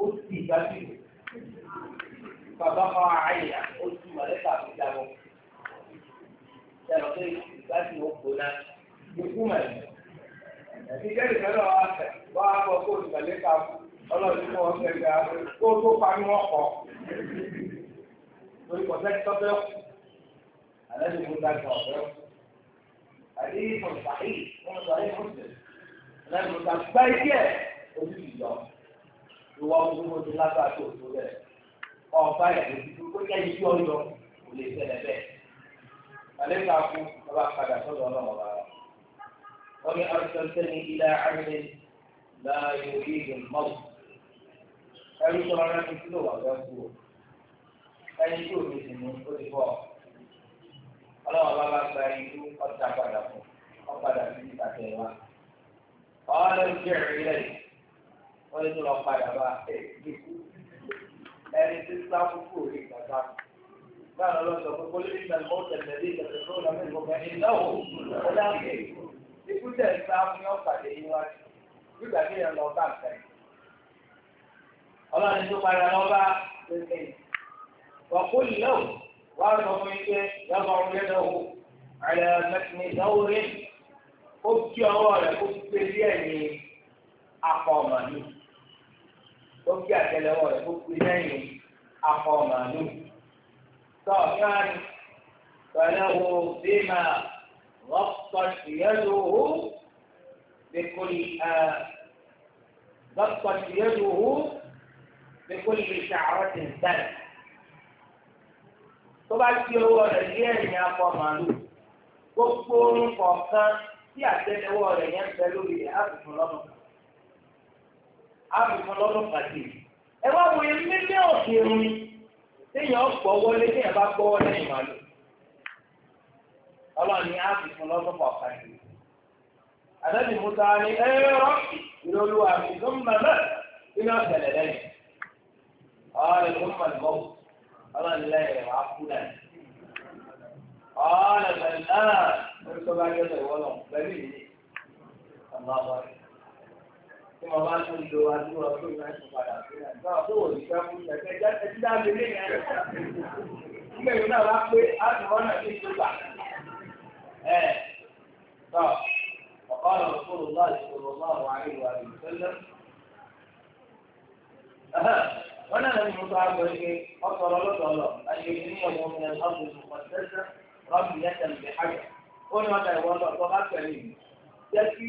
ó sì gbájú bàbá kan àyà ó sì mọ̀lẹ́ta fi jábọ̀ sẹ́wọ̀n pé ìgbájú ó gbóná gbogbo mọ̀lẹ́ ìjẹ́ ìfẹ́lọ́ àfẹ́ wọ́n á bọ̀ kó ìmọ̀lẹ́ta ọlọ́ọ̀dún fún ọ̀sẹ̀ gbà kó tó parí wọn kọ́ lórí kọ̀sẹ́ tọ́pẹ́ àlẹ́ ló ń dájú ọ̀fẹ́ àdéhùn sàhíì wọn sọ ayé mọ́tò àlẹ́ ló gbá ẹgbẹ́ ojú ìwọ ọdún mo ti lágbàá tó tó rẹ̀ ọba ẹ̀dẹ̀ tó kó jẹ́ ibi ọyọ kò lè ṣẹlẹ̀ bẹ́ẹ̀. Àlẹ́ka fún ọba padà sọ́dọ̀ ọlọ́mọ bá wa. Wọ́n ní arúgbó sẹ́ni ilé ayé láàyò ìlú mọ́wù. Ẹrú sọ̀rọ̀ rẹ̀ ní kílò wà fẹ́ kú o. Ẹni tí òbí sì mú ó ti bọ̀. Ọlọ́mọ bá gba ìlú ọ̀tá padà fún ọ̀padà sí ìtàkẹ́ wa. Ọ̀ọ́dọ̀ jẹ́ ìrẹ́lẹ̀ wọ́n ní lọ padà bá ẹni tí sáfù kò rí kàkà. Báwo lọ sọ pé kólé nígbà tó tẹ̀lé ní ìtẹ̀lẹ́ tó lọ mẹ́rin kọ̀ọ̀kan ní náà ó dáhùn. Ikú tẹ̀ sáfù ní ọ̀pàdé yín wá sí. Nígbà tí ìyẹn lọ bá ń tẹ̀. Ọlọ́run tó padà lọ bá pépé. Wọ́pọ̀ ìlú wà lọ fún ike yọ̀bọ̀ ọ̀rẹ́ náà wò. Àlẹ́ mẹ́tìmí náà Ó kí ọwọ́ rẹ̀ kó ó kí àtẹ́lẹwọ́ rẹ̀ kó kú lẹ́yìn akọ màálù tọ káàní pẹ̀lú wo bí máa rọpò ìyẹlò ó bẹkọlì ẹ rọpò ìyẹlò ó bẹkọlì ìṣàrọ ti bẹ́ẹ̀ tó bá kí owó rẹ̀ lé ẹ̀yìn akọ màálù gbogbo orúkọ kan tí àtẹ́lẹwọ́ rẹ̀ yẹn bẹ lórí rẹ̀ á fi fún àrùn lọ́nà pàdé ẹ wá wo ilé ní ọ̀sẹ̀ ìròyìn téèyàn gbọ́ wọlé téèyàn bá gbọ́ wọlé ìmọ̀ àlọ́ ọlọ́run ní àrùn lọ́nà pàdé àdájì musa ni ẹ rọ ìrọlù àrùn tó ń bà náà nínú ọ̀sẹ̀ lẹ́yìn ọ̀rẹ́ tó ń bà lọ́wọ́ ọlọ́run lẹ́yìn wà á kú náà ọ̀rẹ́ bẹ̀rẹ̀ náà lórí tó bá gẹ́gẹ́ ìwọ́lọ̀ pẹ̀lú ìdí ọ̀nà ọ̀rẹ́. tí wọ́n bá tún lo adúlọ́ tó ń láti padà sílẹ̀ nígbà tó wò ní fẹ́ fún kẹ̀kẹ́ já ẹtí dá lé lé yẹn nígbà yóò náà bá pé àtúwọ́ náà ní ìjọba ẹ̀ tọ́ ọ̀kọ́rọ̀ òṣèlú láti sọ̀rọ̀ láwọn àríwá ìṣẹ́lẹ̀ wọ́n náà ní mọ́tò àgbọ̀ ike ọ̀sọ̀rọ̀ lọ́sọ̀ọ̀lọ̀ àyè ní ọmọ mi ọ̀sùn ìmọ̀tẹ́sẹ̀ rọ́bì yẹ́tẹ̀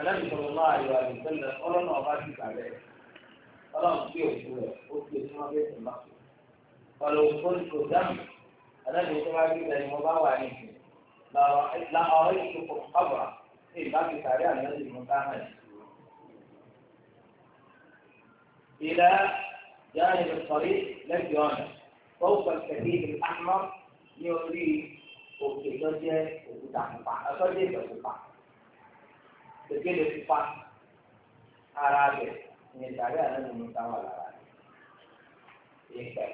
النبي صلى الله عليه وسلم قال ما بعدك عليه قال أمسيه أمسيه ما بيت المقصود قال كنت دم أنا في سماعي لا مباوع عليك لا لا أريدك قبرة في باب سريع الذي متاهل إلى جانب الطريق لم يعمل فوق الكثير الأحمر يوري وكتبتها وكتبتها وكتبتها وكتبتها kékeré pupa ara rẹ̀ ní ìtàrí àná ní sáwà lára rẹ̀ ìgbẹ́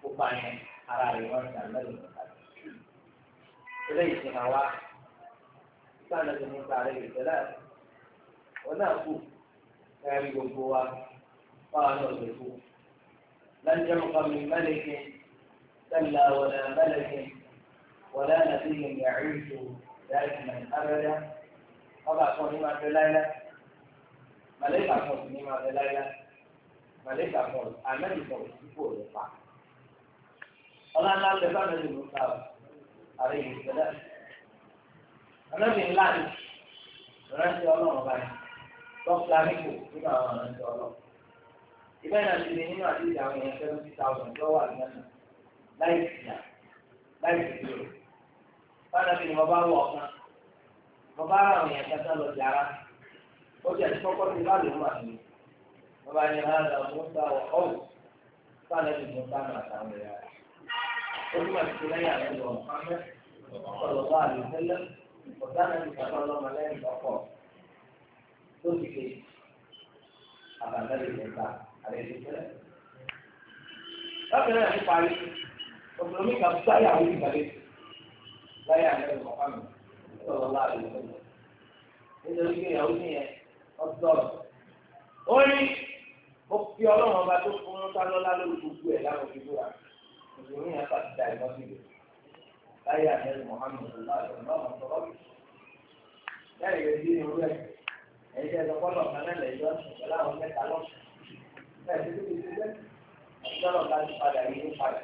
pupa yẹn ara rẹ̀ wọ́n ti àná ní sáwà eléyìí ti hàn wá sáà ní musa rẹ̀ ìtẹ́lẹ̀ wọn náà kú ẹ̀rí gbogbo wa báwa náà lè kú lẹ́yìn jẹ́ mọ̀kàn mi mẹ́lẹ̀kẹ́ كلا ولا ملك ولا نبي يعيش دائما أبدا ọba kan ní máa bẹ láyá màlẹ́kà kan ní máa bẹ láyá màlẹ́kà kan àmẹ́lì kan sípò rẹ̀ pa. ọlọ́lá ń bẹ fáwọn ẹni àrẹ yìí sẹ́lẹ̀. àmẹ́lì ńlá ni rántí ọlọ́run báyìí dọ́kítà nípò nínú àwọn rántí ọlọ́run. ìbẹ́ náà ti di nínú àdéhùn àwọn èèyàn seventy thousand lọ́wọ́ àgbẹ̀nà láì sí láì sí lórí. báyìí ni wọ́n bá wọ̀ ọ̀kan bàbá àwọn èèyàn kẹta lọ jàrá ó jẹ àti kọ́kọ́ ti láàlú mà ní bàbá ni hàlà mọ́tà ọ̀hún sálẹ̀ ti mú sáà àtàwọn èèyàn ó túmọ̀ sí pé lẹ́yìn àlẹ́ lọ mọ́hámẹ́ ọ̀sọ̀rọ̀ bá àlè tẹ́lẹ̀ ọ̀gá náà ti bàbá ọlọ́mọ lẹ́yìn lọ́kọ̀ tó ti ké àbàlẹ́ lè tẹ̀ta àlẹ́ ti tẹ́lẹ̀ lọ́kẹ́ náà ti parí obìnrin kan gbáyàwó ìgbàlejò láyé àlẹ́ lọ́kọ̀ mọ́ sọ̀rọ̀ láàrin ìlú. Nítorí pé ìyàwó ní yẹn, ọ sọ̀rọ̀. Ó ní mo fi ọlọ́run ọba tó fún un sálọ́lá lórí gbogbo ẹ̀ láwọn òbí búra. Mùsùlùmí yẹn pàṣẹ dà ìmọ̀ sílẹ̀. Láyé àbẹ̀rẹ̀ Mùhàmmad Láàrin náà sọ̀rọ̀ bì. Bẹ́ẹ̀ yóò dín irú ẹ̀. Ẹ̀jẹ̀ lọ́pọ̀lọ̀ kan náà lẹ̀ yọ pẹ̀lú àwọn mẹ́ta lọ́sùn. Bẹ́ẹ̀ ti tóbi bẹ́ẹ̀. Àbúrò ọ̀la ti padà yìí ń padà.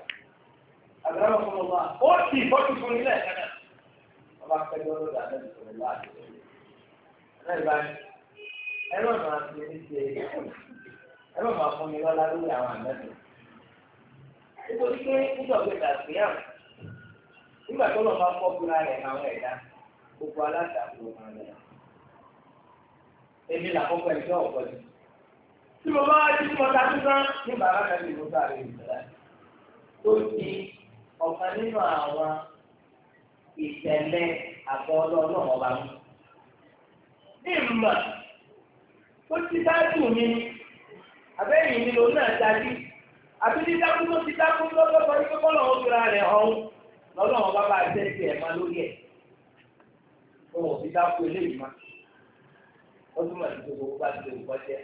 Àbúrò ọ̀la ó ti ìbọ́jú fún ilé ẹ̀ka náà bá fẹ́ lọ́dọ̀ dáná ìṣòro láti ṣe ẹ̀rọ ẹ̀rọ máa fi ní ṣe ẹ̀rọ máa fún mi lọ́lá lórí àwọn àmẹ́tò nítorí pé nígbà tó dà sí àmì nígbà tó lọ́ máa kọ́ fúnra rẹ̀ àwọn ẹ̀dá gbogbo aláṣàkóso máa lọ. èmi làkọ́kọ́ ẹ̀jọ́ ọ̀pọ̀ jù tí mo bá ti mọ ta tuntun ní bàbá kan ní ìlú sáré ìgbàlá tó ti ọ̀kan nínú àwọn. ìṣẹ̀lẹ̀ àbọ̀lọ́ náà wà mú. Ní ìmọ̀ tó ti dájú mi, àbẹ́yìn mi ló náà dájú. Àbí dákú tó ti dákú lọ́wọ́ rẹ̀ ọ̀hún. ṣe ti ẹ̀ máa lórí ẹ̀. Ó wọ̀ fi dákú eléyìí má. Ó túmọ̀ sí gbogbo bá ti lè wọ́ jẹ́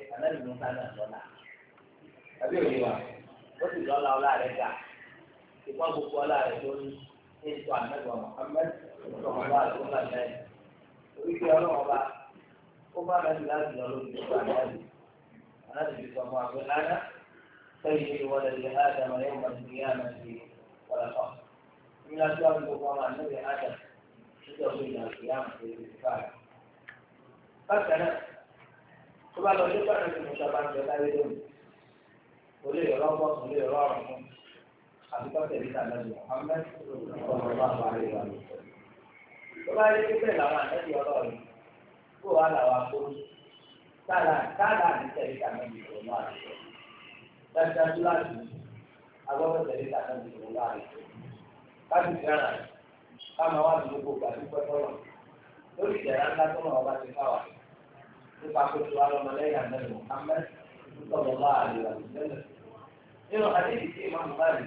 ètò àmẹ́wà Muhammad ọ̀gá àlùfáà náà oríṣi ọlọ́wọ́ bá ó bá lẹ́nu láti lọ lórí ìgbà náà aláàbí sọ fún àgbẹ̀ náà sẹ́yìn ní ìwọlẹ̀ ní ádámà yóò máa ti yá máa ti wọlé kọ́ nígbà tí wọ́n gbogbo ọmọ àti kọ́tẹ̀ níta ti fáwà nípa kótó alọ́mọlẹ́yìn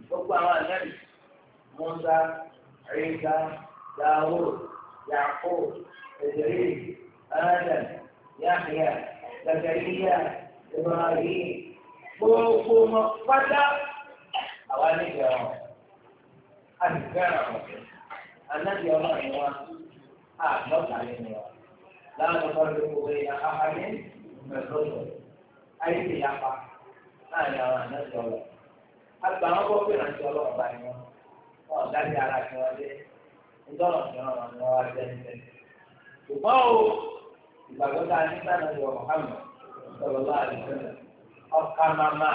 gbogbo àwọn ànábì Mùsá Ìsá Dáwúd Yaqub Idris Adam Yahya Zakariya Ibrahim gbogbo wọn pátá àwa nígbà wọn a sì fẹ́ràn wọn ànábì ọlọ́run wọn àgbọ̀tà nínú wọn láwọn ọmọ ìlú ìyá ahàmì mẹ́tọ́tọ̀ ayé ti yapa láàrin àwọn ànábì ọlọ́run. àgbà wọn bọ́ pé ìrántí ọlọ́run bá ní wọn wọn dájú ara kí wọn dé ìtọ́nà ìran wọn ni wọn wá jẹ́ níbẹ̀. ṣùgbọ́n o ìgbàgbọ́ tá a ní sáà náà wọ̀ hàmù sọ̀rọ̀ láàrin sílẹ̀ ọkà màmá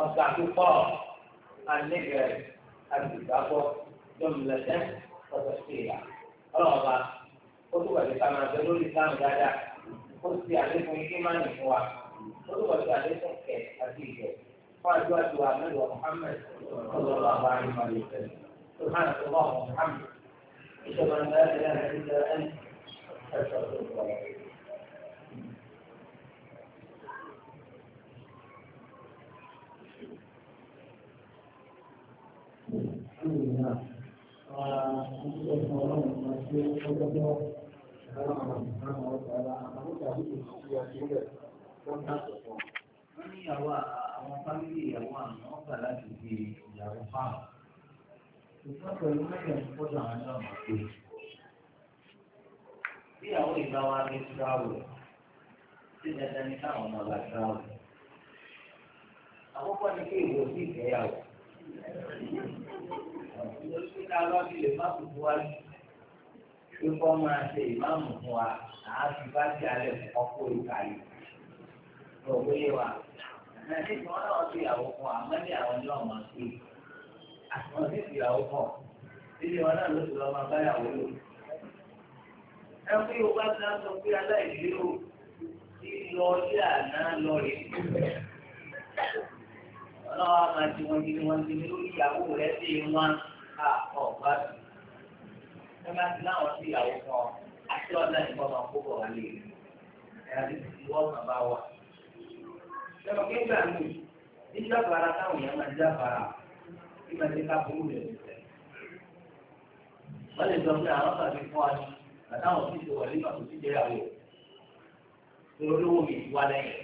ọ̀gá púpọ̀ ànígbẹ̀rẹ̀ àti ìgbàgbọ́ lómìnirẹ́sẹ̀ ọ̀sẹ̀ sí ìyá ọlọ́run bá ó tún wẹ̀lẹ̀ ká máa bẹ lórí sáàmù dáadáa ó ti àlékún ìmánì fún wa ó tún wẹ̀lẹ̀ وأدعو أدعو أحمد ومحمد صلى الله عليه وسلم سبحانك اللهم وبحمدك أشهد أن لا إله إلا أنت أستغفرك وأتوب Alhamdulillah. Untuk orang masih berdoa, dalam amal amal dalam amal tadi itu dia tidak kontak ìyàwó àwọn fámìlì ìyàwó àná ọgbà láti fi ìyàwó fáwọn. Ìfẹ́ pẹ̀lú mẹ́rin gbọ́dọ̀ àwọn náà mọ̀ pé bí àwọn ìgbà wa ní tíráwò tí dandan ní káwọn ọmọ ọba tíráwò. Àkọ́kọ́ ni pé ìwò sí ìgbéyàwó. Ìjọba tí ká lọ sí lè má kúkú wá sí. Pípọ́ máa ṣe ìmáàmù fún wa, àá fi bá ti alẹ́ fún ọkọ̀ ìkàlẹ̀. Lọ́wọ́ yé wa. ẹni tí wọ́n náà ìyàwó kan àmọ́ àwọn ọmọ sí i àwọn sì ti ìyàwó ilé wọn náà ló ti lọ́ọ́ máa báyàwó lò. ẹ sọ pé ti lọ àná lọ rè é. ọlọ́wọ́ a máa ti wọn jí ni wọ́n ti ní lórí ìyàwó rẹ̀ sí i wọn à ọ̀gbá. ẹ máa ti láwọn sí ìyàwó ṣẹ́nu kéńgbà mi dídáfara táwọn èèyàn máa dídáfara kí máa ti ká burú rẹ̀ lẹ́sẹ̀. wọ́n lè sọ pé àwọn kan ti fọ́ aṣọ àtàwọn tí ti wọlé náà kò sí jẹ́ àwọ̀ olówó mi wá lẹ́yìn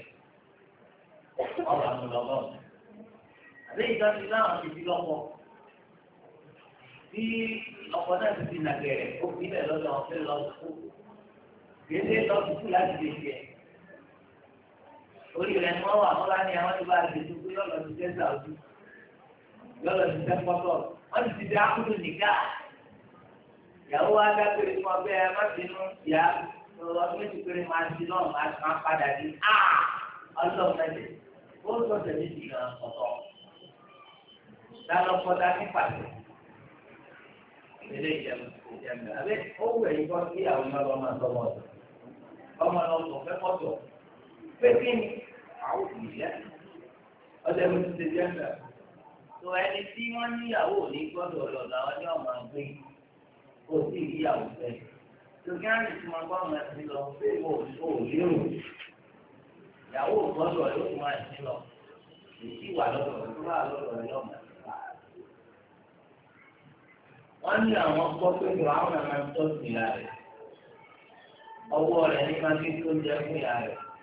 ọ̀rọ̀ àwọn ọlọ́gbọ́n. àlẹ́ ìjọ ti láwọn ti fi lọ́pọ̀ tí ọkọ̀ náà ti fi nàgẹ̀rẹ̀ ó fi ilẹ̀ lọ́dọ̀ ọ̀fẹ́ lọ́sùkú kì í ṣe lọ́sùkú láti lè jẹ́ orí rẹ̀ ni wọ́n wà wọ́n bá ní àwọn tó bá lè tó pé yọ̀lọ̀ ti tẹ́sà ojú yọ̀lọ̀ ti tẹ́ pọ́tọ̀ wọ́n ti ti di ákúrú nìkà ìyàwó wa dágbére fún ọgbẹ́ ẹ má bínú ìyá ọdún méjì péré máa ti náà máa padà ní á ọlọ́run mẹ́lẹ̀ ó sọ tẹ̀lé ti gan ọ̀tọ̀ dálọ́pọ̀ dání pàṣẹ ilé ìjẹun ìjẹun àbẹ́ ó wẹ̀ yí kọ́ sí àwọn ọmọ ọmọ ọmọ ọmọ ọmọ ọmọ ọmọ ọmọ pépé àwọn òbíyá ọdẹ mi ti tẹ̀lé ẹ̀ka. tó ẹni tí wọ́n níyàwó ní gbọ́dọ̀ lọ làwọn ní ọmọ àgbẹ̀ kò sí ìyàwó fẹ́. tòkí á lè fún ọgbà ọmọ ẹ̀sìn lọ pé o ò lérò ìyàwó gbọ́dọ̀ yóò fún ẹ̀sìn lọ èyí wà lọ́dọ̀ tó wà lọ́dọ̀ ní ọmọ wọ́n ní àwọn gbọ́ pé kò àwọn àmà ń tọ́jú ìyá rẹ̀ ọwọ́ rẹ̀ ní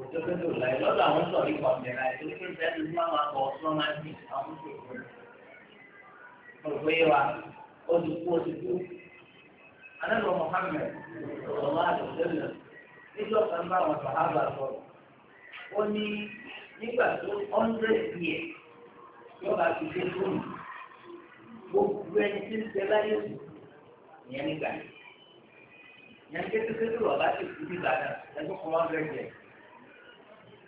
òjòjò tó láyé lọ́dọ̀ àwọn sọ̀rọ̀ ikọ̀ ọ̀mìnira ti kú ti kú. Anábọ̀ Mohammed ọ̀rọ̀ máa lò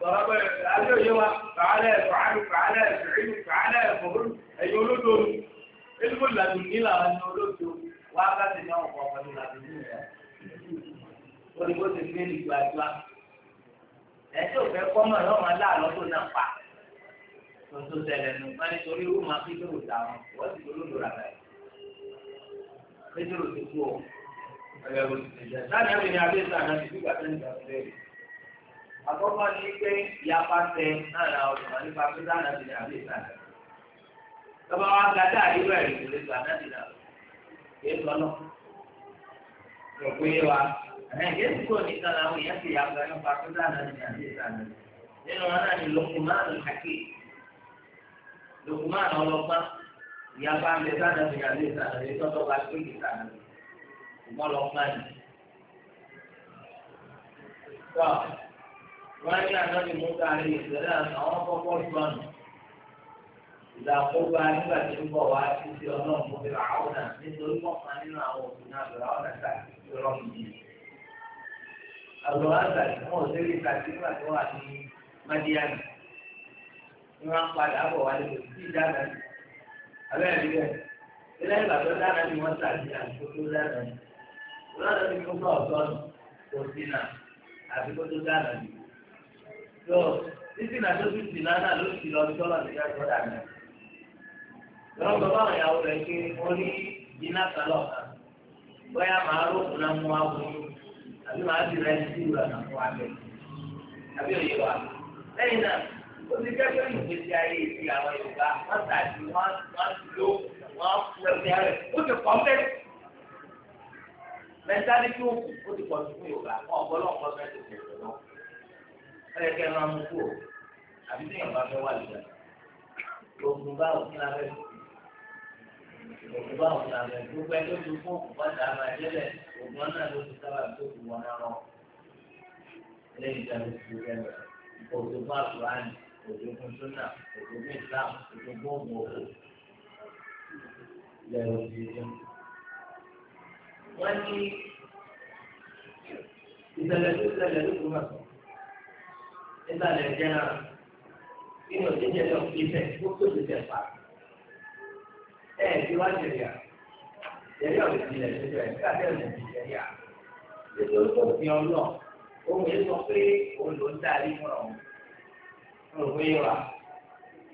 ضرب قال له هو àkọ́kọ́ ni pé ìyapa tẹ náírà ọ̀gbọ̀n nípa pé dáná ti dàbí ìsàlẹ̀. Tọ́ba wa ga dáàrí rẹ̀ rí lórí ìsàlẹ̀ ti dà kí sọ lọ. Rò pé wa ẹ̀jẹ̀ tí kò ní kan àwọn èèyàn ti yàgbà nípa pé dáná ti dàbí ìsàlẹ̀. Nínú wọn náà ni Lukumanu Hakí. Lukumanu ọlọ́gbọ́n ìyapa ń bẹ dáná ti dàbí ìsàlẹ̀ tọ́tọ́ wa gbé ìsàlẹ̀. Ìmọ̀ lọ́gbọ́n wọ́n ní ànábì Mùsá rí ìṣẹ̀lẹ̀ àwọn kọ́kọ́ sọnù ìdàkóbá nígbà tí ń bọ̀ wá títí ọlọ́run fún bíra àwọn náà nítorí wọ́n nínú àwọn òbí náà yìí. tí wọ́n ò nígbà tí wọ́n ni wọ́n padà bọ̀ wá lẹ́yìn tí ì dáná ni. abẹ́rẹ́ bẹ́ẹ̀ ilé ìgbà tó dáná ni wọ́n tà sí dáná tó títí náà tó fi sì náà náà ló sì lọ sọ́lá sí ẹ̀kọ́ dàbí. lọ́wọ́ bàbá àwọn ìyàwó rẹ̀ pé wọ́n ní iná kan lọ́kàn bóyá màá rògùn náà mú wa wọ àbí màá ti rẹ̀ sí ìwúrà náà fún wa bẹ̀. àbí òye wa lẹ́yìn náà ó ti kẹ́kẹ́ ìgbésí ayé ìdí àwọn Yorùbá wọ́n tàbí wọ́n lò wọ́n fúlẹ̀ rẹ̀ ó ti pọ̀ mẹ́. mẹ́tálítì òkú ó ti pọ̀ sí Yorùbá ẹ̀rẹ́ kẹ́ ẹ máa mú kú àbí tí èèyàn bá wà lùdà ògùn bá òfin abẹ́ ògùn bá òfin abẹ́ gbogbo ẹ tó fún ògùn bàtà máa jẹ́lẹ̀ ògùn náà ló ti sábà tó ti wọ́n náà lọ. lẹ́yìn ìjà ló ti rẹ̀ ògùn bá àkùránì ògùn fún súnà ògùn fún islam ògùn fún ògùn òkú lẹ́yìn ògùn wọ́n ní ìṣẹ̀lẹ̀ tó ṣẹlẹ̀ ló kú náà nísàlẹ̀ ẹ̀jẹ̀ náà nínú òjijì ẹ̀jẹ̀ òkè ibẹ̀ ó tó ti tẹ̀ pa. ẹ ẹ ti wá jẹrìà jẹrìà ò ti lẹ̀ lójú ẹ̀ káàdé ò lè ti jẹrìà. nítorí tó fi ọ lọ òun yìí sọ pé òun ló ń darí fún ọ. mo rò pé wà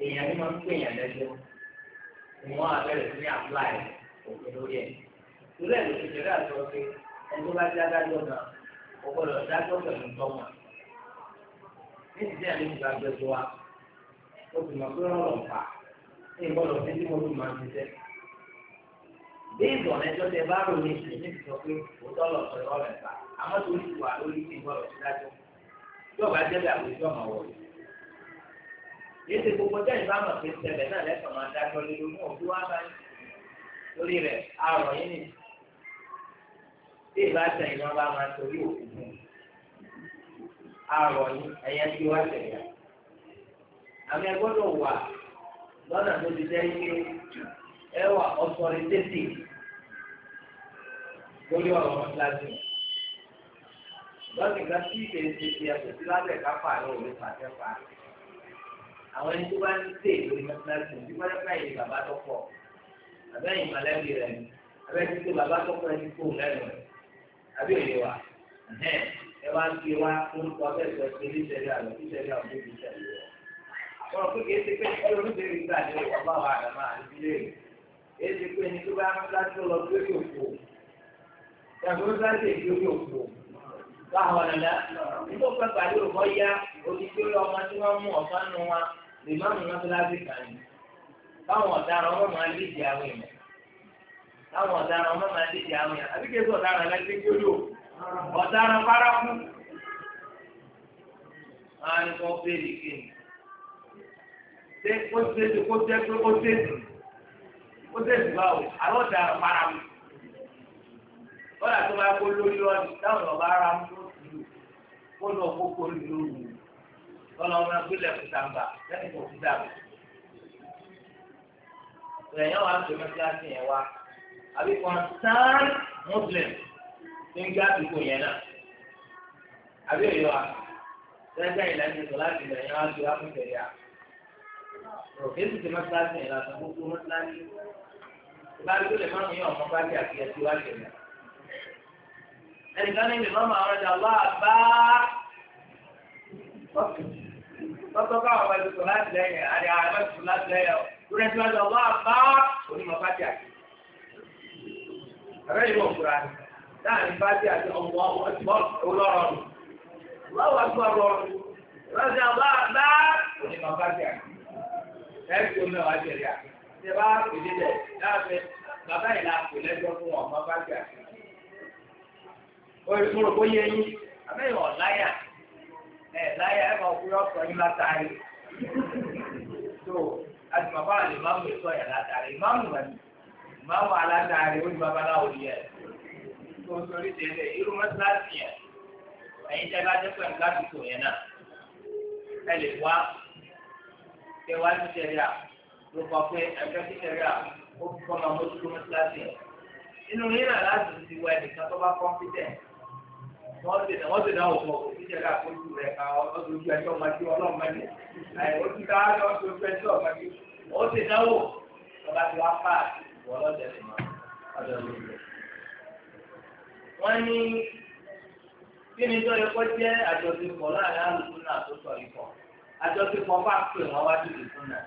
èèyàn ní máa ń pè yàn lẹ́jọ́ ìwọ̀n abẹ́rẹ́ sí ní àpláì òfin lórí ẹ̀. ìrẹ́lẹ̀ òṣèjẹrẹ àti ọ̀sẹ̀ ẹni tó bá ti adájọ́ náà ò ní ti díẹ̀ ní ìgbà wa o sì mọ̀ pé rọrùn pa ní ìgbọ́dọ̀ sí tí mo fi máa ń ṣiṣẹ́. bí ìbọn ẹjọ́ tẹ bá rò ní ìṣẹ̀lẹ̀ ní ìsọ pé òótọ́ lọ sọ ìrọ̀lẹ́ pa àmọ́ tó ní ìwà lórí ti ìgbọ́dọ̀ sí dájọ́ tí ọba jẹ́bi àpèjọ ọmọ wọ̀ yìí. yìí ti gbogbo jẹ́ ìbámu pé tẹ̀lẹ̀ náà lẹ́sọ̀ máa dájọ́ lé lórí òkú wá bá lórí rẹ̀ arọ̀ yín nì arọ ni ẹyẹ tí wá tẹ̀lé àmì ẹgbọ́dọ̀ wà lọ́nà tó ti jẹ́ ike ẹ wà ọ̀tọ̀rìtẹ́tì lórí ọ̀rọ̀ ọ̀tọ̀lájú lọ́sìn kan tí ìṣe ti fi ẹ̀kọ́ sí lábẹ́ kápá ní òwe pàtẹ́pà àwọn ẹni tó bá ń tè lórí mọ́tíláṣí ní wọ́n fẹ́ yìí bàbá tó pọ̀ àbẹ́yìn mọ̀lẹ́bí rẹ̀ ni àbẹ́yìn tó bàbá tó pọ̀ ẹni kó lẹ́nu rẹ̀ àbí òye wa ẹ nkewa ń gbé wá lórúkọ bẹ́ẹ̀ sọ pé níṣẹ́lẹ̀ àlọ́ níṣẹ́lẹ̀ àwọn òbí rẹ̀. ọ̀rọ̀ pé kìí ṣe pé kí gbà ní àdàmà rẹ̀ kìí ṣe pé ní tó bá ń lọ òkú ìyàgbọ́n òkú báwo ọ̀daràn paraku máa ní kó béèrè kéènì ṣé ó ṣèṣe kó jẹ́ pé ó ṣèṣe ó ṣèṣe báwo àlọ́ ọ̀daràn paraku lọ́dà tó bá kó lórí lọ́ọ̀dì táwọn ọba ara mú lóṣù kó lọ kó kó lórí lóru lọ́nà gbélé kùtàǹbà lẹ́yìn tó kú dàbò. ìrẹ̀yìn wa ń pè mọ́ yẹn wa àbí kan sáán muslim níbi àdúgbò yẹn náà àbí èyí wa sẹ́ńtẹ́ ìlànà ìsọ̀ láti ilẹ̀ yẹn wá sí áfíríkà yá èsì ti mọ́tíláṣí yẹn lásán gbogbo mọ́tíláṣí ìbáraẹni tó lè má mi yàn ọmọ bá ti àti ẹtí wá jẹ̀yà ẹnìkan ní ìmọ̀ àwọn ọ̀dà wá bá tọ́tọ́ bá àwọn ẹ̀sìn sọ̀ láti lẹ́yìn àti àwọn ẹ̀sìn sọ̀ láti lẹ́yìn lórí ẹ̀sìn wá bá onímọ̀ bá àti àbẹ́yẹ̀ láàrin bá dé àti ọmọ ọmọ ọlọ́rọ̀rùn lọ́wọ́ àgbà rọrùn lọ́sẹ̀ àbáàbá òní bàbá dé àti ẹ̀kú mẹ́wàá jẹ̀rẹ̀ àti ṣe pèlè lẹ̀ láàbẹ̀ bàbá yìí náà pèlè ẹjọ́ fún dé àti. oye fúnra bóyá yín ẹ̀ láyà ẹ̀ máa yín tó àti bàbá àlè máa látàrí máa ó ní tó ń sọ irú mọ́sálásì yẹn ẹ̀yin tẹ́ bá jẹ́ pẹ̀lú ládùúgbò yẹn náà ẹ lè wá kẹ wá sí sẹ́ríà ló kọ pé ẹgbẹ́ sí sẹ́ríà ó kọ́ máa mójútó mọ́sálásì yẹn inú yín náà láti ti wọ ẹnìkan tó bá kọ́ńpítẹ̀ wọ́n ti náà wọ́n ti náà wọ̀ ọ́ sí sẹ́ríà ká ọdún ojú ẹjọ́ ọlọ́run wọ́n ní kí ni tó yẹ jẹ́ àjọṣepọ̀ láàrin alùpùpù náà tó sọ ìkọ̀ àjọṣepọ̀ bá pè wọ́n wá sí ìdìbò náà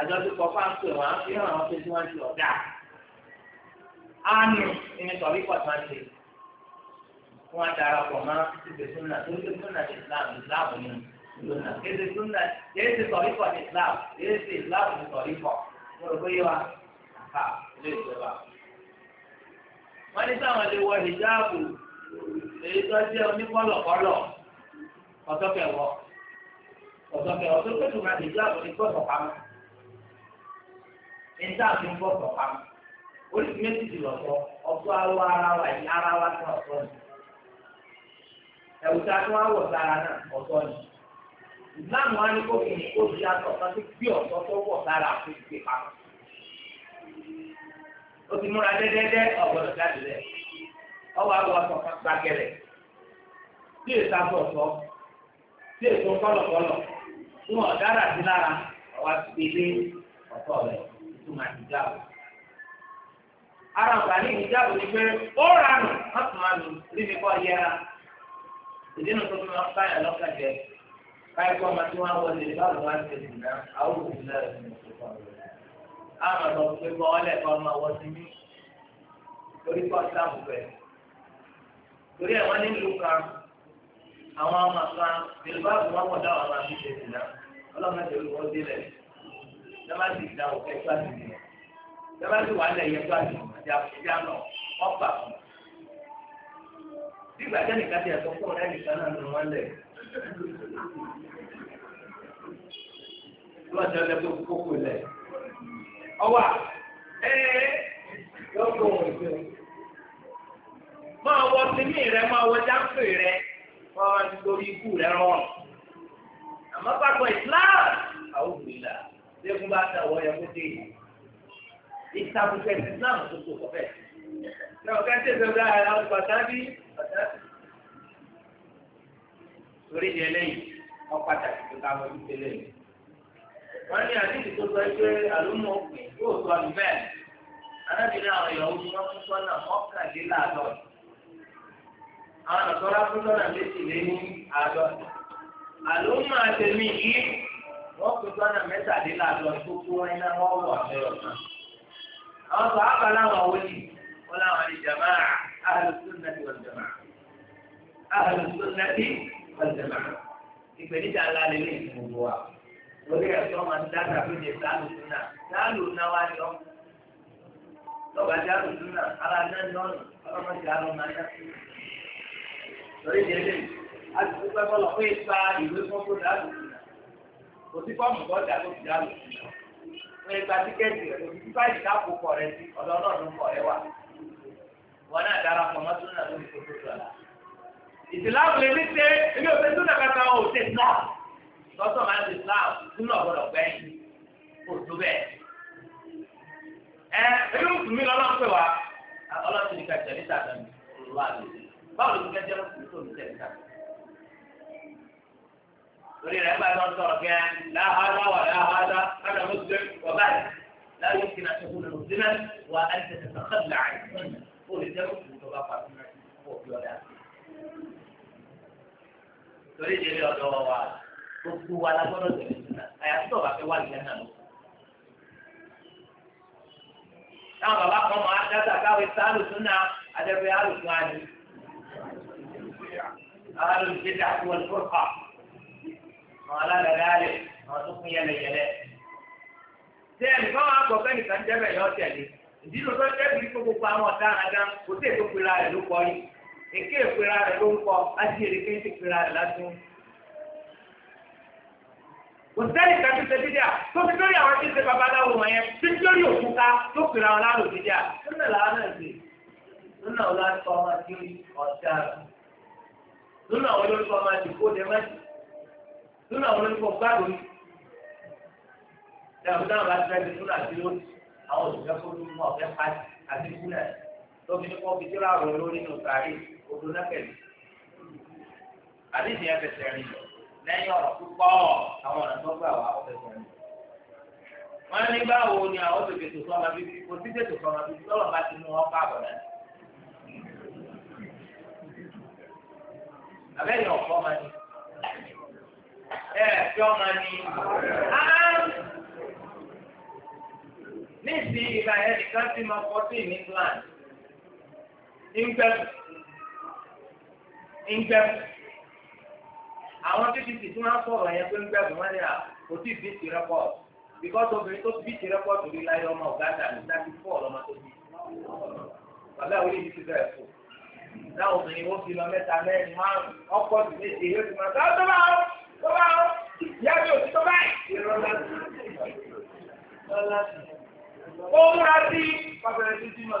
àjọṣepọ̀ bá ń pè wọ́n á fi hàn wọ́n tí wọ́n ti ọ̀dà pọ̀ ṣe fún adarapọ̀ mọ́ ìgbè tó ń kéde súnà kéde pọ̀ ní Islam kéde Islam ní pọ̀ wọ́n ní sáwọn lè wọ hijabu èyí tó jẹ́ oníkọ́lọ̀kọ́lọ̀ ọ̀tọ́kẹ̀wọ́ ọ̀tọ́kẹ̀wọ́ tó pẹ̀lú ma hijabu ní gbọ́dọ̀ pamọ́ fi ń gbọ́dọ̀ oríṣi méjì ti lọ sọ ọ̀tọ́ awọ ara wa yìí ara wa tó ọ̀tọ̀ ni ẹ̀wù tí a wá wọ̀ sára náà ni ní ó ti múra dẹ́dẹ́dẹ́ ọ̀gbọ́dọ̀ jáde rẹ̀ ọwọ́ àwọn ọ̀sán gbàgẹ̀rẹ̀ tí èso àbọ̀sọ tí èso kọ̀lọ̀kọ̀lọ̀ tí wọn dára sí lára ọwọ́ àti ilé ọ̀tọ̀ rẹ̀ ara nfààní ìjáàbò ni pé ó tún máa kọ́ yẹra tó fi máa wọlé báwo wá ń tẹ̀sí àwọn ọ̀dọ́ pé kọ́ ọ́ lẹ́kọ́ ọmọ ọwọ́ sí mi torí kọ́ ìsìlámù fẹ́. torí ẹ̀ wọ́n nílùú kan àwọn ọmọ kan yorùbá kò wọ́n wọ̀dá àwọn àbí ṣe sì náà ọlọ́mọ ìṣèlú wọn délẹ̀ lọ́mọdé ìdá òkè tó àti ìdíyẹ lọ́mọdé wà lẹ̀ yẹ tó àti ìdíyà lọ wọ́n pa fún un. bí ìgbà jẹ́ nìkan ẹ̀sọ́ fún ọ̀rẹ́ nìkan náà ló wọ́n lẹ̀ lọ́jọ́ lẹ́gbẹ̀ẹ́ kókó lẹ̀. ọwà ẹ̀ẹ́ lọ́gbọ̀n òjò. Máa wọ sinmi rẹ, máa wọ jáfè rẹ, máa wọ nítorí ikú rẹ rọrùn. Àmọ́ pàpọ̀ ìsìláàmù àwọn òbílà lẹ́gùn bá ta ọwọ́ yẹn dé yìí. Ìtàkùnkẹ́ ìsìláàmù tó tó kọfẹ́. Ṣé ọ̀gá ń tẹ̀sán ara Torí ìyẹn tó ká wọ́n ní àdìsí tó sọ pé àlùmọ̀ òkè yóò sọ ní bẹ́ẹ̀ alábìnrin àwọn ìyàwó ni wọ́n tún sọ́nà mọ́kàndínláàdọ́rin àwọn àtọ́lá fún sọ́nà méjì lé ní àádọ́rin àlùmọ̀ àtẹ̀mí yìí wọ́n wọn iná wọ́n wọ̀ àwọn sọ wọlé wọn ní torí ẹ̀ tó máa ń dáadáa ló lè dá lù náà dá lù náà wá yọ. lọ́ba dá lù náà ara náà nọ́ọ̀nù ọlọ́mọdé àlọ́ máa dá sí. torí ìdí ẹlẹ́yìn a ti dúpẹ́ bọ́lọ̀ pé ipa ìwé fún kó dá lù náà kò sí fọ́ọ̀mù kọ́ dá ló ti dá lù náà. wọ́n yẹ gba tíkẹ́ẹ̀tì rẹ̀ kò sí fífa ìdáàbò kọ̀ rẹ̀ sí ọ̀dọ́ náà kọ̀ rẹ̀ wà. wọn lè ní ṣe èmi ò lọ́sọ̀ máa ti Islam nínú ọ̀gbọ́dọ̀ gbẹ́yìn kò tó bẹ́ẹ̀. ẹ ẹbí mùsùlùmí lọ́nà ń pè wá ọlọ́sìn ní kẹsẹ̀ níta àtàmì olùwà àlè báwo ló ti kẹsẹ̀ mùsùlùmí tó ní sẹ́yìn tàbí. torí rẹ̀ gbàdọ̀ ń sọ̀rọ̀ gẹ́ láhàdá wà láhàdá kádà mùsùlùmí wà báyìí láyé kí n àtẹ̀kùn lè wà á gbogbo wa la gbọ́dọ̀ tẹ̀lé sunna àyàfi tó o bá fẹ́ wà lẹ́yìn náà n'a táwọn bàbá kan máa dáta káwé sáàlù ala àdẹ́fẹ́ àlùkùn àdì alùpùpù àti wọn tó àwọn alẹ àwọn tó sẹ́ẹ̀lì nìkan jẹ́bẹ̀ yọ ìdí ló gbogbo àwọn kò kò sẹ́ni kàtí ṣe bídíà tó fi lórí àwọn tí ń ṣe babaláwo wọn yẹn tí lórí òkúta tó pèrè àwọn lálò bídíà nínú làwọn náà ṣe nínú àwọn olórúkọ ọmọ àti ọ̀ṣà nínú àwọn olórúkọ ọmọ àti kóde mẹ́tì nínú àwọn olórúkọ gbàgbọ́ yìí dàbí náà bá ti rẹ́bi nínú àti lórí àwọn òṣìṣẹ́ kó ló mú ọ̀fẹ́ pàṣẹ àti kúnlẹ̀ tó fi kọ́ fi tíra rọ̀ lórí nù sàárè odò náà kẹ̀lé àdéhìí ẹ̀ fẹsẹ̀ rìn lọ lẹ́yìn ọ̀rọ̀ púpọ̀ àwọn ọ̀nà tó gbà wá ọ̀fẹ́ sọ̀rọ̀. wọ́n ní báwo ni àwọn tètè tó sọ́mọ bíbí kò sí tètè sọ́mọ bíbí tọ́lọ̀ bá ti mú wọn bá náà. àbẹ́yìn ọ̀pọ̀ máa ní. ẹ ẹ fi ọmọ ní. nísìnyí ìgbà yẹn nìkan ti máa kọ́ sí ní England. England. England àwọn pdp tí wọ́n sọ̀rọ̀ yẹn tó ń gbẹ̀rún wọn ni à kò tí ì bí ti rẹ́pọ̀t bíkọ́sì obìnrin tó bí ti rẹ́pọ̀t rí láyé ọmọ Uganda ní thirty four lọ́mọ tó bí bàbá òye yìí ti bẹ̀rẹ̀ fò náà obìnrin ó fi lọ mẹ́ta mẹ́rin márùn ọkọ̀ sí méje yóò fi máa tó bá ó tó bá ó ìyá mi ò ti tó báyìí ó múra sí pàbẹ̀rẹ̀ títí mọ̀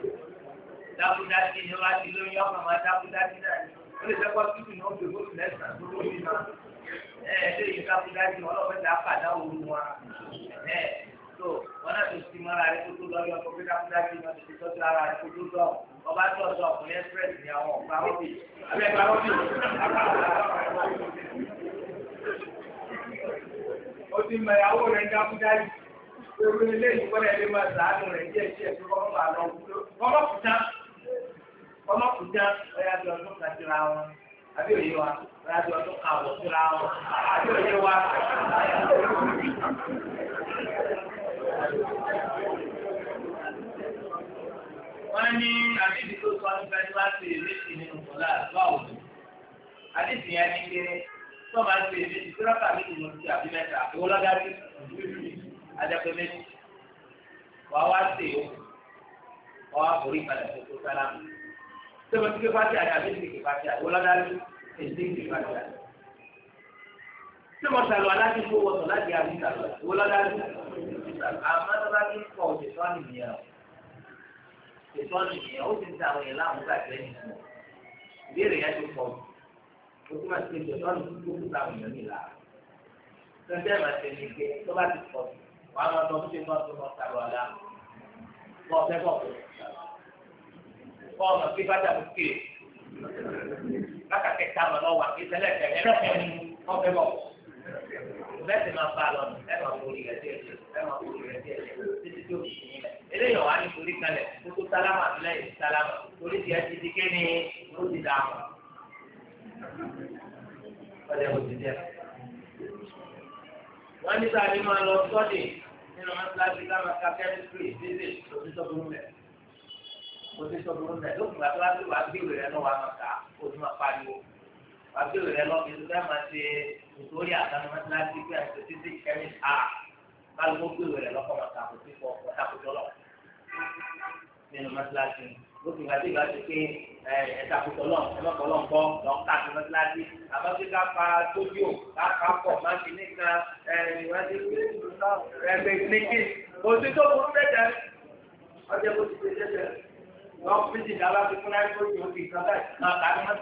dákúdákí ni wọ́n á ti lóyún ọkọ̀ máa dákúdákí náà ni ó lè sẹ́kọ̀ọ́ tútù náà gbé bóòlù lẹ́sàn-án tó lóyún náà ẹ̀ ẹ́ lè yí dákúdákí wọn lọ́fẹ́ dá padà òru wọn ẹ̀ tó wọn náà tó ti mọ ara rẹ tó tó lọ́yún ọkọ̀ pé dákúdákí náà ti tọ́jú ara rẹ tó tó tọ́ ọba tó ọ̀dọ̀ ọkùnrin express ni àwọn ọ̀pá ọ́bì abẹ́ ẹ̀ka ọ́bì ó ti mọ ìyàwó rẹ̀ dákúdákí orí Wọ́n bá kú tán ọmọ kùjá ọyá bí ọdún kan síra wọn àbí òye wa ọyá bí ọdún kan àbọ̀ síra wọn àbí òye wa. wọ́n ní àbíbi tó sọ nípa ẹni wá sí ìrètí nínú kọ́lá àdúrà òdù àdìsí yẹn ní kéré tó máa ń ṣe ìrètí tó rákà méjì ló ti àbí mẹ́ta àbíwọ́ lọ́dájú àjẹpẹ́ méjì wàá wá sí ìyókù wàá wá forí balẹ̀ tó tó sálámù sọba ti ké fati àyè àbí ti ké fati àyè wọlé adájú èsì ké fati àyè sọba sàlù alájú kó wọtọ láti àbí sàlù wọlé adájú àmọ́ sọba ti kọ òṣèṣọ nìyẹn òṣèṣọ nìyẹn ó ti ń ta àwọn yẹn láwọn gbà tẹ nìyẹn ìbéèrè yẹn ti pọ̀ o tún máa ti ké òṣèṣọ nìyẹn tó kú táwọn yẹn nìyẹn lára sọdẹ ọmọ bí bá dàbí kiri lákàtẹ́ tá a lọ wà kí sẹ́lẹ̀ tẹ̀lé ẹ̀rọ ni wọ́n fẹ́ bọ̀ bẹ́ẹ̀ sì máa bá a lọ ẹ máa wò rẹ̀ díẹ̀ ẹ máa wò rẹ̀ díẹ̀ títí tó fi yín lẹ̀ eléyàn wá ní torí kalẹ̀ kókó sálámà lẹ́yìn sálámà torí tiẹ̀ ti di ké ní ó ti dà mọ́ ọ̀dẹ̀ kò ti jẹ́ wọ́n ní sáà máa lọ sọ́ọ̀dì nínú mọ́tíláṣí ká máa ka kẹ́mísírì fíjì lóṣù tó mẹ́rin kò sí sọ burú náà lókùn àti wàá wàá gbèrò rẹ náà wàá máa kà ó ní máa pariwo wàá gbèrò rẹ lọ kí lóṣù máa ṣe nítorí àtàwọn mọ́tíláṣí pé àti títí kẹ́mí a kálukó gbèrò rẹ lọ́kọ̀ máa kà kò sí fọ ọ̀tàkùtọ̀ lọ nínú mọ́tíláṣí lókùn àti ìgbà tó pé ẹ̀ẹ́dàkùtọ̀ lọ ẹ̀mọ́kọ̀ lọ ńkọ́ lọ ká sí mọ́tíláṣí àmọ́ kí ká pa tójú ká ká pọ̀ má ti ní kan ẹ̀ẹ́dẹ̀gbẹ̀ẹ́ Não, pedi dala de mulher foi eu que cada na cara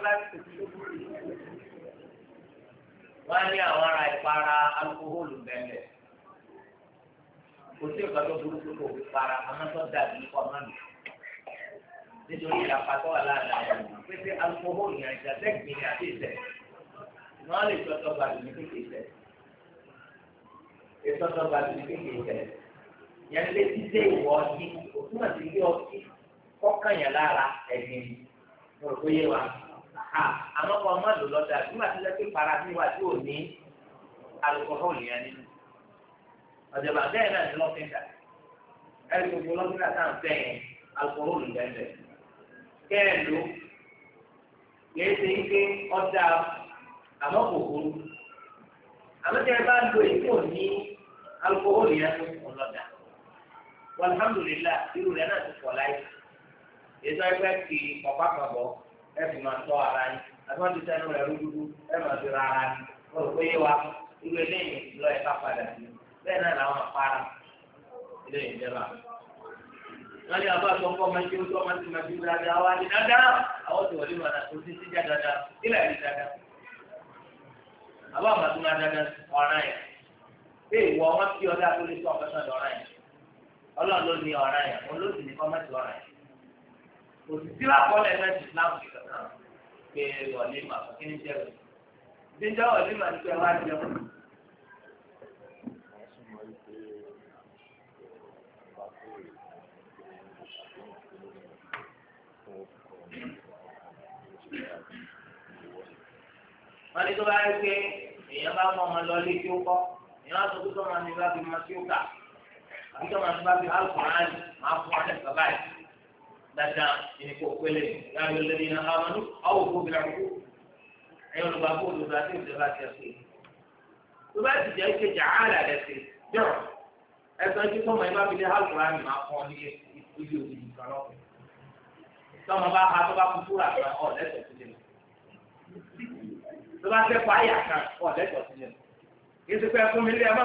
mas wọ́n ní àwọn ará ìpara alukóhólù bẹ́ẹ̀ kò sí ìgbà tó burúkú kò fi para àmọ́ tó dàbí kọ́ máa lò nítorí ìlàpàtọ́ aláàlá wọn pété alukóhólù yẹn ìjàdẹ́gbìn ní àti ìtẹ̀ wọ́n lè tọ́tọ́ gbàdúrà ní kékeré tẹ̀ ètò ọ̀tọ̀ gbàdúrà ní kékeré tẹ̀ yẹn lé títẹ̀ ìwọ ọtí òtún àti ilé ọtí. kọ́kànyà lára ẹ̀gbìn mo rò pé yé wa àmọ́ kọ́ ọmọ lò lọ́dà nígbà tí lẹ́pẹ́ para bí wa tí ò ní alukóhol yẹn nínú ọ̀jọ̀gbọ́n bẹ́ẹ̀ náà ní lọ́fíńdà ẹ̀rí gbogbo lọ́fíńdà tá à ń fẹ́ yẹn alukóhol bẹ́ẹ̀ kẹ́ẹ̀ ló kìí ṣe ike ọ̀dà àmọ́ kòkòrò àmọ́ tẹ́ ẹ bá lo èyí kò ní alukóhol yẹn tó ń lọ́dà wàlhámdùlélà irú rẹ̀ náà ti pọ̀ láyé. ètò ẹgbẹ́ kì í ọ̀pá kan bọ̀ máa tọ́ ara yín àti wọ́n ti sẹ́nu rẹ̀ rúdúdú ra ara yín wọ́n rò pé yé wa irú eléyìí lọ ẹ̀ ká padà sí bẹ́ẹ̀ náà làwọn àpárá eléyìí jẹba. wọ́n ní abá tó ń máa ń jẹun tó máa ti máa fi dáadáa wá ní dáadáa àwọn tó wọlé wọn àti dáadáa kílẹ̀ dáadáa. máa dáadáa ọ̀ràn yẹn kí òtítí làkọọ́lẹ̀ náà ti islam ti kàtà pé ọ̀lẹ́mà kí ni jẹ́ rẹ̀ jíjẹ́ ọ̀lẹ́mà ní pé wá jẹun. wọ́n ní tó bá yẹ pé èèyàn bá mọ ọmọ lọ lé kí ó kọ́ èèyàn á sọ pé sọ́mọ bá fi máa kí ó kà àbí sọ́mọ bá fi alùpùpù ránì máa fún ọ dandan ẹni kò pélé yàrá lórí iná amánú àwọn òkú bìlà kú ẹ̀yin olùgbàgbọ́ olùgbà tí ìjọba ti ẹ̀sìn tó bá ti jẹ́ ike jà á rà lẹ́sìn jọ̀rọ̀ ẹ̀sán tí sọmọ ẹ bá fi lé hàlùwà ni màá fọ́ ní ilé òbí nìkan lọ́kùn sọmọ bá ha tó bá kú fúra kan ọ̀ lẹ́sọ̀ sílẹ̀ tó bá fẹ́ kọ́ àyà kan ọ̀ lẹ́sọ̀ sílẹ̀ kí ẹsẹ̀ pé fún mi lé ẹ má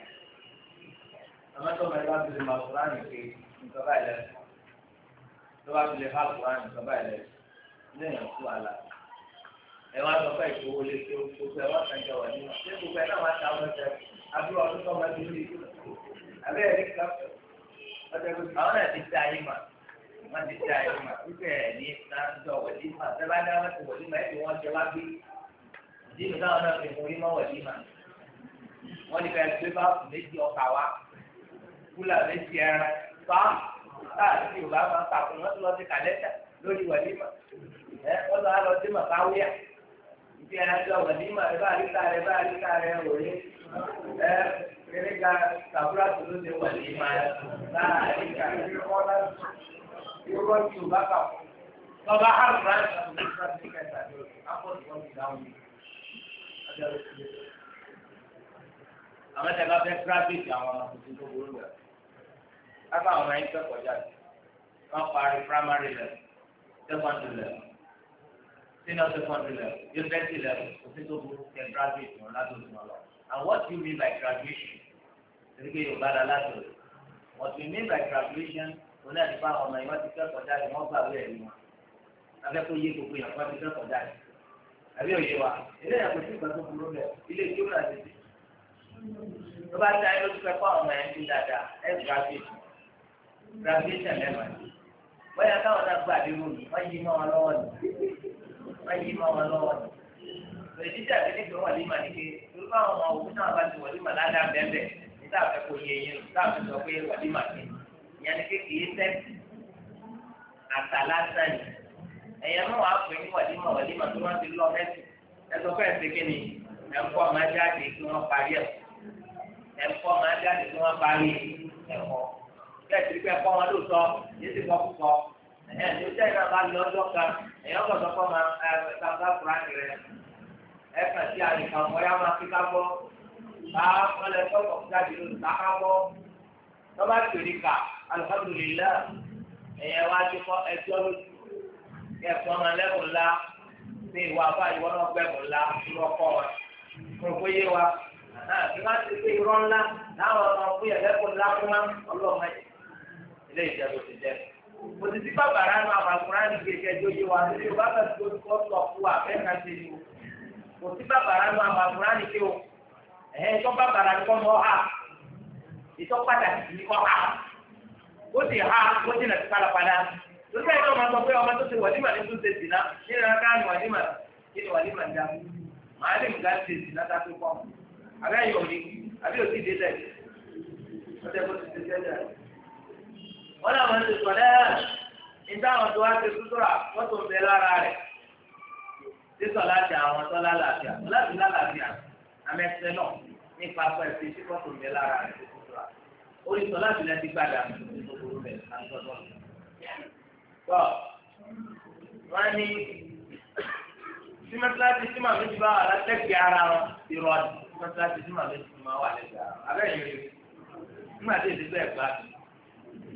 àmọ́ tó máa ń bá ti lè máa kúrò àyè pé nǹkan báyìí lẹ́sìn tó bá ti lè há kúrò àyè nǹkan báyìí lẹ́sìn lẹ́yìn fún àlà ẹ wá sọ pé ìfowó lè tó gbogbo ẹ wá sànjọ wà nínú ṣé gbogbo ẹ náà wá ta ọmọ ẹsẹ àbúrò ọdún tó máa ti lè abẹ́ ẹ̀rí wẹ̀lí mà sẹ́bá ní àwọn ti wẹ̀lí mà ẹ̀ wọ́n jẹ wá gbé ìdí mi náà náà fi mú rí mọ́ wẹ̀lí mà wọ́n ní ká gbé báàpù méjì ọkà wá. kúlà méjì ẹran fa láàrin yorùbá máa ń kàkùn wọn lọ sí kàlẹ́tà lórí wàlímà ẹ wọn lọ lọ sí màkàwíà ìdí ẹran jọ wàlímà ẹ bá rí sáré bá rí sáré òye ẹ kéré ga sàbúrà tó ló ṣe wàlímà láàrin wọn dáhùn àwọn tíráfíìkì àwọn ọmọ tuntun tó burú bẹ̀rẹ̀. káfá àwọn ẹni kẹ́kọ̀ọ́ jáde wọ́n parí primary level secondary level senior secondary level university level òfin tó burú kẹ́ graduate wọn ládùúgbò wọn lọ and what do you mean by graduation torí pé yorùbá la ládùúgbò what we mean by graduation òun náà ti fá àwọn ọmọ yìí wọ́n ti kẹ́kọ̀ọ́ jáde wọ́n gbà wí ẹ̀rí wọn abẹ́kọ̀ yé gbogbo yẹn wọ́n ti kẹ́kọ̀ọ́ jáde àbí òye wa ilé yàtọ̀ sí ìgbà tó burú lẹ̀ ilé ìjọba àti ìdí tó bá dá ẹ lójú pẹ́ àwọn ọmọ yẹn ti dáadáa ẹ gbà á gravitation lẹ́wọ̀n bóyá káwọn náà gbà bí rúmi wọ́n yí mọ́ wọn lọ́wọ́ ni wọ́n yí mọ́ wọn lọ́wọ́ ni pèrèdíjà bí nígbà wọ́n lè mà ní pé torí báwọn ọmọ òkú náà bá ti wọlé mà ládàá bẹ́ẹ̀ nígbà fẹ́ kó yẹ yẹn nígbà fẹ́ sọ pé wọlé mà ní ìyẹn ni kékeré sẹ́ẹ̀tì àtàlásán ni ẹ̀yẹ mọ́ wàá pè ní wọlé mà wọlé mà tó wọ́n ti lọ mẹ́sì ẹ̀sọ́ fẹ́ẹ̀ ṣe kí ni ẹ̀ńkọ́ máa jáde kí wọ́n parí ẹ̀ ẹ̀ńkọ́ máa jáde kí wọ́n parí ẹ̀kọ́ kẹ́ẹ̀sì pé ẹ̀kọ́ wọn lóòótọ́ yìí ti gbọ́ púpọ̀ ẹ̀yẹ́ ní ojú ẹ̀ka bá lọ ọjọ́ kan ẹ̀yẹ́ ọ̀gọ̀dọ̀ kọ́ máa ẹ̀ka bá kura rẹ̀ ẹ̀ka sí àyíká ọ̀yá máa fi ká gbọ́ bá ọlẹ́ tọ́kọ̀ jáde lónìí ká ká gbọ́ lọ́ba tèrè ká alihamudulilá ẹ̀yẹ́ wá ti kọ́ ẹjọ́ lójú kẹ́ẹ̀kọ́ máa lẹ́kùn la ní ìwà bá ìwọ náà gbẹ̀kùn la lọ́kọ́ rẹ̀ kókó yé wa ìwádìí irọ́ ńlá láwọn ọmọ fúyẹ̀ lẹ́kùn lá fún wa ọlọ́mọdé ilé ìjẹun ti jẹ. Mo ti ti bàbá rà nù àwọn akùnrin kékeré tó yé wa nílé o bá bẹ̀ tó kọ́ sọ fún wa bẹ́ẹ̀ ká ṣe ni o. Mo ti bàbá rà nù àwọn akùnrin ké o. Ẹ̀hẹ́ tó bàbá rà nù kọ́ mọ́ ha. Ìtọ́ pàtàkì kì í kọ́ ha. Ó ti ha ó ti nà ti kálọ̀ padà. Lórí ẹ̀rọ ọmọ sọ pé ọmọ tó ti wàlímà ní tó ṣe sìnà kí ni ká nù wàlímà kí ni wàlímà ń dá. Màá lè mú ṣe sìnà ká tó kọ́. Àbẹ́ yòó ni àbí òtí dé tẹ̀. Ó tẹ́ kó ti ṣe tẹ́lẹ̀ wọ́n làwọn ti sọ lẹ́yà níta àwọn tó wá ti sútúrà wọ́n tó ń bẹ lára rẹ̀ sísọ láti àwọn tó lálàáfíà láti lálàáfíà àmẹ́sẹ̀ náà nípa pẹ̀sì tí wọ́n tó ń bẹ lára rẹ̀ tó sútúrà orí sọ láti lẹ́ti gbàdá tó burú bẹ̀ àtọ́tọ́ tọ́ wọ́n ní símẹ́tíláṣí tí màmí ti bá wà látẹ́kẹ̀ẹ́ ara wọn ti rọ̀ símẹ́tíláṣí tí màmí ti máa wà lẹ́gbẹ̀ẹ́ ara wọn nígbà tí èdè bẹ́ẹ̀ gbà tó.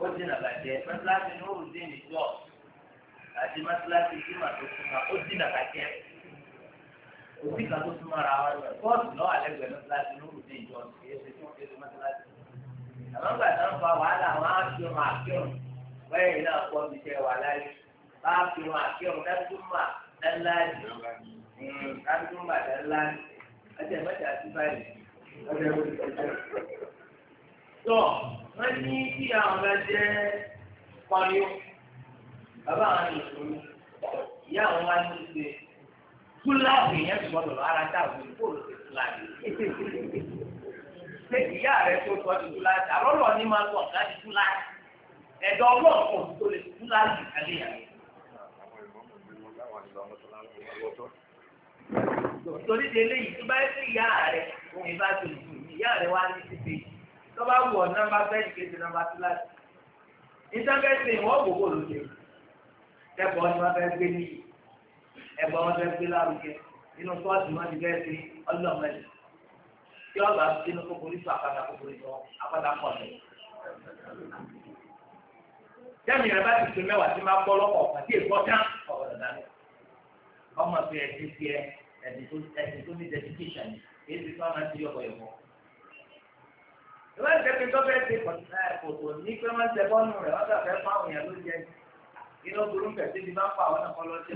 ó dènà bàjẹ́ mọ́sálásí ní òòrùn dé nìjọ́ àti mọ́sálásí tí màá tó súnmọ́ ó dènà bàjẹ́ òbí kan tó súnmọ́ ara wọn lọ kóòtù lọ́wọ́ àlẹ́gbẹ̀ẹ́ mọ́sálásí ní òòrùn dé nìjọ́ kìí ṣe tí wọ́n fi ṣe mọ́sálásí. àwọn gbà tó ń fa wàhálà wọn á fi ọmọ àkíọ̀rùn wẹ́yìn náà pọ̀ mi ṣe wà láyé bá a fi ọmọ àkíọ̀rùn tọ́ wọ́n ní kí àwọn bá jẹ́ pariwo bàbá àwọn ní ìṣòro ìyá àwọn wá ní ṣe kúláàbù yẹn ti gbọdọ̀ lọ ara dà wọ́n kó lóṣù kúláàbù. ṣé ìyá rẹ tó sọ ti kúláàbù àlọ́lọ́ ni máa lọ ọ̀gá ti kúláàbù ẹ̀dọ̀ ọlọ́ọ̀kọ̀ tó lè kúláàbù kálí yàrá. torí de eléyìí tó bá yẹ kó ìyá rẹ òun ìbá tó lù ìyá rẹ wá ní títí tó bá wù ọ nọ́mbà bẹ́ẹ̀ni kejì nọ́mbà tó láti ìtàkẹ́sì wọ́n gbogbo lóde ẹ̀bọ̀ ni wọ́n fẹ́ gbé níyì ẹ̀bọ̀ wọn fẹ́ gbé lárugẹ inú sọ́ọ̀tì wọn ti bẹ́ẹ̀ sí ọlọ́mọdé tí wọ́n bá sínú kókòrí sọ àpáta kókòrí sọ àpáta pọ̀ lọ. jẹ́mi rẹ̀ bá ti pè mẹ́wàá tí máa gbọ́ lọ́kọ̀ àti èkó tán ọ̀rọ̀ dání ìwé ìjẹ́ pé tó fẹ́ ṣe kòtò ní pé wọ́n ṣe bọ́ọ̀nù rẹ̀ wọ́n tàbí ẹ̀fọ́ àwọn èèyàn ló jẹ inú burú kẹ̀sí ti bá ń pa àwọn ọkọ lọ́jọ́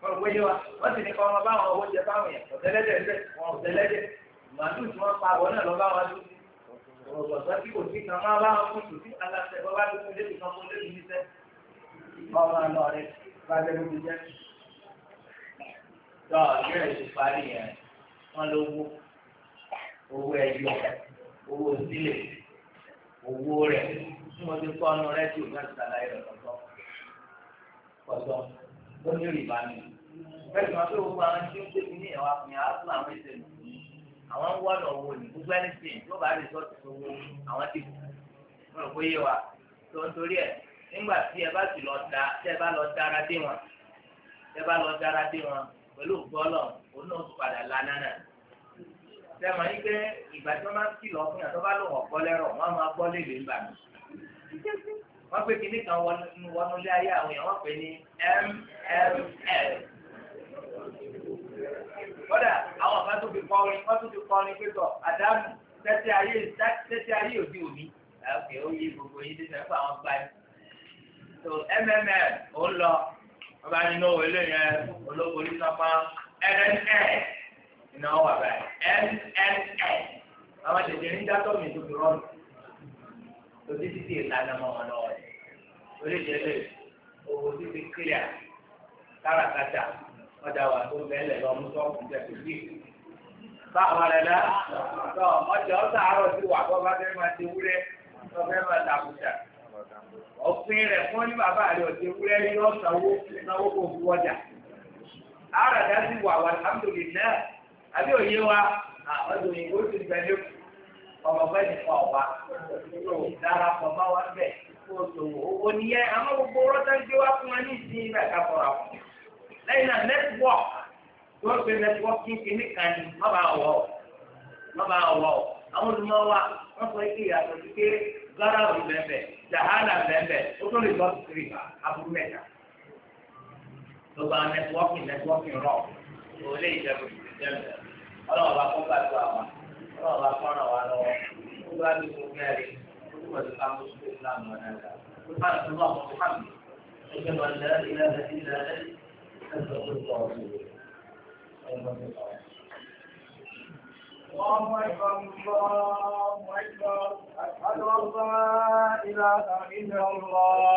wọ́n wé wa wọ́n sì ní kọ́ ọmọ báwọn owó jẹ báwọn yẹn ọ̀tẹ́lẹ́dẹ̀ ẹ̀fẹ́ wọn ọ̀tẹ́lẹ́dẹ̀ màdùn tí wọ́n pa àwọn náà lọ báwọn dùn ọ̀gbọ̀gbọ̀ tí kò sí kan máa báwọn kò tù sí aláṣẹ bọ́ bá dùn lé nìkan kó lé nìyíṣẹ́ ọmọ àná rẹ bá dẹ́ bó ti jẹ́. tọ́ ìrẹsì parí yẹn wọ́n ló wó owó ẹyọ owó sílẹ̀ owó rẹ̀ tí mo ti kọ́ ọ́nù rẹ́díò náà ṣàlàyé rẹ̀ lọ́tọ́ ọ̀tọ̀ ó ní rìbá mi bẹ́ẹ̀ máa tó gbogbo àwọn tí ó ń ní ẹ̀wà fún fún àwọn ìṣẹ̀lẹ̀ àwọn ń owó ni gbogbo ẹni sìn tó bá rìsọ́ọ̀tì owó àwọn ti kù mo rò pé yé wa tó ń torí ẹ̀ nígbà tí ẹ bá sì lọ da tẹ́ ẹ bá lọ dára dé wọn tẹ́ ẹ bá lọ dára dé wọn pẹ̀lú gbọ́lọ̀ òun náà padà lánàá náà sẹ́mọ̀ yín pé ìgbà tí wọ́n máa ń kìlọ̀ fún yàtọ̀ bá lòun ọ̀gbọ́ lẹ́rọ̀ wọ́n máa gbọ́ lè lè ń bà mí. wọ́n pè kíní kan wọnú ilé ayé àwọn èèyàn wọ́n pè ní mml. kódà àwọn kan tó fi kọrin wọ́n tún fi kọrin pé tọ̀ àdánù tẹ́tí ayé tẹ́tí ayé òdi òní. ok ó yí gbogbo yín dídá fún àwọn gbáyé. so mml ó lọ ọba nínú eléyẹn olóko nípa nnl. iná wà báyìí mss àwọn jẹjẹrẹ ń dátọ́ mi tó fi rọ́ọ̀nù lòdì títí ìlànà mọ́ wọn lọ́wọ́ lórí owó títí kílíà káràkátà ọjà wà tó bẹ́ẹ̀lẹ̀ lọ mú jẹ ọjà wà bọ́ bá fẹ́ máa ti tó fẹ́ máa dàkúta rẹ̀ fún ní bàbá ọ̀tí ọ̀sán owó náwó kò fún ọjà. àràdá sí àbí òye wa ọdún yìí ó ti gbẹ lóko ọmọ bẹ́ẹ̀ ní fún ọba ìdarapọ̀ bá wa bẹ̀ kó tó wò ó nìyẹn àmọ́ gbogbo rọ́tà gbé wá fún wa ní ìsìn ibà ká fọ́ra náà network tó ń network kíkiri kan ní má bàa wọ̀ má bàa wọ̀ àwọn olùmọ̀ wa wọ́n sọ ike ìyàtọ̀ sí pé gara ò bẹ̀bẹ̀ jahala ó tó lè lọ́ọ́ sírì bá aburú mẹ́ta tó bá networking networking rọ̀ òun lè jẹ́ bó ti jẹ́ bẹ̀rẹ̀ ọlọ́run bá kọ́ gbàdúrà wa ọlọ́run bá kọ́ ràn wá lọ́wọ́ ó bá bí mo fẹ́ rí ó túbọ̀ ti ká mú sí pé islam wọn dáadáa ó bá ti lọ́ ọ̀pọ̀ hàmì ẹgbẹ́ wọn lẹ́ ilé ẹ̀ ilé ẹ̀ ẹ̀sọ́ tó tọ̀ ọ́ اللهم اكبر الله اكبر اشهد ان لا اله الا الله